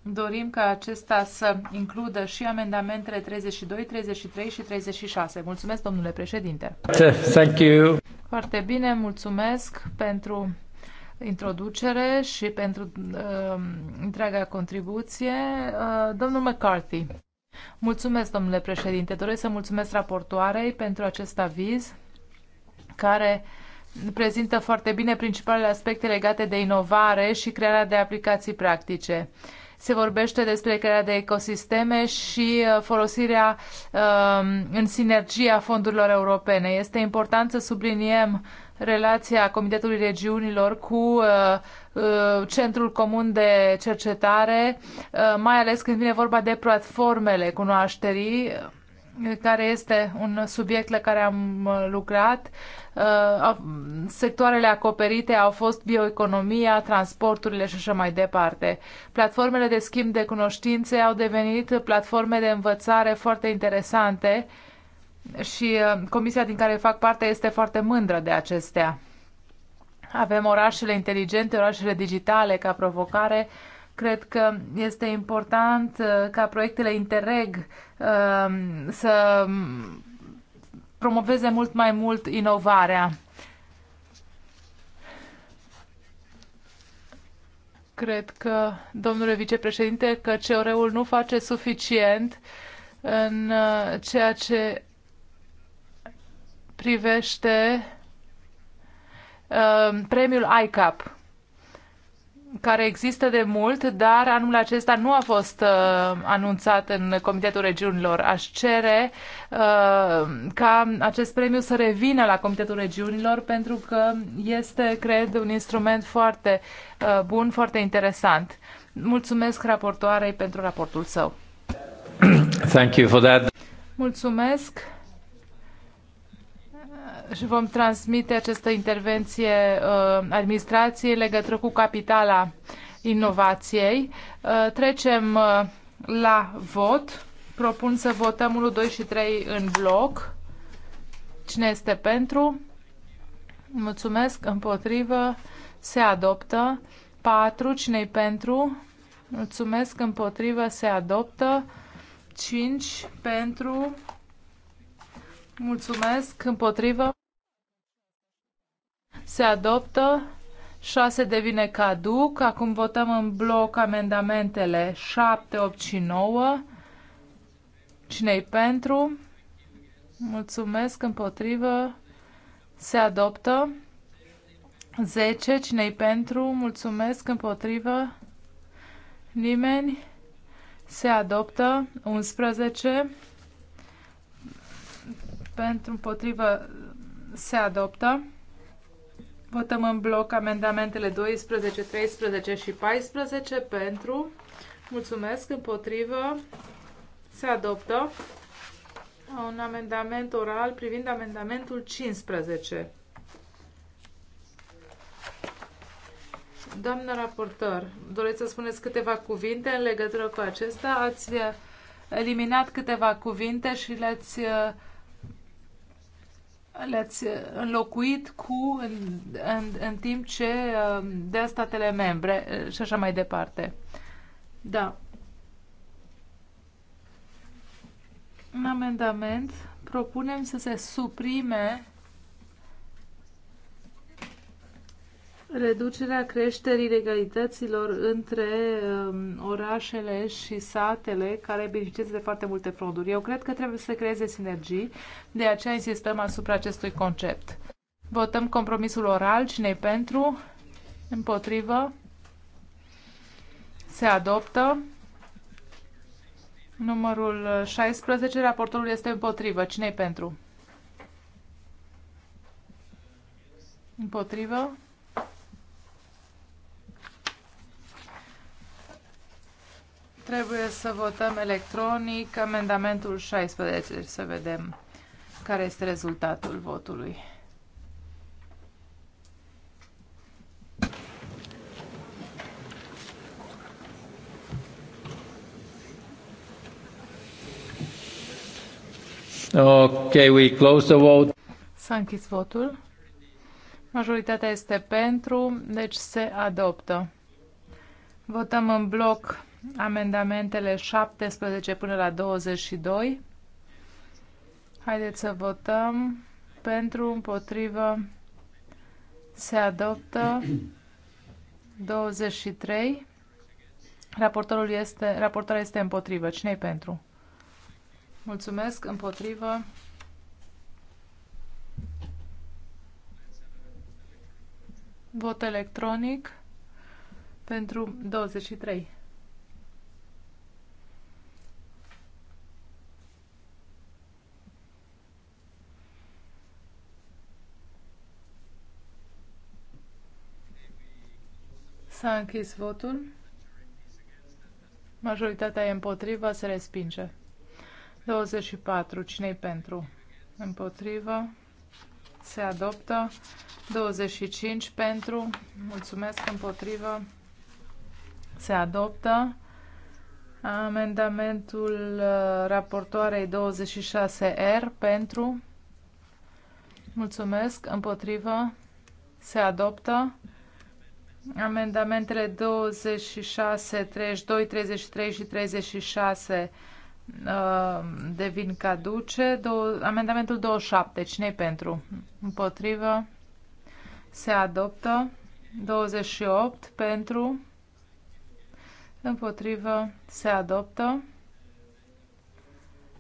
dorim ca acesta să includă și amendamentele 32, 33 și 36. Mulțumesc, domnule președinte. Thank you. Foarte bine, mulțumesc pentru introducere și pentru uh, întreaga contribuție. Uh, domnul McCarthy. Mulțumesc, domnule președinte. Doresc să mulțumesc raportoarei pentru acest aviz care prezintă foarte bine principalele aspecte legate de inovare și crearea de aplicații practice. Uh, se vorbește despre crearea de ecosisteme și uh, folosirea um, în sinergie a fondurilor europene. Este important să subliniem relația Comitetului Regiunilor cu uh, uh, Centrul Comun de Cercetare, mai ales când vine vorba de platformele cunoașterii care este un subiect la care am uh, lucrat. Uh, sectoarele acoperite au fost bioeconomia, transporturile și așa mai departe. Platformele de schimb de cunoștințe au devenit platforme de învățare foarte interesante și uh, comisia din care fac parte este foarte mândră de acestea. Avem orașele inteligente, orașele digitale ca provocare, uh, Cred că este important uh, ca proiectele Interreg um, să promoveze mult mai mult inovarea. Cred că, domnule vicepreședinte, că CR-ul nu face suficient în uh, ceea ce privește uh, premiul ICAP care există de mult, dar anul acesta nu a fost uh, anunțat în Comitetul Regiunilor. Aș cere uh, ca acest premiu să revină la Comitetul Regiunilor pentru că este, cred, un instrument foarte uh, bun, foarte interesant. Mulțumesc raportoarei pentru raportul său. Thank you for that. Mulțumesc și vom transmite această intervenție uh, administrației legătură cu capitala inovației. Uh, trecem uh, la vot. Propun să votăm 1, 2 și 3 în bloc. Cine este pentru? Mulțumesc. Împotrivă. Se adoptă. 4. Cine-i pentru? Mulțumesc. Împotrivă. Se adoptă. 5. Pentru. Mulțumesc. Împotrivă. Se adoptă. 6 devine caduc. Acum votăm în bloc amendamentele 7, 8 și 9. Cine-i pentru? Mulțumesc. Împotrivă. Se adoptă. 10. Cine-i pentru? Mulțumesc. Împotrivă. Nimeni. Se adoptă. 11 pentru împotrivă se adoptă. Votăm în bloc amendamentele 12, 13 și 14 pentru. Mulțumesc, împotrivă se adoptă un amendament oral privind amendamentul 15. Doamnă raportor, doreți să spuneți câteva cuvinte în legătură cu acesta? Ați eliminat câteva cuvinte și le-ați uh, le-ați înlocuit cu în, în, în timp ce um, de statele membre uh, și așa mai departe. Da. În amendament propunem să se suprime reducerea creșterii legalităților între um, orașele și satele care beneficiază de foarte multe fonduri. Eu cred că trebuie să creeze sinergii, de aceea insistăm asupra acestui concept. Votăm compromisul oral. Cine-i pentru? Împotrivă? Se adoptă. Numărul 16. Raportorul este împotrivă. Cine-i pentru? Împotrivă? Trebuie să votăm electronic amendamentul 16, deci să vedem care este rezultatul votului. Okay, we close the vote. S-a închis votul. Majoritatea este pentru, deci se adoptă. Votăm în bloc amendamentele 17 până la 22. Haideți să votăm pentru, împotrivă, se adoptă 23. Raportorul este, raportorul este împotrivă. cine pentru? Mulțumesc, împotrivă. Vot electronic pentru 23. S-a închis votul. Majoritatea e împotriva, se respinge. 24. Cine-i pentru? Împotrivă. Se adoptă. 25 pentru. Mulțumesc. Împotrivă. Se adoptă. Amendamentul uh, raportoarei 26R pentru. Mulțumesc. Împotrivă. Se adoptă. Amendamentele 26, 32, 33 și 36 uh, devin caduce. Do amendamentul 27. Cine-i pentru? Împotrivă. Se adoptă. 28 pentru. Împotrivă. Se adoptă.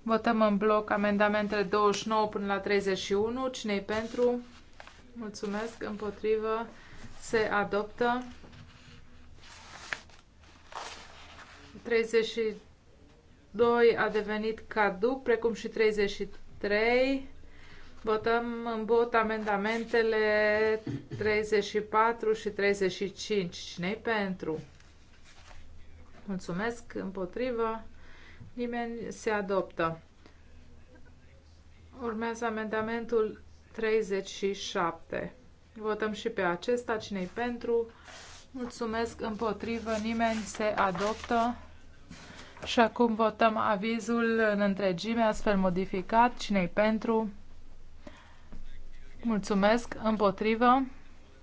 Votăm în bloc amendamentele 29 până la 31. Cine-i pentru? Mulțumesc. Împotrivă se adoptă 32 a devenit caduc, precum și 33. Votăm în vot amendamentele 34 și 35. Cine-i pentru? Mulțumesc. Împotrivă. Nimeni se adoptă. Urmează amendamentul 37. Votăm și pe acesta. Cine-i pentru? Mulțumesc. Împotrivă. Nimeni se adoptă. Și acum votăm avizul în întregime, astfel modificat. Cine-i pentru? Mulțumesc. Împotrivă.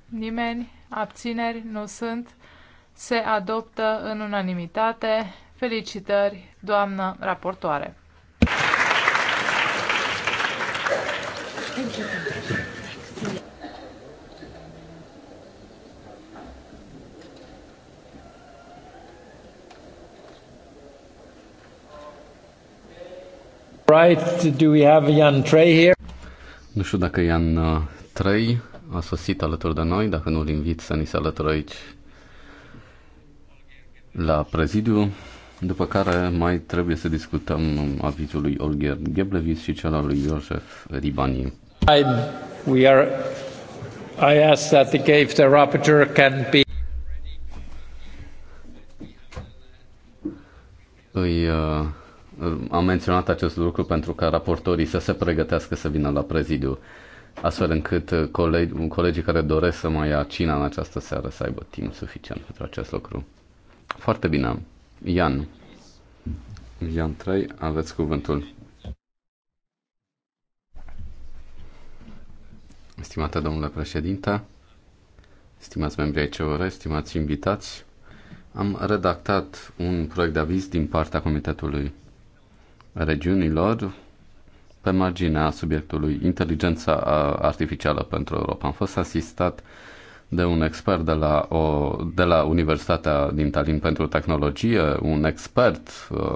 Nimeni. Abțineri nu sunt. Se adoptă în unanimitate. Felicitări, doamnă raportoare. Thank you. right, do we have Ian Trey here? Nu știu dacă Ian uh, Trey a sosit alături de noi, dacă nu-l invit să ni se alătură aici la prezidiu, după care mai trebuie să discutăm avizul lui Olger Geblevis și cel al lui Iosef Ribani. I, we are, I ask that the, if the rapporteur can be îi uh, am menționat acest lucru pentru ca raportorii să se pregătească să vină la prezidiu, astfel încât uh, colegi, colegii care doresc să mai ia cina în această seară să aibă timp suficient pentru acest lucru. Foarte bine. Ian. Ian 3, aveți cuvântul. Stimate domnule președinte, stimați membri ai CVR, stimați invitați, am redactat un proiect de aviz din partea Comitetului regiunilor pe marginea subiectului inteligența artificială pentru Europa. Am fost asistat de un expert de la, o, de la Universitatea din Tallinn pentru Tehnologie, un expert uh,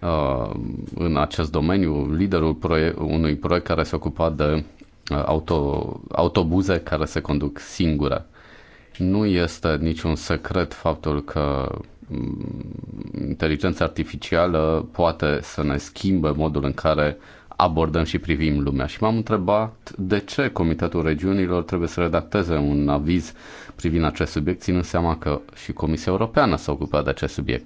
uh, în acest domeniu, liderul proie- unui proiect care se ocupa de uh, auto, autobuze care se conduc singure. Nu este niciun secret faptul că Mm, inteligența artificială poate să ne schimbe modul în care abordăm și privim lumea. Și m-am întrebat de ce Comitetul Regiunilor trebuie să redacteze un aviz privind acest subiect, ținând seama că și Comisia Europeană s-a ocupat de acest subiect.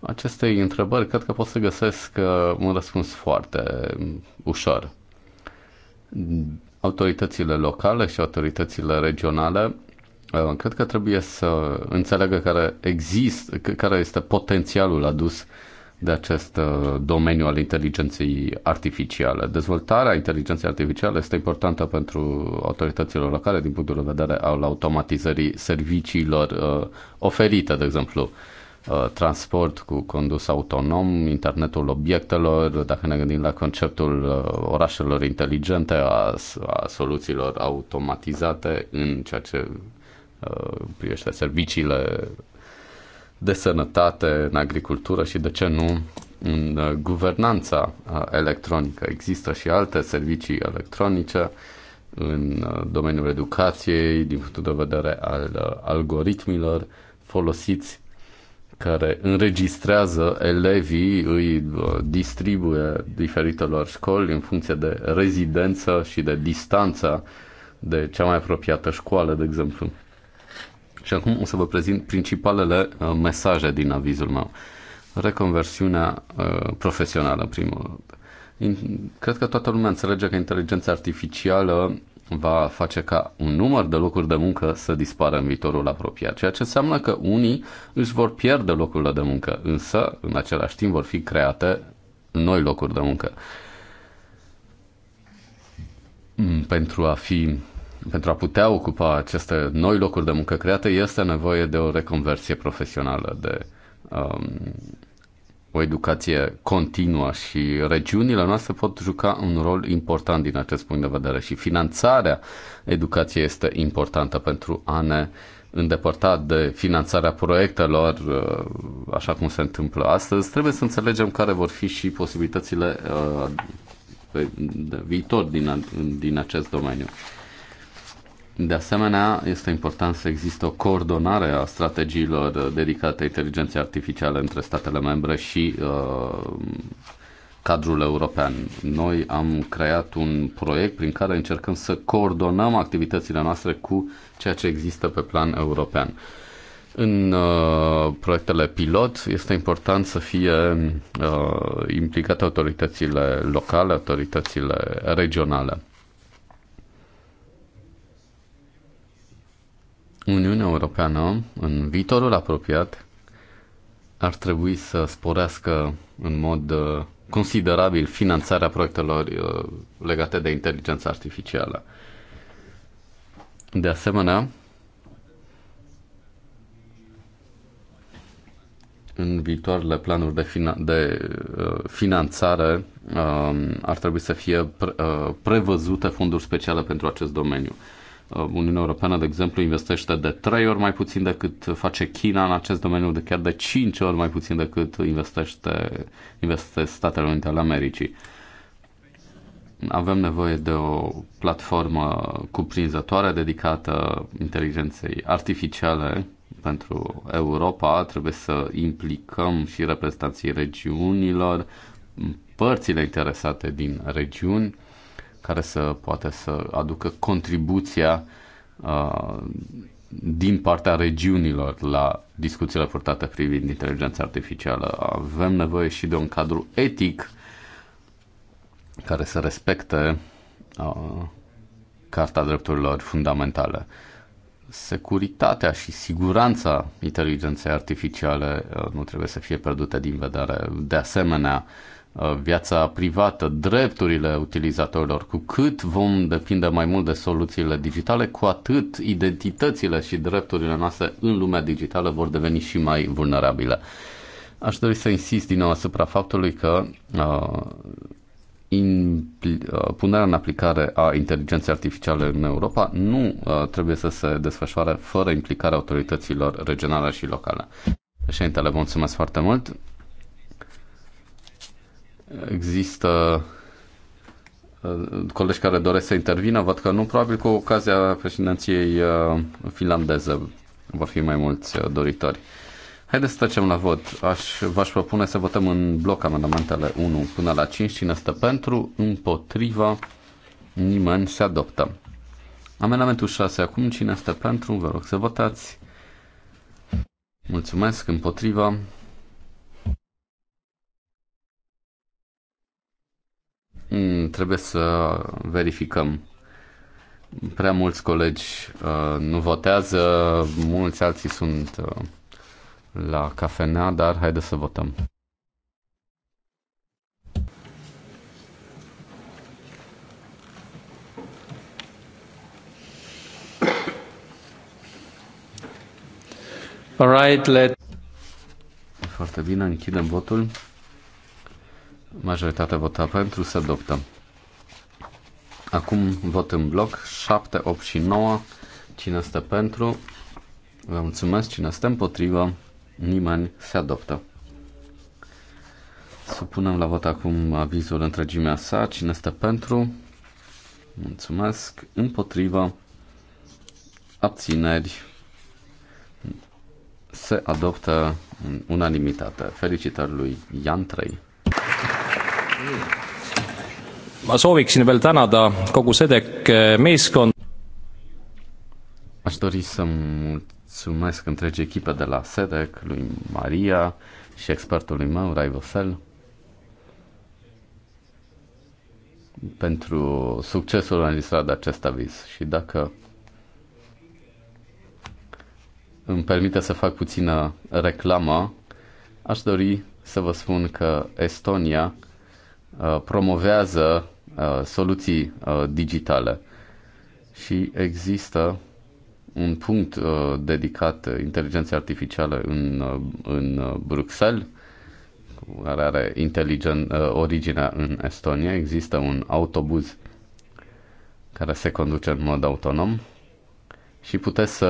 Acestei întrebări cred că pot să găsesc uh, un răspuns foarte mm, ușor. Autoritățile locale și autoritățile regionale Uh, cred că trebuie să înțeleagă care, există, care este potențialul adus de acest uh, domeniu al inteligenței artificiale. Dezvoltarea inteligenței artificiale este importantă pentru autoritățile locale din punctul de vedere al automatizării serviciilor uh, oferite, de exemplu, transport cu condus autonom, internetul obiectelor, dacă ne gândim la conceptul orașelor inteligente, a, a soluțiilor automatizate în ceea ce privește serviciile de sănătate în agricultură și, de ce nu, în uh, guvernanța uh, electronică. Există și alte servicii electronice în uh, domeniul educației, din punctul de vedere al algoritmilor folosiți care înregistrează elevii, îi distribuie diferitelor școli în funcție de rezidență și de distanța de cea mai apropiată școală, de exemplu. Și acum o să vă prezint principalele uh, mesaje din avizul meu. Reconversiunea uh, profesională, primul. Cred că toată lumea înțelege că inteligența artificială va face ca un număr de locuri de muncă să dispară în viitorul apropiat, ceea ce înseamnă că unii își vor pierde locurile de muncă, însă, în același timp, vor fi create noi locuri de muncă. Mm, pentru a fi pentru a putea ocupa aceste noi locuri de muncă create, este nevoie de o reconversie profesională, de um, o educație continuă și regiunile noastre pot juca un rol important din acest punct de vedere și finanțarea educației este importantă pentru a ne îndepărta de finanțarea proiectelor, uh, așa cum se întâmplă astăzi, trebuie să înțelegem care vor fi și posibilitățile uh, de viitor din, din acest domeniu. De asemenea, este important să există o coordonare a strategiilor dedicate inteligenței artificiale între statele membre și uh, cadrul european. Noi am creat un proiect prin care încercăm să coordonăm activitățile noastre cu ceea ce există pe plan european. În uh, proiectele pilot este important să fie uh, implicate autoritățile locale, autoritățile regionale. Uniunea Europeană, în viitorul apropiat, ar trebui să sporească în mod uh, considerabil finanțarea proiectelor uh, legate de inteligența artificială. De asemenea, în viitoarele planuri de, fina- de uh, finanțare uh, ar trebui să fie pre- uh, prevăzute fonduri speciale pentru acest domeniu. Uh, Uniunea Europeană, de exemplu, investește de 3 ori mai puțin decât face China în acest domeniu, de chiar de 5 ori mai puțin decât investește, investește Statele Unite ale Americii. Avem nevoie de o platformă cuprinzătoare dedicată inteligenței artificiale pentru Europa. Trebuie să implicăm și reprezentanții regiunilor, părțile interesate din regiuni care să poată să aducă contribuția uh, din partea regiunilor la discuțiile purtate privind inteligența artificială. Avem nevoie și de un cadru etic care să respecte uh, Carta Drepturilor Fundamentale. Securitatea și siguranța inteligenței artificiale uh, nu trebuie să fie pierdute din vedere. De asemenea, uh, Uh, viața privată, drepturile utilizatorilor, cu cât vom depinde mai mult de soluțiile digitale, cu atât identitățile și drepturile noastre în lumea digitală vor deveni și mai vulnerabile. Aș dori să insist din nou asupra faptului că uh, in, uh, punerea în aplicare a inteligenței artificiale în Europa nu uh, trebuie să se desfășoare fără implicarea autorităților regionale și locale. Președintele, mulțumesc foarte mult. Există uh, colegi care doresc să intervină, văd că nu, probabil cu ocazia președinției uh, finlandeze vor fi mai mulți uh, doritori. Haideți să trecem la vot. Aș, v-aș propune să votăm în bloc amendamentele 1 până la 5. Cine stă pentru? Împotriva? Nimeni se adoptă. Amendamentul 6 acum. Cine stă pentru? Vă rog să votați. Mulțumesc. Împotriva? Mm, trebuie să verificăm. Prea mulți colegi uh, nu votează, mulți alții sunt uh, la cafenea, dar haide să votăm. All right, let... Foarte bine, închidem votul. Majoritatea vota pentru, se adoptă. Acum vot în bloc 7, 8 și 9. Cine este pentru? Vă mulțumesc. Cine este împotrivă? Nimeni se adoptă. Supunem la vot acum avizul întregimea sa. Cine este pentru? Mulțumesc. Împotrivă? Abțineri? Se adoptă în unanimitate. Felicitări lui Ian 3 ma sooviksin veel tänada kogu SEDEC eh, meeskond. Aș dori să mulțumesc întregi echipe de la SEDEC, lui Maria și expertului meu, Rai Vosel, pentru succesul înregistrat de acest aviz. Și dacă îmi permite să fac puțină reclamă, aș dori să vă spun că Estonia Uh, promovează uh, soluții uh, digitale și există un punct dedicat inteligenței artificiale în, în Bruxelles, care are inteligen, originea în Estonia. Există un autobuz care se conduce în mod autonom și puteți, să,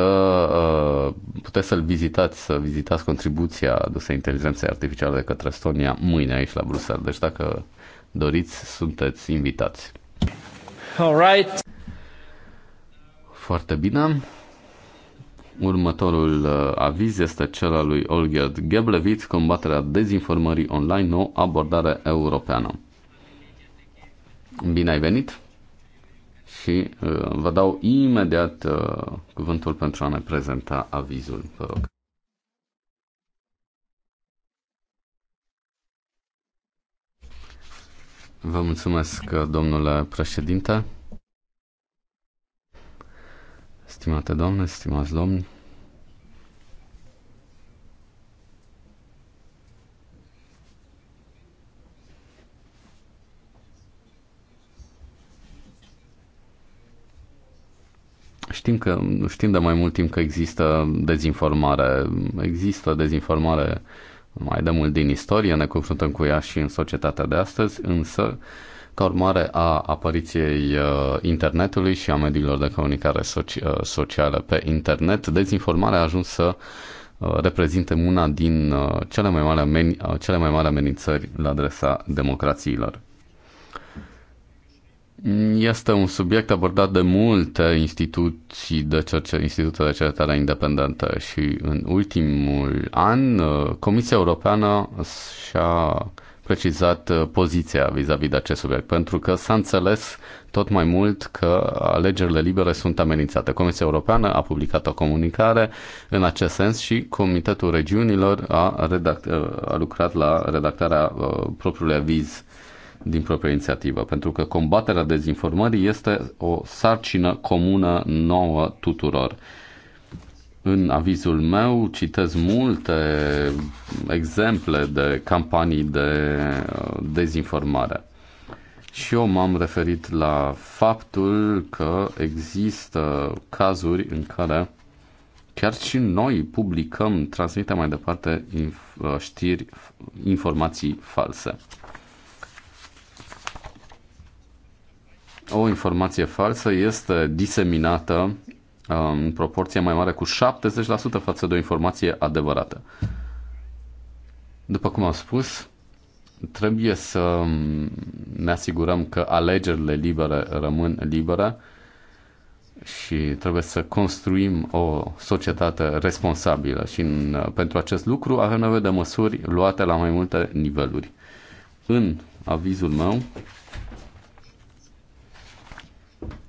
puteți să-l vizitați, să vizitați contribuția adusă inteligenței artificiale de către Estonia mâine aici la Bruxelles. Deci dacă doriți, sunteți invitați. Alright. Foarte bine. Următorul uh, aviz este cel al lui Olgerd Geblevit, combaterea dezinformării online, o abordare europeană. Bine ai venit și uh, vă dau imediat uh, cuvântul pentru a ne prezenta avizul, vă rog. Vă mulțumesc, domnule președinte. Stimate domne, stimați domni, Știm că știm de mai mult timp că există dezinformare, există dezinformare uh, mai de mult din istorie, ne confruntăm cu ea și în societatea de astăzi, însă ca urmare a apariției uh, internetului și a mediilor de comunicare soci- uh, socială pe internet, dezinformarea a ajuns să uh, reprezinte una din cele mai mari, cele mai mari amenințări la adresa democrațiilor. Este un subiect abordat de multe instituții de cercetare, institute de cercetare independentă și în ultimul an uh, Comisia Europeană și-a precizat uh, poziția vis-a-vis -vis de acest subiect, pentru că s-a înțeles tot mai mult că alegerile libere sunt amenințate. Comisia Europeană a publicat o comunicare în acest sens și Comitetul Regiunilor a, redact- uh, a lucrat la redactarea propriului aviz din propria inițiativă, pentru că combaterea dezinformării este o sarcină comună nouă tuturor. În avizul meu citez multe exemple de campanii de uh, dezinformare. Și eu m-am referit la faptul că există cazuri în care chiar și noi publicăm, transmitem mai departe uh, știri, informații false. o informație falsă este diseminată um, în proporție mai mare cu 70% față de o informație adevărată. După cum am spus, trebuie să um, ne asigurăm că alegerile libere rămân libere și trebuie să construim o societate responsabilă și în, uh, pentru acest lucru avem nevoie de măsuri luate la mai multe niveluri. În avizul meu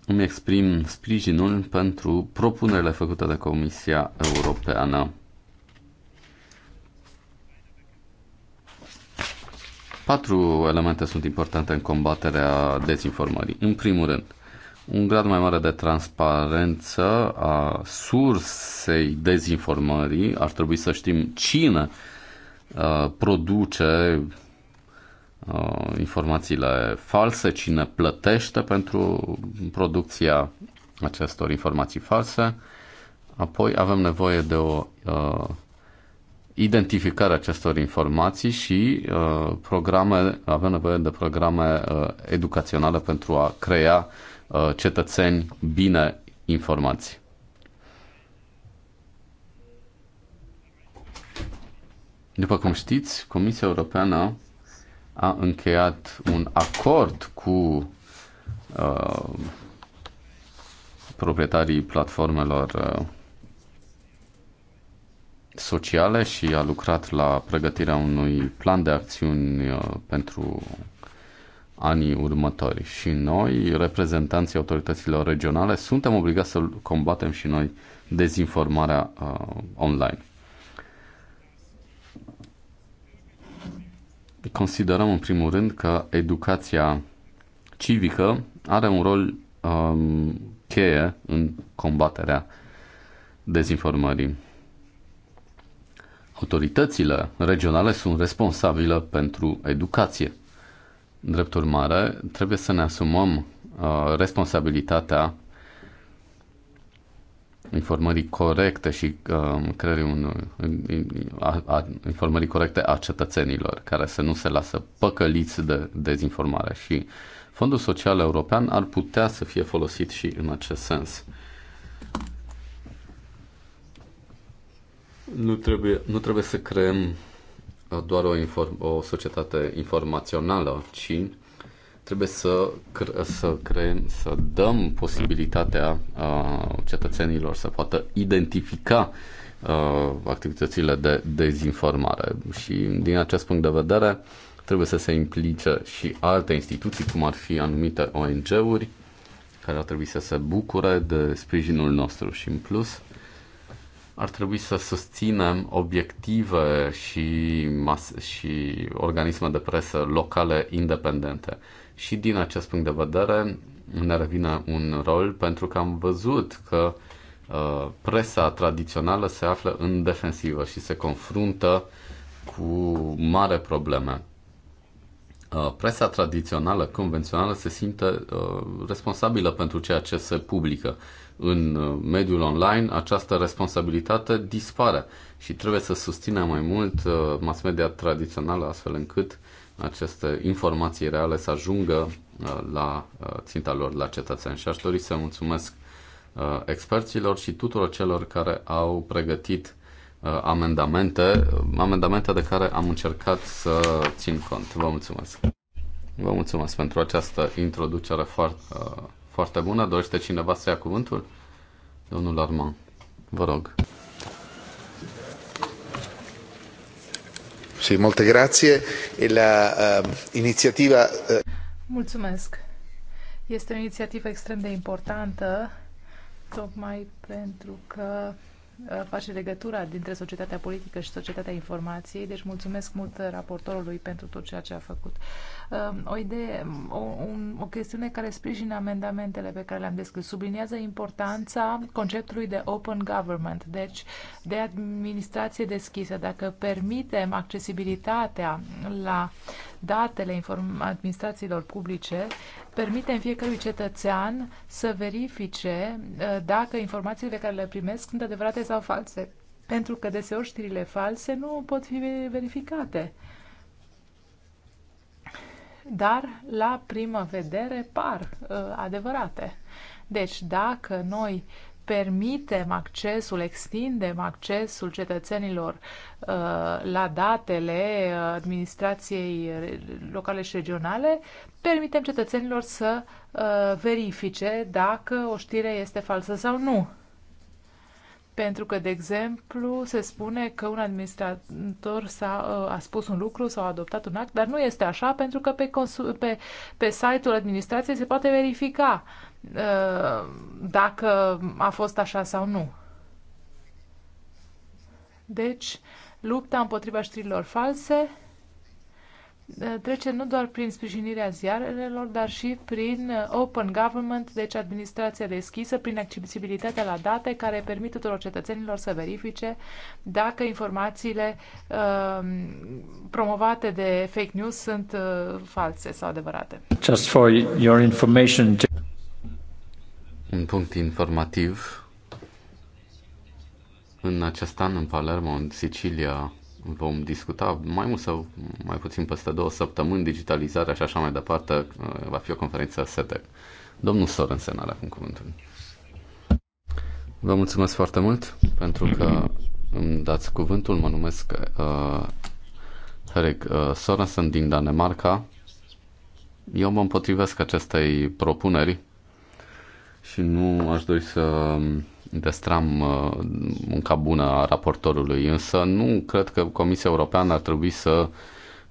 îmi exprim sprijinul pentru propunerile făcute de Comisia Europeană. Patru elemente sunt importante în combaterea dezinformării. În primul rând, un grad mai mare de transparență a sursei dezinformării. Ar trebui să știm cine uh, produce uh, informațiile false, cine plătește pentru producția acestor informații false. Apoi avem nevoie de o uh, identificare acestor informații și uh, programe, avem nevoie de programe uh, educaționale pentru a crea uh, cetățeni bine informați. După cum știți, Comisia Europeană a încheiat un acord cu uh, proprietarii platformelor uh, sociale și a lucrat la pregătirea unui plan de acțiuni uh, pentru anii următori. Și noi, reprezentanții autorităților regionale, suntem obligați să combatem și noi dezinformarea uh, online. Considerăm în primul rând că educația civică are un rol um, cheie în combaterea dezinformării. Autoritățile regionale sunt responsabile pentru educație. Drept urmare, trebuie să ne asumăm uh, responsabilitatea informării corecte și um, creării unui, a, a, informării corecte a cetățenilor, care să nu se lasă păcăliți de dezinformare. Și Fondul Social European ar putea să fie folosit și în acest sens. Nu trebuie, nu trebuie să creăm uh, doar o, inform- o societate informațională, ci Trebuie să, cre- să creăm, să dăm posibilitatea cetățenilor să poată identifica uh, activitățile de dezinformare și din acest punct de vedere trebuie să se implice și alte instituții, cum ar fi anumite ONG-uri, care ar trebui să se bucure de sprijinul nostru și în plus ar trebui să susținem obiective și, mas- și organisme de presă locale independente. Și din acest punct de vedere ne revine un rol pentru că am văzut că uh, presa tradițională se află în defensivă și se confruntă cu mare probleme. Uh, presa tradițională, convențională, se simte uh, responsabilă pentru ceea ce se publică. În mediul online această responsabilitate dispare și trebuie să susținem mai mult mass media tradițională astfel încât aceste informații reale să ajungă uh, la uh, ținta lor, la cetățeni. Și aș dori să mulțumesc uh, experților și tuturor celor care au pregătit amendamente, amendamente de care am încercat să țin cont. Vă mulțumesc! Vă mulțumesc pentru această introducere foarte, foarte bună. Dorește cineva să ia cuvântul? Domnul Arman, vă rog. Sì, molte grazie. E la uh, Uh... Mulțumesc. Este o inițiativă extrem de importantă, tocmai pentru că eh, face legătura dintre societatea politică și societatea informației, deci mulțumesc mult raportorului pentru tot ceea ce a făcut. Ehm, o idee, o, un, o chestiune care sprijină amendamentele pe care le-am descris. Subliniază importanța conceptului de open government, deci de administrație deschisă. Dacă permitem accesibilitatea la datele administrațiilor publice, permitem fiecărui cetățean să verifice eh, dacă informațiile pe care le primesc sunt adevărate sau false. Pentru că deseori știrile false nu pot fi verificate dar la prima vedere par uh, adevărate. Deci dacă noi permitem accesul, extindem accesul cetățenilor uh, la datele uh, administrației locale și regionale, permitem cetățenilor să uh, verifice dacă o știre este falsă sau nu. Pentru că, de exemplu, se spune că un administrator s-a, uh, a spus un lucru sau a adoptat un act, dar nu este așa pentru că pe, pe, pe site-ul administrației se poate verifica uh, dacă a fost așa sau nu. Deci, lupta împotriva știrilor false Uh, trece nu doar prin sprijinirea ziarelor, dar și prin uh, open government, deci administrația deschisă, prin accesibilitatea la date care permit tuturor cetățenilor să verifice dacă informațiile uh, promovate de fake news sunt uh, false sau adevărate. Just for your information. Un punct informativ. În acest an, în Palermo, în Sicilia, vom discuta mai mult sau mai puțin peste două săptămâni digitalizarea și așa mai departe. Uh, va fi o conferință SEDEC. Domnul Sorensen are acum cuvântul. Vă mulțumesc foarte mult pentru că îmi dați cuvântul. Mă numesc uh, Herek uh, Sorensen din Danemarca. Eu mă împotrivesc acestei propuneri și nu aș dori să destram uh, munca bună a raportorului, însă nu cred că Comisia Europeană ar trebui să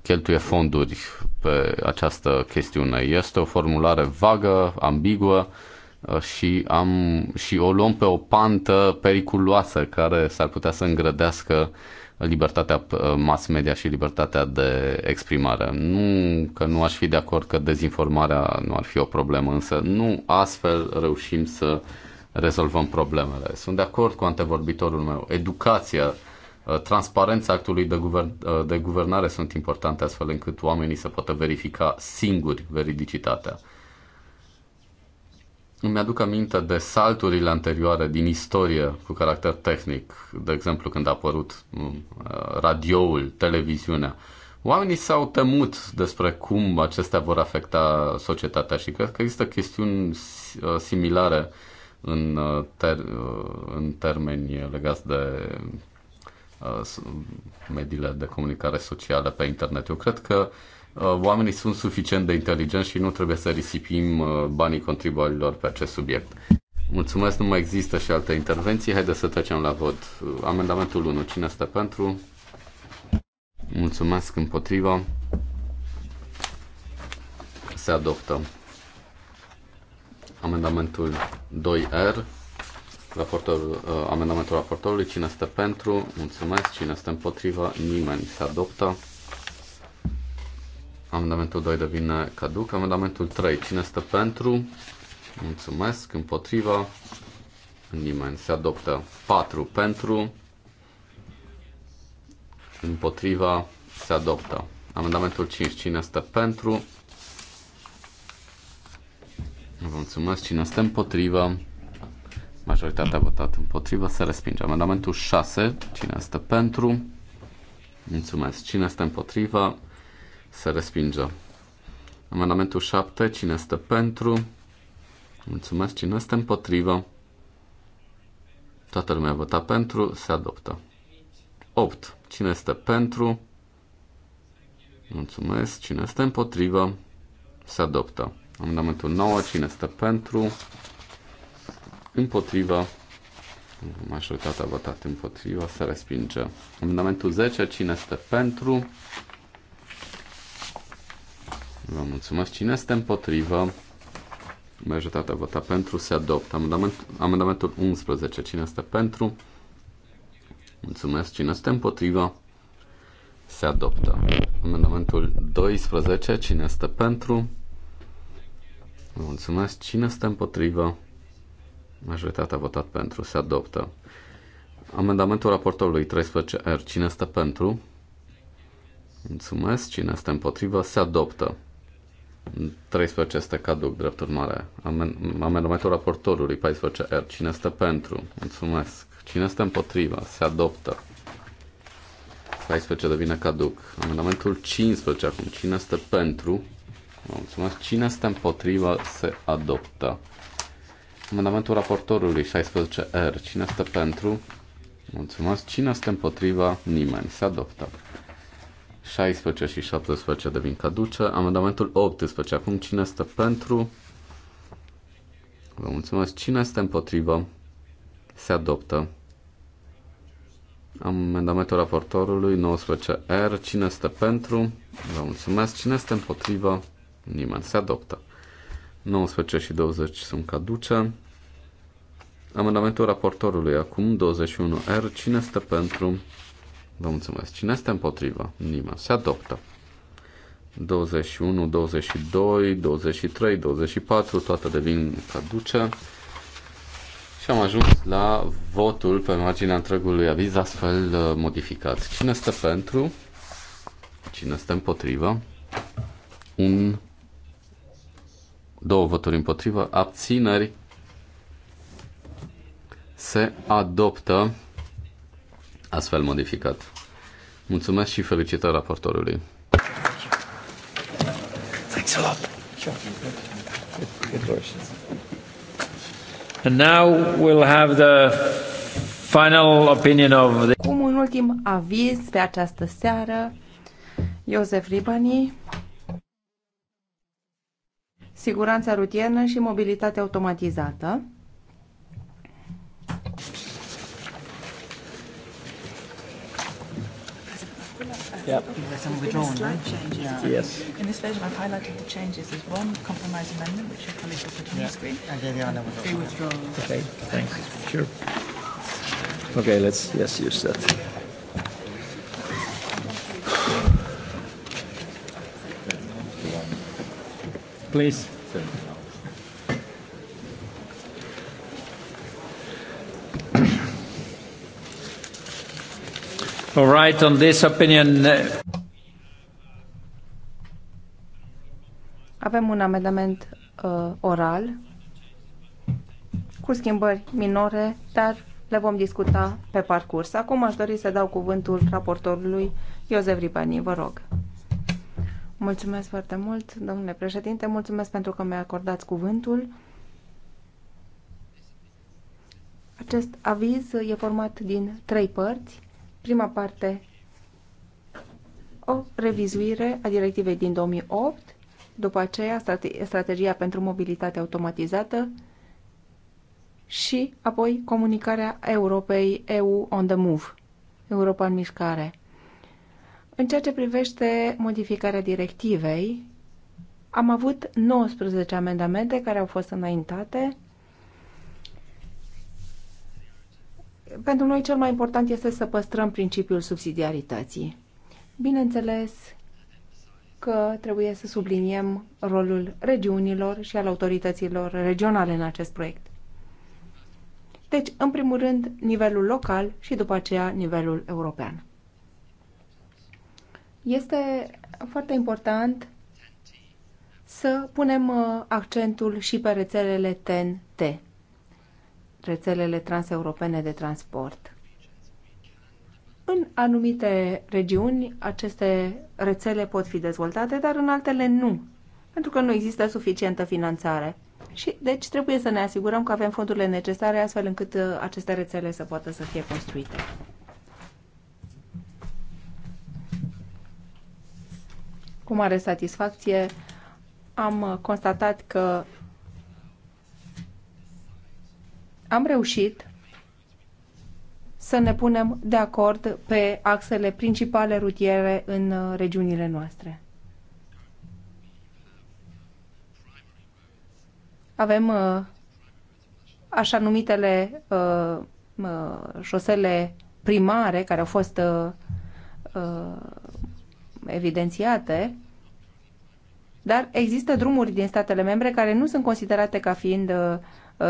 cheltuie fonduri pe această chestiune. Este o formulare vagă, ambiguă uh, și, am, și o luăm pe o pantă periculoasă care s-ar putea să îngrădească libertatea uh, mass media și libertatea de exprimare. Nu că nu aș fi de acord că dezinformarea nu ar fi o problemă, însă nu astfel reușim să uh, rezolvăm problemele. Sunt de acord cu antevorbitorul meu. Educația, uh, transparența actului de, guvern, uh, de guvernare sunt importante astfel încât oamenii să poată verifica singuri veridicitatea. Îmi aduc aminte de salturile anterioare din istorie cu caracter tehnic, de exemplu când a apărut mm, uh, radioul, televiziunea. Oamenii s-au temut despre cum acestea vor afecta societatea și cred că există chestiuni similare în, uh, ter- uh, în termeni legați de uh, mediile de comunicare socială pe internet. Eu cred că oamenii sunt suficient de inteligenți și nu trebuie să risipim banii contribuabililor pe acest subiect. Mulțumesc, nu mai există și alte intervenții. Haideți să trecem la vot. Amendamentul 1. Cine este pentru? Mulțumesc împotriva. Se adoptă. Amendamentul 2R. raportor, uh, amendamentul raportorului. Cine este pentru? Mulțumesc. Cine este împotriva? Nimeni. Se adoptă. Amendamentul 2 devine caduc. Amendamentul 3. Cine este pentru? Mulțumesc. Împotriva? Nimeni. Se adoptă. 4 pentru. Împotriva? Se adoptă. Amendamentul 5. Cine este pentru? Vă mulțumesc. Cine este împotrivă? Majoritatea a votat împotrivă. Se respinge. Amendamentul 6. Cine este pentru? Mulțumesc. Cine este împotrivă? Se respinge. Amendamentul 7. Cine este pentru? Mulțumesc. Cine este împotrivă? Toată lumea a votat pentru. Se adoptă. 8. Cine este pentru? Mulțumesc. Cine este împotrivă? Se adoptă. Amendamentul 9, cine stă pentru? Împotrivă. Majoritatea a votat împotrivă, se respinge. Amendamentul 10, cine stă pentru? Vă mulțumesc. Cine este împotrivă? Majoritatea a votat pentru, se adoptă. Amendament, amendamentul 11, cine este pentru? Mulțumesc. Cine este împotrivă? Se adoptă. Amendamentul 12, cine este pentru? Mulțumesc. Cine stă împotrivă? Majoritatea a votat pentru. Se adoptă. Amendamentul raportorului 13R. Cine stă pentru? Mulțumesc. Cine stă împotrivă? Se adoptă. 13 este caduc, drept urmare. amendamentul raportorului 14R. Cine stă pentru? Mulțumesc. Cine stă împotrivă? Se adoptă. 14 devine caduc. Amendamentul 15 acum. Cine stă pentru? Mulțumesc. Cine este împotriva se adoptă. Amendamentul raportorului 16R. Cine este pentru? Mulțumesc. Cine este împotriva? Nimeni. Se adoptă. 16 și 17 devin caduce. Amendamentul 18. Acum cine este pentru? Vă mulțumesc. Cine este împotrivă? Se adoptă. Amendamentul raportorului 19R. Cine este pentru? Vă mulțumesc. Cine este împotrivă? nimeni, se adoptă. 19 și 20 sunt caduce. Amendamentul raportorului acum, 21R, cine este pentru? Vă mulțumesc. Cine este împotrivă? Nimeni. Se adoptă. 21, 22, 23, 24, toate devin caduce. Și am ajuns la votul pe marginea întregului aviz astfel uh, modificat. Cine este pentru? Cine este împotrivă? Un două voturi împotrivă, abțineri, se adoptă astfel modificat. Mulțumesc și felicitări raportorului. Thanks a lot. And now we'll have the final opinion of the... Cum un ultim aviz pe această seară, Iosef Ribani, siguranța rutieră și mobilitatea automatizată. Yes. In this version, I've highlighted the changes. There's one compromise amendment, which on the screen. Okay, thanks. Sure. Okay, let's yes, use that. Please. All right, on this opinion. Uh, Avem un amendament uh, oral cu schimbări minore, dar le vom discuta pe parcurs. Acum aș dori să dau cuvântul raportorului Iosef Ribani. vă rog. Mulțumesc foarte mult, domnule președinte. Mulțumesc pentru că mi-a acordat cuvântul. Acest aviz e format din trei părți. Prima parte, o revizuire a directivei din 2008, după aceea strategia pentru mobilitate automatizată și apoi comunicarea Europei EU on the move, Europa în mișcare. În ceea ce privește modificarea directivei, am avut 19 amendamente care au fost înaintate. Pentru noi cel mai important este să păstrăm principiul subsidiarității. Bineînțeles că trebuie să subliniem rolul regiunilor și al autorităților regionale în acest proiect. Deci, în primul rând, nivelul local și după aceea nivelul european. Este foarte important să punem uh, accentul și pe rețelele TNT, rețelele transeuropene de transport. În anumite regiuni, aceste rețele pot fi dezvoltate, dar în altele nu, pentru că nu există suficientă finanțare. Și deci trebuie să ne asigurăm că avem fondurile necesare astfel încât uh, aceste rețele să poată să fie construite. Cu mare satisfacție am constatat că am reușit să ne punem de acord pe axele principale rutiere în regiunile noastre. Avem uh, așa numitele uh, uh, șosele primare care au fost evidențiate, dar există drumuri din statele membre care nu sunt considerate ca fiind uh,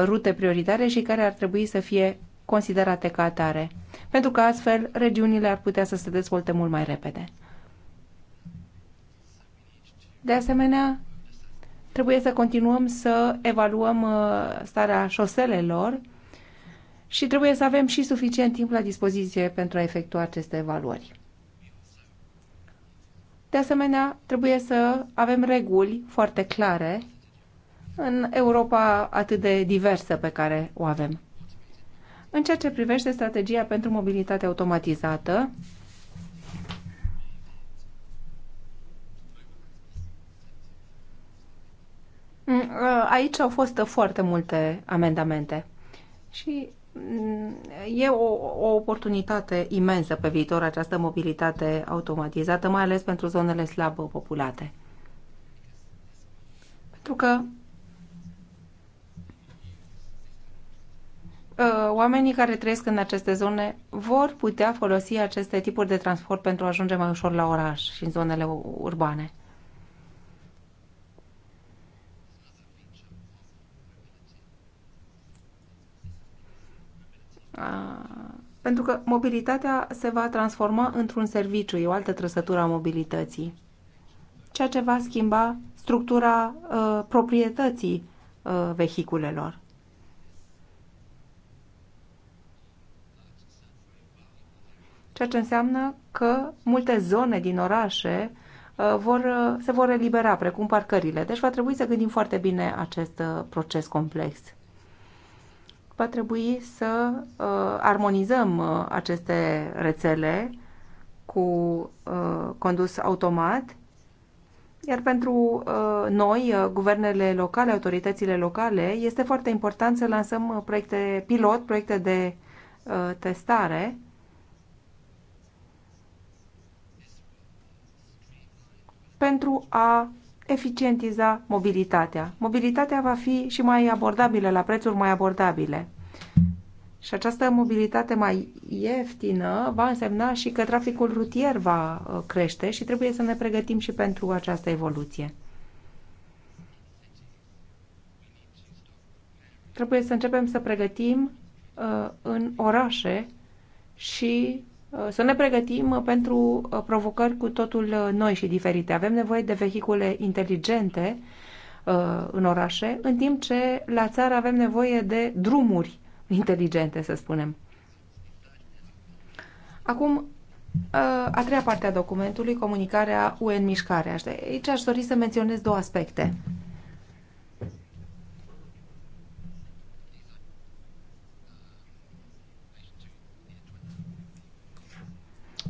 rute prioritare și care ar trebui să fie considerate ca atare, pentru că astfel regiunile ar putea să se dezvolte mult mai repede. De asemenea, trebuie să continuăm să evaluăm uh, starea șoselelor și trebuie să avem și suficient timp la dispoziție pentru a efectua aceste evaluări. De asemenea, trebuie să avem reguli foarte clare în Europa atât de diversă pe care o avem. În ceea ce privește strategia pentru mobilitate automatizată, mm, ă, aici au fost foarte multe amendamente și Mm, e o, o oportunitate imensă pe viitor această mobilitate automatizată, mai ales pentru zonele slab populate. Pentru că uh, oamenii care trăiesc în aceste zone vor putea folosi aceste tipuri de transport pentru a ajunge mai ușor la oraș și în zonele urbane. Ah, pentru că mobilitatea se va transforma într-un serviciu, e o altă trăsătură a mobilității, ceea ce va schimba structura uh, proprietății uh, vehiculelor. Ceea ce înseamnă că multe zone din orașe uh, vor, uh, se vor elibera, precum parcările. Deci va trebui să gândim foarte bine acest uh, proces complex va trebui să uh, armonizăm uh, aceste rețele cu uh, condus automat, iar pentru uh, noi, uh, guvernele locale, autoritățile locale, este foarte important să lansăm uh, proiecte pilot, proiecte de uh, testare. pentru a eficientiza mobilitatea. Mobilitatea va fi și mai abordabilă, la prețuri mai abordabile. Și această mobilitate mai ieftină va însemna și că traficul rutier va uh, crește și trebuie să ne pregătim și pentru această evoluție. Trebuie să începem să pregătim uh, în orașe și Uh, să ne pregătim pentru uh, provocări cu totul uh, noi și diferite. Avem nevoie de vehicule inteligente în orașe, în timp ce la țară avem nevoie de drumuri inteligente, să spunem. Acum, a treia parte a documentului, comunicarea U.N. mișcare. Aici aș dori să menționez două aspecte.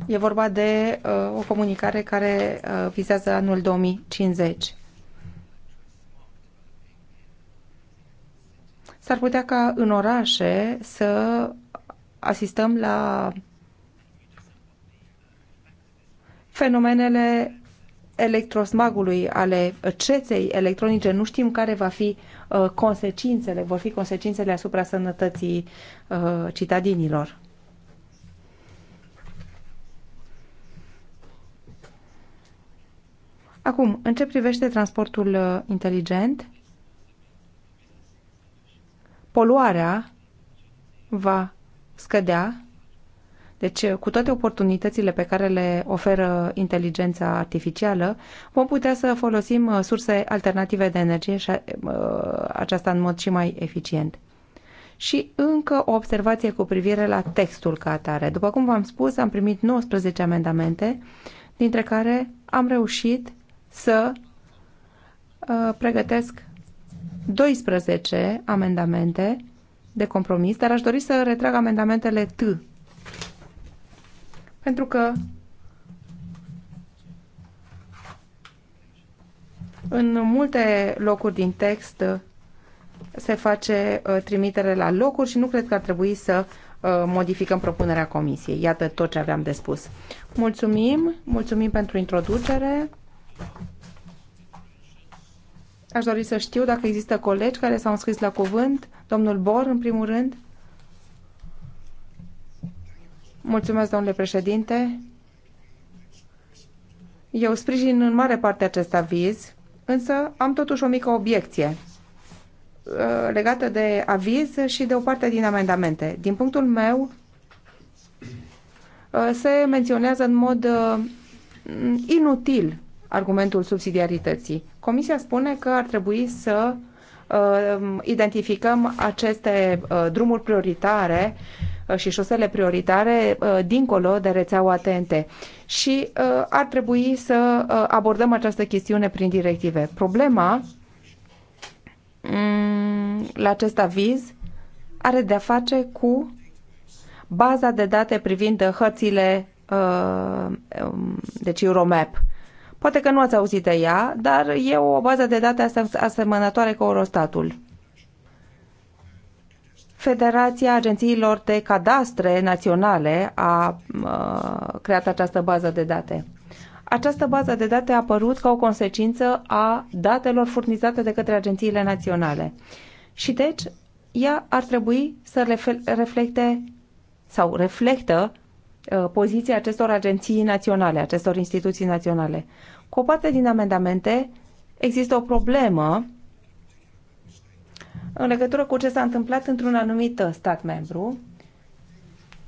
E vorba de uh, o comunicare care uh, vizează anul 2050. S-ar putea ca în orașe să asistăm la fenomenele electrosmagului, ale ceței electronice, nu știm care va fi uh, consecințele, vor fi consecințele asupra sănătății uh, citadinilor. Acum, în ce privește transportul uh, inteligent, poluarea va scădea, deci uh, cu toate oportunitățile pe care le oferă inteligența artificială, vom putea să folosim uh, surse alternative de energie și aceasta în mod și mai eficient. Și încă o observație cu privire la textul ca atare. După cum v-am spus, am primit 19 amendamente, dintre care am reușit să uh, pregătesc 12 amendamente de compromis, dar aș dori să retrag amendamentele T. Pentru că în multe locuri din text uh, se face uh, trimitere la locuri și nu cred că ar trebui să modificăm propunerea comisiei. Iată tot ce aveam de spus. Mulțumim, mulțumim pentru introducere. Aș dori să știu dacă există colegi care s-au înscris la cuvânt. Domnul Bor, în primul rând. Mulțumesc, domnule președinte. Eu sprijin în mare parte acest aviz, însă am totuși o mică obiecție uh, legată de aviz și de o parte din amendamente. Din punctul meu, uh, se menționează în mod uh, inutil argumentul subsidiarității. Comisia spune că ar trebui să uh, identificăm aceste uh, drumuri prioritare uh, și șosele prioritare uh, dincolo de rețeaua TNT. Și uh, ar trebui să abordăm această chestiune prin directive. Problema mm, la acest aviz are de-a face cu baza de date privind hărțile, um, deci Euromap. Poate că nu ați auzit de ea, dar e o bază de date asemănătoare cu Eurostatul. Federația Agențiilor de Cadastre Naționale a uh, creat această bază de date. Această bază de date a apărut ca o consecință a datelor furnizate de către agențiile naționale. Și deci, ea ar trebui să reflecte sau reflectă Uh, poziția acestor agenții naționale, acestor instituții naționale. Cu o parte din amendamente există o problemă în legătură cu ce s-a întâmplat într-un anumit uh, stat membru.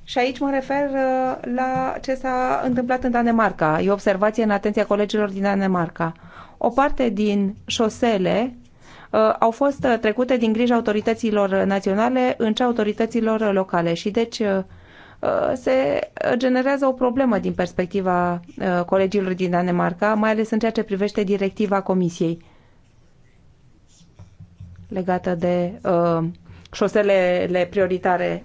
Și aici mă refer uh, la ce s-a întâmplat în Danemarca. E o observație în atenția colegilor din Danemarca. O parte din șosele au fost trecute din grija autorităților naționale în cea autorităților locale și deci Uh, se generează o problemă din perspectiva uh, colegilor din Danemarca, mai ales în ceea ce privește directiva Comisiei legată de uh, șoselele prioritare,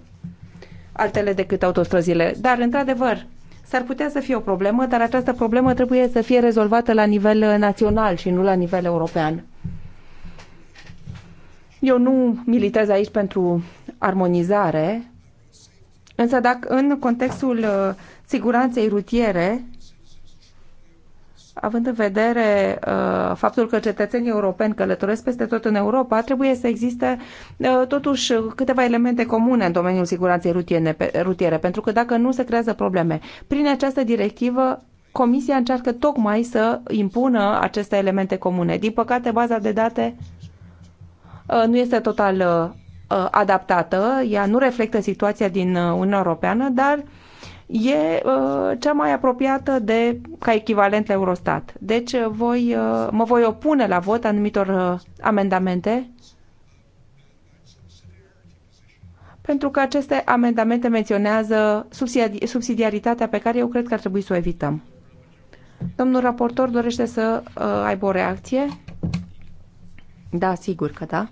altele decât autostrăzile. Dar, într-adevăr, s-ar putea să fie o problemă, dar această problemă trebuie să fie rezolvată la nivel uh, național și nu la nivel european. Eu nu militez aici pentru armonizare, Însă dacă în contextul uh, siguranței rutiere, având în vedere uh, faptul că cetățenii europeni călătoresc peste tot în Europa, trebuie să existe uh, totuși câteva elemente comune în domeniul siguranței rutiene, rutiere, pentru că dacă nu se creează probleme. Prin această directivă, Comisia încearcă tocmai să impună aceste elemente comune. Din păcate, baza de date uh, nu este total uh, Uh, adaptată, ea nu reflectă situația din uh, Uniunea Europeană, dar e uh, cea mai apropiată de, ca echivalent la Eurostat. Deci voi, mă voi opune la vot anumitor amendamente pentru că aceste amendamente menționează subsidiaritatea pe care eu cred că ar trebui să o evităm. Domnul raportor dorește să aibă o reacție? Da, sigur că da.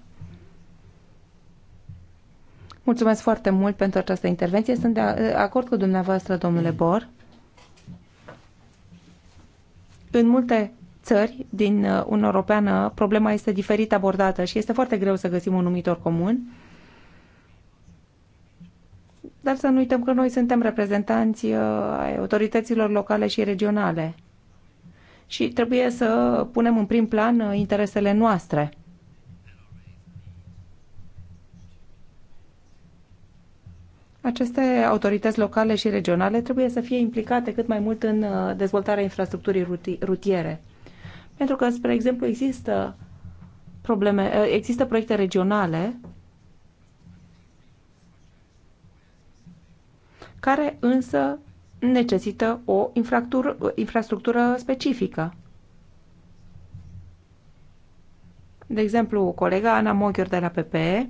Mulțumesc foarte mult pentru această intervenție. Sunt de acord cu dumneavoastră, domnule Bor. În multe țări din uh, Uniunea Europeană problema este diferit abordată și este foarte greu să găsim un numitor comun. Dar să nu uităm că noi suntem reprezentanți uh, ai autorităților locale și regionale și trebuie să punem în prim plan uh, interesele noastre. Aceste autorități locale și regionale trebuie să fie implicate cât mai mult în uh, dezvoltarea infrastructurii rutiere. Pentru că, spre exemplu, există probleme, uh, există proiecte regionale care însă necesită o infrastructură specifică. De exemplu, colega Ana Mogher de la PPE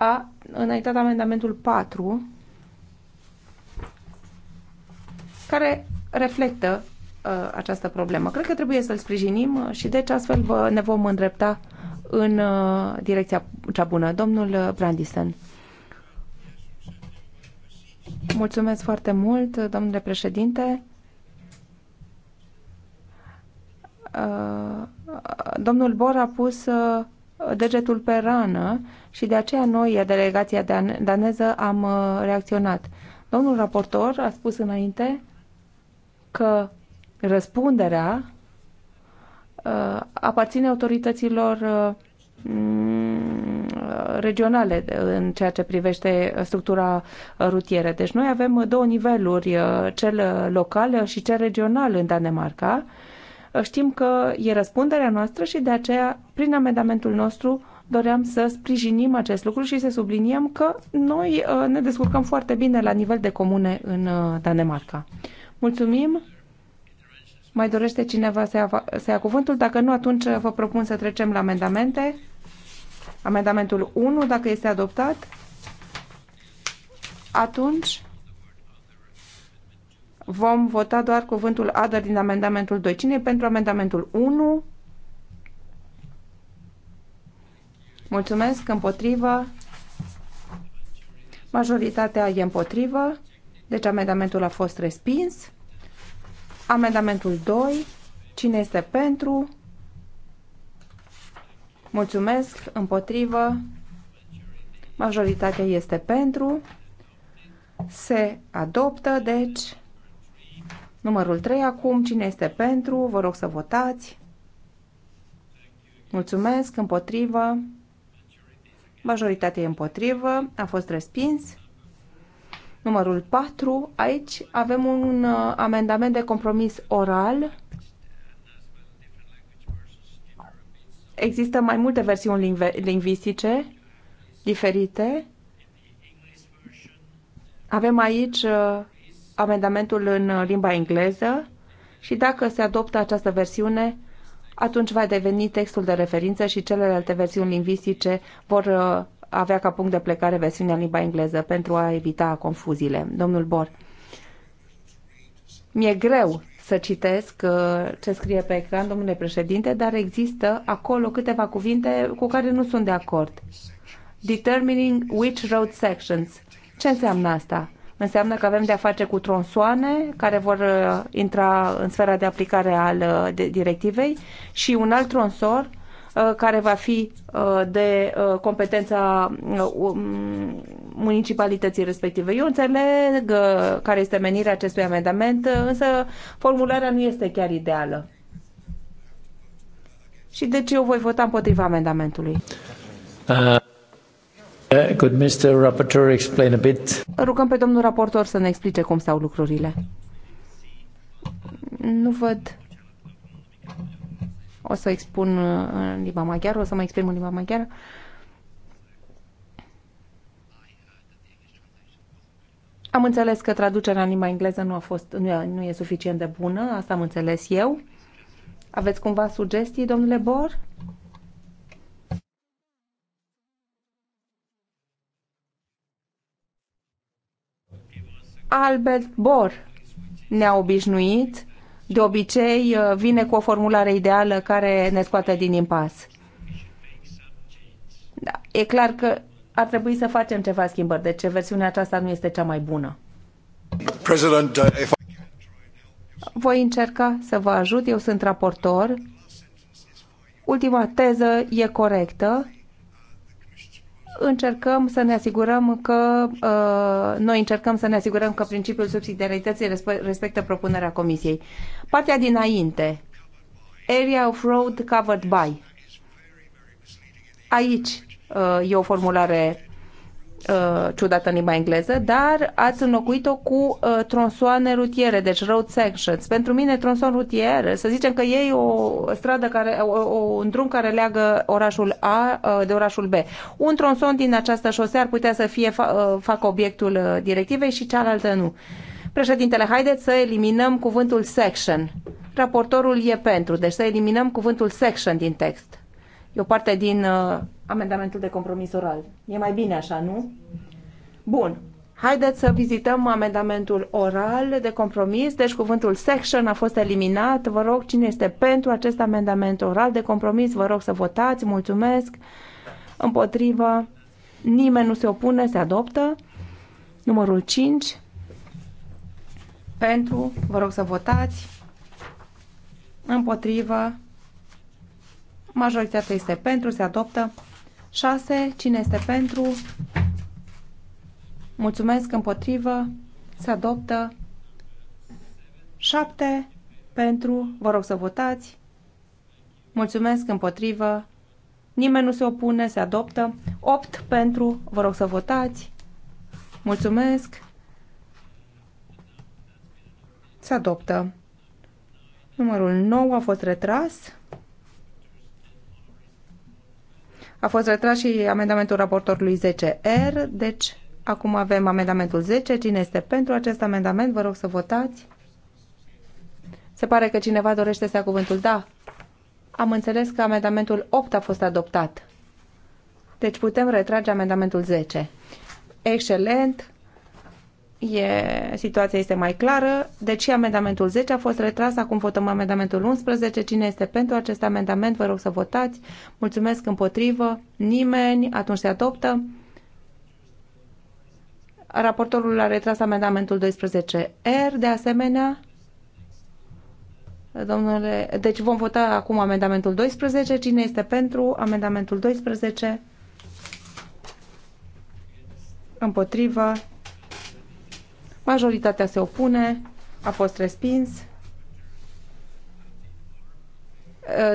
a înaintat amendamentul 4, care reflectă uh, această problemă. Cred că trebuie să-l sprijinim și deci astfel vă, ne vom îndrepta în uh, direcția cea bună. Domnul Brandisen. Mulțumesc foarte mult, domnule președinte. Uh, domnul Bor a pus uh, degetul pe rană și de aceea noi, delegația daneză, am uh, reacționat. Domnul raportor a spus înainte că răspunderea uh, aparține autorităților uh, mm, regionale în ceea ce privește structura rutieră. Deci noi avem două niveluri, cel local și cel regional în Danemarca. Știm că e răspunderea noastră și de aceea, prin amendamentul nostru, doream să sprijinim acest lucru și să subliniem că noi uh, ne descurcăm foarte bine la nivel de comune în uh, Danemarca. Mulțumim! Mai dorește cineva să ia, să ia cuvântul? Dacă nu, atunci vă propun să trecem la amendamente. Amendamentul 1, dacă este adoptat, atunci vom vota doar cuvântul ADER din amendamentul 2. Cine pentru amendamentul 1? Mulțumesc. Împotrivă. Majoritatea e împotrivă. Deci amendamentul a fost respins. Amendamentul 2. Cine este pentru? Mulțumesc. Împotrivă. Majoritatea este pentru. Se adoptă, deci, numărul 3 acum. Cine este pentru? Vă rog să votați. Mulțumesc. Împotrivă majoritatea împotrivă, a fost respins. Numărul 4, aici avem un uh, amendament de compromis oral. Există mai multe versiuni lingvistice diferite. Avem aici uh, amendamentul în uh, limba engleză și dacă se adoptă această versiune, atunci va deveni textul de referință și celelalte versiuni lingvistice vor uh, avea ca punct de plecare versiunea în limba engleză pentru a evita confuziile. Domnul Bor, mi-e greu să citesc uh, ce scrie pe ecran, domnule președinte, dar există acolo câteva cuvinte cu care nu sunt de acord. Determining which road sections. Ce înseamnă asta? Înseamnă că avem de-a face cu tronsoane care vor uh, intra în sfera de aplicare al uh, directivei și un alt tronsor uh, care va fi de competența um, municipalității respective. Eu înțeleg care este menirea acestui amendament, însă formularea nu este chiar ideală. Și deci eu voi vota împotriva amendamentului. Uh. Uh, could Mr. Rapporteur explain a bit? Rugăm pe domnul raportor să ne explice cum stau lucrurile. Nu văd. O să expun uh, în limba maghiară, o să mă exprim în limba maghiară. Am înțeles că traducerea în limba engleză nu a fost, nu e, nu e suficient de bună, asta am înțeles eu. Aveți cumva sugestii, domnule Bor? Albert Bor ne-a obișnuit. De obicei uh, vine cu o formulare ideală care ne scoate din impas. Da, e clar că ar trebui să facem ceva schimbări, deci versiunea aceasta nu este cea mai bună. Uh, Voi încerca să vă ajut, eu sunt raportor. Ultima teză e corectă încercăm să ne asigurăm că uh, noi încercăm să ne asigurăm că principiul subsidiarității respectă propunerea comisiei. Partea dinainte, area of road covered by. Aici uh, e o formulare Uh, ciudată în limba engleză, dar ați înlocuit-o cu uh, tronsoane rutiere, deci road sections. Pentru mine tronson rutier, să zicem că e o stradă, care, o, o, un drum care leagă orașul A uh, de orașul B. Un tronson din această șosea ar putea să fie fa, uh, facă obiectul uh, directivei și cealaltă nu. Președintele, haideți să eliminăm cuvântul section. Raportorul e pentru, deci să eliminăm cuvântul section din text. E o parte din uh, amendamentul de compromis oral. E mai bine așa, nu? Bun. Haideți să vizităm amendamentul oral de compromis. Deci cuvântul section a fost eliminat. Vă rog, cine este pentru acest amendament oral de compromis, vă rog să votați. Mulțumesc. Împotrivă. Nimeni nu se opune, se adoptă. Numărul 5. Pentru, vă rog să votați. Împotrivă. Majoritatea este pentru, se adoptă. 6. Cine este pentru? Mulțumesc, împotrivă, se adoptă. 7. Pentru, vă rog să votați. Mulțumesc, împotrivă. Nimeni nu se opune, se adoptă. 8 pentru, vă rog să votați. Mulțumesc. Se adoptă. Numărul 9 a fost retras. A fost retras și amendamentul raportorului 10R, deci acum avem amendamentul 10. Cine este pentru acest amendament? Vă rog să votați. Se pare că cineva dorește să ia cuvântul. Da. Am înțeles că amendamentul 8 a fost adoptat. Deci putem retrage amendamentul 10. Excelent e, situația este mai clară. Deci amendamentul 10 a fost retras. Acum votăm amendamentul 11. Cine este pentru acest amendament? Vă rog să votați. Mulțumesc împotrivă. Nimeni. Atunci se adoptă. Raportorul a retras amendamentul 12R. De asemenea, domnule, deci vom vota acum amendamentul 12. Cine este pentru amendamentul 12? Împotrivă. Majoritatea se opune, a fost respins.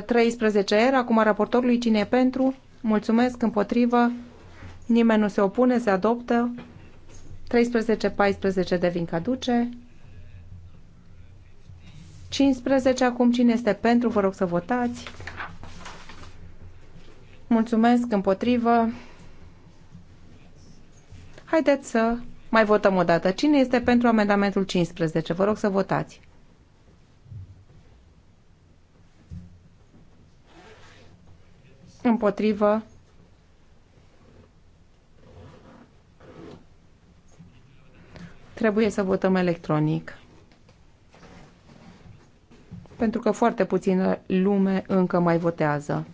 13 uh, era, acum raportorului cine e pentru, mulțumesc, împotrivă, nimeni nu se opune, se adoptă. 13-14 devin caduce. 15, acum cine este pentru, vă rog să votați. Mulțumesc, împotrivă. Haideți să mai votăm o dată. Cine este pentru amendamentul 15? Vă rog să votați. Împotrivă. Trebuie să votăm electronic. Pentru că foarte puțină lume încă mai votează.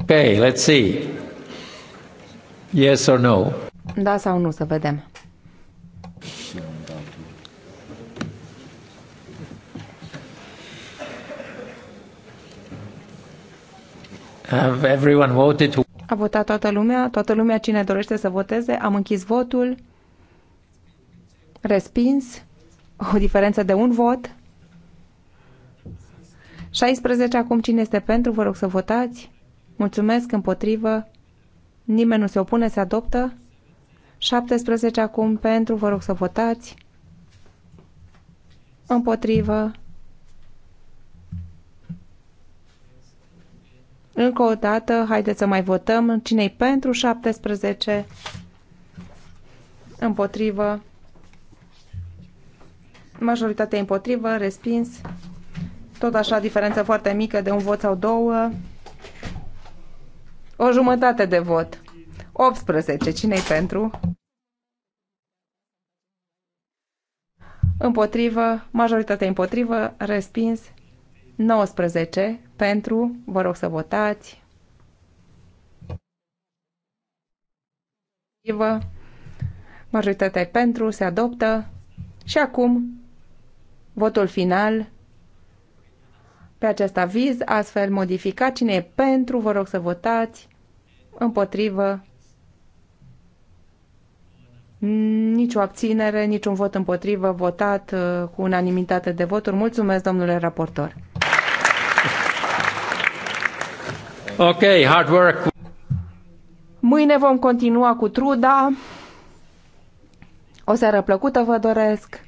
Ok, let's see. Yes or no? Da sau nu, să vedem everyone voted? A votat toată lumea? Toată lumea cine dorește să voteze? Am închis votul. Respins. O diferență de un vot. 16. Acum cine este pentru? Vă rog să votați. Mulțumesc. Împotrivă. Nimeni nu se opune. Se adoptă. 17 acum pentru, vă rog să votați. Împotrivă. Încă o dată, haideți să mai votăm. Cine-i pentru 17? Împotrivă. Majoritatea împotrivă, respins. Tot așa, diferență foarte mică de un vot sau două. O jumătate de vot. 18. cine e pentru? Împotrivă, majoritatea împotrivă, respins. 19 pentru, vă rog să votați. Împotrivă, majoritatea e pentru, se adoptă. Și acum, votul final pe acest aviz, astfel modificat. Cine e pentru, vă rog să votați. Împotrivă, nici o abținere, niciun vot împotrivă, votat uh, cu unanimitate de voturi. Mulțumesc, domnule raportor. Ok, hard work. Mâine vom continua cu truda. O seară plăcută vă doresc.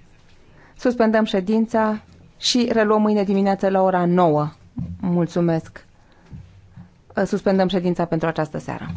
Suspendăm ședința și reluăm mâine dimineață la ora 9. Mulțumesc. Suspendăm ședința pentru această seară.